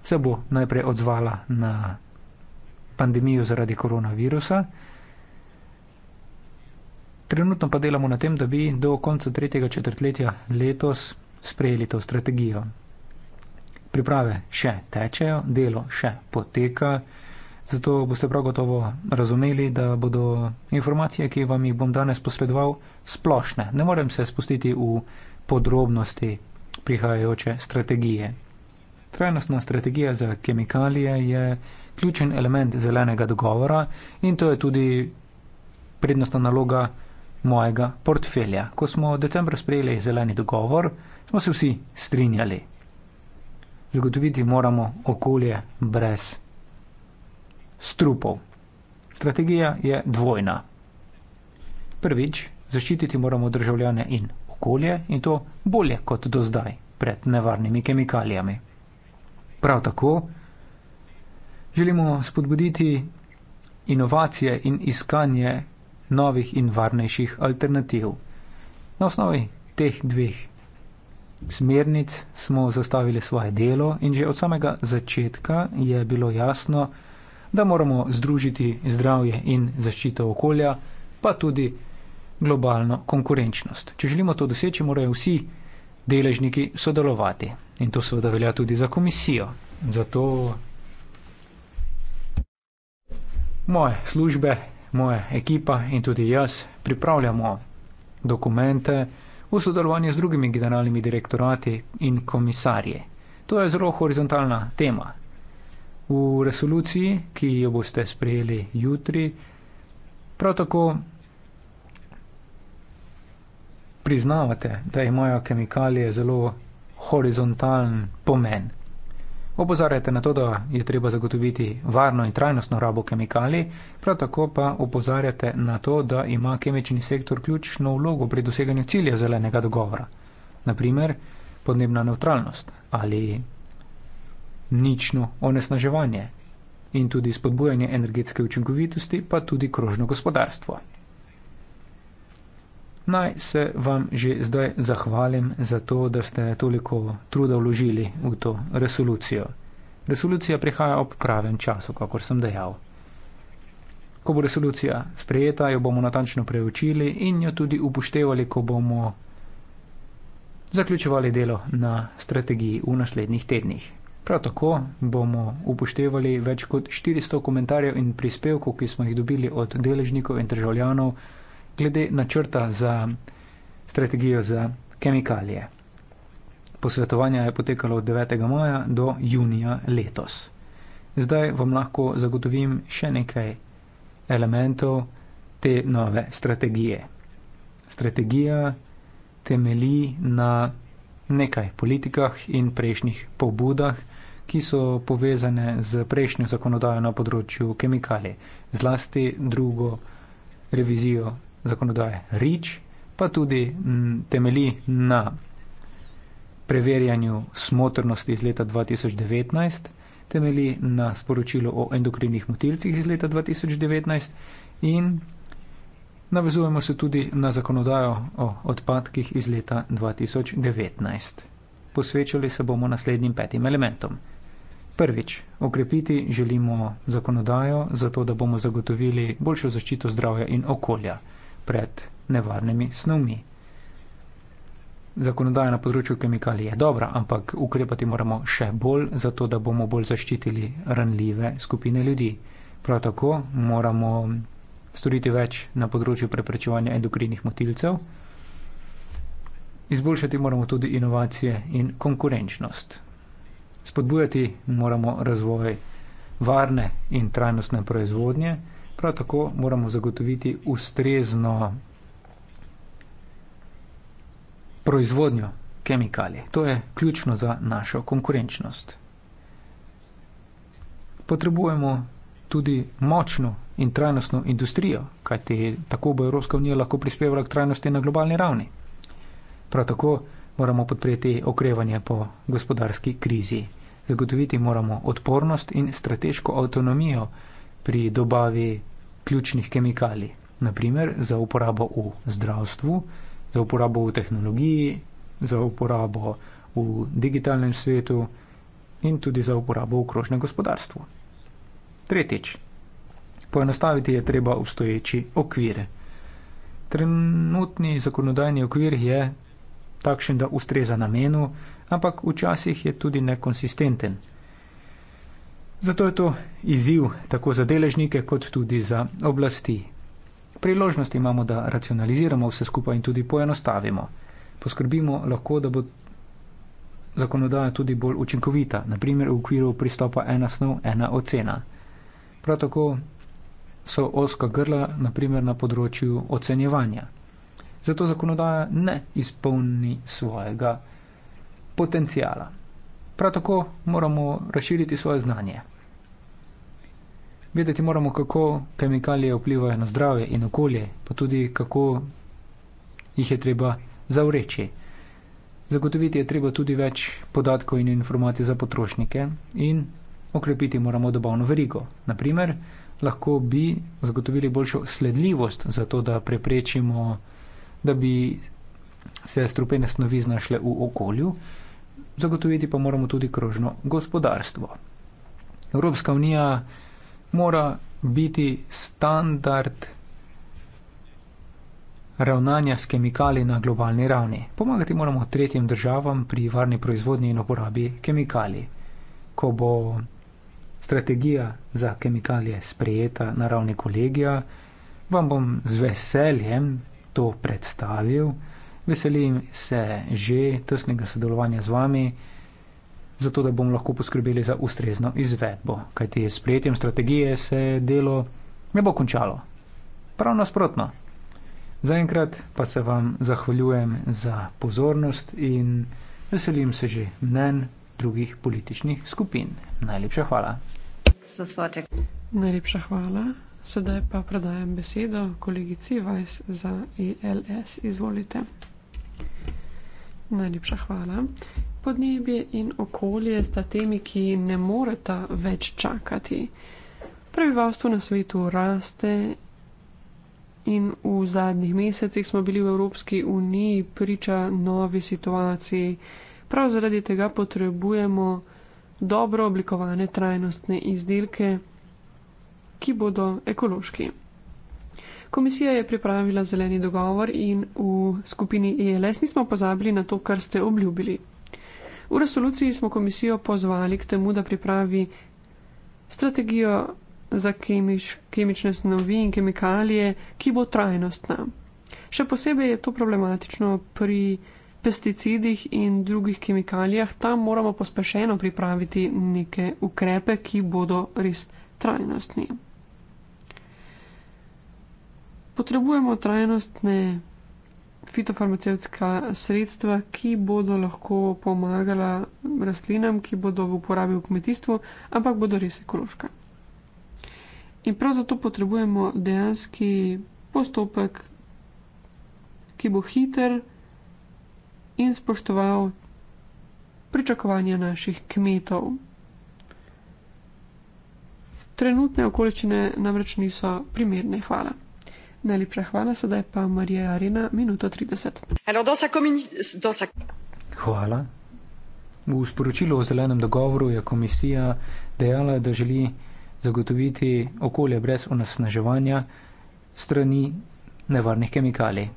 se bo najprej odzvala na pandemijo zaradi koronavirusa, Trenutno pa delamo na tem, da bi do konca tretjega četrtletja letos sprejeli to strategijo. Priprave še tečejo, delo še poteka, zato boste prav gotovo razumeli, da bodo informacije, ki vam jih bom danes posredoval, splošne. Ne morem se spustiti v podrobnosti prihajajoče strategije. Trajnostna strategija za kemikalije je ključen element zelenega dogovora in to je tudi prednostna naloga mojega portfelja. Ko smo v decembru sprejeli zeleni dogovor, smo se vsi strinjali. Zagotoviti moramo okolje brez strupov. Strategija je dvojna. Prvič, zaščititi moramo državljane in okolje in to bolje kot do zdaj pred nevarnimi kemikalijami. Prav tako želimo spodbuditi inovacije in iskanje novih in varnejših alternativ. Na osnovi teh dveh smernic smo zastavili svoje delo in že od samega začetka je bilo jasno, da moramo združiti zdravje in zaščito okolja, pa tudi globalno konkurenčnost. Če želimo to doseči, morajo vsi deležniki sodelovati in to seveda velja tudi za komisijo. Zato moje službe moja ekipa in tudi jaz pripravljamo dokumente v sodelovanju z drugimi generalnimi direktorati in komisarji. To je zelo horizontalna tema. V resoluciji, ki jo boste sprejeli jutri, prav tako priznavate, da imajo kemikalije zelo horizontalen pomen. Opozarjate na to, da je treba zagotoviti varno in trajnostno rabo kemikalij, prav tako pa opozarjate na to, da ima kemični sektor ključno vlogo pri doseganju cilja zelenega dogovora, naprimer podnebna neutralnost ali nično onesnaževanje in tudi spodbujanje energetske učinkovitosti, pa tudi krožno gospodarstvo. Naj se vam že zdaj zahvalim za to, da ste toliko truda vložili v to resolucijo. Resolucija prihaja ob pravem času, kakor sem dejal. Ko bo resolucija sprejeta, jo bomo natančno preučili in jo tudi upoštevali, ko bomo zaključevali delo na strategiji v naslednjih tednih. Prav tako bomo upoštevali več kot 400 komentarjev in prispevkov, ki smo jih dobili od deležnikov in državljanov, glede načrta za strategijo za kemikalije. Posvetovanje je potekalo od 9. maja do junija letos. Zdaj vam lahko zagotovim še nekaj elementov te nove strategije. Strategija temelji na nekaj politikah in prejšnjih pobudah, ki so povezane z prejšnjo zakonodajo na področju kemikalije, zlasti drugo revizijo zakonodaje. Rič pa tudi m, temeli na preverjanju smotrnosti iz leta 2019, temeli na sporočilu o endokrinih motilcih iz leta 2019 in navezujemo se tudi na zakonodajo o odpadkih iz leta 2019. Posvečali se bomo naslednjim petim elementom. Prvič, okrepiti želimo zakonodajo, zato da bomo zagotovili boljšo zaščito zdravja in okolja pred nevarnimi snovmi. Zakonodaja na področju kemikalij je dobra, ampak ukrepati moramo še bolj, zato da bomo bolj zaščitili ranljive skupine ljudi. Prav tako moramo storiti več na področju preprečevanja endokrinih motilcev, izboljšati moramo tudi inovacije in konkurenčnost. Spodbujati moramo razvoj varne in trajnostne proizvodnje. Prav tako moramo zagotoviti ustrezno proizvodnjo kemikalije. To je ključno za našo konkurenčnost. Potrebujemo tudi močno in trajnostno industrijo, kajti tako bo Evropska unija lahko prispevala k trajnosti na globalni ravni. Prav tako moramo podpreti okrevanje po gospodarski krizi. Zagotoviti moramo odpornost in strateško avtonomijo pri dobavi ključnih kemikalij. Naprimer, za uporabo v zdravstvu, za uporabo v tehnologiji, za uporabo v digitalnem svetu in tudi za uporabo v krožnem gospodarstvu. Tretjič, poenostaviti je treba obstoječi okvire. Trenutni zakonodajni okvir je takšen, da ustreza namenu, ampak včasih je tudi nekonsistenten. Zato je to izziv tako za deležnike, kot tudi za oblasti. Priložnost imamo, da racionaliziramo vse skupaj in tudi poenostavimo. Poskrbimo lahko, da bo zakonodaja tudi bolj učinkovita, naprimer v okviru pristopa ena snov, ena ocena. Prav tako so oska grla, naprimer na področju ocenjevanja. Zato zakonodaja ne izpolni svojega potencijala. Prav tako moramo razširiti svoje znanje vedeti moramo, kako kemikalije vplivajo na zdravje in okolje, pa tudi kako jih je treba zavreči. Zagotoviti je treba tudi več podatkov in informacij za potrošnike in okrepiti moramo dobavno verigo. Naprimer, lahko bi zagotovili boljšo sledljivost za to, da preprečimo, da bi se strupene snovi znašle v okolju. Zagotoviti pa moramo tudi krožno gospodarstvo. Evropska unija mora biti standard ravnanja s kemikali na globalni ravni. Pomagati moramo tretjim državam pri varni proizvodnji in uporabi kemikali. Ko bo strategija za kemikalije sprejeta na ravni kolegija, vam bom z veseljem to predstavil. Veselim se že tesnega sodelovanja z vami in zato da bomo lahko poskrbeli za ustrezno izvedbo. Kajti s prijetjem strategije se delo ne bo končalo. Prav nasprotno. Zaenkrat pa se vam zahvaljujem za pozornost in veselim se že mnen drugih političnih skupin. Najlepša hvala. Najlepša hvala. Sedaj pa predajam besedo kolegici Vajs za ELS. Izvolite. Najlepša hvala podnebje in okolje sta temi, ki ne moreta več čakati. Prebivalstvo na svetu raste in v zadnjih mesecih smo bili v Evropski uniji priča novi situaciji. Prav zaradi tega potrebujemo dobro oblikovane trajnostne izdelke, ki bodo ekološki. Komisija je pripravila zeleni dogovor in v skupini ELS nismo pozabili na to, kar ste obljubili. V resoluciji smo komisijo pozvali k temu, da pripravi strategijo za kemiš, kemične snovi in kemikalije, ki bo trajnostna. Še posebej je to problematično pri pesticidih in drugih kemikalijah. Tam moramo pospešeno pripraviti neke ukrepe, ki bodo res trajnostni. Potrebujemo trajnostne fitofarmacevtska sredstva, ki bodo lahko pomagala rastlinam, ki bodo v uporabi v kmetijstvu, ampak bodo res ekološka. In prav zato potrebujemo dejanski postopek, ki bo hiter in spoštoval pričakovanja naših kmetov. Trenutne okoliščine namreč niso primerne. Hvala. Najlepša hvala, sedaj pa Marija Arena, minuto 30. Hvala. V sporočilu o zelenem dogovoru je komisija dejala, da želi zagotoviti okolje brez onesnaževanja strani nevarnih kemikalij.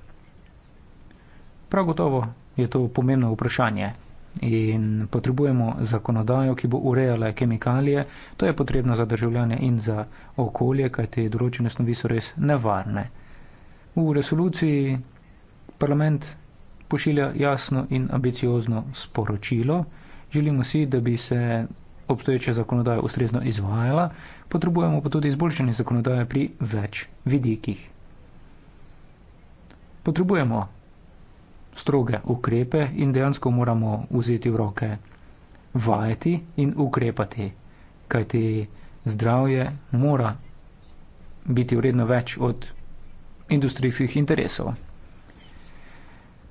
Prav gotovo je to pomembno vprašanje in potrebujemo zakonodajo, ki bo urejala kemikalije. To je potrebno za državljane in za okolje, kajti določene snovi so res nevarne. V resoluciji parlament pošilja jasno in ambiciozno sporočilo. Želimo si, da bi se obstoječa zakonodaja ustrezno izvajala, potrebujemo pa tudi izboljšanje zakonodaje pri več vidikih. Potrebujemo stroge ukrepe in dejansko moramo vzeti v roke vajeti in ukrepati, kajti zdravje mora biti vredno več od industrijskih interesov.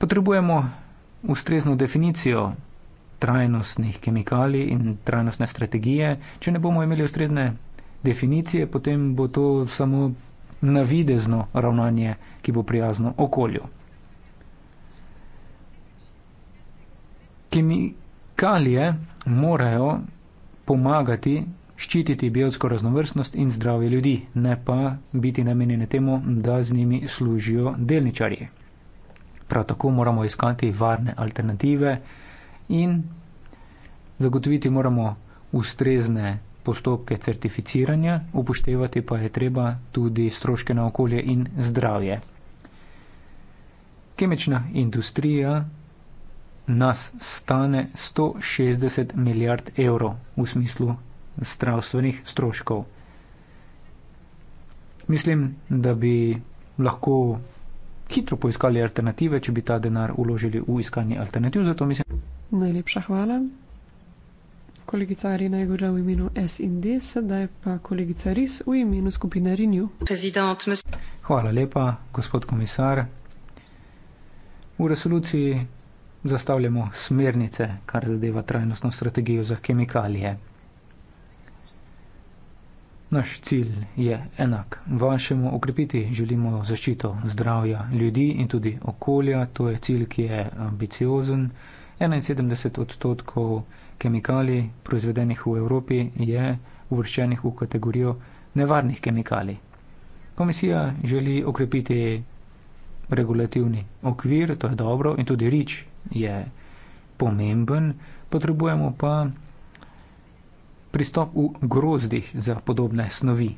Potrebujemo ustrezno definicijo trajnostnih kemikalij in trajnostne strategije. Če ne bomo imeli ustrezne definicije, potem bo to samo navidezno ravnanje, ki bo prijazno okolju. kemikalije morajo pomagati ščititi biotsko raznovrstnost in zdravje ljudi, ne pa biti namenjene temu, da z njimi služijo delničarji. Prav tako moramo iskati varne alternative in zagotoviti moramo ustrezne postopke certificiranja, upoštevati pa je treba tudi stroške na okolje in zdravje. Kemična industrija nas stane 160 milijard evrov v smislu zdravstvenih stroškov. Mislim, da bi lahko hitro poiskali alternative, če bi ta denar uložili v iskanje alternativ. Mislim... Najlepša hvala. Kolegica Arina je govorila v imenu SND, sedaj pa kolegica Ris v imenu skupine Rinju. Hvala lepa, gospod komisar. V resoluciji zastavljamo smernice, kar zadeva trajnostno strategijo za kemikalije. Naš cilj je enak. Vašemu okrepiti želimo zaščito zdravja ljudi in tudi okolja. To je cilj, ki je ambiciozen. 71 odstotkov kemikalij, proizvedenih v Evropi, je uvrščenih v kategorijo nevarnih kemikalij. Komisija želi okrepiti regulativni okvir, to je dobro, in tudi rič je pomemben, potrebujemo pa pristop v grozdih za podobne snovi.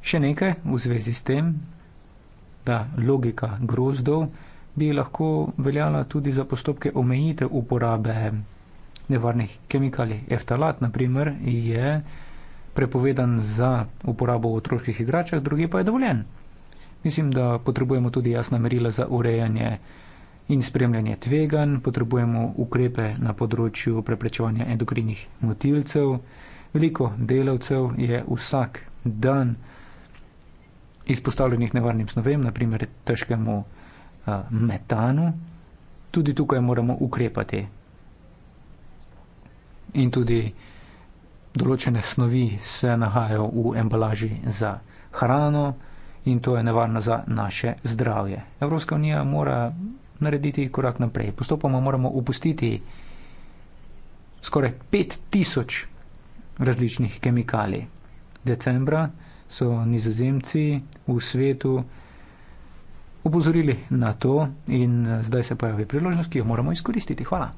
Še nekaj v zvezi s tem, da logika grozdov bi lahko veljala tudi za postopke omejite uporabe nevarnih kemikali. Eftalat, na primer, je prepovedan za uporabo v otroških igračah, drugi pa je dovoljen. Mislim, da potrebujemo tudi jasna merila za urejanje in spremljanje tvegan, potrebujemo ukrepe na področju preprečevanja endokrinih motilcev. Veliko delavcev je vsak dan izpostavljenih nevarnim snovem, naprimer težkemu uh, metanu. Tudi tukaj moramo ukrepati. In tudi določene snovi se nahajajo v embalaži za hrano in to je nevarno za naše zdravje. Evropska unija mora narediti korak naprej. Postopoma moramo upustiti skoraj 5000 različnih kemikalij. Decembra so nizozemci v svetu upozorili na to in eh, zdaj se pojavi priložnost, ki jo moramo izkoristiti. Hvala.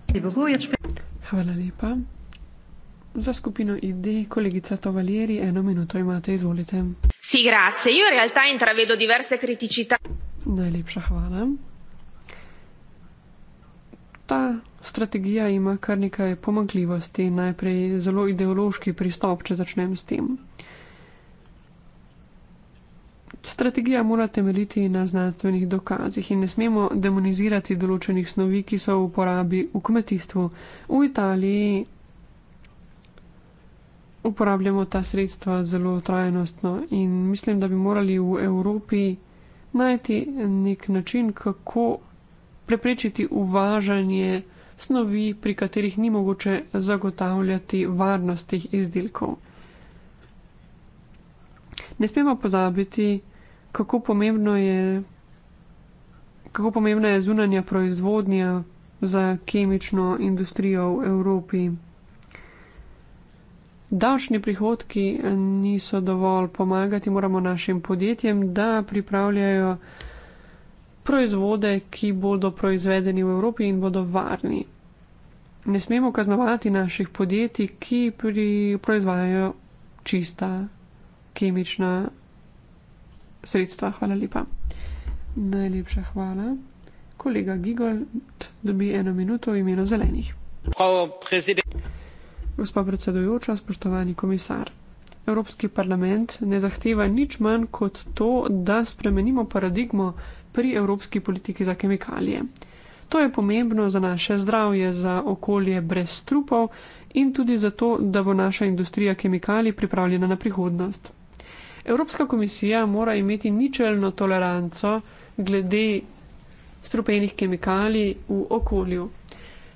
Hvala lepa. Za skupino ID, collegica Tovalieri, eno minuto imate, izvolite. Sì, grazie. Io in realtà intravedo diverse criticità. Najlepša hvala. Ta strategija ima kar nekaj pomankljivosti. Najprej zelo ideološki pristop, če začnem s tem. Strategija mora temeljiti na znanstvenih dokazih in ne smemo demonizirati določenih snovi, ki so v uporabi v kmetijstvu. V Italiji uporabljamo ta sredstva zelo trajnostno in mislim, da bi morali v Evropi najti nek način, kako preprečiti uvažanje snovi, pri katerih ni mogoče zagotavljati varnost teh izdelkov. Ne smemo pozabiti, kako pomembno je, kako pomembna je zunanja proizvodnja za kemično industrijo v Evropi. Davčni prihodki eh, niso dovolj pomagati, moramo našim podjetjem, da pripravljajo proizvode, ki bodo proizvedeni v Evropi in bodo varni. Ne smemo kaznovati naših podjetij, ki pri, proizvajajo čista kemična sredstva. Hvala lepa. Najlepša hvala. Kolega Gigold dobi eno minuto v imenu zelenih. Hvala, predsednik. Gospa predsedujoča, spoštovani komisar. Evropski parlament ne zahteva nič manj kot to, da spremenimo paradigmo pri evropski politiki za kemikalije. To je pomembno za naše zdravje, za okolje brez trupov in tudi zato, da bo naša industrija kemikalij pripravljena na prihodnost. Evropska komisija mora imeti ničelno toleranco glede strupenih kemikalij v okolju.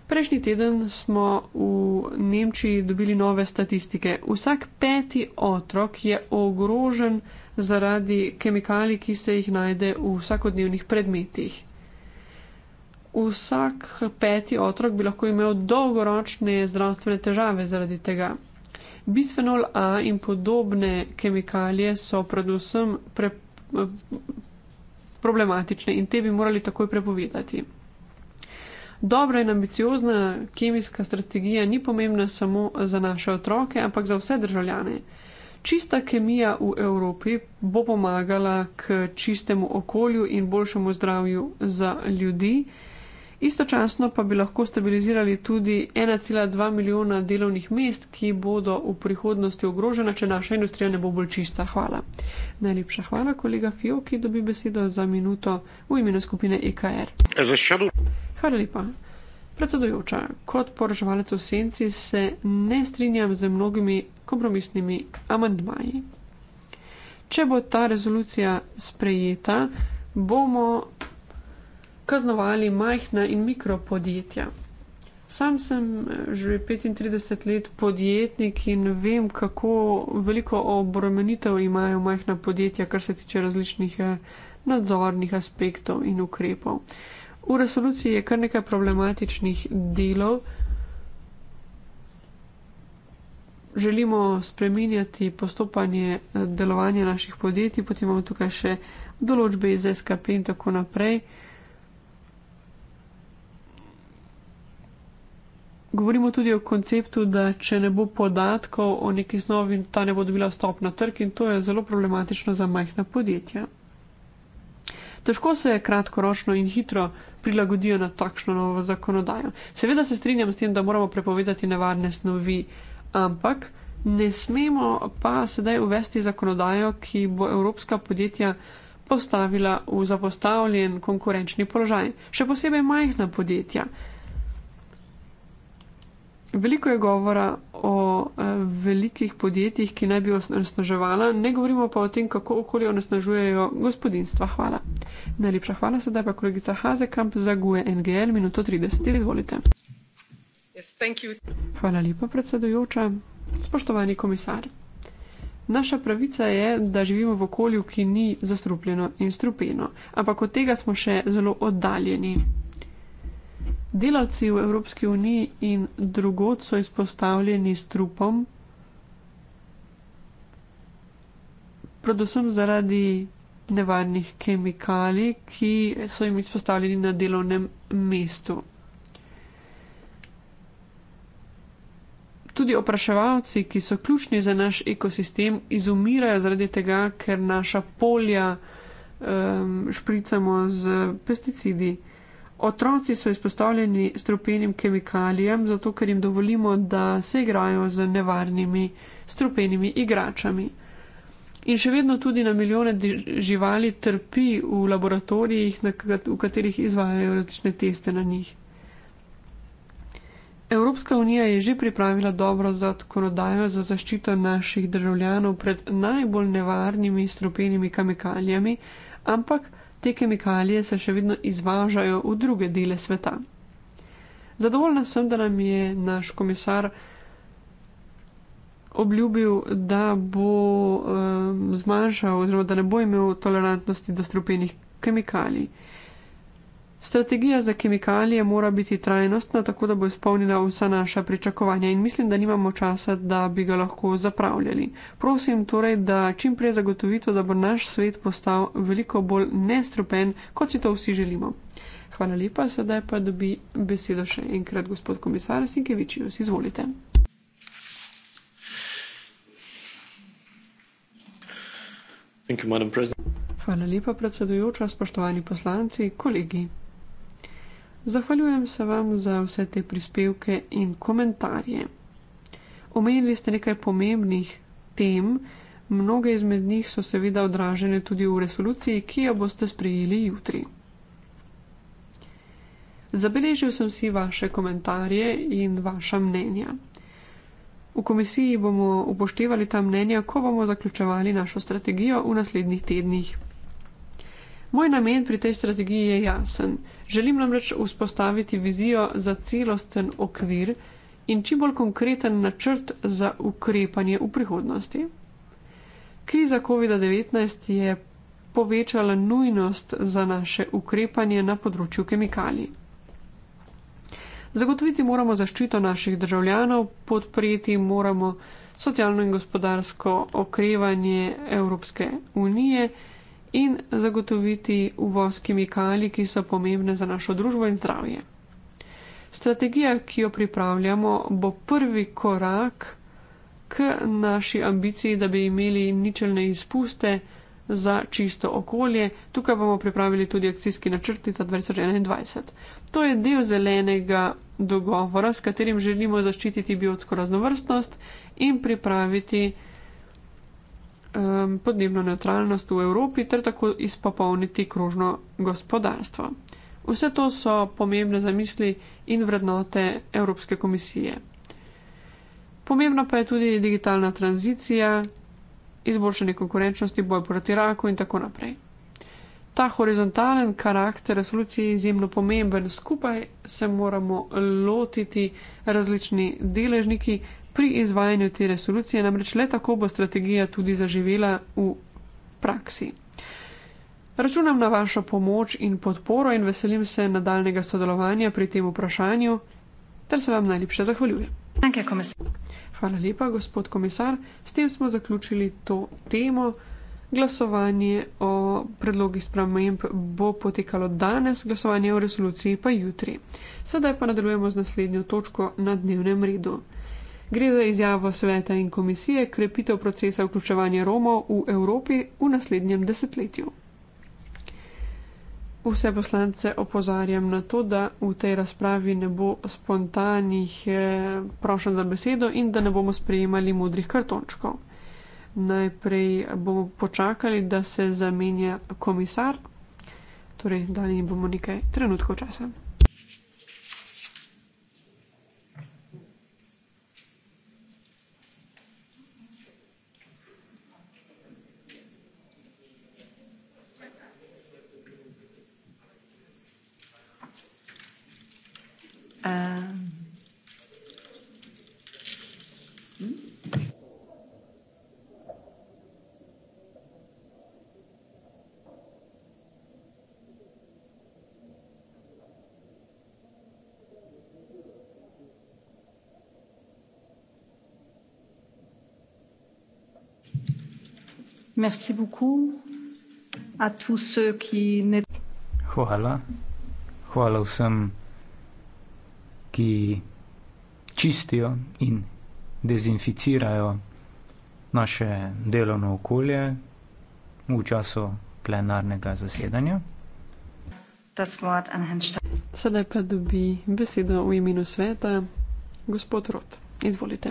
Prejšnji teden smo v Nemčiji dobili nove statistike. Vsak peti otrok je ogrožen zaradi kemikalij, ki se jih najde v vsakodnevnih predmetih. Vsak peti otrok bi lahko imel dolgoročne zdravstvene težave zaradi tega. Bisfenol A in podobne kemikalije so predvsem pre, eh, problematične in te bi morali takoj prepovedati. Dobra in ambiciozna kemijska strategija ni pomembna samo za naše otroke, ampak za vse državljane. Čista kemija v Evropi bo pomagala k čistemu okolju in boljšemu zdravju za ljudi. Istočasno pa bi lahko stabilizirali tudi 1,2 milijona delovnih mest, ki bodo v prihodnosti ogrožena, če naša industrija ne bo bolj čista. Hvala. Najlepša hvala, kolega Fijo, ki dobi besedo za minuto v imenu skupine EKR. Zašel. Hvala lepa. Predsedujoča, kot poroževalec v senci se ne strinjam z mnogimi kompromisnimi amandmaji. Če bo ta rezolucija sprejeta, bomo kaznovali majhna in mikropodjetja. Sam sem že 35 let podjetnik in vem, kako veliko obremenitev imajo majhna podjetja, kar se tiče različnih eh, nadzornih aspektov in ukrepov. V resoluciji je kar nekaj problematičnih delov. Želimo spreminjati postopanje eh, delovanja naših podjetij, potem imamo tukaj še določbe iz SKP in tako naprej. Govorimo tudi o konceptu, da če ne bo podatkov o neki snovi, ta ne bo dobila vstop na trg in to je zelo problematično za majhna podjetja. Težko se je kratkoročno in hitro prilagodijo na takšno novo zakonodajo. Seveda se strinjam s tem, da moramo prepovedati nevarne snovi, ampak ne smemo pa sedaj uvesti zakonodajo, ki bo evropska podjetja postavila v zapostavljen konkurenčni položaj, še posebej majhna podjetja. Veliko je govora o eh, velikih podjetjih, ki naj bi osnaževala, ne govorimo pa o tem, kako okolje osnažujejo gospodinstva. Hvala. Najlepša hvala, sedaj pa kolegica Hazekamp za GUE NGL, minuto 30, izvolite. Yes, hvala lepa, predsedujoča. Spoštovani komisar. Naša pravica je, da živimo v okolju, ki ni zastrupljeno in strupeno, ampak od tega smo še zelo oddaljeni. Delavci v Evropski uniji in drugod so izpostavljeni strupom, predvsem zaradi nevarnih kemikalij, ki so jim izpostavljeni na delovnem mestu. Tudi opraševalci, ki so ključni za naš ekosistem, izumirajo zaradi tega, ker naša polja um, špricamo z pesticidi. Otroci so izpostavljeni strupenim kemikalijam, zato ker jim dovolimo, da se igrajo z nevarnimi strupenimi igračami. In še vedno tudi na milijone živali trpi v laboratorijih, v katerih izvajajo različne teste na njih. Evropska unija je že pripravila dobro zakonodajo za zaščito naših državljanov pred najbolj nevarnimi strupenimi kemikalijami, ampak Te kemikalije se še vedno izvažajo v druge dele sveta. Zadovoljna sem, da nam je naš komisar obljubil, da bo um, zmanjšal oziroma da ne bo imel tolerantnosti do strupenih kemikalij. Strategija za kemikalije mora biti trajnostna, tako da bo izpolnila vsa naša pričakovanja in mislim, da nimamo časa, da bi ga lahko zapravljali. Prosim torej, da čim prej zagotovite, da bo naš svet postal veliko bolj nestrupen, kot si to vsi želimo. Hvala lepa, sedaj pa dobi besedo še enkrat gospod komisar Sinkevičius. Izvolite. Hvala lepa, predsedujoča, spoštovani poslanci, kolegi. Zahvaljujem se vam za vse te prispevke in komentarje. Omenili ste nekaj pomembnih tem, mnoge izmed njih so seveda odražene tudi v resoluciji, ki jo boste sprejeli jutri. Zabeležil sem si vaše komentarje in vaša mnenja. V komisiji bomo upoštevali ta mnenja, ko bomo zaključevali našo strategijo v naslednjih tednih. Moj namen pri tej strategiji je jasen. Želim namreč vzpostaviti vizijo za celosten okvir in čim bolj konkreten načrt za ukrepanje v prihodnosti. Kriza COVID-19 je povečala nujnost za naše ukrepanje na področju kemikalij. Zagotoviti moramo zaščito naših državljanov, podpreti moramo socialno in gospodarsko okrevanje Evropske unije in zagotoviti uvoz kemikalij, ki so pomembne za našo družbo in zdravje. Strategija, ki jo pripravljamo, bo prvi korak k naši ambiciji, da bi imeli ničelne izpuste za čisto okolje. Tukaj bomo pripravili tudi akcijski načrt leta 2021. To je del zelenega dogovora, s katerim želimo zaščititi biotsko raznovrstnost in pripraviti um, podnebno neutralnost v Evropi ter tako izpopolniti krožno gospodarstvo. Vse to so pomembne zamisli in vrednote Evropske komisije. Pomembna pa je tudi digitalna tranzicija, izboljšanje konkurenčnosti, boj proti raku in tako naprej. Ta horizontalen karakter resolucije je izjemno pomemben. Skupaj se moramo lotiti različni deležniki, Pri izvajanju te resolucije namreč le tako bo strategija tudi zaživela v praksi. Računam na vašo pomoč in podporo in veselim se nadaljnega sodelovanja pri tem vprašanju, ter se vam najlepše zahvaljujem. Hvala lepa, gospod komisar. S tem smo zaključili to temo. Glasovanje o predlogih sprememb bo potekalo danes, glasovanje o resoluciji pa jutri. Sedaj pa nadaljujemo z naslednjo točko na dnevnem redu. Gre za izjavo sveta in komisije krepitev procesa vključevanja Romov v Evropi v naslednjem desetletju. Vse poslance opozarjam na to, da v tej razpravi ne bo spontanih eh, prošen za besedo in da ne bomo sprejemali modrih kartončkov. Najprej bomo počakali, da se zamenja komisar, torej dali bomo nekaj trenutkov časa. Um, Merci beaucoup à tous ceux qui Hvala. Hvala vsem ki čistijo in dezinficirajo naše delovno okolje v času plenarnega zasedanja. Sedaj pa dobi besedo v imenu sveta gospod Rot. Izvolite.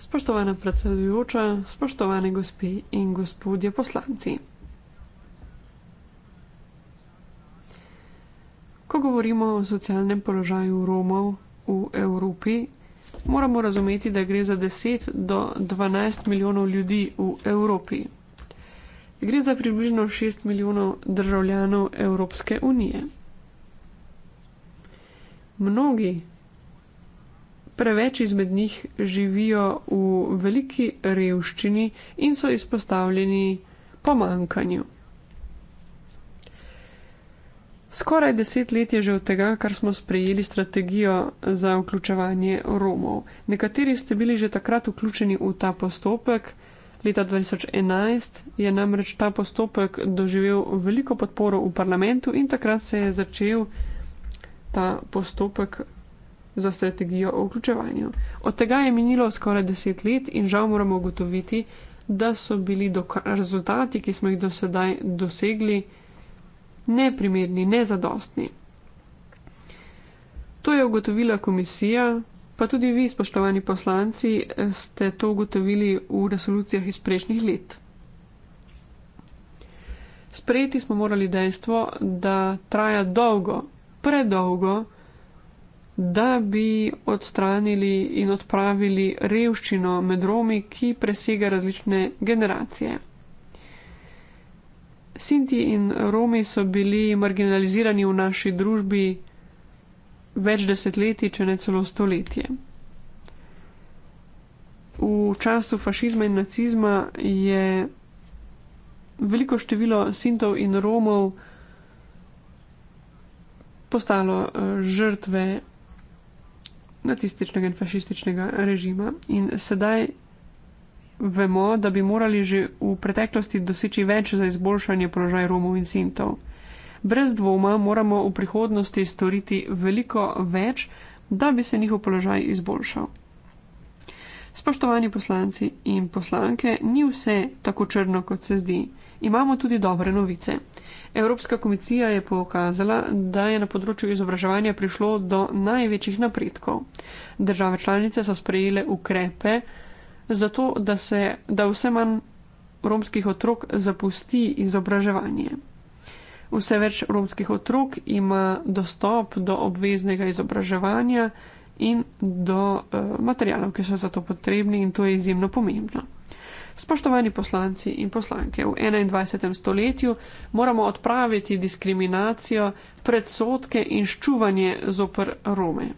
Spoštovana predsedujoča, spoštovane gospe in gospodje poslanci. Ko govorimo o socialnem položaju Romov v Evropi, moramo razumeti, da gre za 10 do 12 milijonov ljudi v Evropi. Gre za približno 6 milijonov državljanov Evropske unije. Mnogi, preveč izmed njih, živijo v veliki revščini in so izpostavljeni pomankanju. Skoraj deset let je že od tega, kar smo sprejeli strategijo za vključevanje Romov. Nekateri ste bili že takrat vključeni v ta postopek. Leta 2011 je namreč ta postopek doživel veliko podporo v parlamentu in takrat se je začel ta postopek za strategijo o vključevanju. Od tega je minilo skoraj deset let in žal moramo ugotoviti, da so bili rezultati, ki smo jih do sedaj dosegli, neprimerni, nezadostni. To je ugotovila komisija, pa tudi vi, spoštovani poslanci, ste to ugotovili v resolucijah iz prejšnjih let. Sprejeti smo morali dejstvo, da traja dolgo, predolgo, da bi odstranili in odpravili revščino med Romi, ki presega različne generacije. Sinti in Romi so bili marginalizirani v naši družbi več desetletij, če ne celo stoletje. V času fašizma in nacizma je veliko število Sintov in Romov postalo eh, žrtve nacističnega in fašističnega režima in sedaj vemo, da bi morali že v preteklosti doseči več za izboljšanje položaja Romov in Sintov. Brez dvoma moramo v prihodnosti storiti veliko več, da bi se njihov položaj izboljšal. Spoštovani poslanci in poslanke, ni vse tako črno, kot se zdi. Imamo tudi dobre novice. Evropska komisija je pokazala, da je na področju izobraževanja prišlo do največjih napredkov. Države članice so sprejele ukrepe, zato da se da vse manj romskih otrok zapusti izobraževanje. Vse več romskih otrok ima dostop do obveznega izobraževanja in do uh, eh, materijalov, ki so za to potrebni in to je izjemno pomembno. Spoštovani poslanci in poslanke, v 21. stoletju moramo odpraviti diskriminacijo, predsotke in ščuvanje zopr Rome.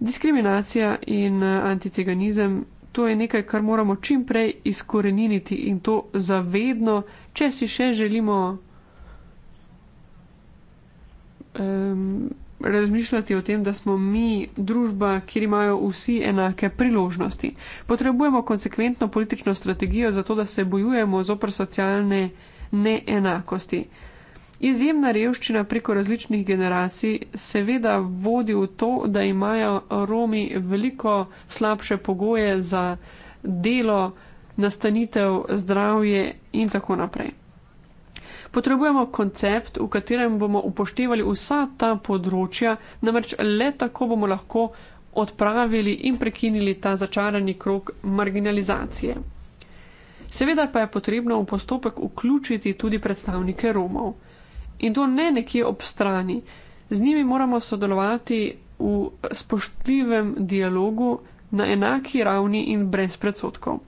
Diskriminacija in eh, anticiganizem, to je nekaj, kar moramo čim prej izkoreniniti in to zavedno, če si še želimo um, razmišljati o tem, da smo mi družba, kjer imajo vsi enake priložnosti. Potrebujemo konsekventno politično strategijo za to, da se bojujemo zopr socialne neenakosti. Izjemna revščina preko različnih generacij seveda vodi v to, da imajo Romi veliko slabše pogoje za delo, nastanitev, zdravje in tako naprej. Potrebujemo koncept, v katerem bomo upoštevali vsa ta področja, namreč le tako bomo lahko odpravili in prekinili ta začarani krok marginalizacije. Seveda pa je potrebno v postopek vključiti tudi predstavnike Romov in to ne nekje ob strani. Z njimi moramo sodelovati v spoštljivem dialogu na enaki ravni in brez predsotkov.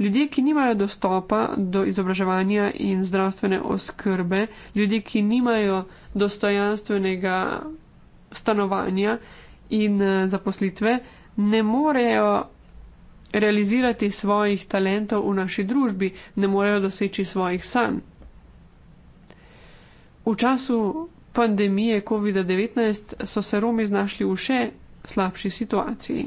Ljudje, ki nimajo dostopa do izobraževanja in zdravstvene oskrbe, ljudje, ki nimajo dostojanstvenega stanovanja in eh, zaposlitve, ne morejo realizirati svojih talentov v naši družbi, ne morejo doseči svojih sanj. V času pandemije COVID-19 so se Romi znašli v še slabši situaciji.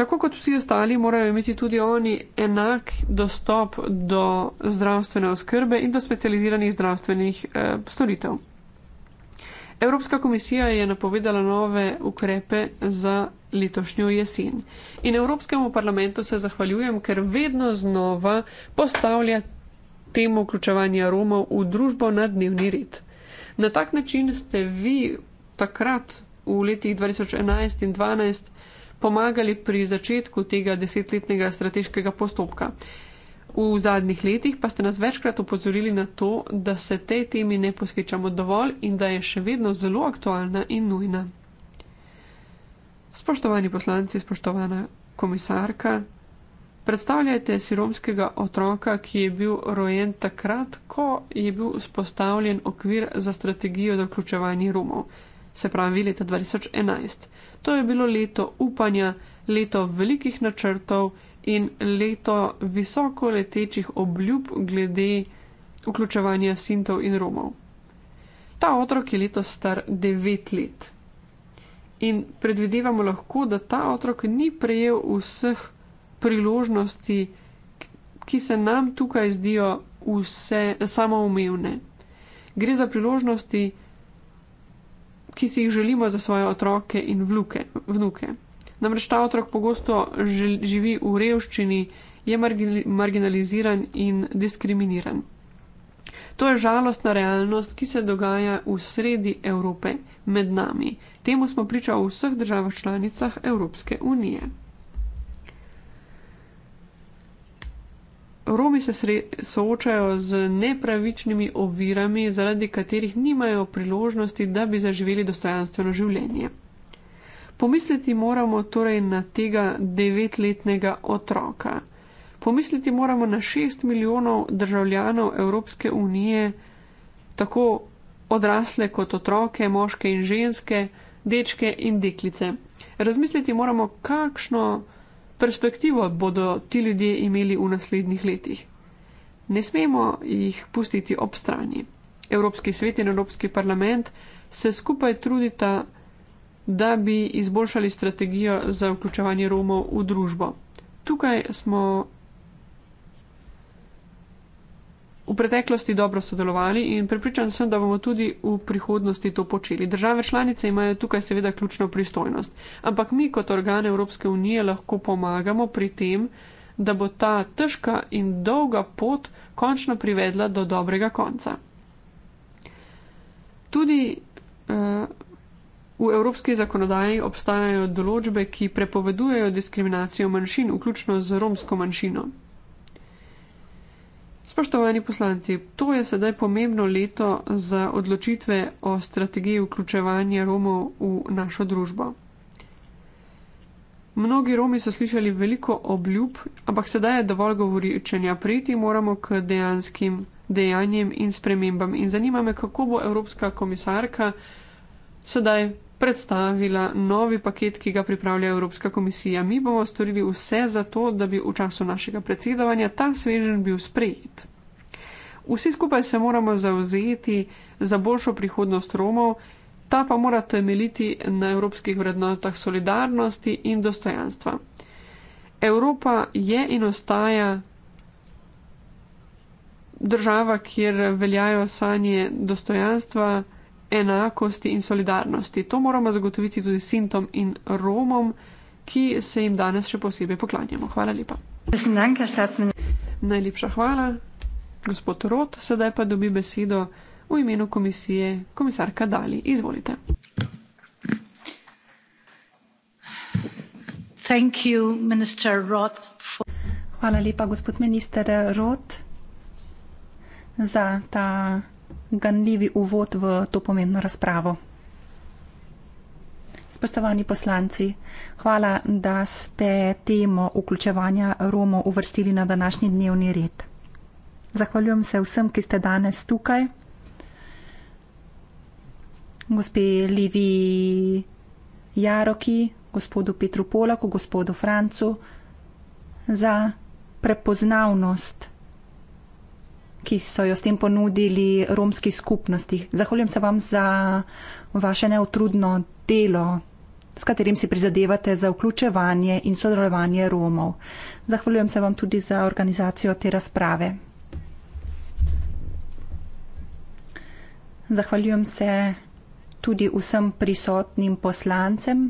Tako kot vsi ostali, morajo imeti tudi oni enak dostop do zdravstvene oskrbe in do specializiranih zdravstvenih eh, storitev. Evropska komisija je napovedala nove ukrepe za letošnjo jesen. In Evropskemu parlamentu se zahvaljujem, ker vedno znova postavlja temo vključevanja Romov v družbo na dnevni red. Na tak način ste vi takrat v letih 2011 in 2012 pomagali pri začetku tega desetletnega strateškega postopka. V zadnjih letih pa ste nas večkrat upozorili na to, da se tej temi ne posvečamo dovolj in da je še vedno zelo aktualna in nujna. Spoštovani poslanci, spoštovana komisarka, Predstavljajte si romskega otroka, ki je bil rojen takrat, ko je bil vzpostavljen okvir za strategijo za vključevanje Romov, se pravi leta 2011. To je bilo leto upanja, leto velikih načrtov in leto visoko letečih obljub glede vključevanja Sintov in Romov. Ta otrok je letos star 9 let. In predvidevamo lahko, da ta otrok ni prejel vseh priložnosti, ki se nam tukaj zdijo vse samoumevne. Gre za priložnosti, ki si jih želimo za svoje otroke in vluke, vnuke. Namreč ta otrok pogosto živi v revščini, je marginaliziran in diskriminiran. To je žalostna realnost, ki se dogaja v sredi Evrope med nami. Temu smo priča v vseh državah članicah Evropske unije. Romi se soočajo z nepravičnimi ovirami, zaradi katerih nimajo priložnosti, da bi zaživeli dostojanstveno življenje. Pomisliti moramo torej na tega devetletnega otroka. Pomisliti moramo na šest milijonov državljanov Evropske unije, tako odrasle kot otroke, moške in ženske, dečke in deklice. Razmisliti moramo, kakšno perspektivo bodo ti ljudje imeli v naslednjih letih? Ne smemo jih pustiti ob strani. Evropski svet in Evropski parlament se skupaj trudita, da bi izboljšali strategijo za vključevanje Romov v družbo. Tukaj smo v preteklosti dobro sodelovali in pripričan sem, da bomo tudi v prihodnosti to počeli. Države članice imajo tukaj seveda ključno pristojnost, ampak mi kot organe Evropske unije lahko pomagamo pri tem, da bo ta težka in dolga pot končno privedla do dobrega konca. Tudi uh, v evropski zakonodaji obstajajo določbe, ki prepovedujejo diskriminacijo manjšin, vključno z romsko manjšino. Spoštovani poslanci, to je sedaj pomembno leto za odločitve o strategiji vključevanja Romov v našo družbo. Mnogi Romi so slišali veliko obljub, ampak sedaj je dovolj govoričenja. Prijeti moramo k dejanskim dejanjem in spremembam. In zanima me, kako bo Evropska komisarka sedaj predstavila novi paket, ki ga pripravlja Evropska komisija. Mi bomo storili vse za to, da bi v času našega predsedovanja ta svežen bil sprejet. Vsi skupaj se moramo zauzeti za boljšo prihodnost Romov, ta pa mora temeljiti na evropskih vrednotah solidarnosti in dostojanstva. Evropa je in ostaja država, kjer veljajo sanje dostojanstva enakosti in solidarnosti. To moramo zagotoviti tudi Sintom in Romom, ki se jim danes še posebej poklanjamo. Hvala lepa. Najlepša hvala. Gospod Rot, sedaj pa dobi besedo v imenu komisije komisarka Dali. Izvolite. You, Roth, for... Hvala lepa, gospod minister Rot, za ta ganljivi uvod v to pomembno razpravo. Spoštovani poslanci, hvala, da ste temo vključevanja Romov uvrstili na današnji dnevni red. Zahvaljujem se vsem, ki ste danes tukaj. Gospe Livi Jaroki, gospodu Petru Polaku, gospodu Francu, za prepoznavnost ki so jo s tem ponudili romski skupnosti. Zahvaljujem se vam za vaše neutrudno delo, s katerim si prizadevate za vključevanje in sodelovanje Romov. Zahvaljujem se vam tudi za organizacijo te razprave. Zahvaljujem se tudi vsem prisotnim poslancem.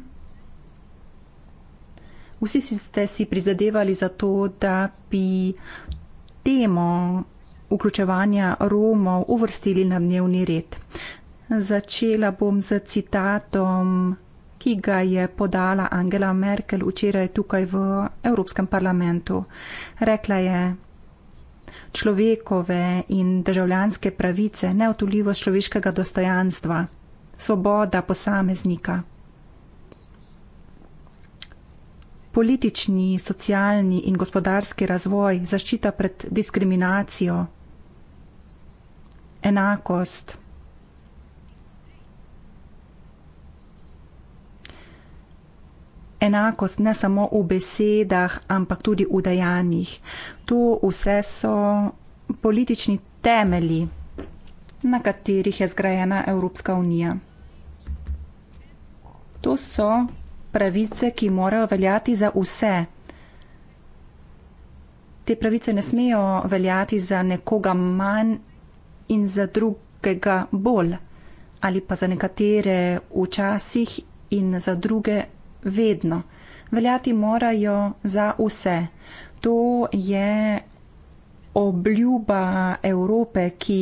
Vsi ste si prizadevali za to, da bi temo vključevanja Romov uvrstili na dnevni red. Začela bom z citatom, ki ga je podala Angela Merkel včeraj tukaj v Evropskem parlamentu. Rekla je, človekove in državljanske pravice, neotoljivost človeškega dostojanstva, svoboda posameznika. Politični, socialni in gospodarski razvoj, zaščita pred diskriminacijo, enakost. Enakost ne samo v besedah, ampak tudi v dejanjih. To vse so politični temeli, na katerih je zgrajena Evropska unija. To so pravice, ki morajo veljati za vse. Te pravice ne smejo veljati za nekoga manj in za drugega bolj, ali pa za nekatere včasih in za druge vedno. Veljati morajo za vse. To je obljuba Evrope, ki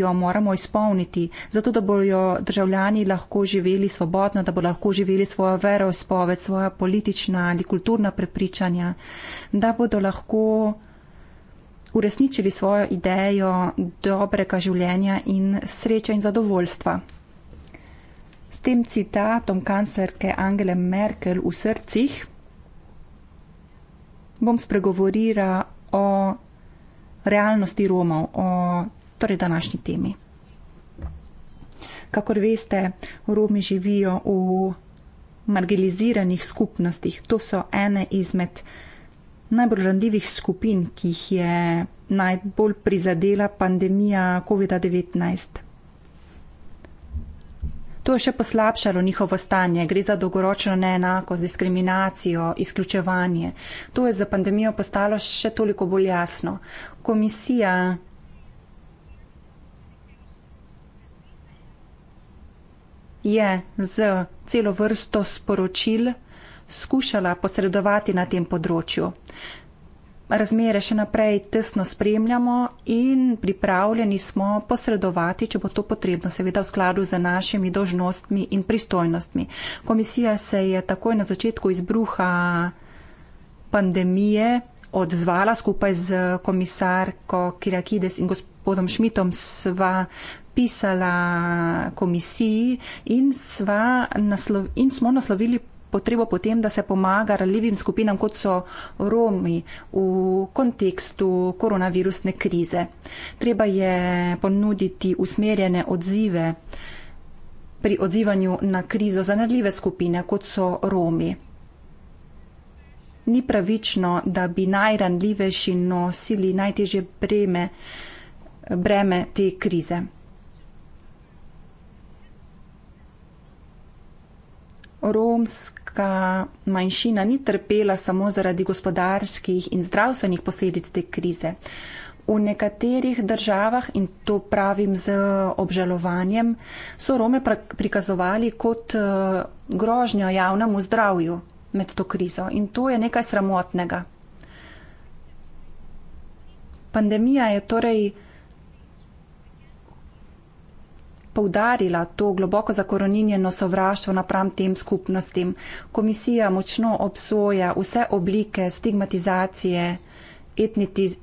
jo moramo izpolniti, zato da bojo državljani lahko živeli svobodno, da bo lahko živeli svojo vero, spoved, svoja politična ali kulturna prepričanja, da bodo lahko uresničili svojo idejo dobrega življenja in sreče in zadovoljstva. S tem citatom kanclerke Angele Merkel v srcih bom spregovorila o realnosti Romov, o torej današnji temi. Kakor veste, Romi živijo v marginaliziranih skupnostih. To so ene izmed najbolj najbolj ranljivih skupin, ki jih je najbolj prizadela pandemija COVID-19. To je še poslabšalo njihovo stanje. Gre za dolgoročno neenakost, diskriminacijo, izključevanje. To je za pandemijo postalo še toliko bolj jasno. Komisija je z celo vrsto sporočil skušala posredovati na tem področju. Razmere še naprej tesno spremljamo in pripravljeni smo posredovati, če bo to potrebno, seveda v skladu z našimi dožnostmi in pristojnostmi. Komisija se je takoj na začetku izbruha pandemije odzvala skupaj z komisarko Kirakides in gospodom Šmitom sva pisala komisiji in, naslov, in smo naslovili potrebo potem, da se pomaga ranljivim skupinam, kot so Romi, v kontekstu koronavirusne krize. Treba je ponuditi usmerjene odzive pri odzivanju na krizo za ranljive skupine, kot so Romi. Ni pravično, da bi najranljivejši nosili najtežje breme, breme te krize. Romska romska manjšina ni trpela samo zaradi gospodarskih in zdravstvenih posledic te krize. V nekaterih državah, in to pravim z obžalovanjem, so Rome prikazovali kot eh, grožnjo javnemu zdravju med to krizo in to je nekaj sramotnega. Pandemija je torej poudarila to globoko zakoronjeno sovraštvo napram tem skupnostim. Komisija močno obsoja vse oblike stigmatizacije, etniz,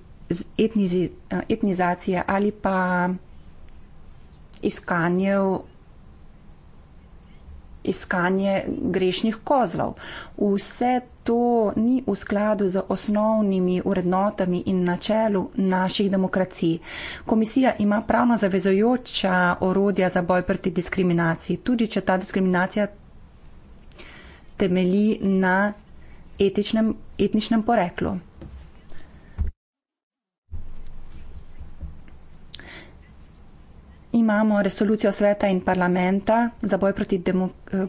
etnizacije ali pa iskanjev iskanje grešnih kozlov. Vse to ni v skladu z osnovnimi urednotami in načelu naših demokracij. Komisija ima pravno zavezojoča orodja za boj proti diskriminaciji, tudi če ta diskriminacija temelji na etičnem, etničnem poreklu. Imamo resolucijo sveta in parlamenta za boj proti,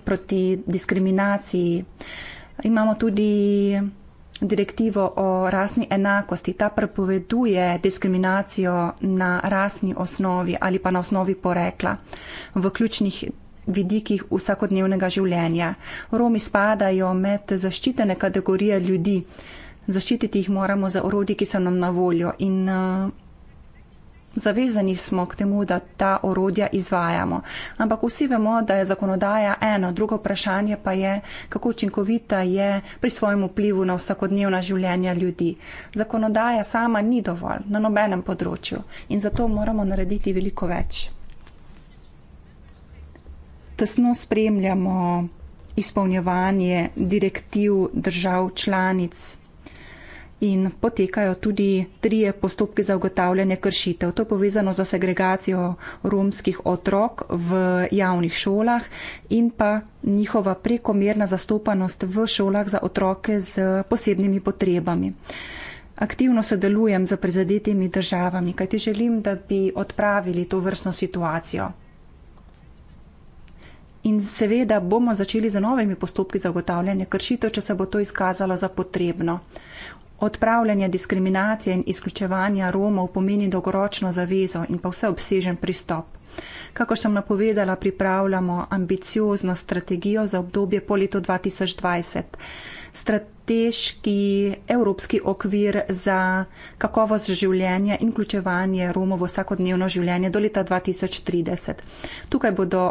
proti diskriminaciji imamo tudi direktivo o rasni enakosti. Ta prepoveduje diskriminacijo na rasni osnovi ali pa na osnovi porekla v ključnih vidikih vsakodnevnega življenja. Romi spadajo med zaščitene kategorije ljudi. Zaščititi jih moramo za orodje, ki so nam na voljo. In, uh, Zavezani smo k temu, da ta orodja izvajamo. Ampak vsi vemo, da je zakonodaja eno, drugo vprašanje pa je, kako učinkovita je pri svojem vplivu na vsakodnevna življenja ljudi. Zakonodaja sama ni dovolj na nobenem področju in zato moramo narediti veliko več. Tesno spremljamo izpolnjevanje direktiv držav članic in potekajo tudi trije postopki za ugotavljanje kršitev. To je povezano za segregacijo romskih otrok v javnih šolah in pa njihova prekomerna zastopanost v šolah za otroke z posebnimi potrebami. Aktivno sodelujem z prizadetimi državami, kajti želim, da bi odpravili to vrstno situacijo. In seveda bomo začeli z novimi postopki za ugotavljanje kršitev, če se bo to izkazalo za potrebno. Odpravljanje diskriminacije in izključevanja Romov pomeni dolgoročno zavezo in pa vseobsežen pristop. Kako sem napovedala, pripravljamo ambiciozno strategijo za obdobje po letu 2020. Strateški evropski okvir za kakovost življenja in vključevanje Romov v vsakodnevno življenje do leta 2030. Tukaj bodo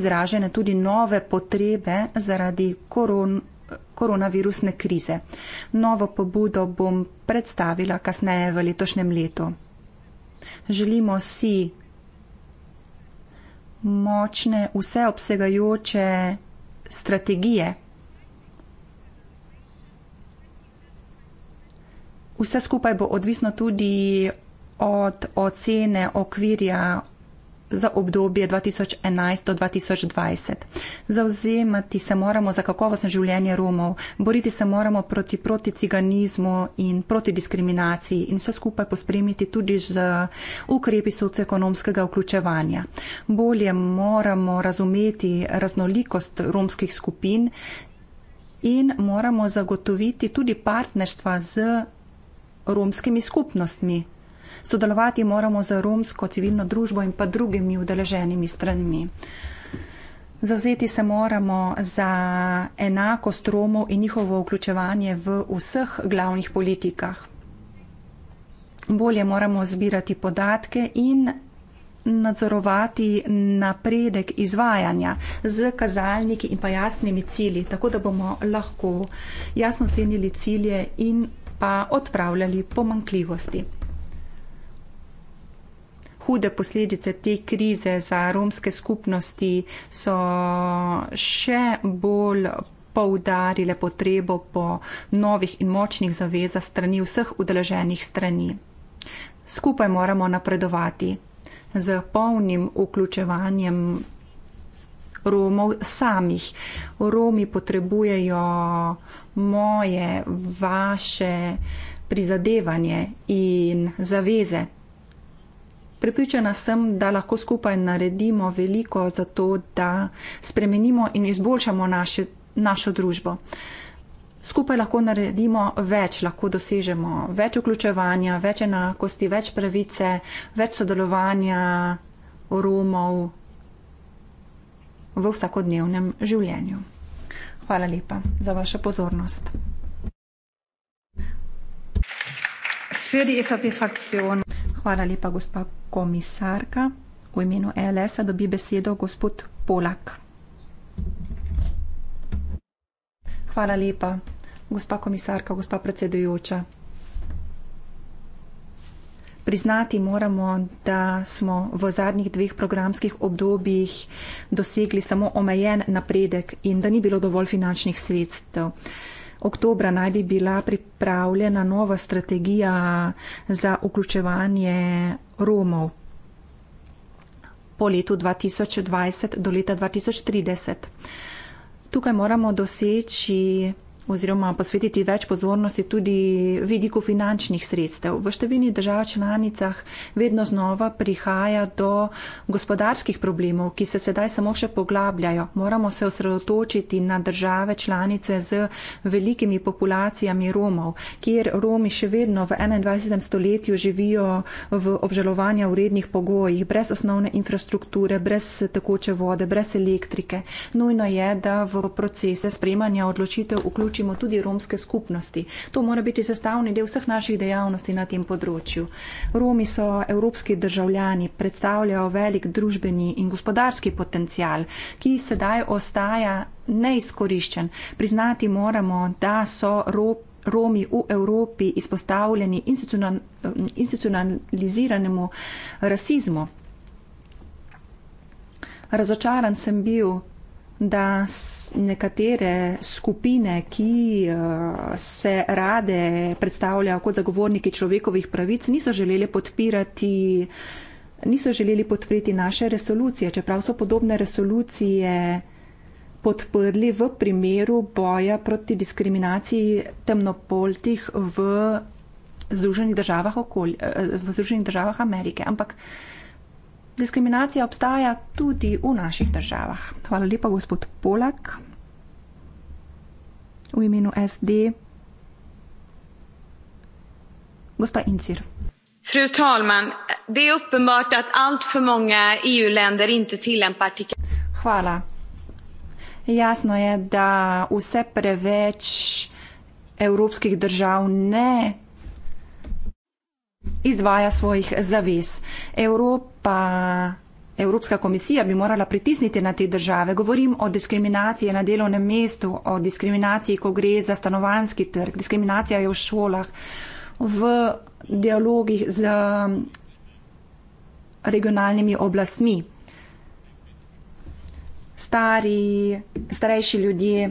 izražene tudi nove potrebe zaradi koronavirusa koronavirusne krize. Novo pobudo bom predstavila kasneje v letošnjem letu. Želimo si močne, vseobsegajoče strategije. Vse skupaj bo odvisno tudi od ocene okvirja za obdobje 2011 do 2020. Zauzemati se moramo za kakovostno življenje Romov, boriti se moramo proti proticiganizmu in proti diskriminaciji in vse skupaj pospremiti tudi z ukrepi socioekonomskega vključevanja. Bolje moramo razumeti raznolikost romskih skupin in moramo zagotoviti tudi partnerstva z romskimi skupnostmi, sodelovati moramo z romsko civilno družbo in pa drugimi udeleženimi stranmi. Zavzeti se moramo za enako stromo in njihovo vključevanje v vseh glavnih politikah. Bolje moramo zbirati podatke in nadzorovati napredek izvajanja z kazalniki in pa jasnimi cilji, tako da bomo lahko jasno cenili cilje in pa odpravljali pomankljivosti hude posledice te krize za romske skupnosti so še bolj poudarile potrebo po novih in močnih zavezah strani vseh udeleženih strani. Skupaj moramo napredovati z polnim vključevanjem Romov samih. Romi potrebujejo moje, vaše prizadevanje in zaveze. Pripričana sem, da lahko skupaj naredimo veliko za to, da spremenimo in izboljšamo naše, našo družbo. Skupaj lahko naredimo več, lahko dosežemo več vključevanja, več enakosti, več pravice, več sodelovanja Romov v vsakodnevnem življenju. Hvala lepa za vašo pozornost. Für die EVP-Fraktion. Hvala lepa, gospa komisarka. V imenu ELS-a dobi besedo gospod Polak. Hvala lepa, gospa komisarka, gospa predsedujoča. Priznati moramo, da smo v zadnjih dveh programskih obdobjih dosegli samo omejen napredek in da ni bilo dovolj finančnih sredstev. Oktobra naj bi bila pripravljena nova strategija za vključevanje Romov po letu 2020 do leta 2030. Tukaj moramo doseči oziroma posvetiti več pozornosti tudi vidiku finančnih sredstev. V številnih držav članicah vedno znova prihaja do gospodarskih problemov, ki se sedaj samo še poglabljajo. Moramo se osredotočiti na države članice z velikimi populacijami Romov, kjer Romi še vedno v 21. stoletju živijo v obžalovanja urednih pogojih, brez osnovne infrastrukture, brez tekoče vode, brez elektrike. Nujno je, da v procese sprejmanja odločitev vključimo vključimo tudi romske skupnosti. To mora biti sestavni del vseh naših dejavnosti na tem področju. Romi so evropski državljani, predstavljajo velik družbeni in gospodarski potencial, ki sedaj ostaja neizkoriščen. Priznati moramo, da so rop. Romi v Evropi izpostavljeni institucionaliziranemu rasizmu. Razočaran sem bil da nekatere skupine, ki eh, se rade predstavljajo kot zagovorniki človekovih pravic, niso želeli podpirati. Niso želeli podpreti naše resolucije, čeprav so podobne resolucije podprli v primeru boja proti diskriminaciji temnopoltih v Združenih državah, okolje, eh, v Združenih državah Amerike. Ampak Diskriminacija obstaja tudi v naših državah. Hvala lepa, gospod Polak. V imenu SD. Gospa Incir. Fru talman, da je uppenbart, da alt for mange EU-länder inte tillämpar artikel. Hvala. Jasno je, da vse preveč evropskih držav ne izvaja svojih zavez. Evropa, Evropska komisija bi morala pritisniti na te države. Govorim o diskriminaciji na delovnem mestu, o diskriminaciji, ko gre za stanovanski trg, diskriminacija je v šolah, v dialogih z regionalnimi oblastmi. Stari, starejši ljudje,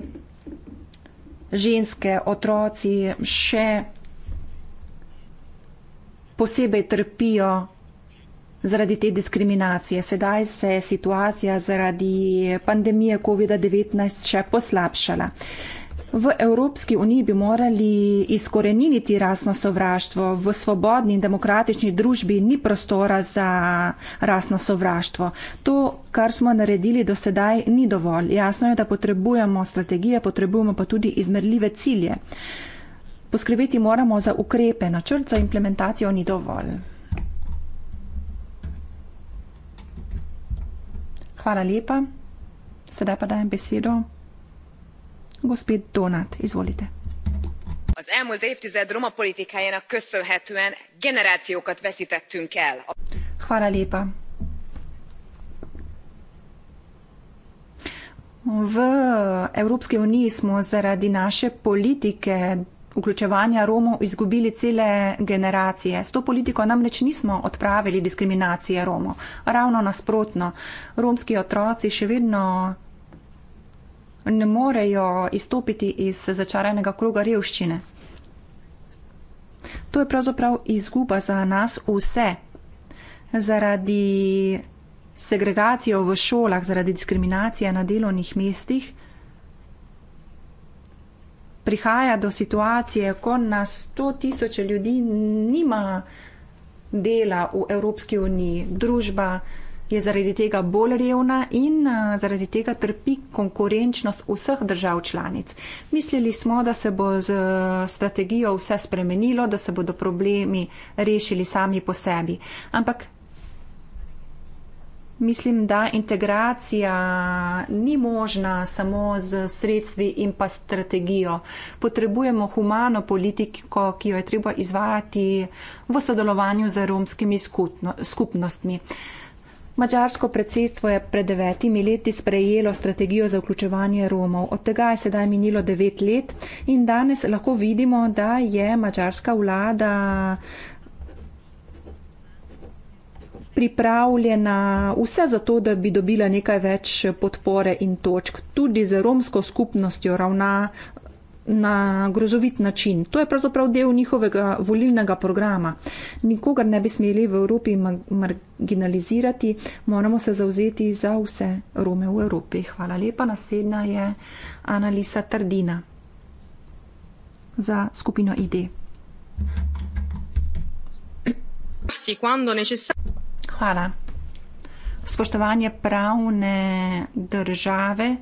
ženske, otroci, še posebej trpijo zaradi te diskriminacije. Sedaj se je situacija zaradi pandemije COVID-19 še poslabšala. V Evropski uniji bi morali izkoreniniti rasno sovraštvo. V svobodni in demokratični družbi ni prostora za rasno sovraštvo. To, kar smo naredili do sedaj, ni dovolj. Jasno je, da potrebujemo strategije, potrebujemo pa tudi izmerljive cilje. Poskrbeti moramo za ukrepe, načrt za implementacijo ni dovolj. Hvala lepa. Sedaj pa dajem besedo gospod Donat, izvolite. Az elmúlt évtized roma politikájának köszönhetően generációkat veszítettünk el. Hvala lepa. V Evropski uniji smo zaradi naše politike vključevanja Romov izgubili cele generacije. S to politiko namreč nismo odpravili diskriminacije Romov. Ravno nasprotno, romski otroci še vedno ne morejo izstopiti iz začaranega kroga revščine. To je pravzaprav izguba za nas vse. Zaradi segregacije v šolah, zaradi diskriminacije na delovnih mestih prihaja do situacije, ko na sto tisoče ljudi nima dela v Evropski uniji, družba je zaradi tega bolj revna in a, zaradi tega trpi konkurenčnost vseh držav članic. Mislili smo, da se bo z strategijo vse spremenilo, da se bodo problemi rešili sami po sebi. Ampak Mislim, da integracija ni možna samo z sredstvi in pa strategijo. Potrebujemo humano politiko, ki jo je treba izvajati v sodelovanju z romskimi skupnostmi. Mačarsko predsedstvo je pred devetimi leti sprejelo strategijo za vključevanje Romov. Od tega je sedaj minilo devet let in danes lahko vidimo, da je mačarska vlada pripravljena vse za to, da bi dobila nekaj več podpore in točk. Tudi z romsko skupnostjo ravna na grozovit način. To je pravzaprav del njihovega volilnega programa. Nikogar ne bi smeli v Evropi marginalizirati, moramo se zauzeti za vse Rome v Evropi. Hvala lepa. Naslednja je Analisa Tardina za skupino ID. Hvala. Spoštovanje pravne države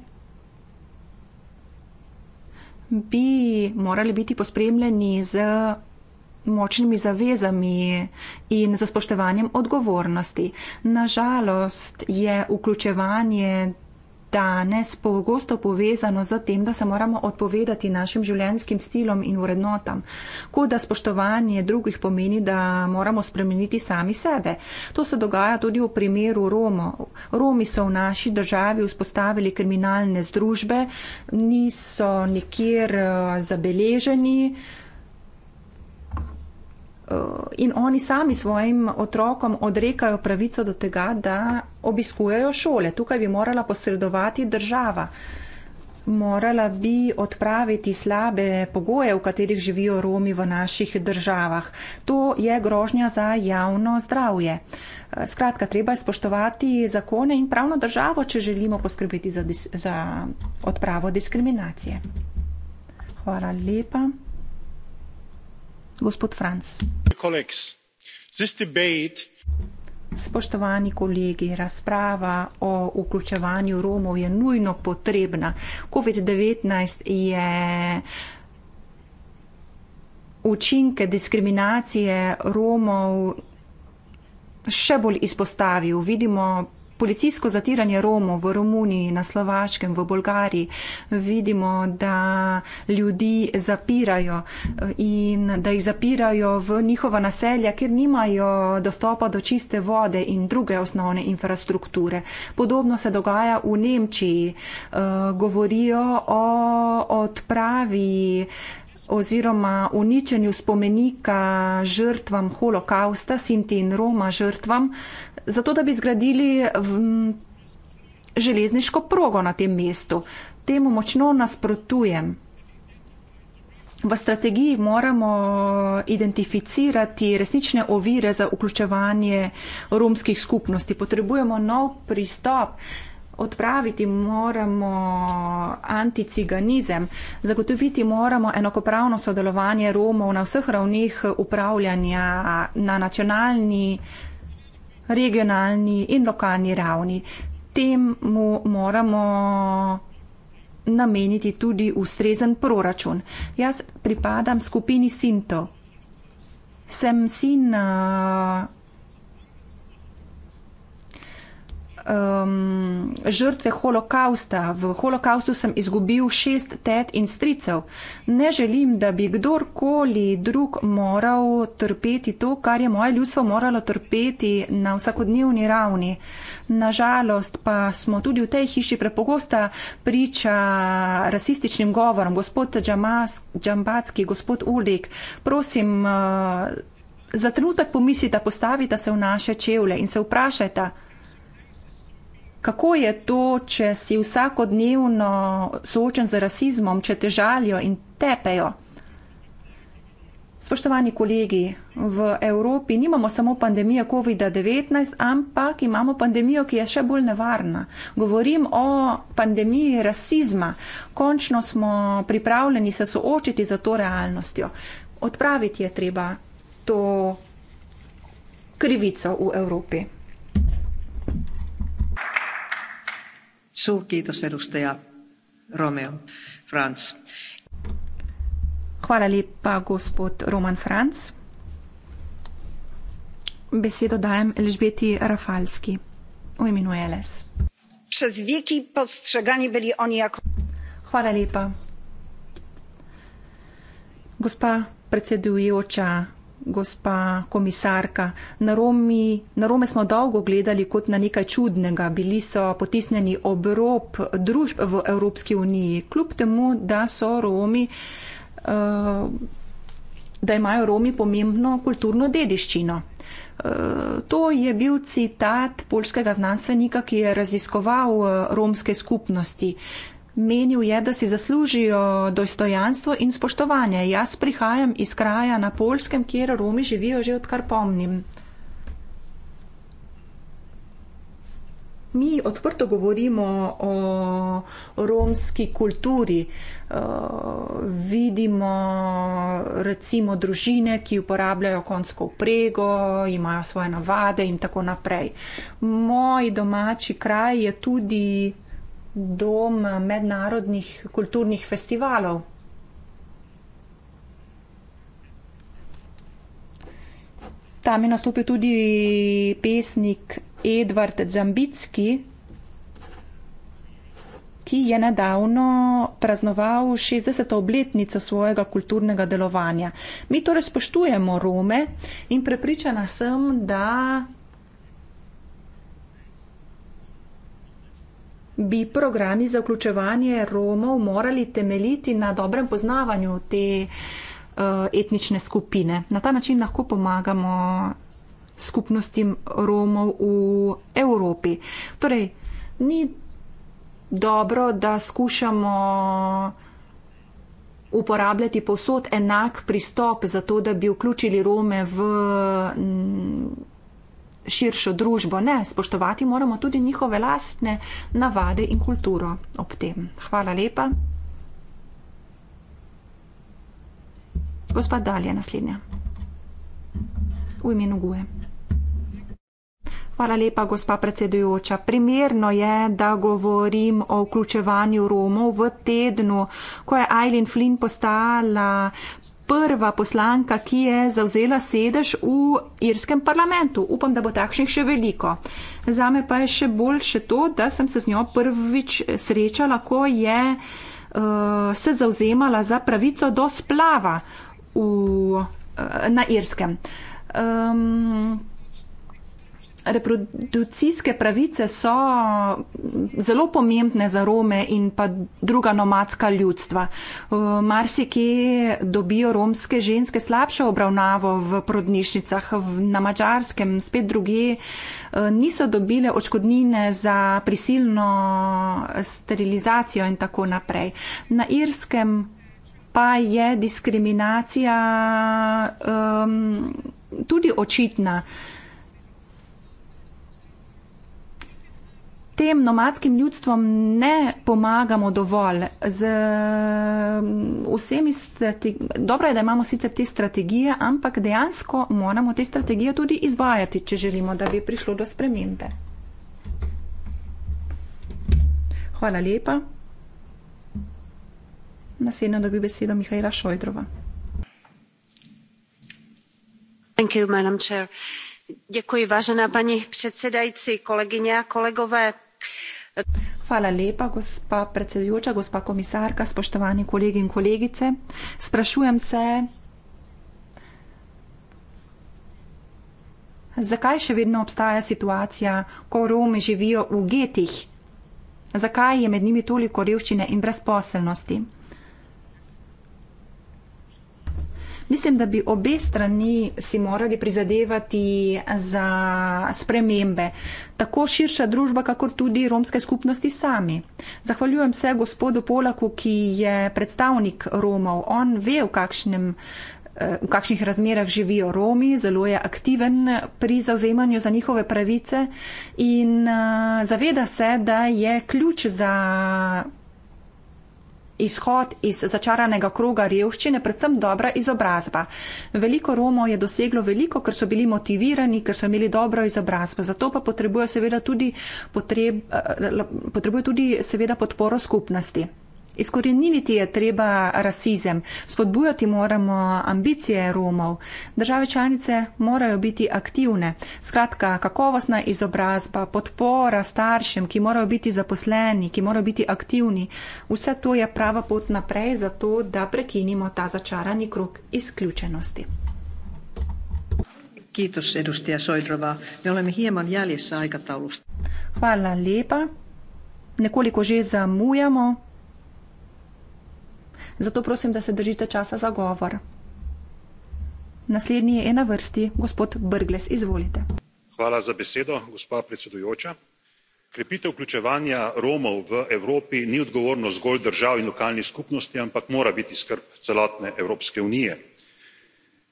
bi morali biti pospremljeni z močnimi zavezami in z spoštovanjem odgovornosti. Nažalost je vključevanje danes pogosto povezano z tem, da se moramo odpovedati našim življenjskim stilom in vrednotam. Kot da spoštovanje drugih pomeni, da moramo spremeniti sami sebe. To se dogaja tudi v primeru Romo. Romi so v naši državi vzpostavili kriminalne združbe, niso nikjer eh, zabeleženi. Eh, in oni sami svojim otrokom odrekajo pravico do tega, da obiskujejo šole. Tukaj bi morala posredovati država. Morala bi odpraviti slabe pogoje, v katerih živijo Romi v naših državah. To je grožnja za javno zdravje. Eh, skratka, treba je spoštovati zakone in pravno državo, če želimo poskrbeti za, za odpravo diskriminacije. Hvala lepa gospod Franc. Spoštovani kolegi, razprava o vključevanju Romov je nujno potrebna. COVID-19 je učinke diskriminacije Romov še bolj izpostavil. Vidimo policijsko zatiranje Romov v Romuniji, na Slovaškem, v Bolgariji, vidimo, da ljudi zapirajo eh, in da jih zapirajo v njihova naselja, ker nimajo dostopa do čiste vode in druge osnovne infrastrukture. Podobno se dogaja v Nemčiji. Eh, govorijo o odpravi oziroma uničenju spomenika žrtvam holokausta, Sinti in Roma žrtvam, zato da bi zgradili železniško progo na tem mestu. Temu močno nasprotujem. V strategiji moramo identificirati resnične ovire za vključevanje romskih skupnosti. Potrebujemo nov pristop, odpraviti moramo anticiganizem, zagotoviti moramo enakopravno sodelovanje Romov na vseh ravnih upravljanja na nacionalni način regionalni in lokalni ravni. Temu moramo nameniti tudi ustrezen proračun. Jaz pripadam skupini Sinto. Sem sin. Uh, um, žrtve holokausta. V holokaustu sem izgubil šest tet in stricev. Ne želim, da bi kdorkoli drug moral trpeti to, kar je moje ljudstvo moralo trpeti na vsakodnevni ravni. Nažalost pa smo tudi v tej hiši prepogosta priča rasističnim govorom. Gospod Džambacki, gospod Ulik, prosim. Uh, Za trenutek pomislite, postavite se v naše čevlje in se vprašajte, Kako je to, če si vsakodnevno soočen z rasizmom, če te žalijo in tepejo? Spoštovani kolegi, v Evropi nimamo samo pandemije COVID-19, ampak imamo pandemijo, ki je še bolj nevarna. Govorim o pandemiji rasizma. Končno smo pripravljeni se soočiti za to realnostjo. Odpraviti je treba to krivico v Evropi. Hvala lepa, gospod Roman Franc. Besedo dajem Elžbeti Rafalski v imenu LS. Čez veki postrzegani bili oni jako... Hvala lepa. Gospa predsedujoča, gospa komisarka. Na, Romi, na Rome smo dolgo gledali kot na nekaj čudnega, bili so potisneni ob rob družb v Evropski uniji, kljub temu, da so Romi. Uh, da imajo Romi pomembno kulturno dediščino. Eh, to je bil citat polskega znanstvenika, ki je raziskoval eh, romske skupnosti. Menil je, da si zaslužijo dostojanstvo in spoštovanje. Jaz prihajam iz kraja na Polskem, kjer Romi živijo že odkar pomnim. Mi odprto govorimo o romski kulturi. Uh, vidimo recimo družine, ki uporabljajo konsko prego, imajo svoje navade in tako naprej. Moj domači kraj je tudi dom mednarodnih kulturnih festivalov. Tam je nastopil tudi pesnik Edvard Zambicki, ki je nedavno praznoval 60. obletnico svojega kulturnega delovanja. Mi torej spoštujemo Rome in prepričana sem, da bi programi za vključevanje Romov morali temeljiti na dobrem poznavanju te eh, etnične skupine. Na ta način lahko pomagamo skupnostim Romov v Evropi. Torej, ni dobro, da skušamo uporabljati posod enak pristop za to, da bi vključili Rome v. M, širšo družbo. Ne, spoštovati moramo tudi njihove lastne navade in kulturo ob tem. Hvala lepa. Gospod Dalje, naslednja. V imenu Guje. Hvala lepa, gospa predsedujoča. Primerno je, da govorim o vključevanju Romov v tednu, ko je Eileen Flynn postala prva poslanka, ki je zavzela sedež v irskem parlamentu. Upam, da bo takšnih še veliko. Za me pa je še boljše to, da sem se z njo prvič srečala, ko je uh, se zauzemala za pravico do splava v, uh, na irskem. Um, reprodukcijske pravice so zelo pomembne za Rome in pa druga nomadska ljudstva. Marsikje dobijo romske ženske slabšo obravnavo v prodnišnicah, na mačarskem spet druge eh, niso dobile očkodnine za prisilno sterilizacijo in tako naprej. Na irskem pa je diskriminacija um, tudi očitna. tem nomadskim ljudstvom ne pomagamo dovolj. Dobro je, da imamo sicer te strategije, ampak dejansko moramo te strategije tudi izvajati, če želimo, da bi prišlo do spremembe. Hvala lepa. Naslednjo dobi besedo Mihajla Šojdrova. Thank you, madam chair. Děkuji, vážená paní předsedající, kolegyně a kolegové. Hvala lepa, gospa predsedujoča, gospa komisarka, spoštovani kolegi in kolegice. Sprašujem se, zakaj še vedno obstaja situacija, ko Romi živijo v getih? Zakaj je med njimi toliko revščine in brezposelnosti? Mislim, da bi obe strani si morali prizadevati za spremembe, tako širša družba, kakor tudi romske skupnosti sami. Zahvaljujem se gospodu Polaku, ki je predstavnik Romov. On ve, v, kakšnem, eh, v kakšnih razmerah živijo Romi, zelo je aktiven pri zauzemanju za njihove pravice in eh, zaveda se, da je ključ za izhod iz začaranega kroga revščine, predvsem dobra izobrazba. Veliko Romov je doseglo veliko, ker so bili motivirani, ker so imeli dobro izobrazbo. Zato pa potrebuje seveda tudi, potreb, eh, potrebuje tudi seveda podporo skupnosti. Izkoreniniti je treba rasizem, spodbujati moramo ambicije Romov. Države članice morajo biti aktivne. Skratka, kakovostna izobrazba, podpora staršem, ki morajo biti zaposleni, ki morajo biti aktivni, vse to je prava pot naprej za to, da prekinimo ta začarani krok izključenosti. Kitos, edustaja Sojdrova. Me oleme hieman jäljessä aikataulusta. Hvala lepa. Nekoliko že zamujamo, Zato prosim, da se držite časa za govor. Naslednji je na vrsti gospod Brgles. Izvolite. Hvala za besedo, gospa predsedujoča. Krepitev vključevanja Romov v Evropi ni odgovorno zgolj držav in lokalnih skupnosti, ampak mora biti skrb celotne Evropske unije.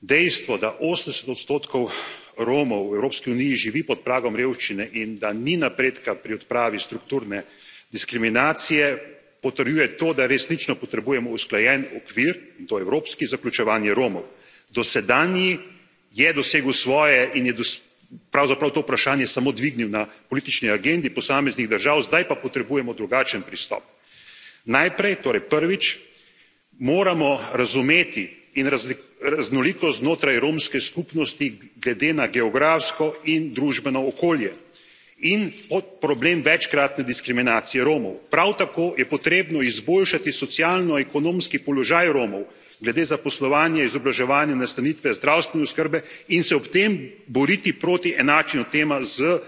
Dejstvo, da osemdeset odstotkov Romov v Evropski uniji živi pod pragom revščine in da ni napredka pri odpravi strukturne diskriminacije, potrjuje to da resnično potrebujemo usklajen okvir in to evropski za vključevanje romov. dosedanji je dosegel svoje in je pravzaprav to vprašanje samo dvignil na politični agendi posameznih držav zdaj pa potrebujemo drugačen pristop. najprej torej prvič moramo razumeti in raznolikost znotraj romske skupnosti glede na geografsko in družbeno okolje in problem večkratne diskriminacije romov. prav tako je potrebno izboljšati socialno ekonomski položaj romov glede zaposlovanja izobraževanja nastanitve zdravstvene oskrbe in se ob tem boriti proti enačenju tema z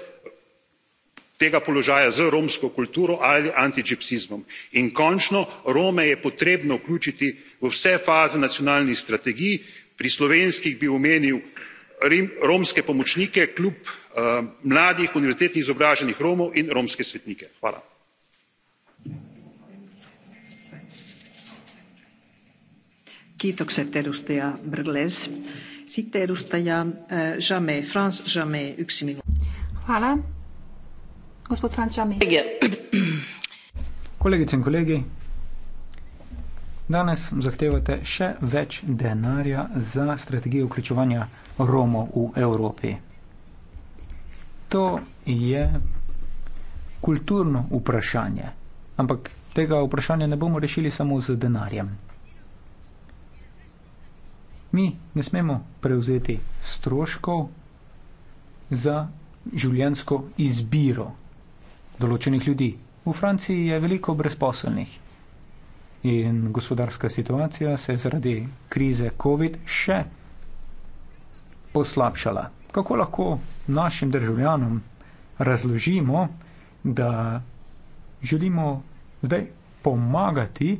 tega položaja z romsko kulturo ali antigipsizmom. in končno rome je potrebno vključiti v vse faze nacionalnih strategij pri slovenskih bi omenil romske pomočnike kljub Eh, mladih univerzitetno izobraženih romov in romske svetnike. hvala. Eh, kolegice in kolegi danes zahtevate še več denarja za strategijo vključevanja romov v evropi to je kulturno vprašanje. Ampak tega vprašanja ne bomo rešili samo z denarjem. Mi ne smemo prevzeti stroškov za življensko izbiro določenih ljudi. V Franciji je veliko brezposelnih in gospodarska situacija se je zaradi krize COVID še poslabšala kako lahko našim državljanom razložimo, da želimo zdaj pomagati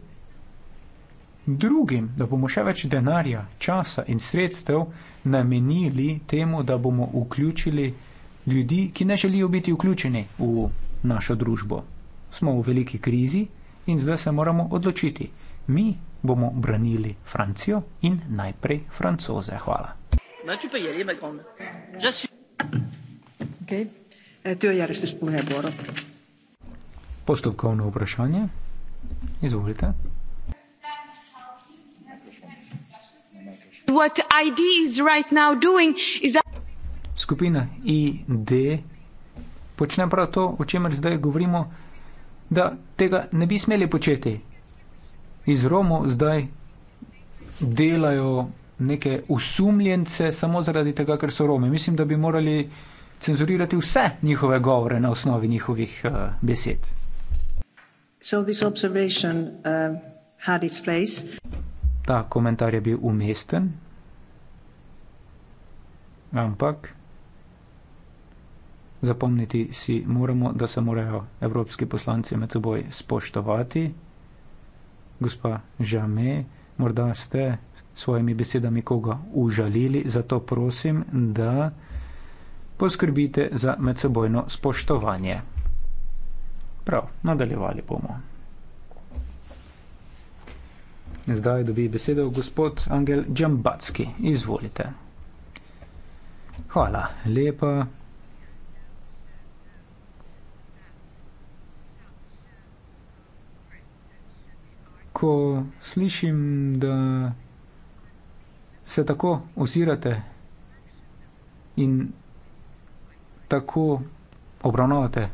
drugim, da bomo še več denarja, časa in sredstev namenili temu, da bomo vključili ljudi, ki ne želijo biti vključeni v našo družbo. Smo v veliki krizi in zdaj se moramo odločiti. Mi bomo branili Francijo in najprej Francoze. Hvala. Postopkovno vprašanje. Izvolite. What ID is right now doing is that... Skupina ID počne prav to, o čemer zdaj govorimo, da tega ne bi smeli početi. Iz Romo zdaj delajo neke usumljence samo zaradi tega, ker so Romi. Mislim, da bi morali cenzurirati vse njihove govore na osnovi njihovih uh, besed. Uh, Ta komentar je bil umesten, ampak zapomniti si moramo, da se morajo evropski poslanci med seboj spoštovati. Gospa Žame, morda ste svojimi besedami koga užalili, zato prosim, da poskrbite za medsebojno spoštovanje. Prav, nadaljevali bomo. Zdaj dobi besedo gospod Angel Džambacki. Izvolite. Hvala, lepa. Ko slišim, da se tako ozirate in tako obravnavate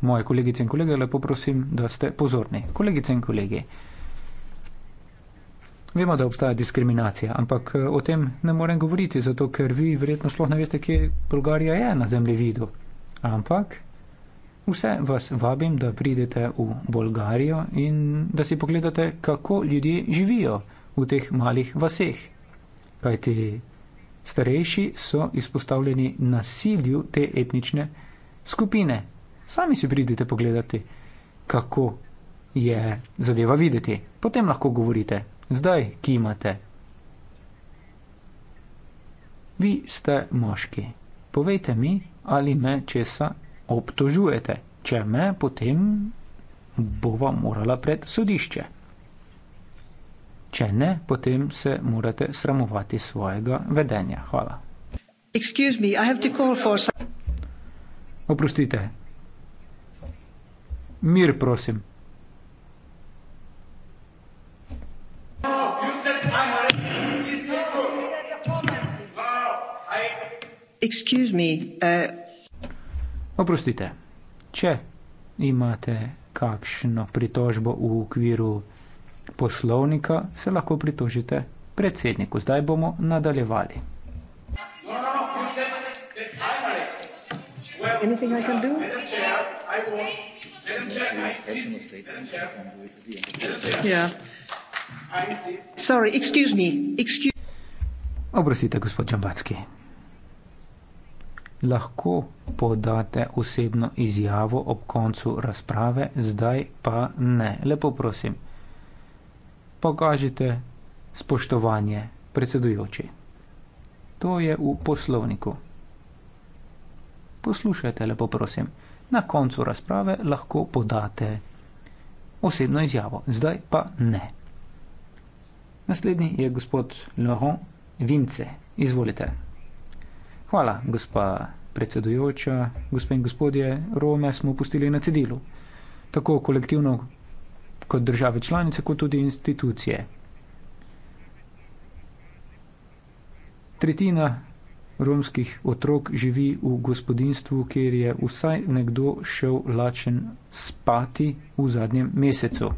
moje kolegice in kolege, lepo prosim, da ste pozorni. Kolegice in kolegi, vemo, da obstaja diskriminacija, ampak eh, o tem ne morem govoriti, zato ker vi verjetno sploh ne veste, kje Bulgarija je na zemljevidu. Ampak vse vas vabim, da pridete v Bulgarijo in da si pogledate, kako ljudje živijo v teh malih vaseh kajti starejši so izpostavljeni nasilju te etnične skupine. Sami si pridite pogledati, kako je zadeva videti. Potem lahko govorite, zdaj kimate. Vi ste moški. Povejte mi, ali me česa obtožujete. Če me, potem bova morala pred sodišče. Če ne, potem se morate sramovati svojega vedenja. Hvala. Oprostite. Mir, prosim. Excuse me. Uh... Oprostite, če imate kakšno pritožbo v okviru poslovnika se lahko pritožite predsedniku. Zdaj bomo nadaljevali. No, no, no, Anything I can do? Yeah. Sorry, excuse me. Excuse Oprostite, gospod Čambacki. Lahko podate osebno izjavo ob koncu razprave, zdaj pa ne. Lepo prosim pokažite spoštovanje predsedujoči. To je v poslovniku. Poslušajte lepo, prosim. Na koncu razprave lahko podate osebno izjavo, zdaj pa ne. Naslednji je gospod Laurent Vince. Izvolite. Hvala, gospa predsedujoča, gospe in gospodje, Rome smo pustili na cedilu. Tako kolektivno kot države članice, kot tudi institucije. Tretjina romskih otrok živi v gospodinstvu, kjer je vsaj nekdo šel lačen spati v zadnjem mesecu.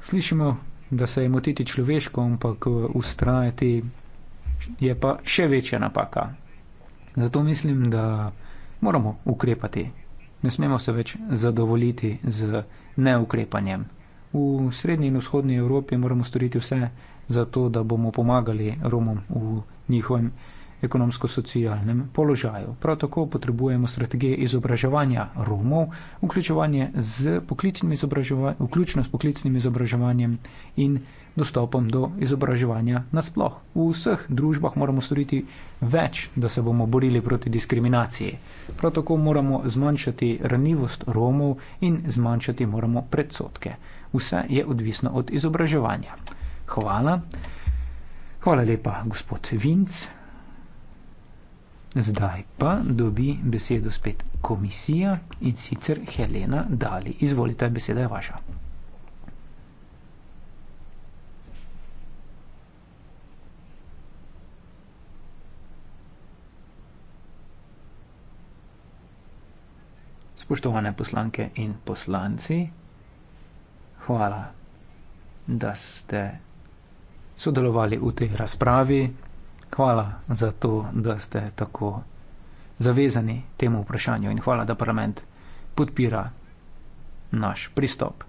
Slišimo, da se je motiti človeško, ampak ustrajati je pa še večja napaka. Zato mislim, da moramo ukrepati. Ne smemo se več zadovoljiti z neukrepanjem. V srednji in vzhodnji Evropi moramo storiti vse za to, da bomo pomagali Romom v njihovem ekonomsko-socialnem položaju. Prav tako potrebujemo strategije izobraževanja Romov, vključevanje z poklicnim izobraževanjem, vključno s poklicnim izobraževanjem in dostopom do izobraževanja nasploh. V vseh družbah moramo storiti več, da se bomo borili proti diskriminaciji. Prav tako moramo zmanjšati ranljivost Romov in zmanjšati moramo predsotke. Vse je odvisno od izobraževanja. Hvala. Hvala lepa, gospod Vince. Zdaj pa dobi besedo spet komisija in sicer Helena Dali. Izvolite, beseda je vaša. Spoštovane poslanke in poslanci, hvala, da ste sodelovali v tej razpravi. Hvala za to, da ste tako zavezani temu vprašanju in hvala, da parlament podpira naš pristop.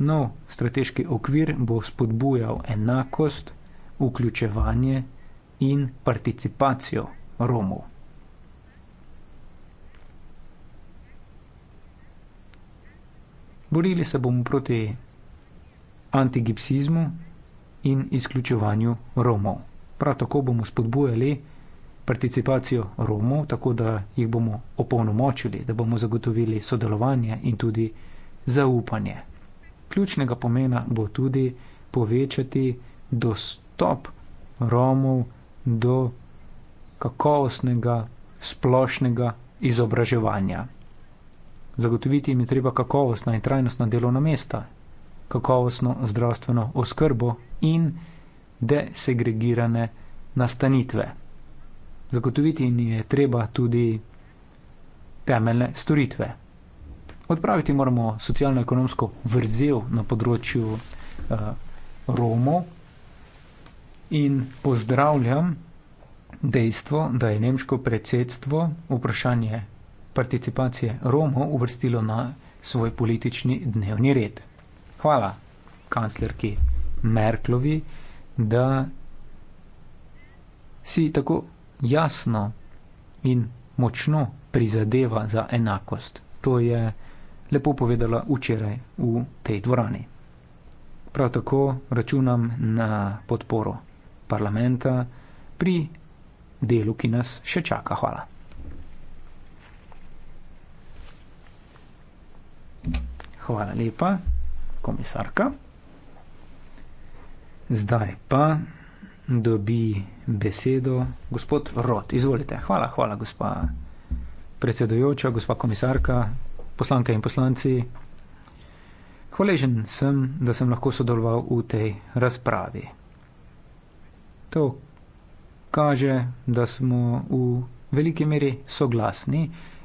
Nov strateški okvir bo spodbujal enakost, vključevanje in participacijo Romov. Borili se bomo proti antigipsizmu in izključevanju Romov. Prav tako bomo spodbujali participacijo Romov, tako da jih bomo opolnomočili, da bomo zagotovili sodelovanje in tudi zaupanje. Ključnega pomena bo tudi povečati dostop Romov do kakovostnega splošnega izobraževanja. Zagotoviti jim je treba kakovostna in trajnostna delovna mesta, kakovostno zdravstveno oskrbo in desegregirane nastanitve. Zagotoviti jim je treba tudi temeljne storitve. Odpraviti moramo socialno-ekonomsko vrzel na področju eh, Romov in pozdravljam dejstvo, da je nemško predsedstvo vprašanje participacije Romov uvrstilo na svoj politični dnevni red. Hvala kanclerki Merklovi da si tako jasno in močno prizadeva za enakost. To je lepo povedala včeraj v tej dvorani. Prav tako računam na podporo parlamenta pri delu, ki nas še čaka. Hvala. Hvala lepa, komisarka. Zdaj pa dobi besedo gospod Rot. Izvolite. Hvala, hvala, gospa predsedujoča, gospa komisarka, poslanke in poslanci. Hvaležen sem, da sem lahko sodeloval v tej razpravi. To kaže, da smo v veliki meri soglasni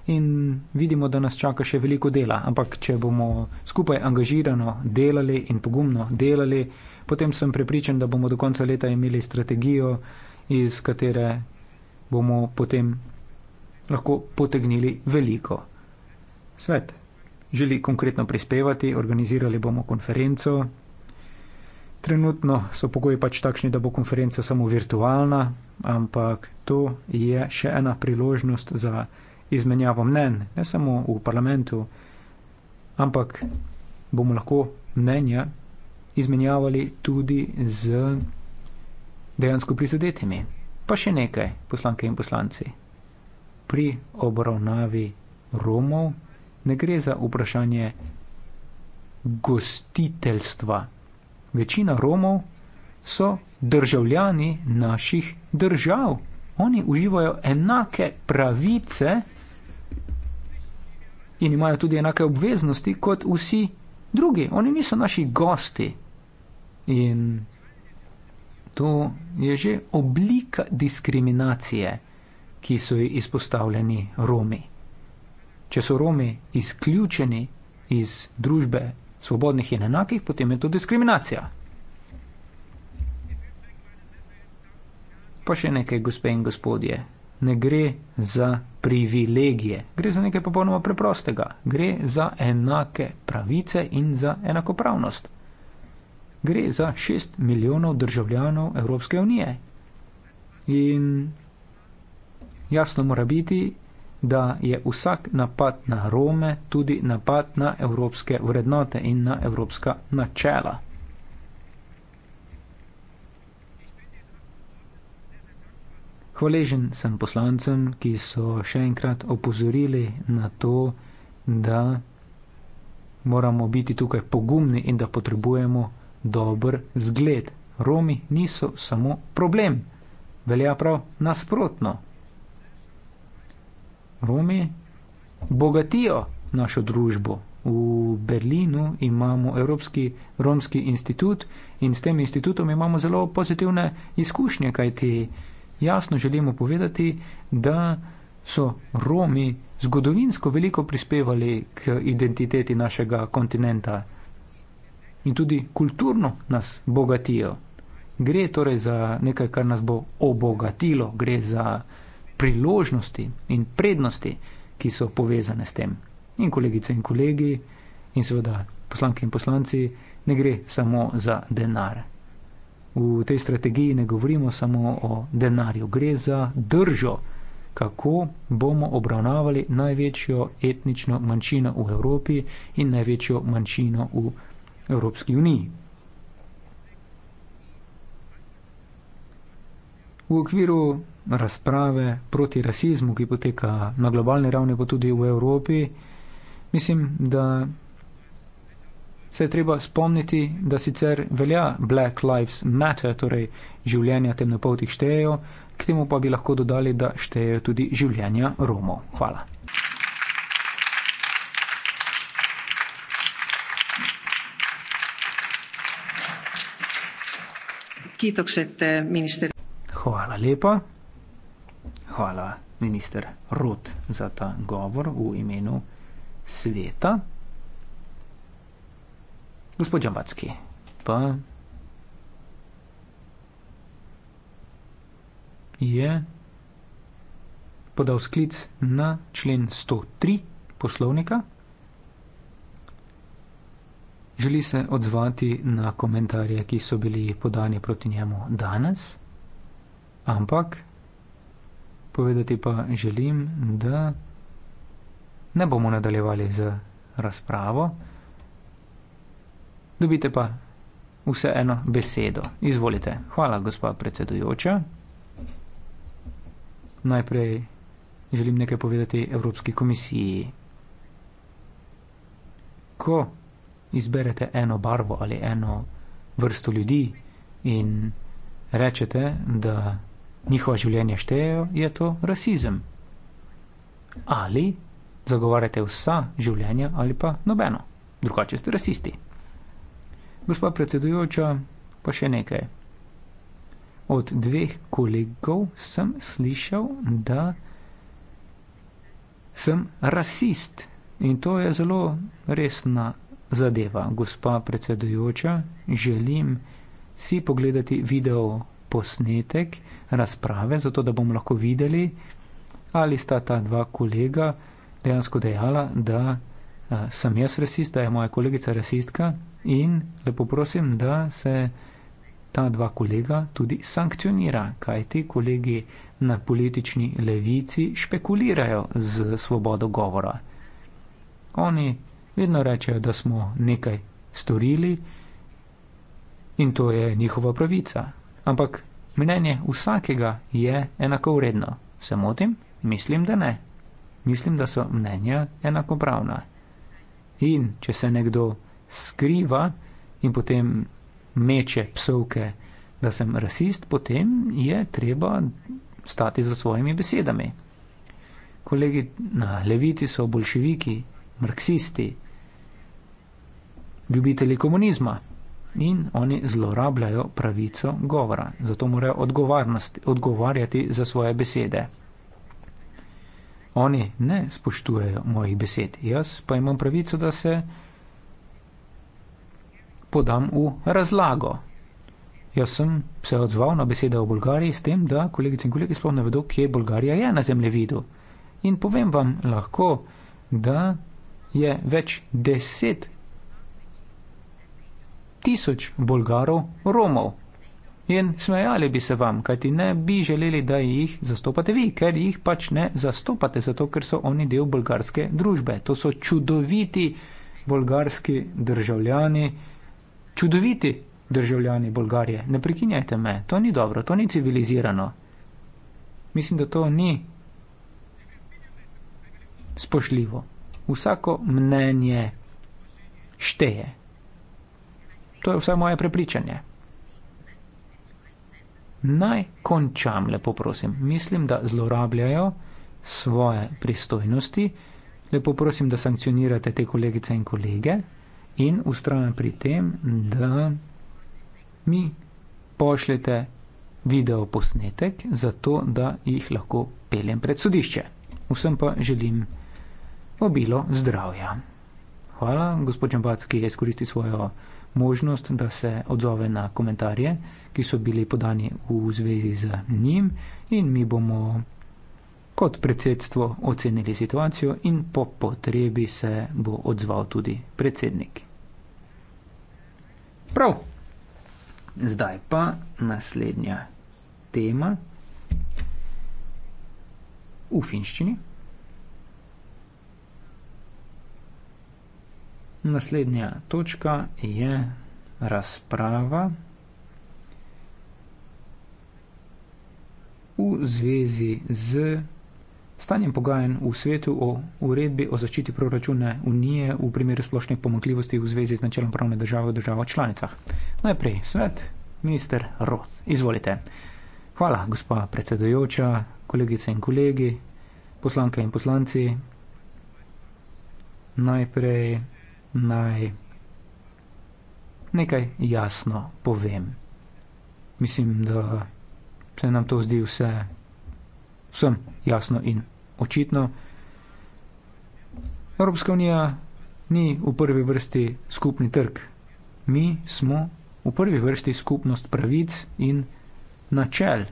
in vidimo, da nas čaka še veliko dela, ampak če bomo skupaj angažirano delali in pogumno delali, potem sem prepričan, da bomo do konca leta imeli strategijo, iz katere bomo potem lahko potegnili veliko. Svet želi konkretno prispevati, organizirali bomo konferenco. Trenutno so pogoji pač takšni, da bo konferenca samo virtualna, ampak to je še ena priložnost za izmenjavo mnen, ne samo v parlamentu, ampak bomo lahko mnenja izmenjavali tudi z dejansko prizadetimi. Pa še nekaj, poslanke in poslanci. Pri obravnavi Romov ne gre za vprašanje gostiteljstva. Večina Romov so državljani naših držav. Oni uživajo enake pravice in imajo tudi enake obveznosti kot vsi drugi. Oni niso naši gosti. In to je že oblika diskriminacije, ki so ji izpostavljeni Romi. Če so Romi izključeni iz družbe svobodnih in enakih, potem je to diskriminacija. Pa še nekaj, gospe in gospodje, ne gre za privilegije, gre za nekaj popolnoma preprostega, gre za enake pravice in za enakopravnost gre za 6 milijonov državljanov Evropske unije. In jasno mora biti, da je vsak napad na Rome tudi napad na evropske vrednote in na evropska načela. Hvaležen sem poslancem, ki so še enkrat opozorili na to, da moramo biti tukaj pogumni in da potrebujemo vrednote dober zgled. Romi niso samo problem. Velja prav nasprotno. Romi bogatijo našo družbo. V Berlinu imamo Evropski romski institut in s tem institutom imamo zelo pozitivne izkušnje, kajti jasno želimo povedati, da so Romi zgodovinsko veliko prispevali k identiteti našega kontinenta in tudi kulturno nas bogatijo. Gre torej za nekaj, kar nas bo obogatilo, gre za priložnosti in prednosti, ki so povezane s tem. In kolegice in kolegi, in seveda poslanke in poslanci, ne gre samo za denar. V tej strategiji ne govorimo samo o denarju, gre za držo, kako bomo obravnavali največjo etnično manjšino v Evropi in največjo manjšino v Evropi. Evropski uniji. V okviru razprave proti rasizmu, ki poteka na globalni ravni, pa tudi v Evropi, mislim, da se je treba spomniti, da sicer velja Black Lives Matter, torej življenja temnopoltih štejejo, k temu pa bi lahko dodali, da štejejo tudi življenja Romov. Hvala. Kitokset, minister. Hvala lepa. Hvala, minister Rut, za ta govor v imenu sveta. Gospod Džambacki, pa je podal sklic na člen 103 poslovnika. Želi se odzvati na komentarje, ki so bili podani proti njemu danes, ampak povedati pa želim, da ne bomo nadaljevali z razpravo. Dobite pa vseeno besedo. Izvolite. Hvala, gospa predsedujoča. Najprej želim nekaj povedati Evropski komisiji. Ko izberete eno barvo ali eno vrsto ljudi in rečete, da njihova življenja štejejo, je to rasizem. Ali zagovarjate vsa življenja ali pa nobeno. Drugače ste rasisti. Gospa predsedujoča, pa še nekaj. Od dveh kolegov sem slišal, da sem rasist. In to je zelo resna zadeva. Gospa predsedujoča, želim si pogledati video posnetek razprave, zato da bom lahko videli, ali sta ta dva kolega dejansko dejala, da uh, sem jaz rasist, da je moja kolegica rasistka in lepo prosim, da se ta dva kolega tudi sankcionira, kaj ti kolegi na politični levici špekulirajo z svobodo govora. Oni Vedno rečejo, da smo nekaj storili in to je njihova pravica. Ampak mnenje vsakega je enako vredno. Se motim? Mislim, da ne. Mislim, da so mnenja enakopravna. In če se nekdo skriva in potem meče psovke, da sem rasist, potem je treba stati za svojimi besedami. Kolegi na levici so bolševiki, marksisti, ljubitelji komunizma. In oni zlorabljajo pravico govora, zato morajo odgovarjati za svoje besede. Oni ne spoštujejo mojih besed, jaz pa imam pravico, da se podam v razlago. Jaz sem se odzval na besede o Bolgariji s tem, da kolegice in kolegi sploh ne vedo, kje Bolgarija je na zemljevidu. In povem vam lahko, da je več deset tisoč bolgarov, romov. In smejali bi se vam, kajti ne bi želeli, da jih zastopate vi, ker jih pač ne zastopate, zato ker so oni del bolgarske družbe. To so čudoviti bolgarski državljani, čudoviti državljani Bolgarije. Ne prekinjajte me, to ni dobro, to ni civilizirano. Mislim, da to ni spošljivo. Vsako mnenje šteje. To je vse moje prepričanje. Naj končam, lepo prosim. Mislim, da zlorabljajo svoje pristojnosti. Lepo prosim, da sankcionirate te kolegice in kolege in ustrajam pri tem, da mi pošljete video posnetek, zato da jih lahko peljem pred sodišče. Vsem pa želim obilo zdravja. Hvala, gospod Čambacki je izkoristil svojo možnost, da se odzove na komentarje, ki so bili podani v zvezi z njim in mi bomo kot predsedstvo ocenili situacijo in po potrebi se bo odzval tudi predsednik. Prav, zdaj pa naslednja tema v finščini. Naslednja točka je razprava v zvezi z stanjem pogajen v svetu o uredbi o zaščiti proračune Unije v primeru splošnih pomakljivosti v zvezi z načelom pravne države v državo članicah. Najprej svet, minister Roth. Izvolite. Hvala, gospa predsedujoča, kolegice in kolegi, poslanke in poslanci. Najprej naj nekaj jasno povem. Mislim, da se nam to zdi vse vsem jasno in očitno. Evropska unija ni v prvi vrsti skupni trg. Mi smo v prvi vrsti skupnost pravic in načel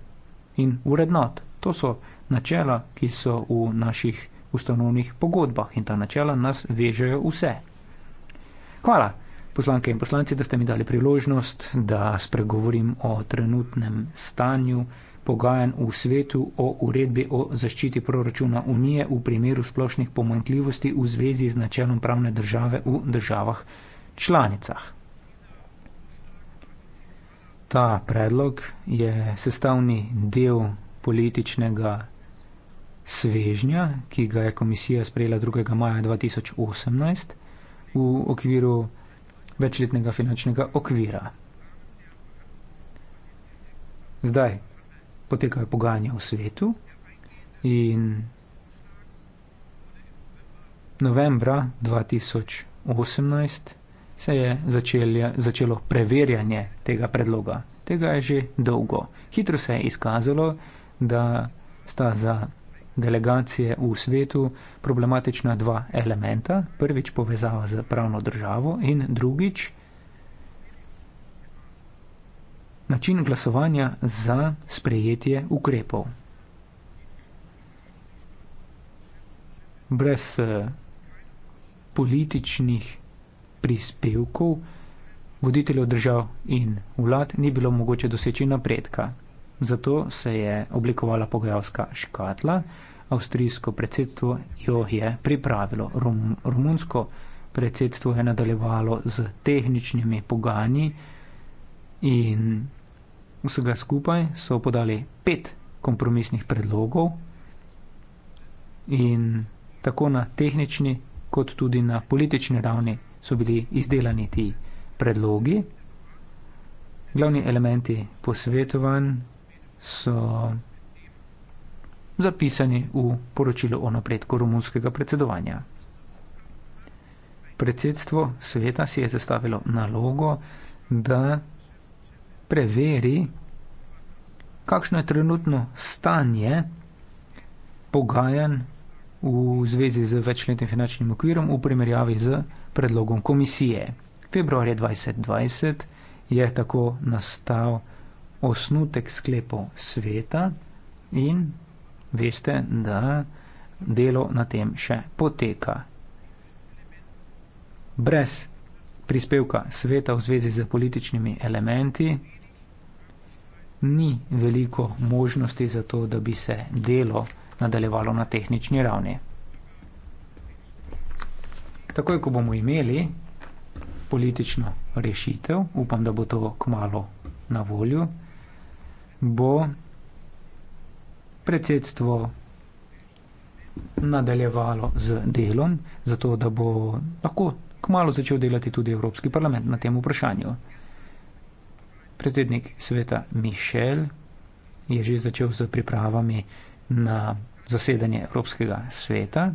in urednot. To so načela, ki so v naših ustanovnih pogodbah in ta načela nas vežejo vse. Hvala, poslanke in poslanci, da ste mi dali priložnost, da spregovorim o trenutnem stanju pogajan v svetu o uredbi o zaščiti proračuna Unije v primeru splošnih pomankljivosti v zvezi z načelom pravne države v državah članicah. Ta predlog je sestavni del političnega svežnja, ki ga je komisija sprejela 2. maja 2018 v okviru večletnega finančnega okvira. Zdaj potekajo pogajanja v svetu in novembra 2018 se je začelje, začelo preverjanje tega predloga. Tega je že dolgo. Hitro se je izkazalo, da sta za delegacije v svetu problematična dva elementa. Prvič povezava z pravno državo in drugič način glasovanja za sprejetje ukrepov. Brez eh, političnih prispevkov voditeljev držav in vlad ni bilo mogoče doseči napredka. Zato se je oblikovala pogajalska škatla. Avstrijsko predsedstvo jo je pripravilo. Rom, romunsko predsedstvo je nadaljevalo z tehničnimi pogajanji in vsega skupaj so podali pet kompromisnih predlogov in tako na tehnični kot tudi na politični ravni so bili izdelani ti predlogi. Glavni elementi posvetovanj so zapisani v poročilu o napredku romunskega predsedovanja. Predsedstvo sveta si je zastavilo nalogo, da preveri, kakšno je trenutno stanje pogajanj v zvezi z večletnim finančnim okvirom v primerjavi z predlogom komisije. Februarja 2020 je tako nastal osnutek sklepov sveta in veste, da delo na tem še poteka. Brez prispevka sveta v zvezi z političnimi elementi ni veliko možnosti za to, da bi se delo nadaljevalo na tehnični ravni. Takoj, ko bomo imeli politično rešitev, upam, da bo to kmalo na voljo, bo predsedstvo nadaljevalo z delom, zato da bo lahko kmalo začel delati tudi Evropski parlament na tem vprašanju. Predsednik sveta Mišel je že začel z pripravami na zasedanje Evropskega sveta.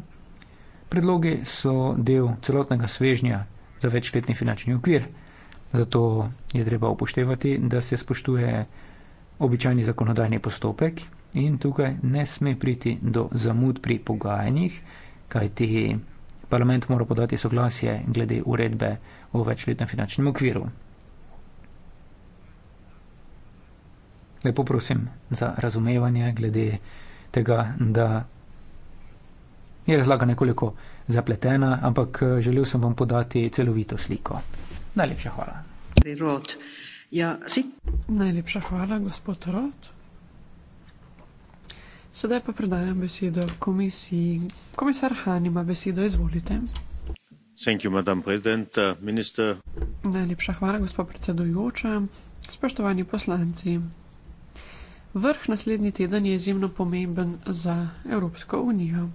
Predloge so del celotnega svežnja za večletni finančni okvir, zato je treba upoštevati, da se spoštuje običajni zakonodajni postopek in tukaj ne sme priti do zamud pri pogajanjih, kajti parlament mora podati soglasje glede uredbe o večletnem finančnem okviru. Lepo prosim za razumevanje glede tega, da je razlaga nekoliko zapletena, ampak eh, želel sem vam podati celovito sliko. Najlepša hvala. Prirod. Ja, si. Najlepša hvala, gospod Rot. Sedaj pa predajam besedo komisiji. Komisar Han ima besedo, izvolite. Thank you, madam president, uh, minister. Najlepša hvala, gospod predsedujoča. Spoštovani poslanci. Vrh naslednji teden je izjemno pomemben za Evropsko unijo.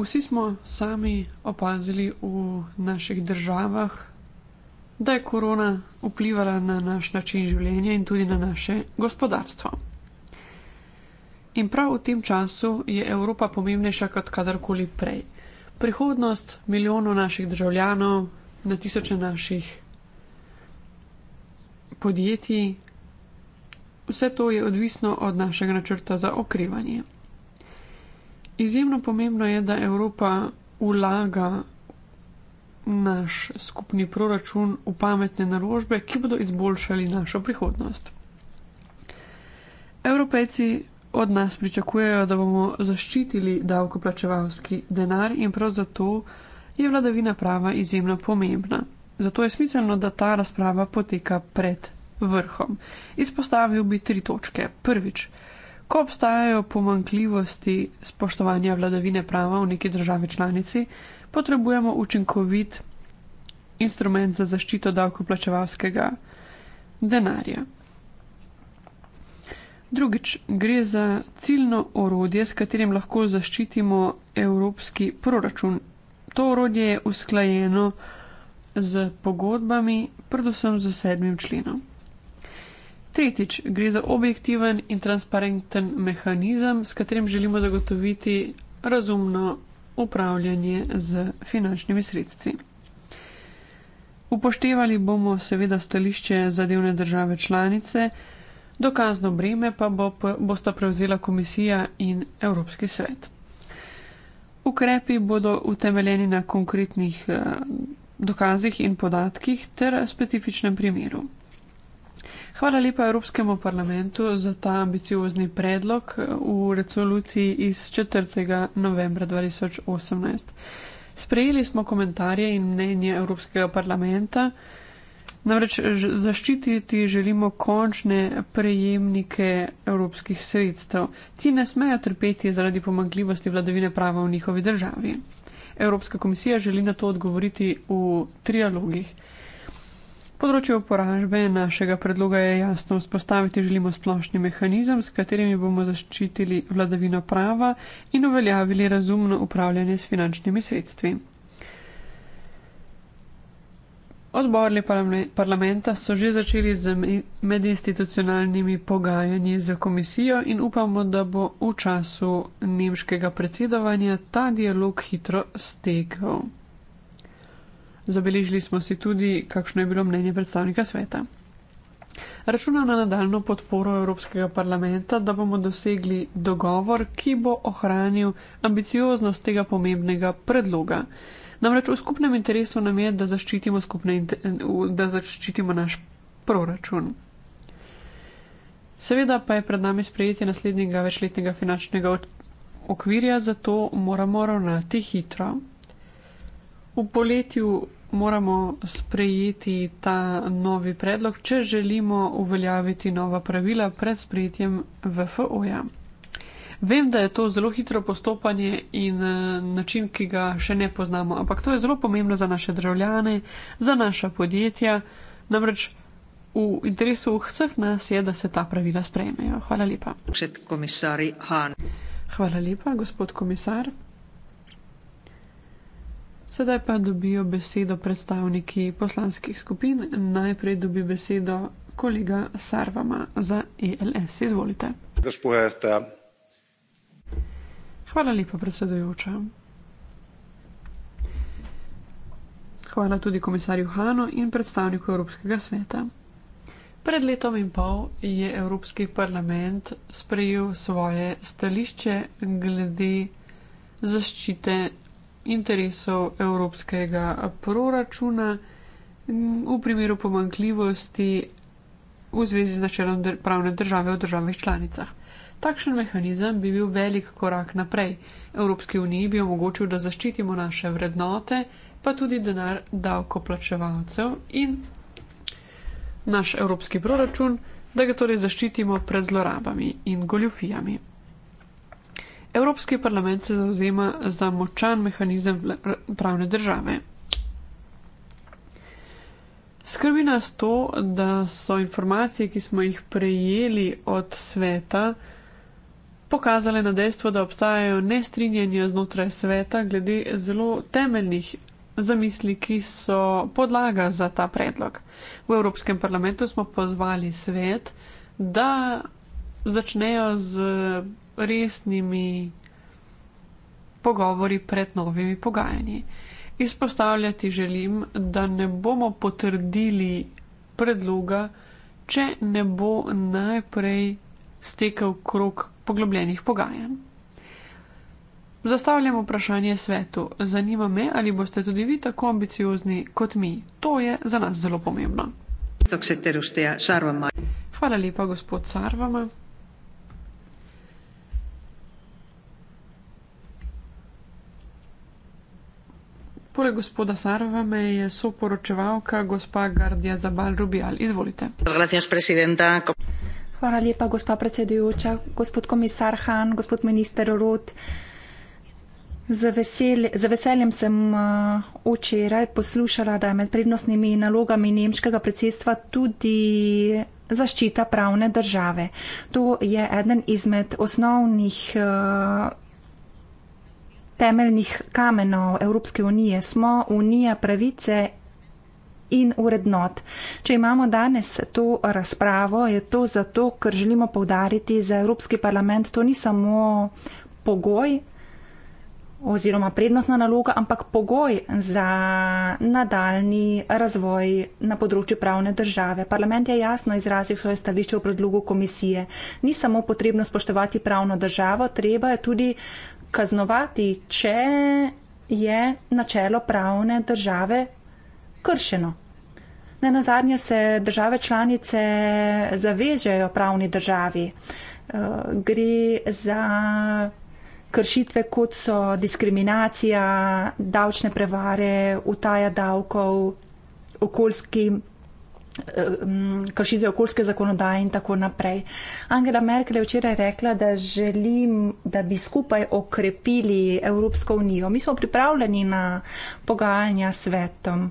Vsi smo sami opazili v naših državah, da je korona vplivala na naš način življenja in tudi na naše gospodarstvo. In prav v tem času je Evropa pomembnejša kot kadarkoli prej. Prihodnost milijonov naših državljanov, na tisoče naših podjetij, vse to je odvisno od našega načrta za okrevanje. Izjemno pomembno je, da Evropa vlaga naš skupni proračun v pametne naložbe, ki bodo izboljšali našo prihodnost. Evropejci od nas pričakujejo, da bomo zaščitili davkoplačevalski denar in prav zato je vladavina prava izjemno pomembna. Zato je smiselno, da ta razprava poteka pred vrhom. Izpostavil bi tri točke. Prvič, Ko obstajajo pomankljivosti spoštovanja vladavine prava v neki državi članici, potrebujemo učinkovit instrument za zaščito davkoplačevalskega denarja. Drugič, gre za ciljno orodje, s katerim lahko zaščitimo evropski proračun. To orodje je usklajeno z pogodbami, predvsem z sedmim členom. Tretjič, gre za objektiven in transparenten mehanizem, s katerim želimo zagotoviti razumno upravljanje z finančnimi sredstvi. Upoštevali bomo seveda stališče zadevne države članice, dokazno breme pa bo, bosta prevzela komisija in Evropski svet. Ukrepi bodo utemeljeni na konkretnih dokazih in podatkih ter specifičnem primeru. Hvala lepa Evropskemu parlamentu za ta ambiciozni predlog v resoluciji iz 4. novembra 2018. Sprejeli smo komentarje in mnenje Evropskega parlamenta. Namreč zaščititi želimo končne prejemnike evropskih sredstev. Ti ne smejo trpeti zaradi pomagljivosti vladavine prava v njihovi državi. Evropska komisija želi na to odgovoriti v trialogih. Področje uporabe našega predloga je jasno vzpostaviti. Želimo splošni mehanizem, s katerimi bomo zaščitili vladavino prava in uveljavili razumno upravljanje s finančnimi sredstvi. Odbori parlamenta so že začeli z medinstitucionalnimi pogajanji za komisijo in upamo, da bo v času nemškega predsedovanja ta dialog hitro stekel. Zabeležili smo si tudi, kakšno je bilo mnenje predstavnika sveta. Računam na nadaljno podporo Evropskega parlamenta, da bomo dosegli dogovor, ki bo ohranil ambicioznost tega pomembnega predloga. Namreč v skupnem interesu nam je, da zaščitimo, inter da zaščitimo naš proračun. Seveda pa je pred nami sprejetje naslednjega večletnega finančnega okvirja, zato moramo ravnati hitro. V poletju moramo sprejeti ta novi predlog, če želimo uveljaviti nova pravila pred sprejetjem VFO-ja. Vem, da je to zelo hitro postopanje in eh, način, ki ga še ne poznamo, ampak to je zelo pomembno za naše državljane, za naša podjetja. Namreč v interesu vseh nas je, da se ta pravila sprejmejo. Hvala lepa. Hvala lepa, gospod komisar. Sedaj pa dobijo besedo predstavniki poslanskih skupin. Najprej dobi besedo kolega Sarvama za ELS. Izvolite. Hvala lepa, predsedujoča. Hvala tudi komisarju Hano in predstavniku Evropskega sveta. Pred letom in pol je Evropski parlament sprejel svoje stališče glede zaščite interesov evropskega proračuna v primeru pomankljivosti v zvezi z načelom pravne države v državah članicah. Takšen mehanizem bi bil velik korak naprej. Evropski uniji bi omogočil, da zaščitimo naše vrednote, pa tudi denar davkoplačevalcev in naš evropski proračun, da ga torej zaščitimo pred zlorabami in goljufijami. Evropski parlament se zauzema za močan mehanizem pravne države. Skrbi nas to, da so informacije, ki smo jih prejeli od sveta, pokazale na dejstvo, da obstajajo nestrinjanja znotraj sveta glede zelo temeljnih zamisli, ki so podlaga za ta predlog. V Evropskem parlamentu smo pozvali svet, da začnejo z resnimi pogovori pred novimi pogajanji. Izpostavljati želim, da ne bomo potrdili predloga, če ne bo najprej stekel krok poglobljenih pogajanj. Zastavljam vprašanje svetu. Zanima me, ali boste tudi vi tako ambiciozni kot mi. To je za nas zelo pomembno. Hvala lepa, gospod Sarvama. Poleg gospoda Sarva me je soporočevalka gospa Gardija Zabal Rubial. Izvolite. Hvala lepa, gospa predsedujoča, gospod komisar Han, gospod minister Rot. Z, vesel, z veseljem sem eh, včeraj uh, poslušala, da je med prednostnimi nalogami nemškega predsedstva tudi zaščita pravne države. To je eden izmed osnovnih. Uh, temeljnih kamenov Evropske unije. Smo unija pravice in urednot. Če imamo danes to razpravo, je to zato, ker želimo povdariti za Evropski parlament, to ni samo pogoj oziroma prednostna naloga, ampak pogoj za nadaljni razvoj na področju pravne države. Parlament je jasno izrazil svoje stališče v predlogu komisije. Ni samo potrebno spoštovati pravno državo, treba je tudi uh, kaznovati, če je načelo pravne države kršeno. Ne na zadnje se države članice zavežejo pravni državi. Eh, gre za kršitve, kot so diskriminacija, davčne prevare, utaja davkov, okoljskim Um, kršitve okoljske zakonodaje in tako naprej. Angela Merkel je včeraj rekla, da želim, da bi skupaj okrepili Evropsko unijo. Mi smo pripravljeni na pogajanja s svetom. Uh,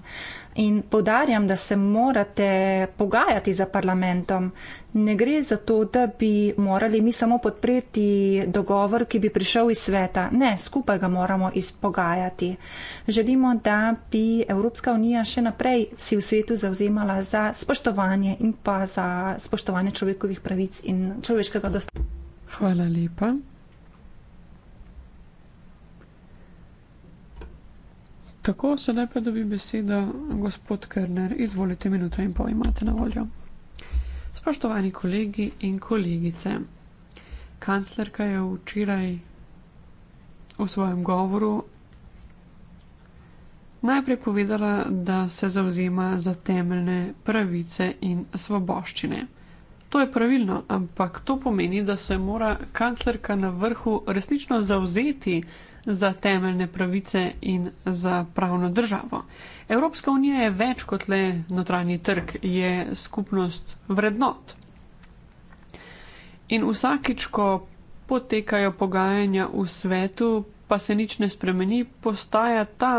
in povdarjam, da se morate pogajati za parlamentom. Ne gre za to, da bi morali mi samo podpreti dogovor, ki bi prišel iz sveta. Ne, skupaj ga moramo izpogajati. Želimo, da bi Evropska unija še naprej si v svetu zauzemala za spoštovanje in pa za spoštovanje človekovih pravic in človeškega dostopa. Hvala lepa. Tako, sedaj pa dobi besedo gospod Krner. Izvolite minuto in pol imate na voljo. Spoštovani kolegi in kolegice, kanclerka je včeraj v svojem govoru najprej povedala, da se zauzema za temeljne pravice in svoboščine. To je pravilno, ampak to pomeni, da se mora kanclerka na vrhu resnično zauzeti za temeljne pravice in za pravno državo. Evropska unija je več kot le notranji trg, je skupnost vrednot. In vsakič, ko potekajo pogajanja v svetu, pa se nič ne spremeni, postaja ta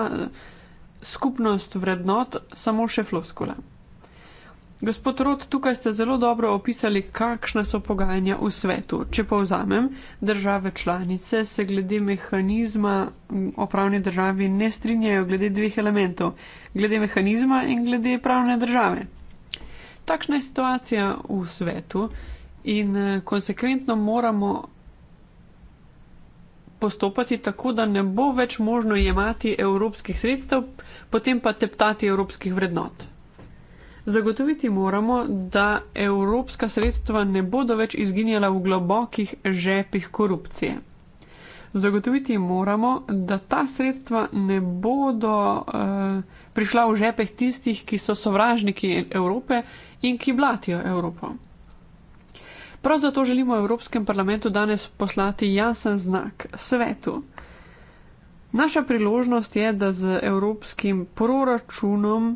skupnost vrednot samo še floskula. Gospod Rod, tukaj ste zelo dobro opisali, kakšna so pogajanja v svetu. Če povzamem, države članice se glede mehanizma o pravni državi ne strinjajo glede dveh elementov, glede mehanizma in glede pravne države. Takšna je situacija v svetu in eh, konsekventno moramo postopati tako, da ne bo več možno jemati evropskih sredstev, potem pa teptati evropskih vrednot. Zagotoviti moramo, da evropska sredstva ne bodo več izginjala v globokih žepih korupcije. Zagotoviti moramo, da ta sredstva ne bodo uh, prišla v žepeh tistih, ki so sovražniki Evrope in ki blatijo Evropo. Prav zato želimo Evropskem parlamentu danes poslati jasen znak svetu. Naša priložnost je, da z evropskim proračunom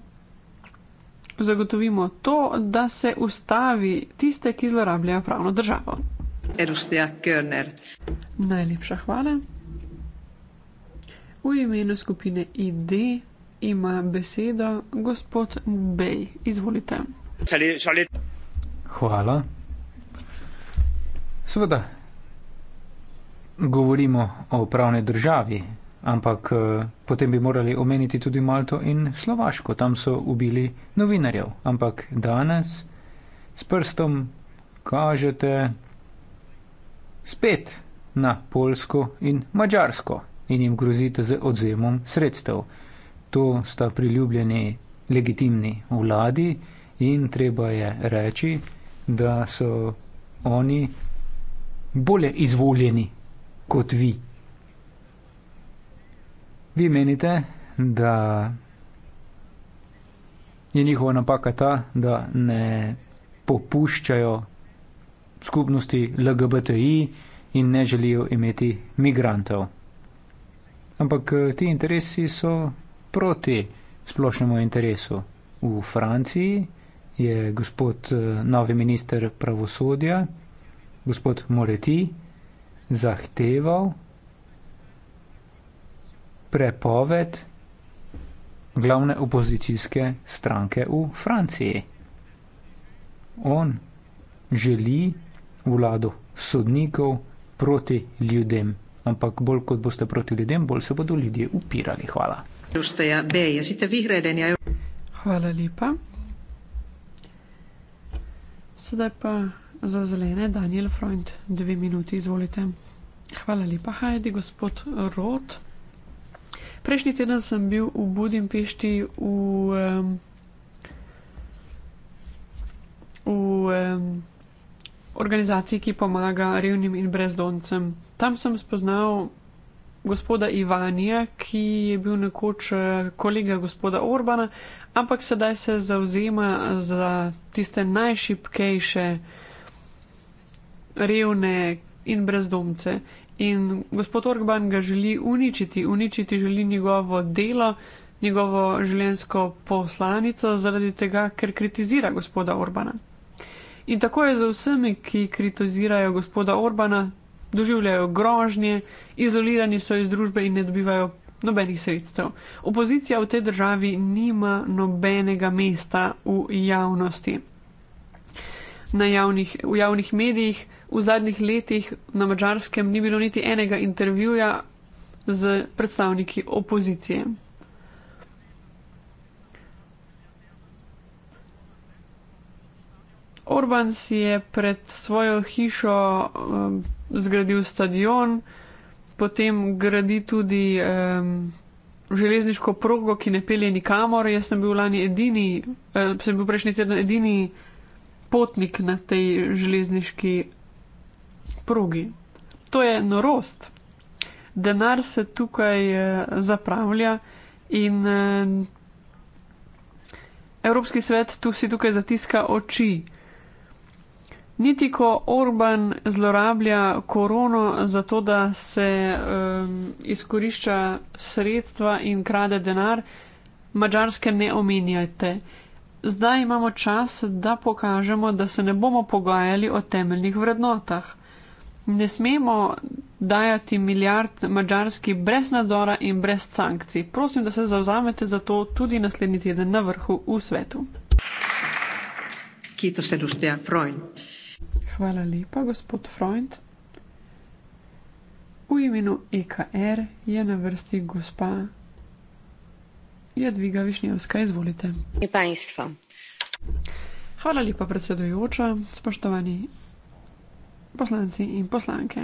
zagotovimo to, da se ustavi tiste, ki zlorabljajo pravno državo. Erustja Körner. Najlepša hvala. V imenu skupine ID ima besedo gospod Bej. Izvolite. Hvala. Seveda, govorimo o pravni državi, ampak eh, potem bi morali omeniti tudi Malto in Slovaško, tam so ubili novinarjev. Ampak danes s prstom kažete spet na Polsko in Mačarsko in jim grozite z odzemom sredstev. To sta priljubljeni legitimni vladi in treba je reči, da so oni bolje izvoljeni kot vi. Vi menite, da je njihova napaka ta, da ne popuščajo skupnosti LGBTI in ne želijo imeti migrantov. Ampak eh, ti interesi so proti splošnemu interesu. V Franciji je gospod eh, novi minister pravosodja, gospod Moreti, zahteval, prepoved glavne opozicijske stranke v Franciji. On želi vlado sodnikov proti ljudem. Ampak bolj kot boste proti ljudem, bolj se bodo ljudje upirali. Hvala. Ja, ja. Hvala lepa. Sedaj pa za zelene Daniel Freund, dve minuti, izvolite. Hvala lepa, Hajdi, gospod Roth. Prejšnji teden sem bil v Budimpešti v, um, v um, organizaciji, ki pomaga revnim in brezdoncem. Tam sem spoznal gospoda Ivanija, ki je bil nekoč eh, kolega gospoda Orbana, ampak sedaj se zauzema za tiste najšipkejše revne in brezdomce. In gospod Orban ga želi uničiti, uničiti želi njegovo delo, njegovo življenjsko poslanico, zaradi tega, ker kritizira gospoda Orbana. In tako je za vsemi, ki kritizirajo gospoda Orbana, doživljajo grožnje, izolirani so iz družbe in ne dobivajo nobenih sredstev. Opozicija v tej državi nima nobenega mesta v javnosti. Javnih, v javnih medijih v zadnjih letih na mačarskem ni bilo niti enega intervjuja z predstavniki opozicije. Orban si je pred svojo hišo um, zgradil stadion, potem gradi tudi um, železniško progo, ki ne pelje nikamor. Jaz sem bil lani edini, uh, sem bil prejšnji teden edini potnik na tej železniški progi. To je narost. Denar se tukaj eh, zapravlja in eh, Evropski svet tu si tukaj zatiska oči. Niti ko Orban zlorablja korono za to, da se um, izkorišča sredstva in krade denar, mačarske ne omenjajte. Zdaj imamo čas, da pokažemo, da se ne bomo pogajali o temeljnih vrednotah ne smemo dajati milijard mađarski brez nadzora in brez sankcij. Prosim, da se zauzamete za to tudi naslednji teden na vrhu v svetu. Hvala lepa, gospod Freund. V imenu EKR je na vrsti gospa Jadviga Višnjevska. Izvolite. Hvala lepa, predsedujoča. Spoštovani poslanci in poslanke.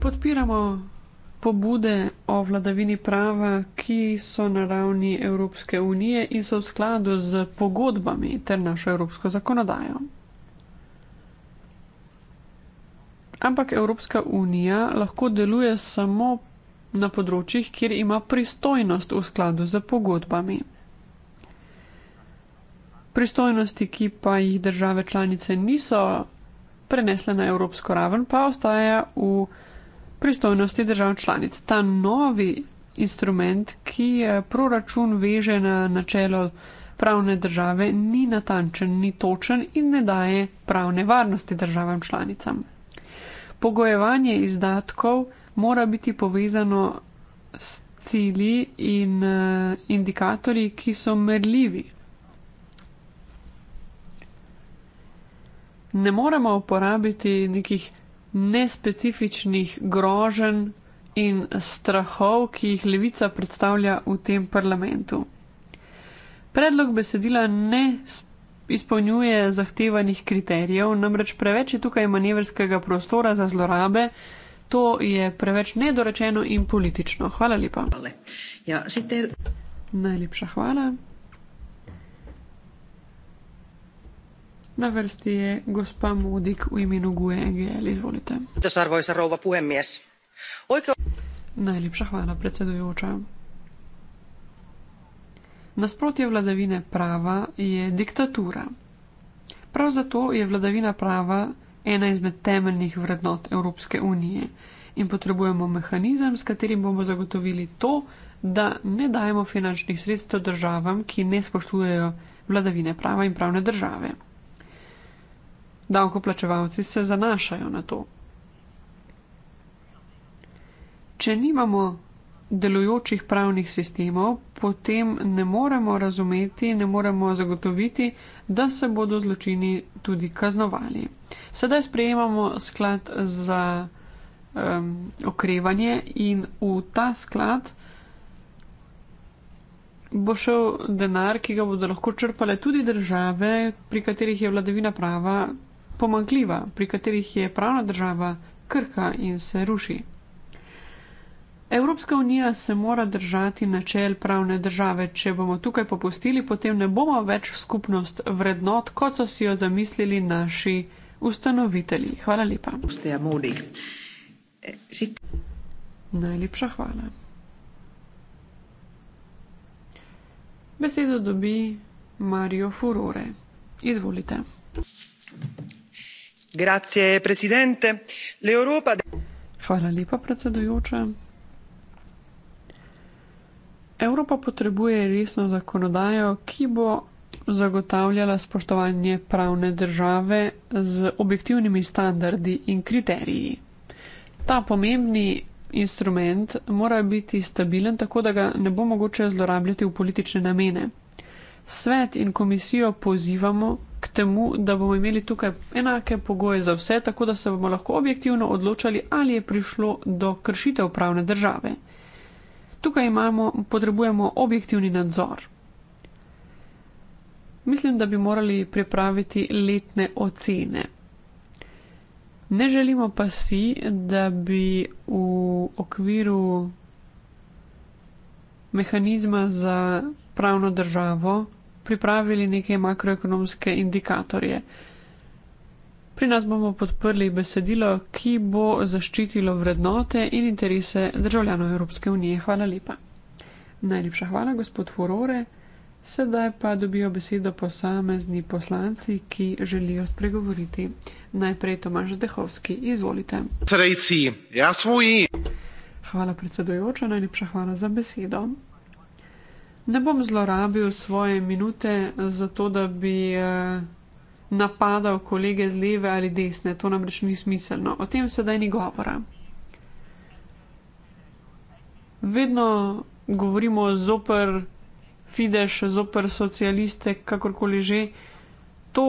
Podpiramo pobude o vladavini prava, ki so na ravni Evropske unije in so v skladu z pogodbami ter našo evropsko zakonodajo. Ampak Evropska unija lahko deluje samo na področjih, kjer ima pristojnost v skladu z pogodbami pristojnosti, ki pa jih države članice niso prenesle na evropsko raven, pa ostaje v pristojnosti držav članic. Ta novi instrument, ki je proračun veže na načelo pravne države, ni natančen, ni točen in ne daje pravne varnosti državam članicam. Pogojevanje izdatkov mora biti povezano s cili in uh, indikatorji, ki so merljivi, ne moremo uporabiti nekih nespecifičnih grožen in strahov, ki jih levica predstavlja v tem parlamentu. Predlog besedila ne izpolnjuje zahtevanih kriterijev, namreč preveč je tukaj manevrskega prostora za zlorabe. To je preveč nedorečeno in politično. Hvala lepa. Ja, Najlepša hvala. Na vrsti je gospa Modik v imenu GUE NGL, izvolite. Najlepša hvala, predsedujoča. Nasprotje vladavine prava je diktatura. Prav zato je vladavina prava ena izmed temeljnih vrednot Evropske unije in potrebujemo mehanizem, s katerim bomo zagotovili to, da ne dajemo finančnih sredstev državam, ki ne spoštujejo vladavine prava in pravne države. Davkoplačevalci se zanašajo na to. Če nimamo delujočih pravnih sistemov, potem ne moremo razumeti, ne moremo zagotoviti, da se bodo zločini tudi kaznovali. Sedaj sprejemamo sklad za um, okrevanje in v ta sklad bo šel denar, ki ga bodo lahko črpale tudi države, pri katerih je vladavina prava pomankljiva, pri katerih je pravna država krha in se ruši. Evropska unija se mora držati načel pravne države. Če bomo tukaj popustili, potem ne bomo več skupnost vrednot, kot so si jo zamislili naši ustanovitelji. Hvala lepa. Najlepša hvala. Besedo dobi Mario Furore. Izvolite. Thank you. Hvala lepa, predsedujoča. Evropa potrebuje resno zakonodajo, ki bo zagotavljala spoštovanje pravne države z objektivnimi standardi in kriteriji. Ta pomembni instrument mora biti stabilen, tako da ga ne bo mogoče zlorabljati v politične namene. Svet in komisijo pozivamo, k temu, da bomo imeli tukaj enake pogoje za vse, tako da se bomo lahko objektivno odločali, ali je prišlo do kršitev pravne države. Tukaj imamo, potrebujemo objektivni nadzor. Mislim, da bi morali pripraviti letne ocene. Ne želimo pa si, da bi v okviru mehanizma za pravno državo pripravili neke makroekonomske indikatorje. Pri nas bomo podprli besedilo, ki bo zaščitilo vrednote in interese državljanov Evropske unije. Hvala lepa. Najlepša hvala, gospod Furore. Sedaj pa dobijo besedo posamezni poslanci, ki želijo spregovoriti. Najprej Tomaš Zdehovski, izvolite. Srejci, ja svoji. Hvala predsedujoča, najlepša hvala za besedo ne bom zlorabil svoje minute za to, da bi eh, napadal kolege z leve ali desne. To namreč ni smiselno. O tem sedaj ni govora. Vedno govorimo zoper Fidesz, zoper socialiste, kakorkoli že. To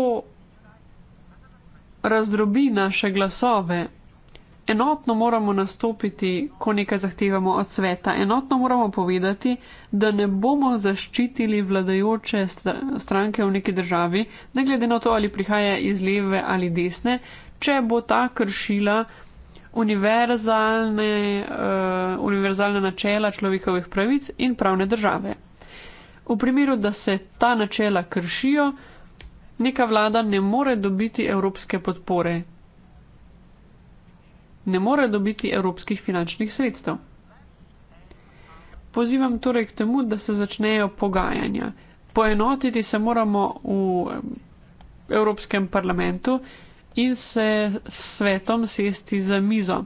razdrobi naše glasove, enotno moramo nastopiti, ko nekaj zahtevamo od sveta. Enotno moramo povedati, da ne bomo zaščitili vladajoče stranke v neki državi, ne glede na to, ali prihaja iz leve ali desne, če bo ta kršila univerzalne, uh, eh, univerzalne načela človekovih pravic in pravne države. V primeru, da se ta načela kršijo, neka vlada ne more dobiti evropske podpore ne more dobiti evropskih finančnih sredstev. Pozivam torej k temu, da se začnejo pogajanja. Poenotiti se moramo v eh, Evropskem parlamentu in se s svetom sesti za mizo.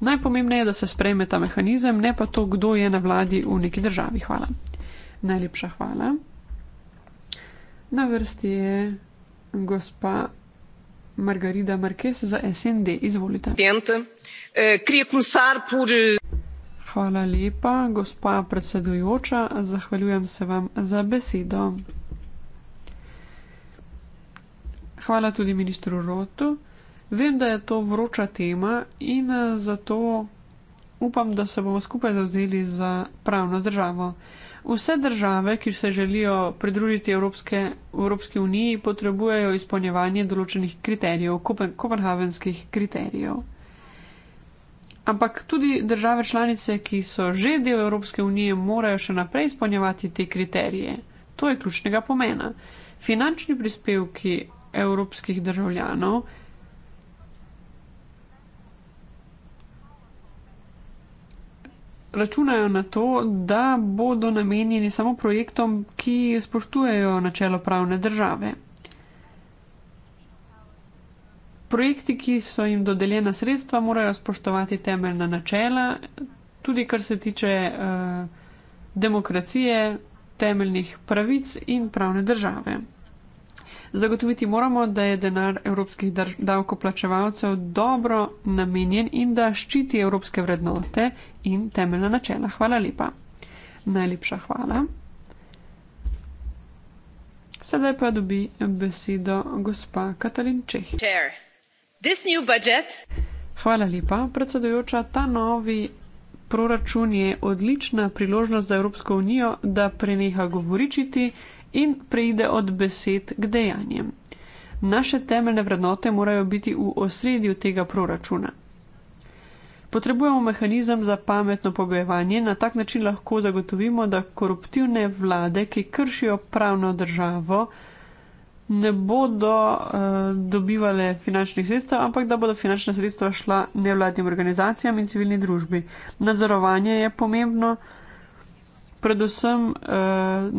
Najpomembneje je, da se sprejme ta mehanizem, ne pa to, kdo je na vladi v neki državi. Hvala. Najlepša hvala. Na vrsti je gospa Margarida Marques za SND. Izvolite. Piente. Eh, queria começar por. Eh, Hvala lepa, gospa predsedujoča. Zahvaljujem se vam za besedo. Hvala tudi ministru Rotu. Vem, da je to vroča tema in eh, zato upam, da se bomo skupaj zavzeli za pravno državo. Vse države, ki se želijo pridružiti Evropske, Evropski uniji, potrebujejo izpolnjevanje določenih kriterijev, kopenhavenskih kriterijev. Ampak tudi države članice, ki so že del Evropske unije, morajo še naprej izpolnjevati te kriterije. To je ključnega pomena. Finančni prispevki evropskih državljanov. Računajo na to, da bodo namenjeni samo projektom, ki spoštujejo načelo pravne države. Projekti, ki so jim dodeljena sredstva, morajo spoštovati temeljna načela, tudi kar se tiče uh, demokracije, temeljnih pravic in pravne države. Zagotoviti moramo, da je denar evropskih davkoplačevalcev dobro namenjen in da ščiti evropske vrednote in temeljna načela. Hvala lepa. Najlepša hvala. Sedaj pa dobi besedo gospa Katalin Čehi. Hvala lepa, predsedujoča. Ta novi proračun je odlična priložnost za Evropsko unijo, da preneha govoričiti in preide od besed k dejanjem. Naše temeljne vrednote morajo biti v osredju tega proračuna. Potrebujemo mehanizem za pametno pogojevanje, na tak način lahko zagotovimo, da koruptivne vlade, ki kršijo pravno državo, ne bodo uh, dobivale finančnih sredstev, ampak da bodo finančna sredstva šla nevladnim organizacijam in civilni družbi. Nadzorovanje je pomembno, predvsem uh,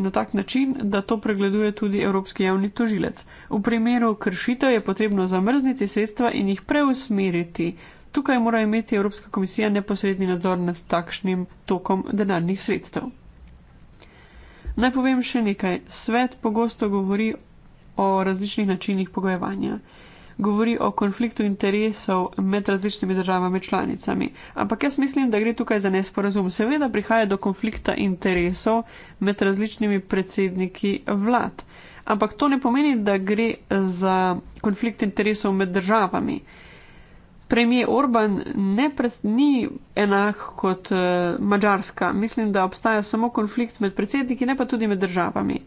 na tak način, da to pregleduje tudi Evropski javni tožilec. V primeru kršitev je potrebno zamrzniti sredstva in jih preusmeriti. Tukaj mora imeti Evropska komisija neposredni nadzor nad takšnim tokom denarnih sredstev. Naj povem še nekaj. Svet pogosto govori o različnih načinih pogojevanja. Govori o konfliktu interesov med različnimi državami članicami. Ampak jaz mislim, da gre tukaj za nesporazum. Seveda prihaja do konflikta interesov med različnimi predsedniki vlad. Ampak to ne pomeni, da gre za konflikt interesov med državami. Premijer Orban ne pred, ni enak kot uh, eh, Mačarska. Mislim, da obstaja samo konflikt med predsedniki, ne pa tudi med državami.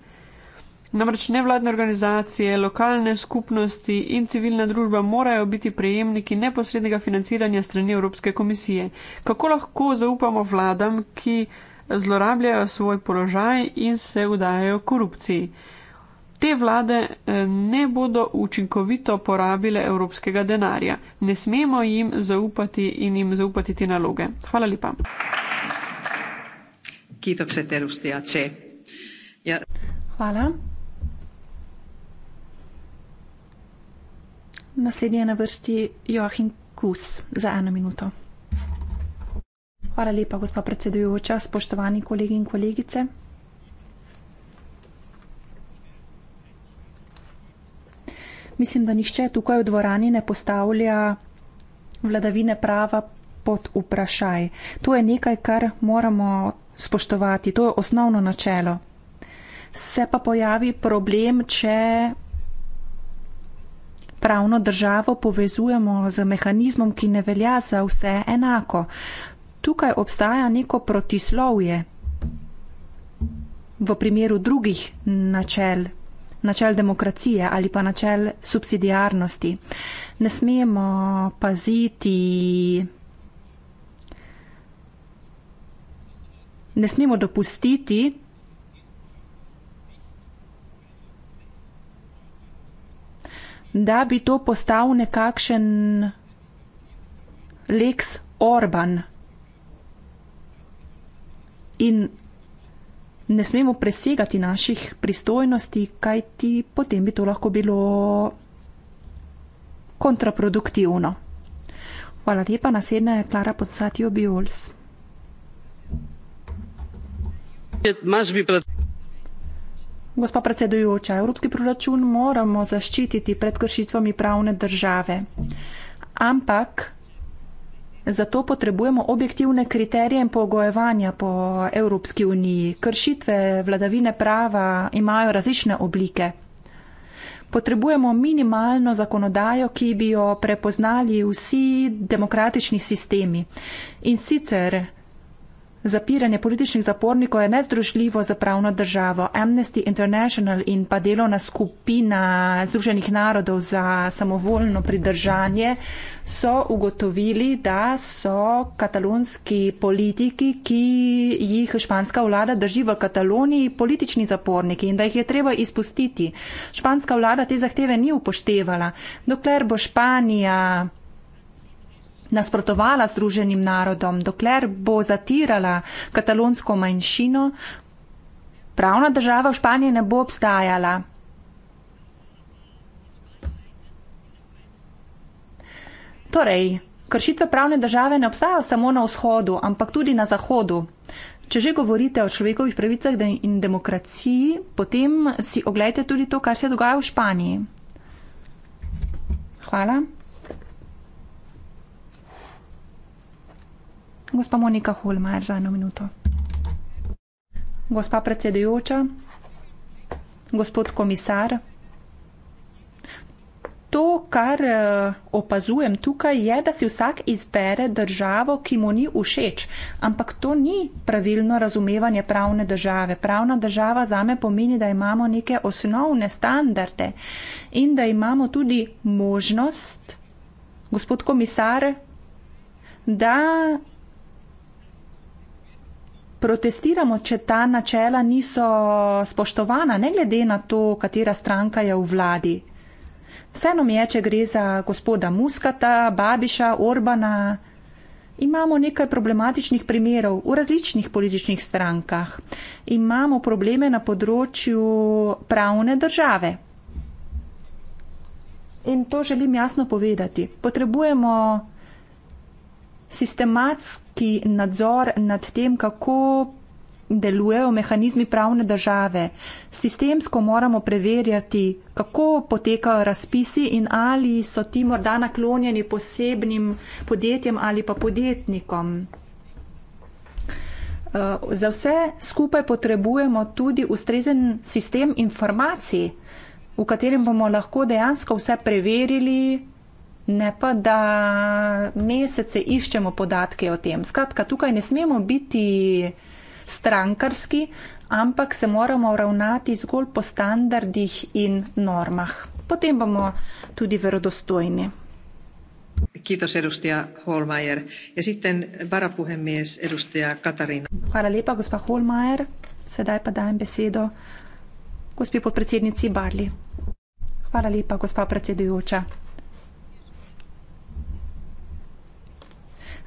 Namreč nevladne organizacije, lokalne skupnosti in civilna družba morajo biti prejemniki neposrednega financiranja strani Evropske komisije. Kako lahko zaupamo vladam, ki zlorabljajo svoj položaj in se vdajajo korupciji? Te vlade eh, ne bodo učinkovito porabile evropskega denarja. Ne smemo jim zaupati in jim zaupati te naloge. Hvala lepa. Ja. Hvala. Naslednji je na vrsti Joachim Kus za eno minuto. Hvala lepa, gospa predsedujoča, spoštovani kolegi in kolegice. Mislim, da nihče tukaj v dvorani ne postavlja vladavine prava pod vprašaj. To je nekaj, kar moramo spoštovati, to je osnovno načelo. Se pa pojavi problem, če pravno državo povezujemo z mehanizmom, ki ne velja za vse enako. Tukaj obstaja neko protislovje v primeru drugih načel, načel demokracije ali pa načel subsidiarnosti. Ne smemo paziti. Ne smemo dopustiti, da bi to postal nekakšen Lex Orban. In ne smemo presegati naših pristojnosti, kajti potem bi to lahko bilo kontraproduktivno. Hvala lepa, naslednja je Klara Podsatio Biols. Gospa predsedujoča, evropski proračun moramo zaščititi pred kršitvami pravne države. Ampak zato potrebujemo objektivne kriterije in pogojevanja po Evropski uniji. Kršitve vladavine prava imajo različne oblike. Potrebujemo minimalno zakonodajo, ki bi jo prepoznali vsi demokratični sistemi. In sicer Zapiranje političnih zapornikov je nezdružljivo za pravno državo. Amnesty International in pa delovna skupina Združenih narodov za samovoljno pridržanje so ugotovili, da so katalonski politiki, ki jih španska vlada drži v Kataloniji, politični zaporniki in da jih je treba izpustiti. Španska vlada te zahteve ni upoštevala. Dokler bo Španija nasprotovala Združenim narodom, dokler bo zatirala katalonsko manjšino, pravna država v Španiji ne bo obstajala. Torej, kršitve pravne države ne obstajajo samo na vzhodu, ampak tudi na zahodu. Če že govorite o človekovih pravicah in demokraciji, potem si oglejte tudi to, kar se dogaja v Španiji. Hvala. Gospa Monika Holmajer, za eno minuto. Gospa predsedujoča, gospod komisar, to, kar eh, opazujem tukaj, je, da si vsak izbere državo, ki mu ni všeč, ampak to ni pravilno razumevanje pravne države. Pravna država zame pomeni, da imamo neke osnovne standarde in da imamo tudi možnost, gospod komisar, da protestiramo, če ta načela niso spoštovana, ne glede na to, katera stranka je v vladi. Vseeno mi je, če gre za gospoda Muskata, Babiša, Orbana. Imamo nekaj problematičnih primerov v različnih političnih strankah. Imamo probleme na področju pravne države. In to želim jasno povedati. Potrebujemo sistematski nadzor nad tem, kako delujejo mehanizmi pravne države. Sistemsko moramo preverjati, kako potekajo razpisi in ali so ti morda naklonjeni posebnim podjetjem ali pa podjetnikom. Eh, za vse skupaj potrebujemo tudi ustrezen sistem informacij, v katerem bomo lahko dejansko vse preverili, ne pa da mesece iščemo podatke o tem. Skratka, tukaj ne smemo biti strankarski, ampak se moramo ravnati zgolj po standardih in normah. Potem bomo tudi verodostojni. Kiitos edustaja Holmeier. Ja sitten varapuhemies edustaja Katarina. Hvala lepa, gospa Holmeier. Sedaj pa dajem besedo gospi podpredsednici Barli. Hvala lepa, gospa predsedujoča.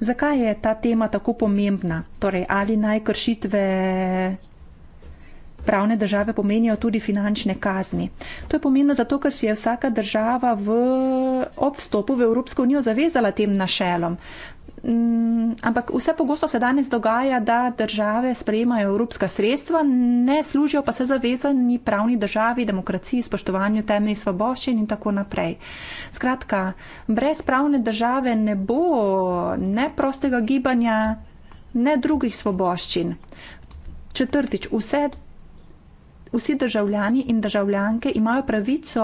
Zakaj je ta tema tako pomembna? Torej, ali naj kršitve pravne države pomenijo tudi finančne kazni? To je pomembno zato, ker si je vsaka država v, ob vstopu v Evropsko unijo zavezala tem našelom. Mm, ampak vse pogosto se danes dogaja, da države sprejemajo evropska sredstva, ne služijo pa se zavezani pravni državi, demokraciji, spoštovanju temeljnih svoboščin in tako naprej. Skratka, brez pravne države ne bo ne prostega gibanja, ne drugih svoboščin. Četrtič, vse vsi državljani in državljanke imajo pravico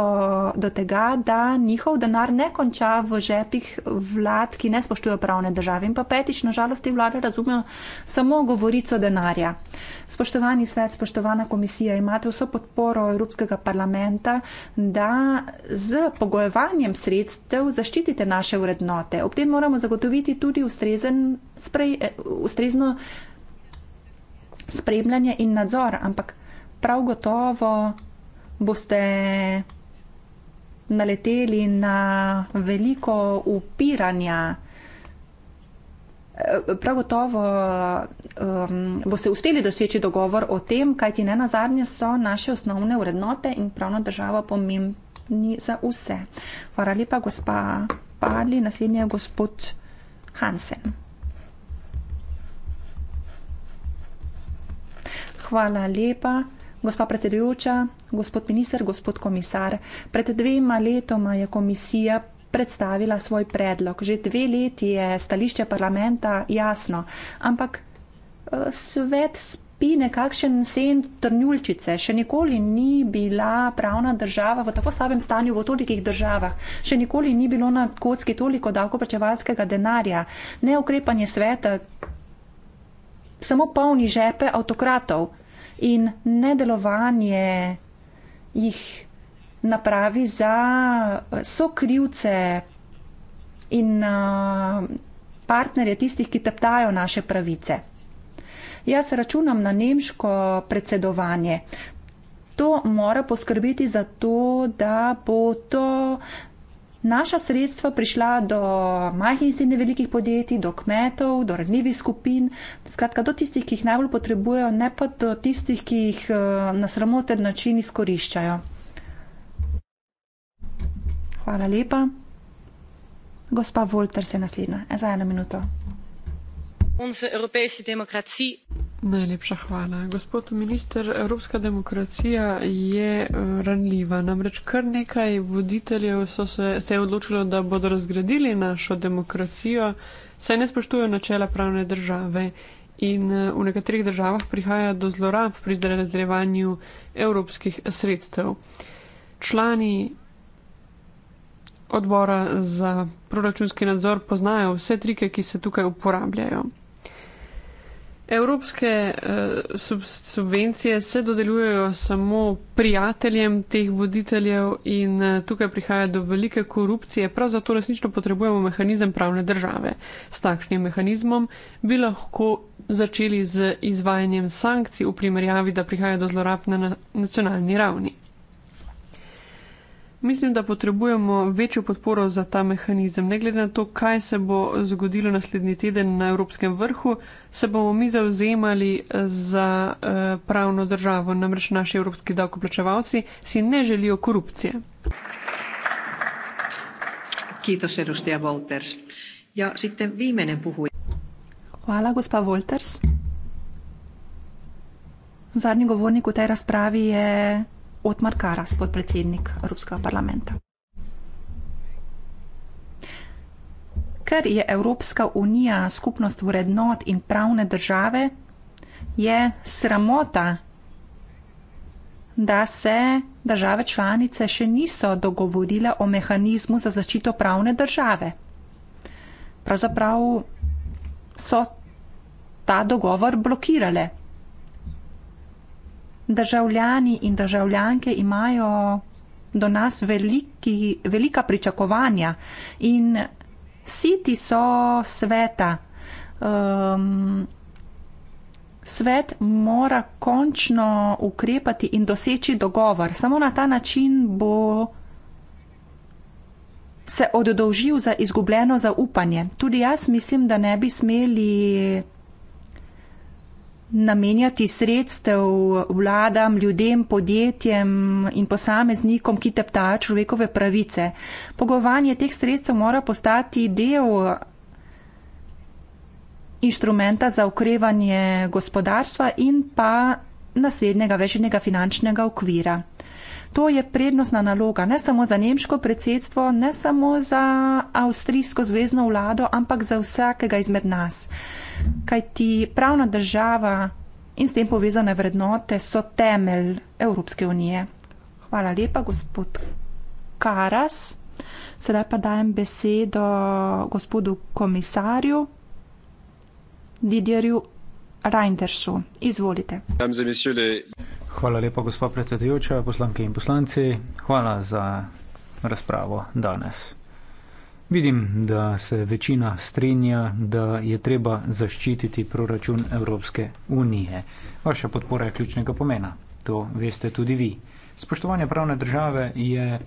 do tega, da njihov denar ne konča v žepih vlad, ki ne spoštujejo pravne države. In pa petič, nažalost, te vlade razumejo samo govorico denarja. Spoštovani svet, spoštovana komisija, imate vso podporo Evropskega parlamenta, da z pogojevanjem sredstev zaščitite naše urednote. Ob tem moramo zagotoviti tudi ustrezen, sprej, eh, ustrezno spremljanje in nadzor, ampak prav gotovo boste naleteli na veliko upiranja. Eh, prav gotovo um, boste uspeli doseči dogovor o tem, kaj ti ne na zadnje so naše osnovne vrednote in pravna država pomembni za vse. Hvala lepa, gospa Padli. Naslednji je gospod Hansen. Hvala lepa. Gospa predsedujoča, gospod minister, gospod komisar, pred dvema letoma je komisija predstavila svoj predlog. Že dve leti je stališče parlamenta jasno, ampak eh, svet spi nekakšen sen trnjulčice. Še nikoli ni bila pravna država v tako slabem stanju v tolikih državah. Še nikoli ni bilo na kocki toliko davkoprečevalskega denarja. Neukrepanje sveta samo polni žepe avtokratov in nedelovanje jih napravi za eh, sokrivce in uh, partnerje tistih, ki teptajo naše pravice. Jaz računam na nemško predsedovanje. To mora poskrbeti za to, da bo to Naša sredstva prišla do majhnih in srednje velikih podjetij, do kmetov, do radljivih skupin, skratka do tistih, ki jih najbolj potrebujejo, ne pa do tistih, ki jih eh, na sramoten način izkoriščajo. Hvala lepa. Gospa Volter se naslednja. E, za eno minuto. Onze evropejske demokracije. Najlepša hvala. Gospod minister, evropska demokracija je eh, ranljiva. Namreč kar nekaj voditeljev se, se je odločilo, da bodo razgradili našo demokracijo, saj ne spoštujo načela pravne države. In eh, v nekaterih državah prihaja do zlorab pri zrelezrevanju evropskih sredstev. Člani odbora za proračunski nadzor poznajo vse trike, ki se tukaj uporabljajo. Evropske uh, sub subvencije se dodeljujejo samo prijateljem teh voditeljev in uh, tukaj prihaja do velike korupcije. Prav zato resnično potrebujemo mehanizem pravne države. S takšnim mehanizmom bi lahko začeli z izvajanjem sankcij v primerjavi, da prihaja do zlorab na nacionalni ravni. Mislim, da potrebujemo večjo podporo za ta mehanizem. Ne glede na to, kaj se bo zgodilo naslednji teden na Evropskem vrhu, se bomo mi zauzemali eh, za eh, pravno državo. Namreč naši evropski davkoplačevalci si ne želijo korupcije. Ja, Hvala, gospa Wolters. Zadnji govornik v tej razpravi je Otmar Karas, podpredsednik Evropskega parlamenta. Ker je Evropska unija skupnost vrednot in pravne države, je sramota, da se države članice še niso dogovorile o mehanizmu za začito pravne države. Pravzaprav so ta dogovor blokirale državljani in državljanke imajo do nas veliki, velika pričakovanja in siti so sveta. Um, Svet mora končno ukrepati in doseči dogovor. Samo na ta način bo se oddolžil za izgubljeno zaupanje. Tudi jaz mislim, da ne bi smeli namenjati sredstev vladam, ljudem, podjetjem in posameznikom, ki teptajo človekove pravice. Pogovanje teh sredstev mora postati del inštrumenta za ukrevanje gospodarstva in pa naslednjega večjega finančnega okvira. To je prednostna naloga ne samo za nemško predsedstvo, ne samo za avstrijsko zvezdno vlado, ampak za vsakega izmed nas kajti pravna država in s tem povezane vrednote so temelj Evropske unije. Hvala lepa, gospod Karas. Sedaj pa dajem besedo gospodu komisarju Didjerju Reindersu. Izvolite. Hvala lepa, gospod predsedujoča, poslanke in poslanci. Hvala za razpravo danes. Vidim, da se večina strinja, da je treba zaščititi proračun Evropske unije. Vaša podpora je ključnega pomena. To veste tudi vi. Spoštovanje pravne države je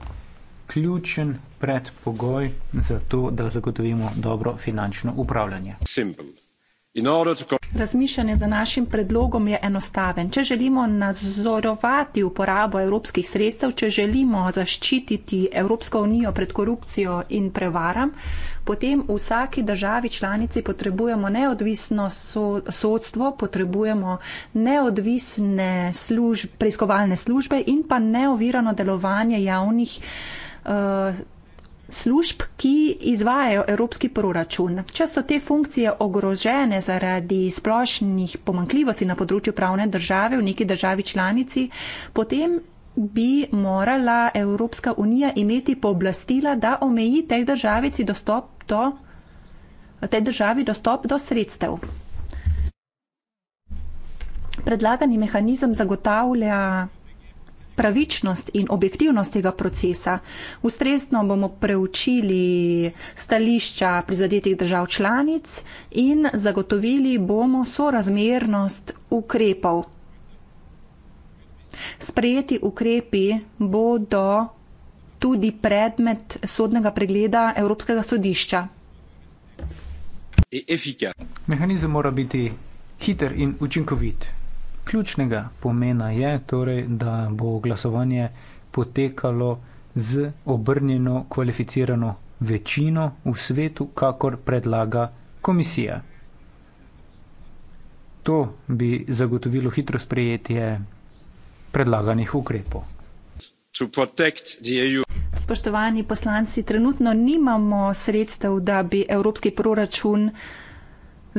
ključen predpogoj za to, da zagotovimo dobro finančno upravljanje. Simple. Razmišljanje za našim predlogom je enostaven. Če želimo nadzorovati uporabo evropskih sredstev, če želimo zaščititi Evropsko unijo pred korupcijo in prevaram, potem v vsaki državi članici potrebujemo neodvisno sodstvo, potrebujemo neodvisne služb, preiskovalne službe in pa neovirano delovanje javnih eh, služb, ki izvajajo evropski proračun. Če so te funkcije ogrožene zaradi splošnih pomankljivosti na področju pravne države v neki državi članici, potem bi morala Evropska unija imeti pooblastila, da omeji tej državi dostop do, tej državi dostop do sredstev. Predlagani mehanizem zagotavlja pravičnost in objektivnost tega procesa. Ustrezno bomo preučili stališča prizadetih držav članic in zagotovili bomo sorazmernost ukrepov. Sprejeti ukrepi bodo tudi predmet sodnega pregleda Evropskega sodišča. E- Mehanizem mora biti hiter in učinkovit ključnega pomena je torej, da bo glasovanje potekalo z obrnjeno kvalificirano večino v svetu, kakor predlaga komisija. To bi zagotovilo hitro sprejetje predlaganih ukrepov. E Spoštovani poslanci, trenutno nimamo sredstev, da bi evropski proračun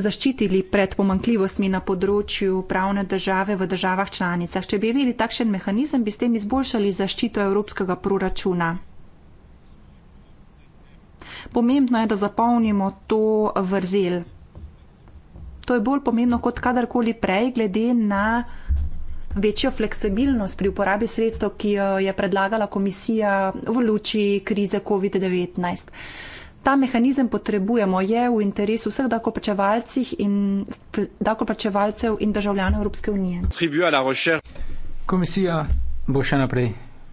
zaščitili pred pomankljivostmi na področju pravne države v državah članicah. Če bi imeli takšen mehanizem, bi s tem izboljšali zaščito evropskega proračuna. Pomembno je, da zapolnimo to vrzel. To je bolj pomembno kot kadarkoli prej, glede na večjo fleksibilnost pri uporabi sredstev, ki jo je predlagala komisija v luči krize COVID-19 ta mehanizem potrebujemo, je v interesu vseh davkoplačevalcev in, in državljanov Evropske unije. Komisija bo še naprej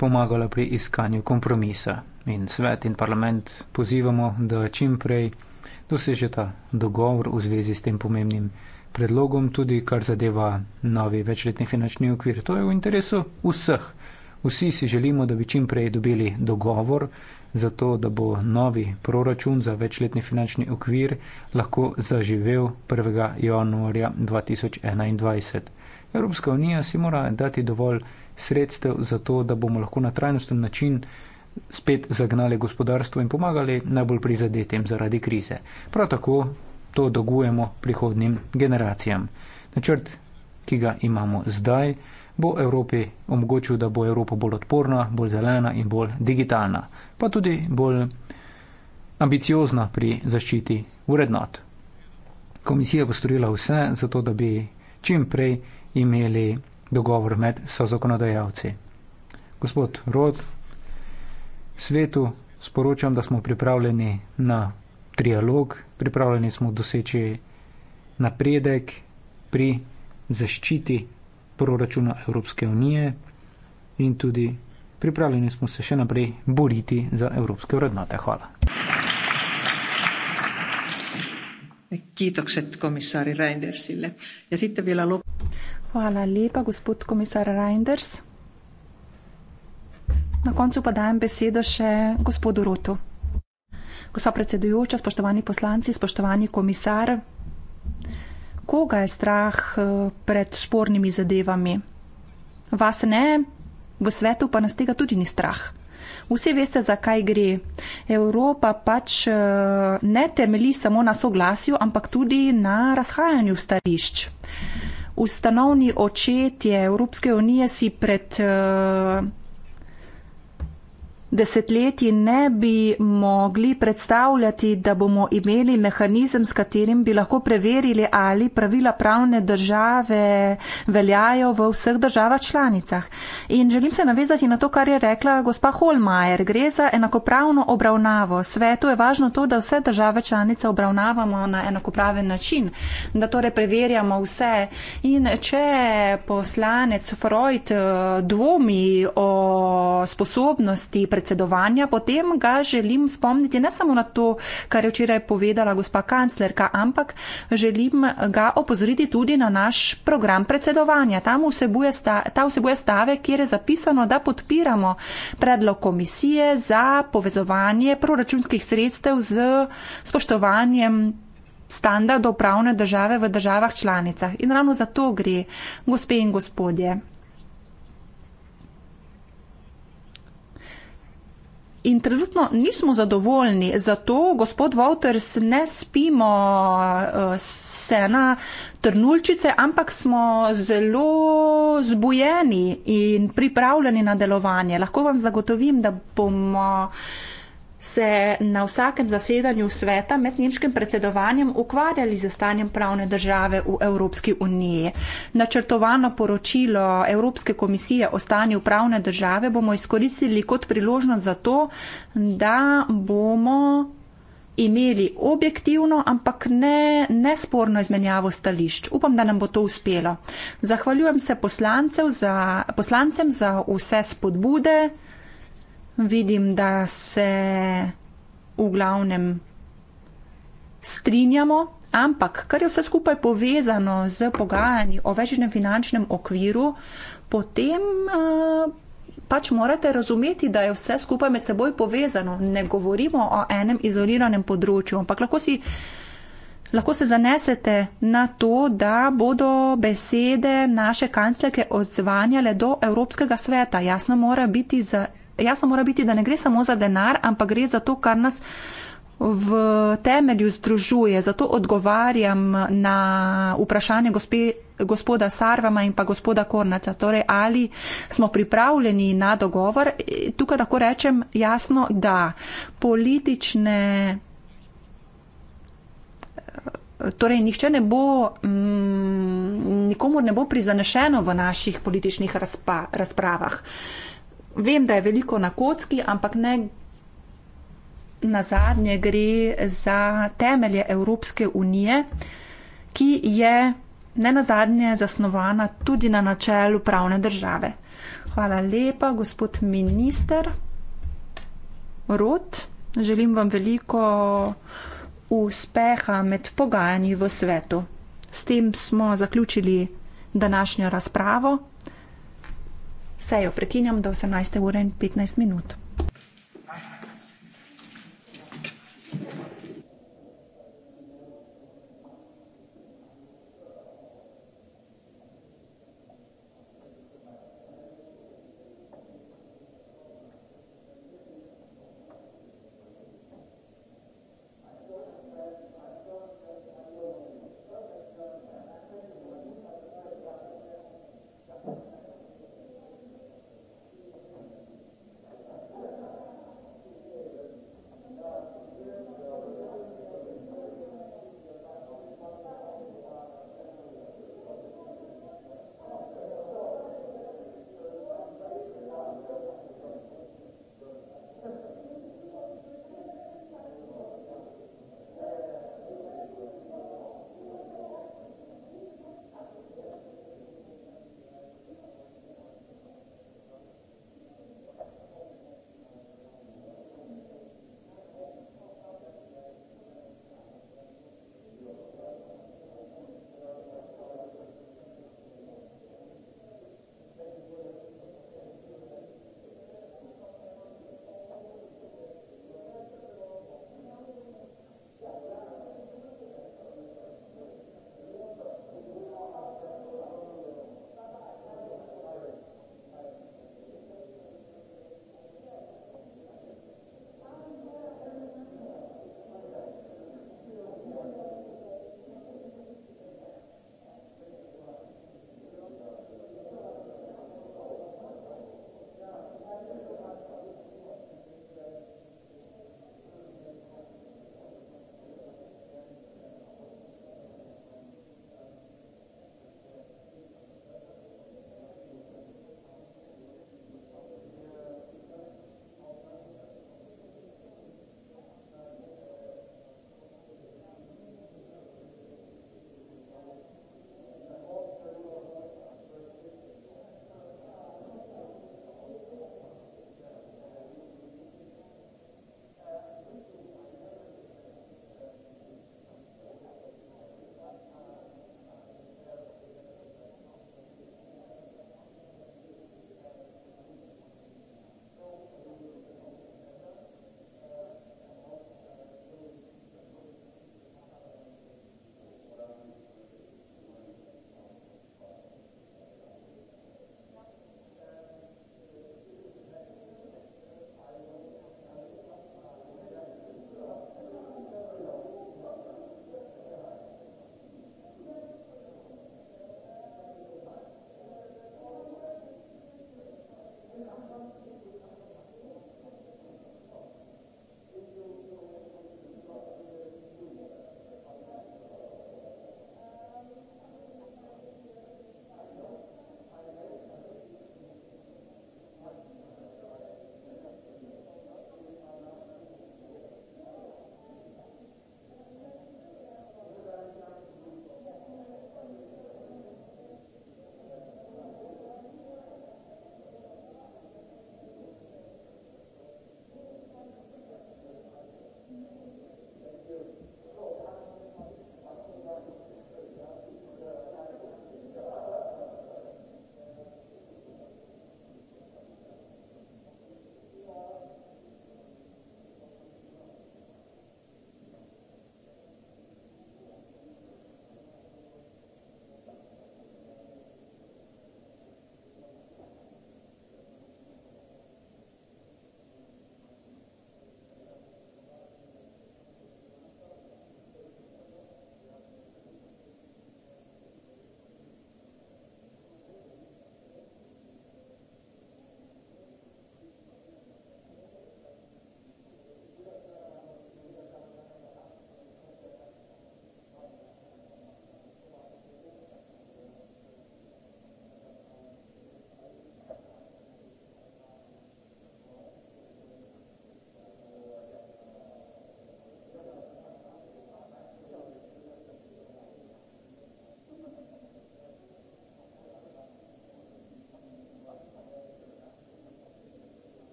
pomagala pri iskanju kompromisa in svet in parlament pozivamo, da čim prej dosežeta dogovor v zvezi s tem pomembnim predlogom, tudi kar zadeva novi večletni finančni okvir. To je v interesu vseh. Vsi si želimo, da bi čim prej dobili dogovor za to, da bo novi proračun za večletni finančni okvir lahko zaživel 1. januarja 2021. Evropska unija si mora dati dovolj sredstev za to, da bomo lahko na trajnosten način spet zagnali gospodarstvo in pomagali najbolj prizadetim zaradi krize. Prav tako to dogujemo prihodnim generacijam. Načrt, ki ga imamo zdaj, bo Evropi omogočil, da bo Evropa bolj odporna, bolj zelena in bolj digitalna, pa tudi bolj ambiciozna pri zaščiti urednot. Komisija bo storila vse, zato da bi čim prej imeli dogovor med so zakonodajalci. Gospod Rod, svetu sporočam, da smo pripravljeni na trialog, pripravljeni smo doseči napredek pri zaščiti proračuna Evropske unije in tudi pripravljeni smo se še naprej boriti za evropske vrednote. Hvala. Kitokset komisari Reindersile. Ja sitte vila lop... Hvala lepa, gospod komisar Reinders. Na koncu pa dajem besedo še gospodu Rotu. Gospa predsedujoča, spoštovani poslanci, spoštovani komisar, koga je strah eh, pred spornimi zadevami. Vas ne, v svetu pa nas tega tudi ni strah. Vsi veste, zakaj gre. Evropa pač eh, ne temeli samo na soglasju, ampak tudi na razhajanju stališč. Ustanovni očetje Evropske unije si pred uh, desetletji ne bi mogli predstavljati, da bomo imeli mehanizem, s katerim bi lahko preverili, ali pravila pravne države veljajo v vseh državah članicah. In želim se navezati na to, kar je rekla gospa Holmajer. Gre za enakopravno obravnavo. Svetu je važno to, da vse države članice obravnavamo na enakopraven način, da torej preverjamo vse. In če poslanec Freud eh, dvomi o sposobnosti predstavljati, predsedovanja, potem ga želim spomniti ne samo na to, kar je včeraj povedala gospa kanclerka, ampak želim ga opozoriti tudi na naš program predsedovanja. Vsebuje sta, ta vsebuje stave, kjer je zapisano, da podpiramo predlog komisije za povezovanje proračunskih sredstev z spoštovanjem standardov pravne države v državah članicah. In ravno za to gre, gospe in gospodje. in trenutno nismo zadovoljni, zato gospod Wouters ne spimo eh, se na trnulčice, ampak smo zelo zbujeni in pripravljeni na delovanje. Lahko vam zagotovim, da bomo se na vsakem zasedanju sveta med nemškim predsedovanjem ukvarjali z stanjem pravne države v Evropski uniji. Načrtovano poročilo Evropske komisije o stanju pravne države bomo izkoristili kot priložnost za to, da bomo imeli objektivno, ampak ne nesporno izmenjavo stališč. Upam, da nam bo to uspelo. Zahvaljujem se za, poslancem za vse spodbude vidim, da se v glavnem strinjamo, ampak kar je vse skupaj povezano z pogajanji o večjem finančnem okviru, potem eh, pač morate razumeti, da je vse skupaj med seboj povezano. Ne govorimo o enem izoliranem področju, ampak lahko si. Lahko se zanesete na to, da bodo besede naše kanclerke odzvanjale do Evropskega sveta. Jasno mora biti za jasno mora biti, da ne gre samo za denar, ampak gre za to, kar nas v temelju združuje. Zato odgovarjam na vprašanje gospe, gospoda Sarvama in pa gospoda Kornaca. Torej, ali smo pripravljeni na dogovor? E, tukaj lahko rečem jasno, da politične. E, torej, nihče ne bo, mm, nikomu ne bo prizanešeno v naših političnih razpa, razpravah vem, da je veliko na kocki, ampak ne na zadnje gre za temelje Evropske unije, ki je ne na zadnje zasnovana tudi na načelu pravne države. Hvala lepa, gospod minister Rot. Želim vam veliko uspeha med pogajanji v svetu. S tem smo zaključili današnjo razpravo. Sejo prekinjam do 18.15 minut.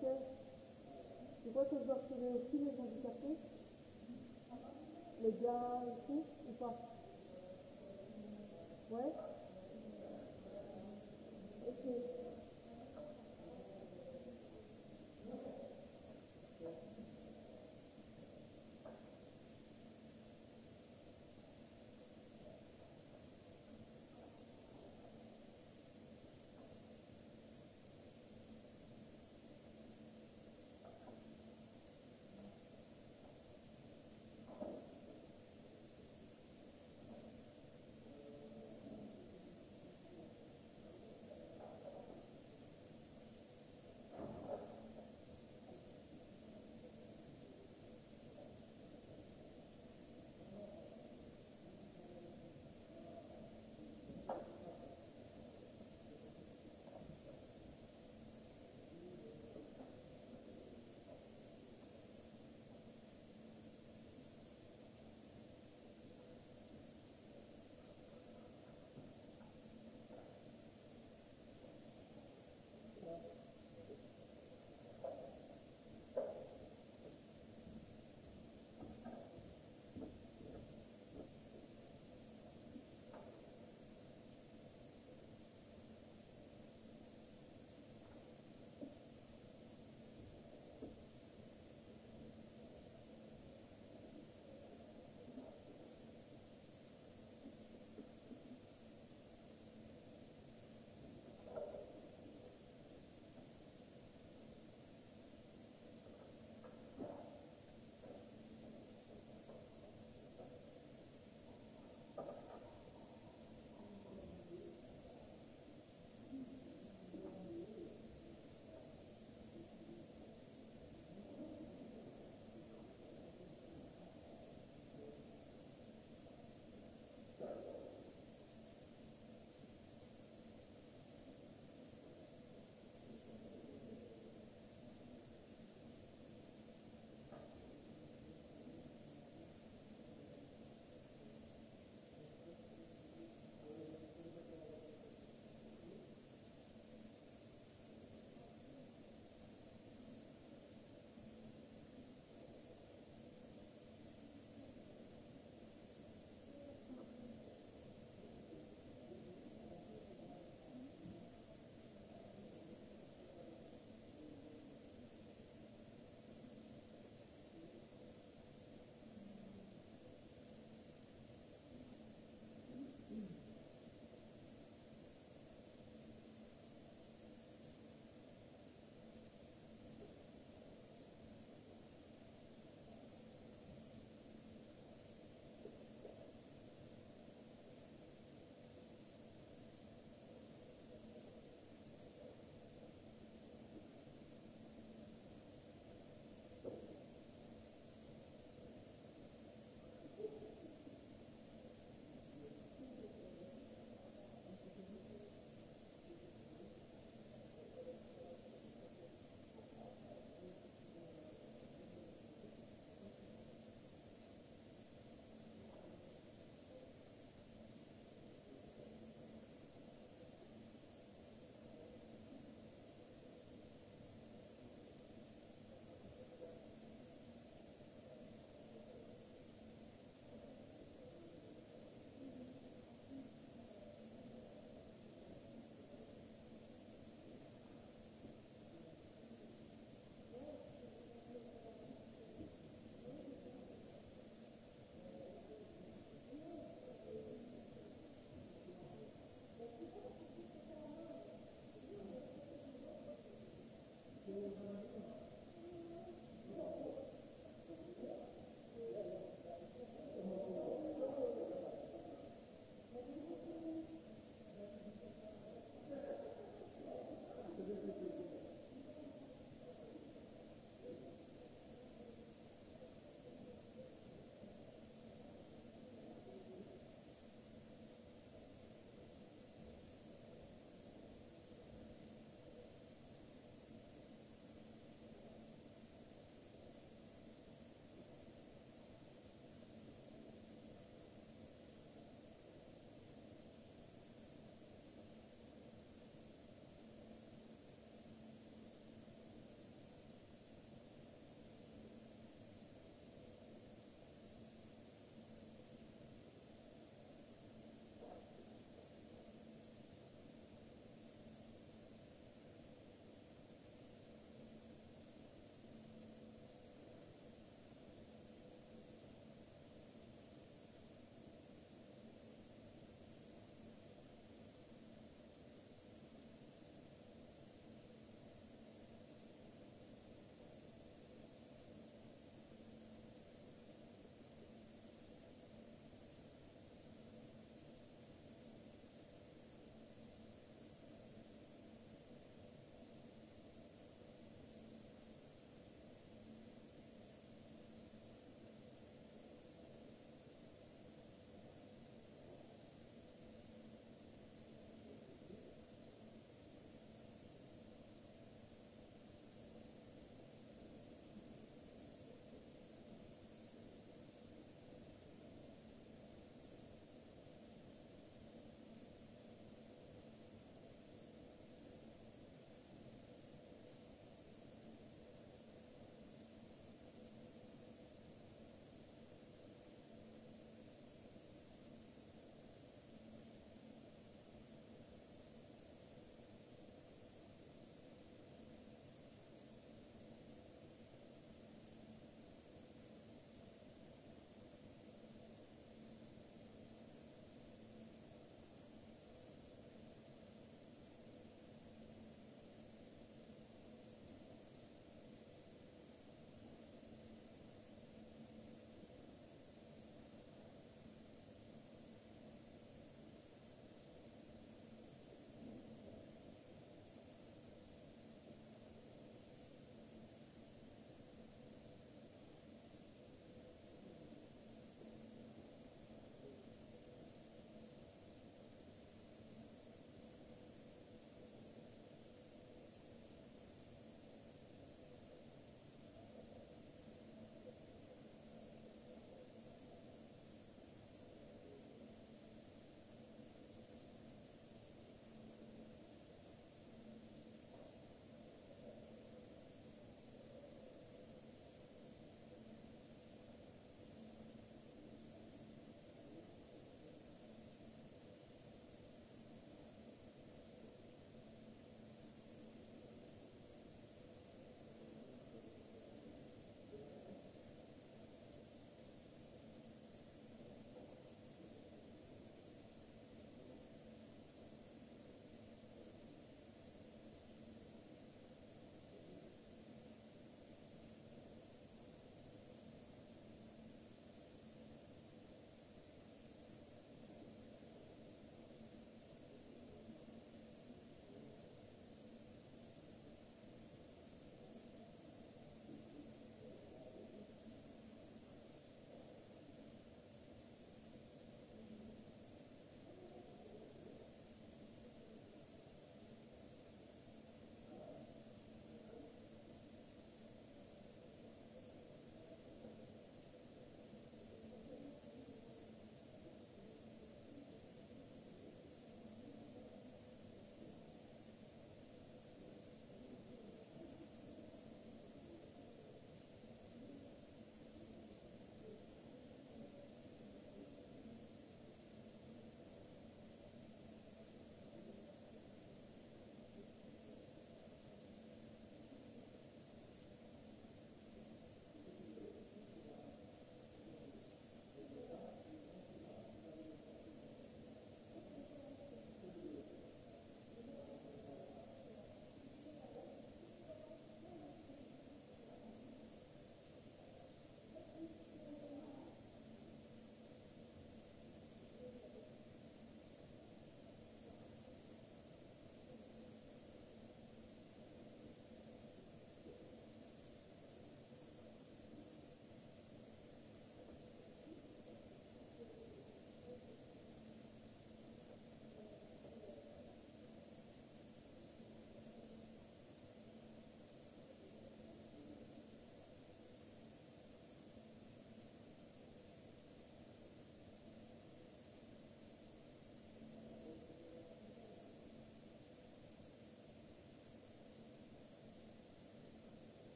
siège. Tu vois que je dois retirer aussi les handicapés Les gars et tout, ou pas Ouais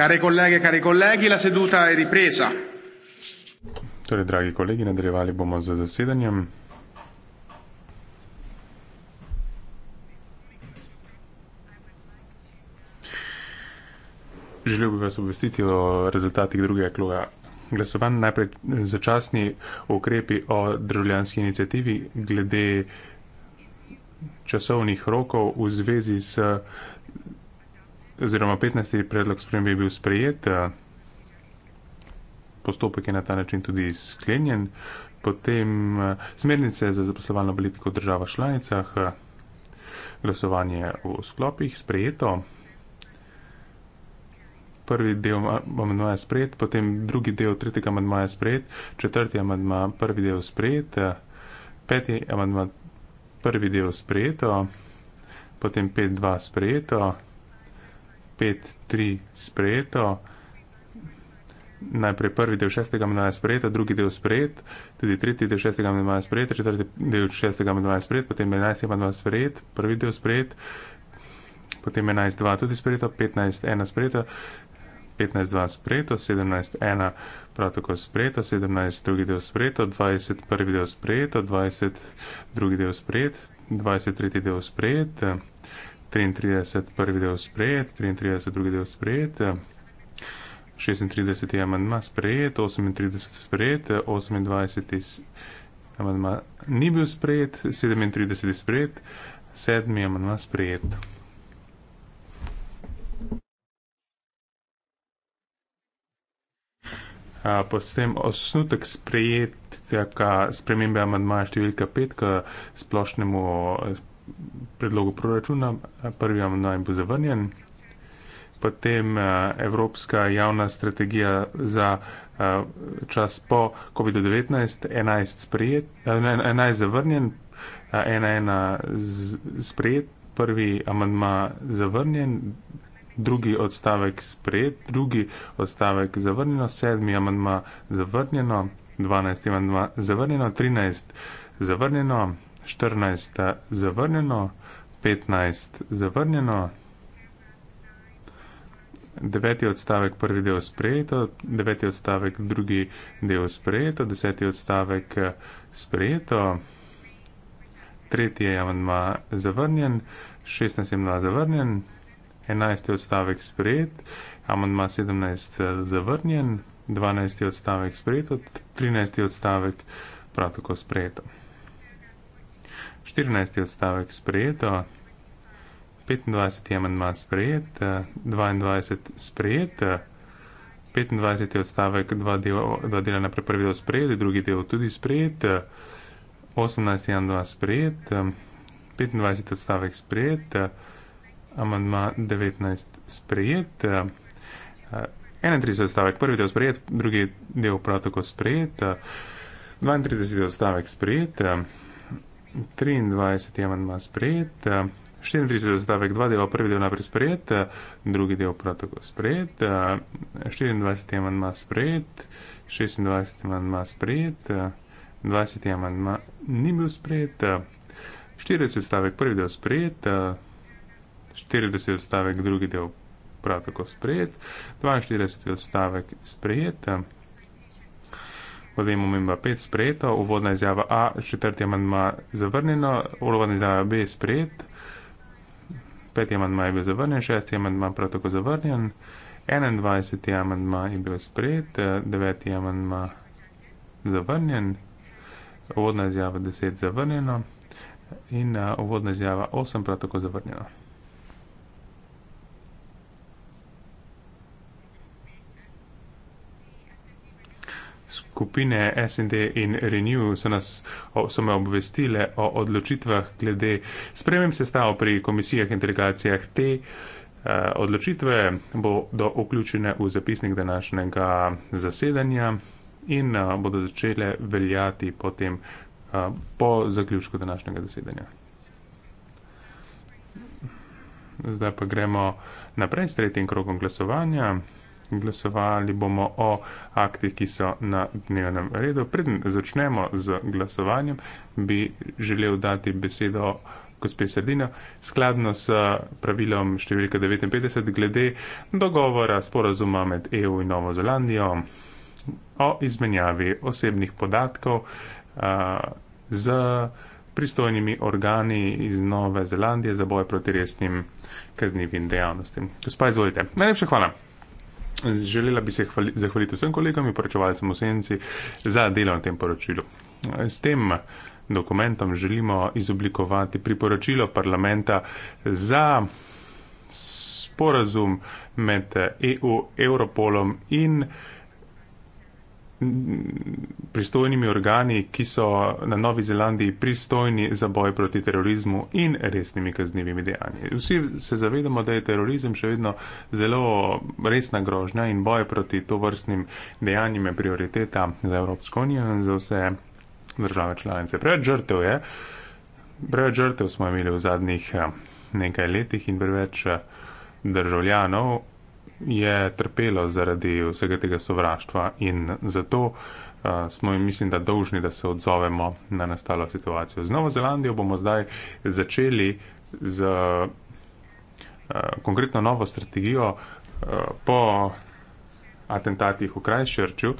Care colleghe e cari colleghi, la seduta è ripresa. Torej, dragi colleghi, nadaljevali bomo z zasedanjem. Želel bi vas obvestiti o rezultatih drugega kloga glasovanj. Najprej začasni ukrepi o državljanski inicijativi glede časovnih rokov v zvezi s oziroma 15. predlog sprem je bil sprejet, eh, postopek je na ta način tudi sklenjen, potem eh, smernice za zaposlovalno politiko v državah članicah, eh, glasovanje v sklopih sprejeto, prvi del amandmaja sprejet, potem drugi del tretjega amandmaja sprejet, četrti amandma prvi del sprejet, peti amandma prvi del sprejeto, potem 5.2 sprejeto. 5, 3 sprejeto. Najprej prvi del šestega amandmaja sprejeto, drugi del sprejet, tudi tretji del šestega amandmaja sprejeto, četrti del šestega amandmaja sprejeto, potem 11 amandmaja sprejet, prvi del sprejet, potem 11, 2 tudi sprejeto, 15, 1 sprejeto, 15, 2 sprejeto, 17, 1 prav tako sprejeto, 17, drugi del sprejeto, 20, prvi del sprejeto, 20, drugi del sprejet, 23 del sprejet. 33. prvi del sprejet, 33. drugi del sprejet, 36. amandma sprejet, 38. sprejet, 28. amandma ni bil sprejet, 37. sprejet, 7. amandma sprejet. A, potem osnutek sprejetja, spremembe amandmaja številka 5 k splošnemu predlogu proračuna, prvi amandma je bil zavrnjen, potem eh, Evropska javna strategija za eh, čas po COVID-19, 11, 11 eh, zavrnjen, 1-1 sprejet, prvi amandma zavrnjen, drugi odstavek sprejet, drugi odstavek zavrnjeno, sedmi amandma zavrnjeno, 12 amandma zavrnjeno, 13 zavrnjeno. 14 eh, zavrnjeno, 15 zavrnjeno, 9 odstavek prvi del sprejeto, 9 odstavek drugi del sprejeto, 10 odstavek eh, sprejeto, 3 je amandma zavrnjen, 16 je amandma zavrnjen, 11 odstavek sprejet, amandma 17 eh, zavrnjen, 12 odstavek sprejeto, 13 odstavek prav tako sprejeto. 14. odstavek sprejeto, 25. amandma sprejet, 22. sprejet, 25. odstavek 2 dela naprej prvi del sprejet, drugi del tudi sprejet, 18. amandma sprejet, 25. odstavek sprejet, amandma 19. sprejet, 31. odstavek prvi del sprejet, drugi del prav tako sprejet, 32. odstavek sprejet, 23. amandma sprejet, 34. stavek 2. del, prvi del najprej sprejet, eh, drugi del prav tako sprejet, 24. Eh, amandma sprejet, 26. amandma sprejet, 20. Eh, amandma ni bil sprejet, 40. stavek prvi del sprejet, 40. stavek drugi del prav tako sprejet, 42. stavek sprejet, Podajmo memba 5 sprejeto, uvodna izjava A, četrti amandma zavrnjeno, uvodna izjava B sprejet, peti amandma je bil zavrnjen, šesti amandma prav tako zavrnjen, 21. amandma je bil sprejet, deveti amandma zavrnjen, uvodna izjava 10 zavrnjeno in uvodna izjava 8 prav tako zavrnjeno. skupine SND in Renew so, nas, so me obvestile o odločitvah glede spremem sestavo pri komisijah in delegacijah. Te eh, odločitve bodo vključene v zapisnik današnjega zasedanja in eh, bodo začele veljati potem eh, po zaključku današnjega zasedanja. Zdaj pa gremo naprej s tretjim krokom glasovanja glasovali bomo o aktih, ki so na dnevnem redu. Preden začnemo z glasovanjem, bi želel dati besedo gospe Sardino. Skladno s pravilom številka 59 glede dogovora sporazuma med EU in Novo Zelandijo o izmenjavi osebnih podatkov uh, z pristojnimi organi iz Nove Zelandije za boj proti resnim kaznivim dejavnostim. Gospa, izvolite. Najlepša hvala. Želela bi se hvali, zahvaliti vsem kolegom in poročevalcem v senci za delo na tem poročilu. S tem dokumentom želimo izoblikovati priporočilo parlamenta za sporazum med EU, Europolom in pristojnimi organi, ki so na Novi Zelandiji pristojni za boj proti terorizmu in resnimi kaznjivimi dejanji. Vsi se zavedamo, da je terorizem še vedno zelo resna grožnja in boj proti to vrstnim dejanjem je prioriteta za Evropsko unijo in za vse države članice. Preveč žrtev je, preveč žrtev smo imeli v zadnjih eh, nekaj letih in preveč eh, državljanov je trpelo zaradi vsega tega sovraštva in zato uh, smo jim, mislim, da dolžni, da se odzovemo na nastalo situacijo. Z Novo Zelandijo bomo zdaj začeli z uh, konkretno novo strategijo uh, po atentatih v Krajšrču.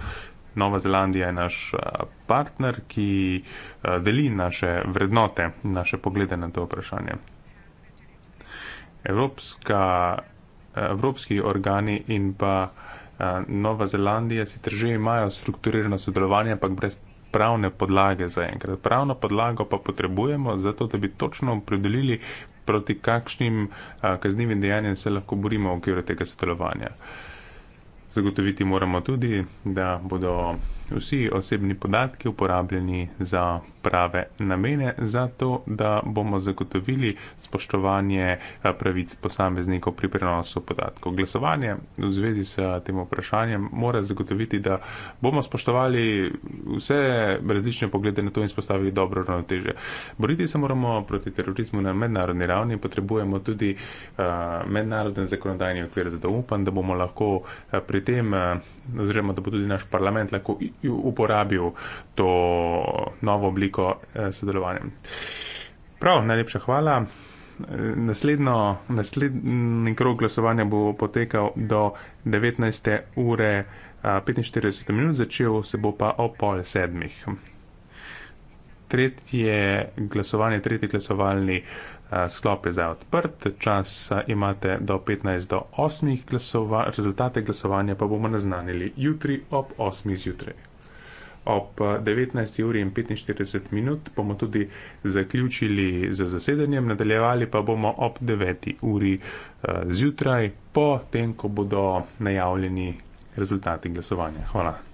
Nova Zelandija je naš uh, partner, ki uh, deli naše vrednote, naše poglede na to vprašanje. Evropska Eh, evropski organi in pa eh, Nova Zelandija sicer že imajo strukturirano sodelovanje, ampak brez pravne podlage za enkrat. Pravno podlago pa potrebujemo zato, da bi točno opredelili, proti kakšnim eh, kaznivim dejanjem se lahko borimo v okviru tega sodelovanja. Zagotoviti moramo tudi, da bodo vsi osebni podatki uporabljeni za prave namene, zato da bomo zagotovili spoštovanje eh, pravic posameznikov pri prenosu podatkov. Glasovanje v zvezi s tem vprašanjem mora zagotoviti, da bomo spoštovali vse različne poglede na to in spostavili dobro ravnoteže. Boriti se moramo proti terorizmu na mednarodni ravni, potrebujemo tudi uh, mednarodni zakonodajni okvir, zato upam, da bomo lahko eh, pri tem, oziroma da bo tudi naš parlament lahko uporabil to novo obliko, veliko eh, sodelovanja. Prav, najlepša hvala. Eh, naslednjo, naslednji krog glasovanja bo potekal do 19. ure 45 eh, minut, začel se bo pa o pol sedmih. Tretje glasovanje, tretji glasovalni eh, sklop je zdaj odprt, čas imate do 15 do 8. Glasova, rezultate glasovanja pa bomo naznanili jutri ob 8. zjutraj ob 19.45 eh, minut bomo tudi zaključili z zasedanjem, nadaljevali pa bomo ob 9. uri eh, zjutraj, po tem, ko bodo najavljeni rezultati glasovanja. Hvala.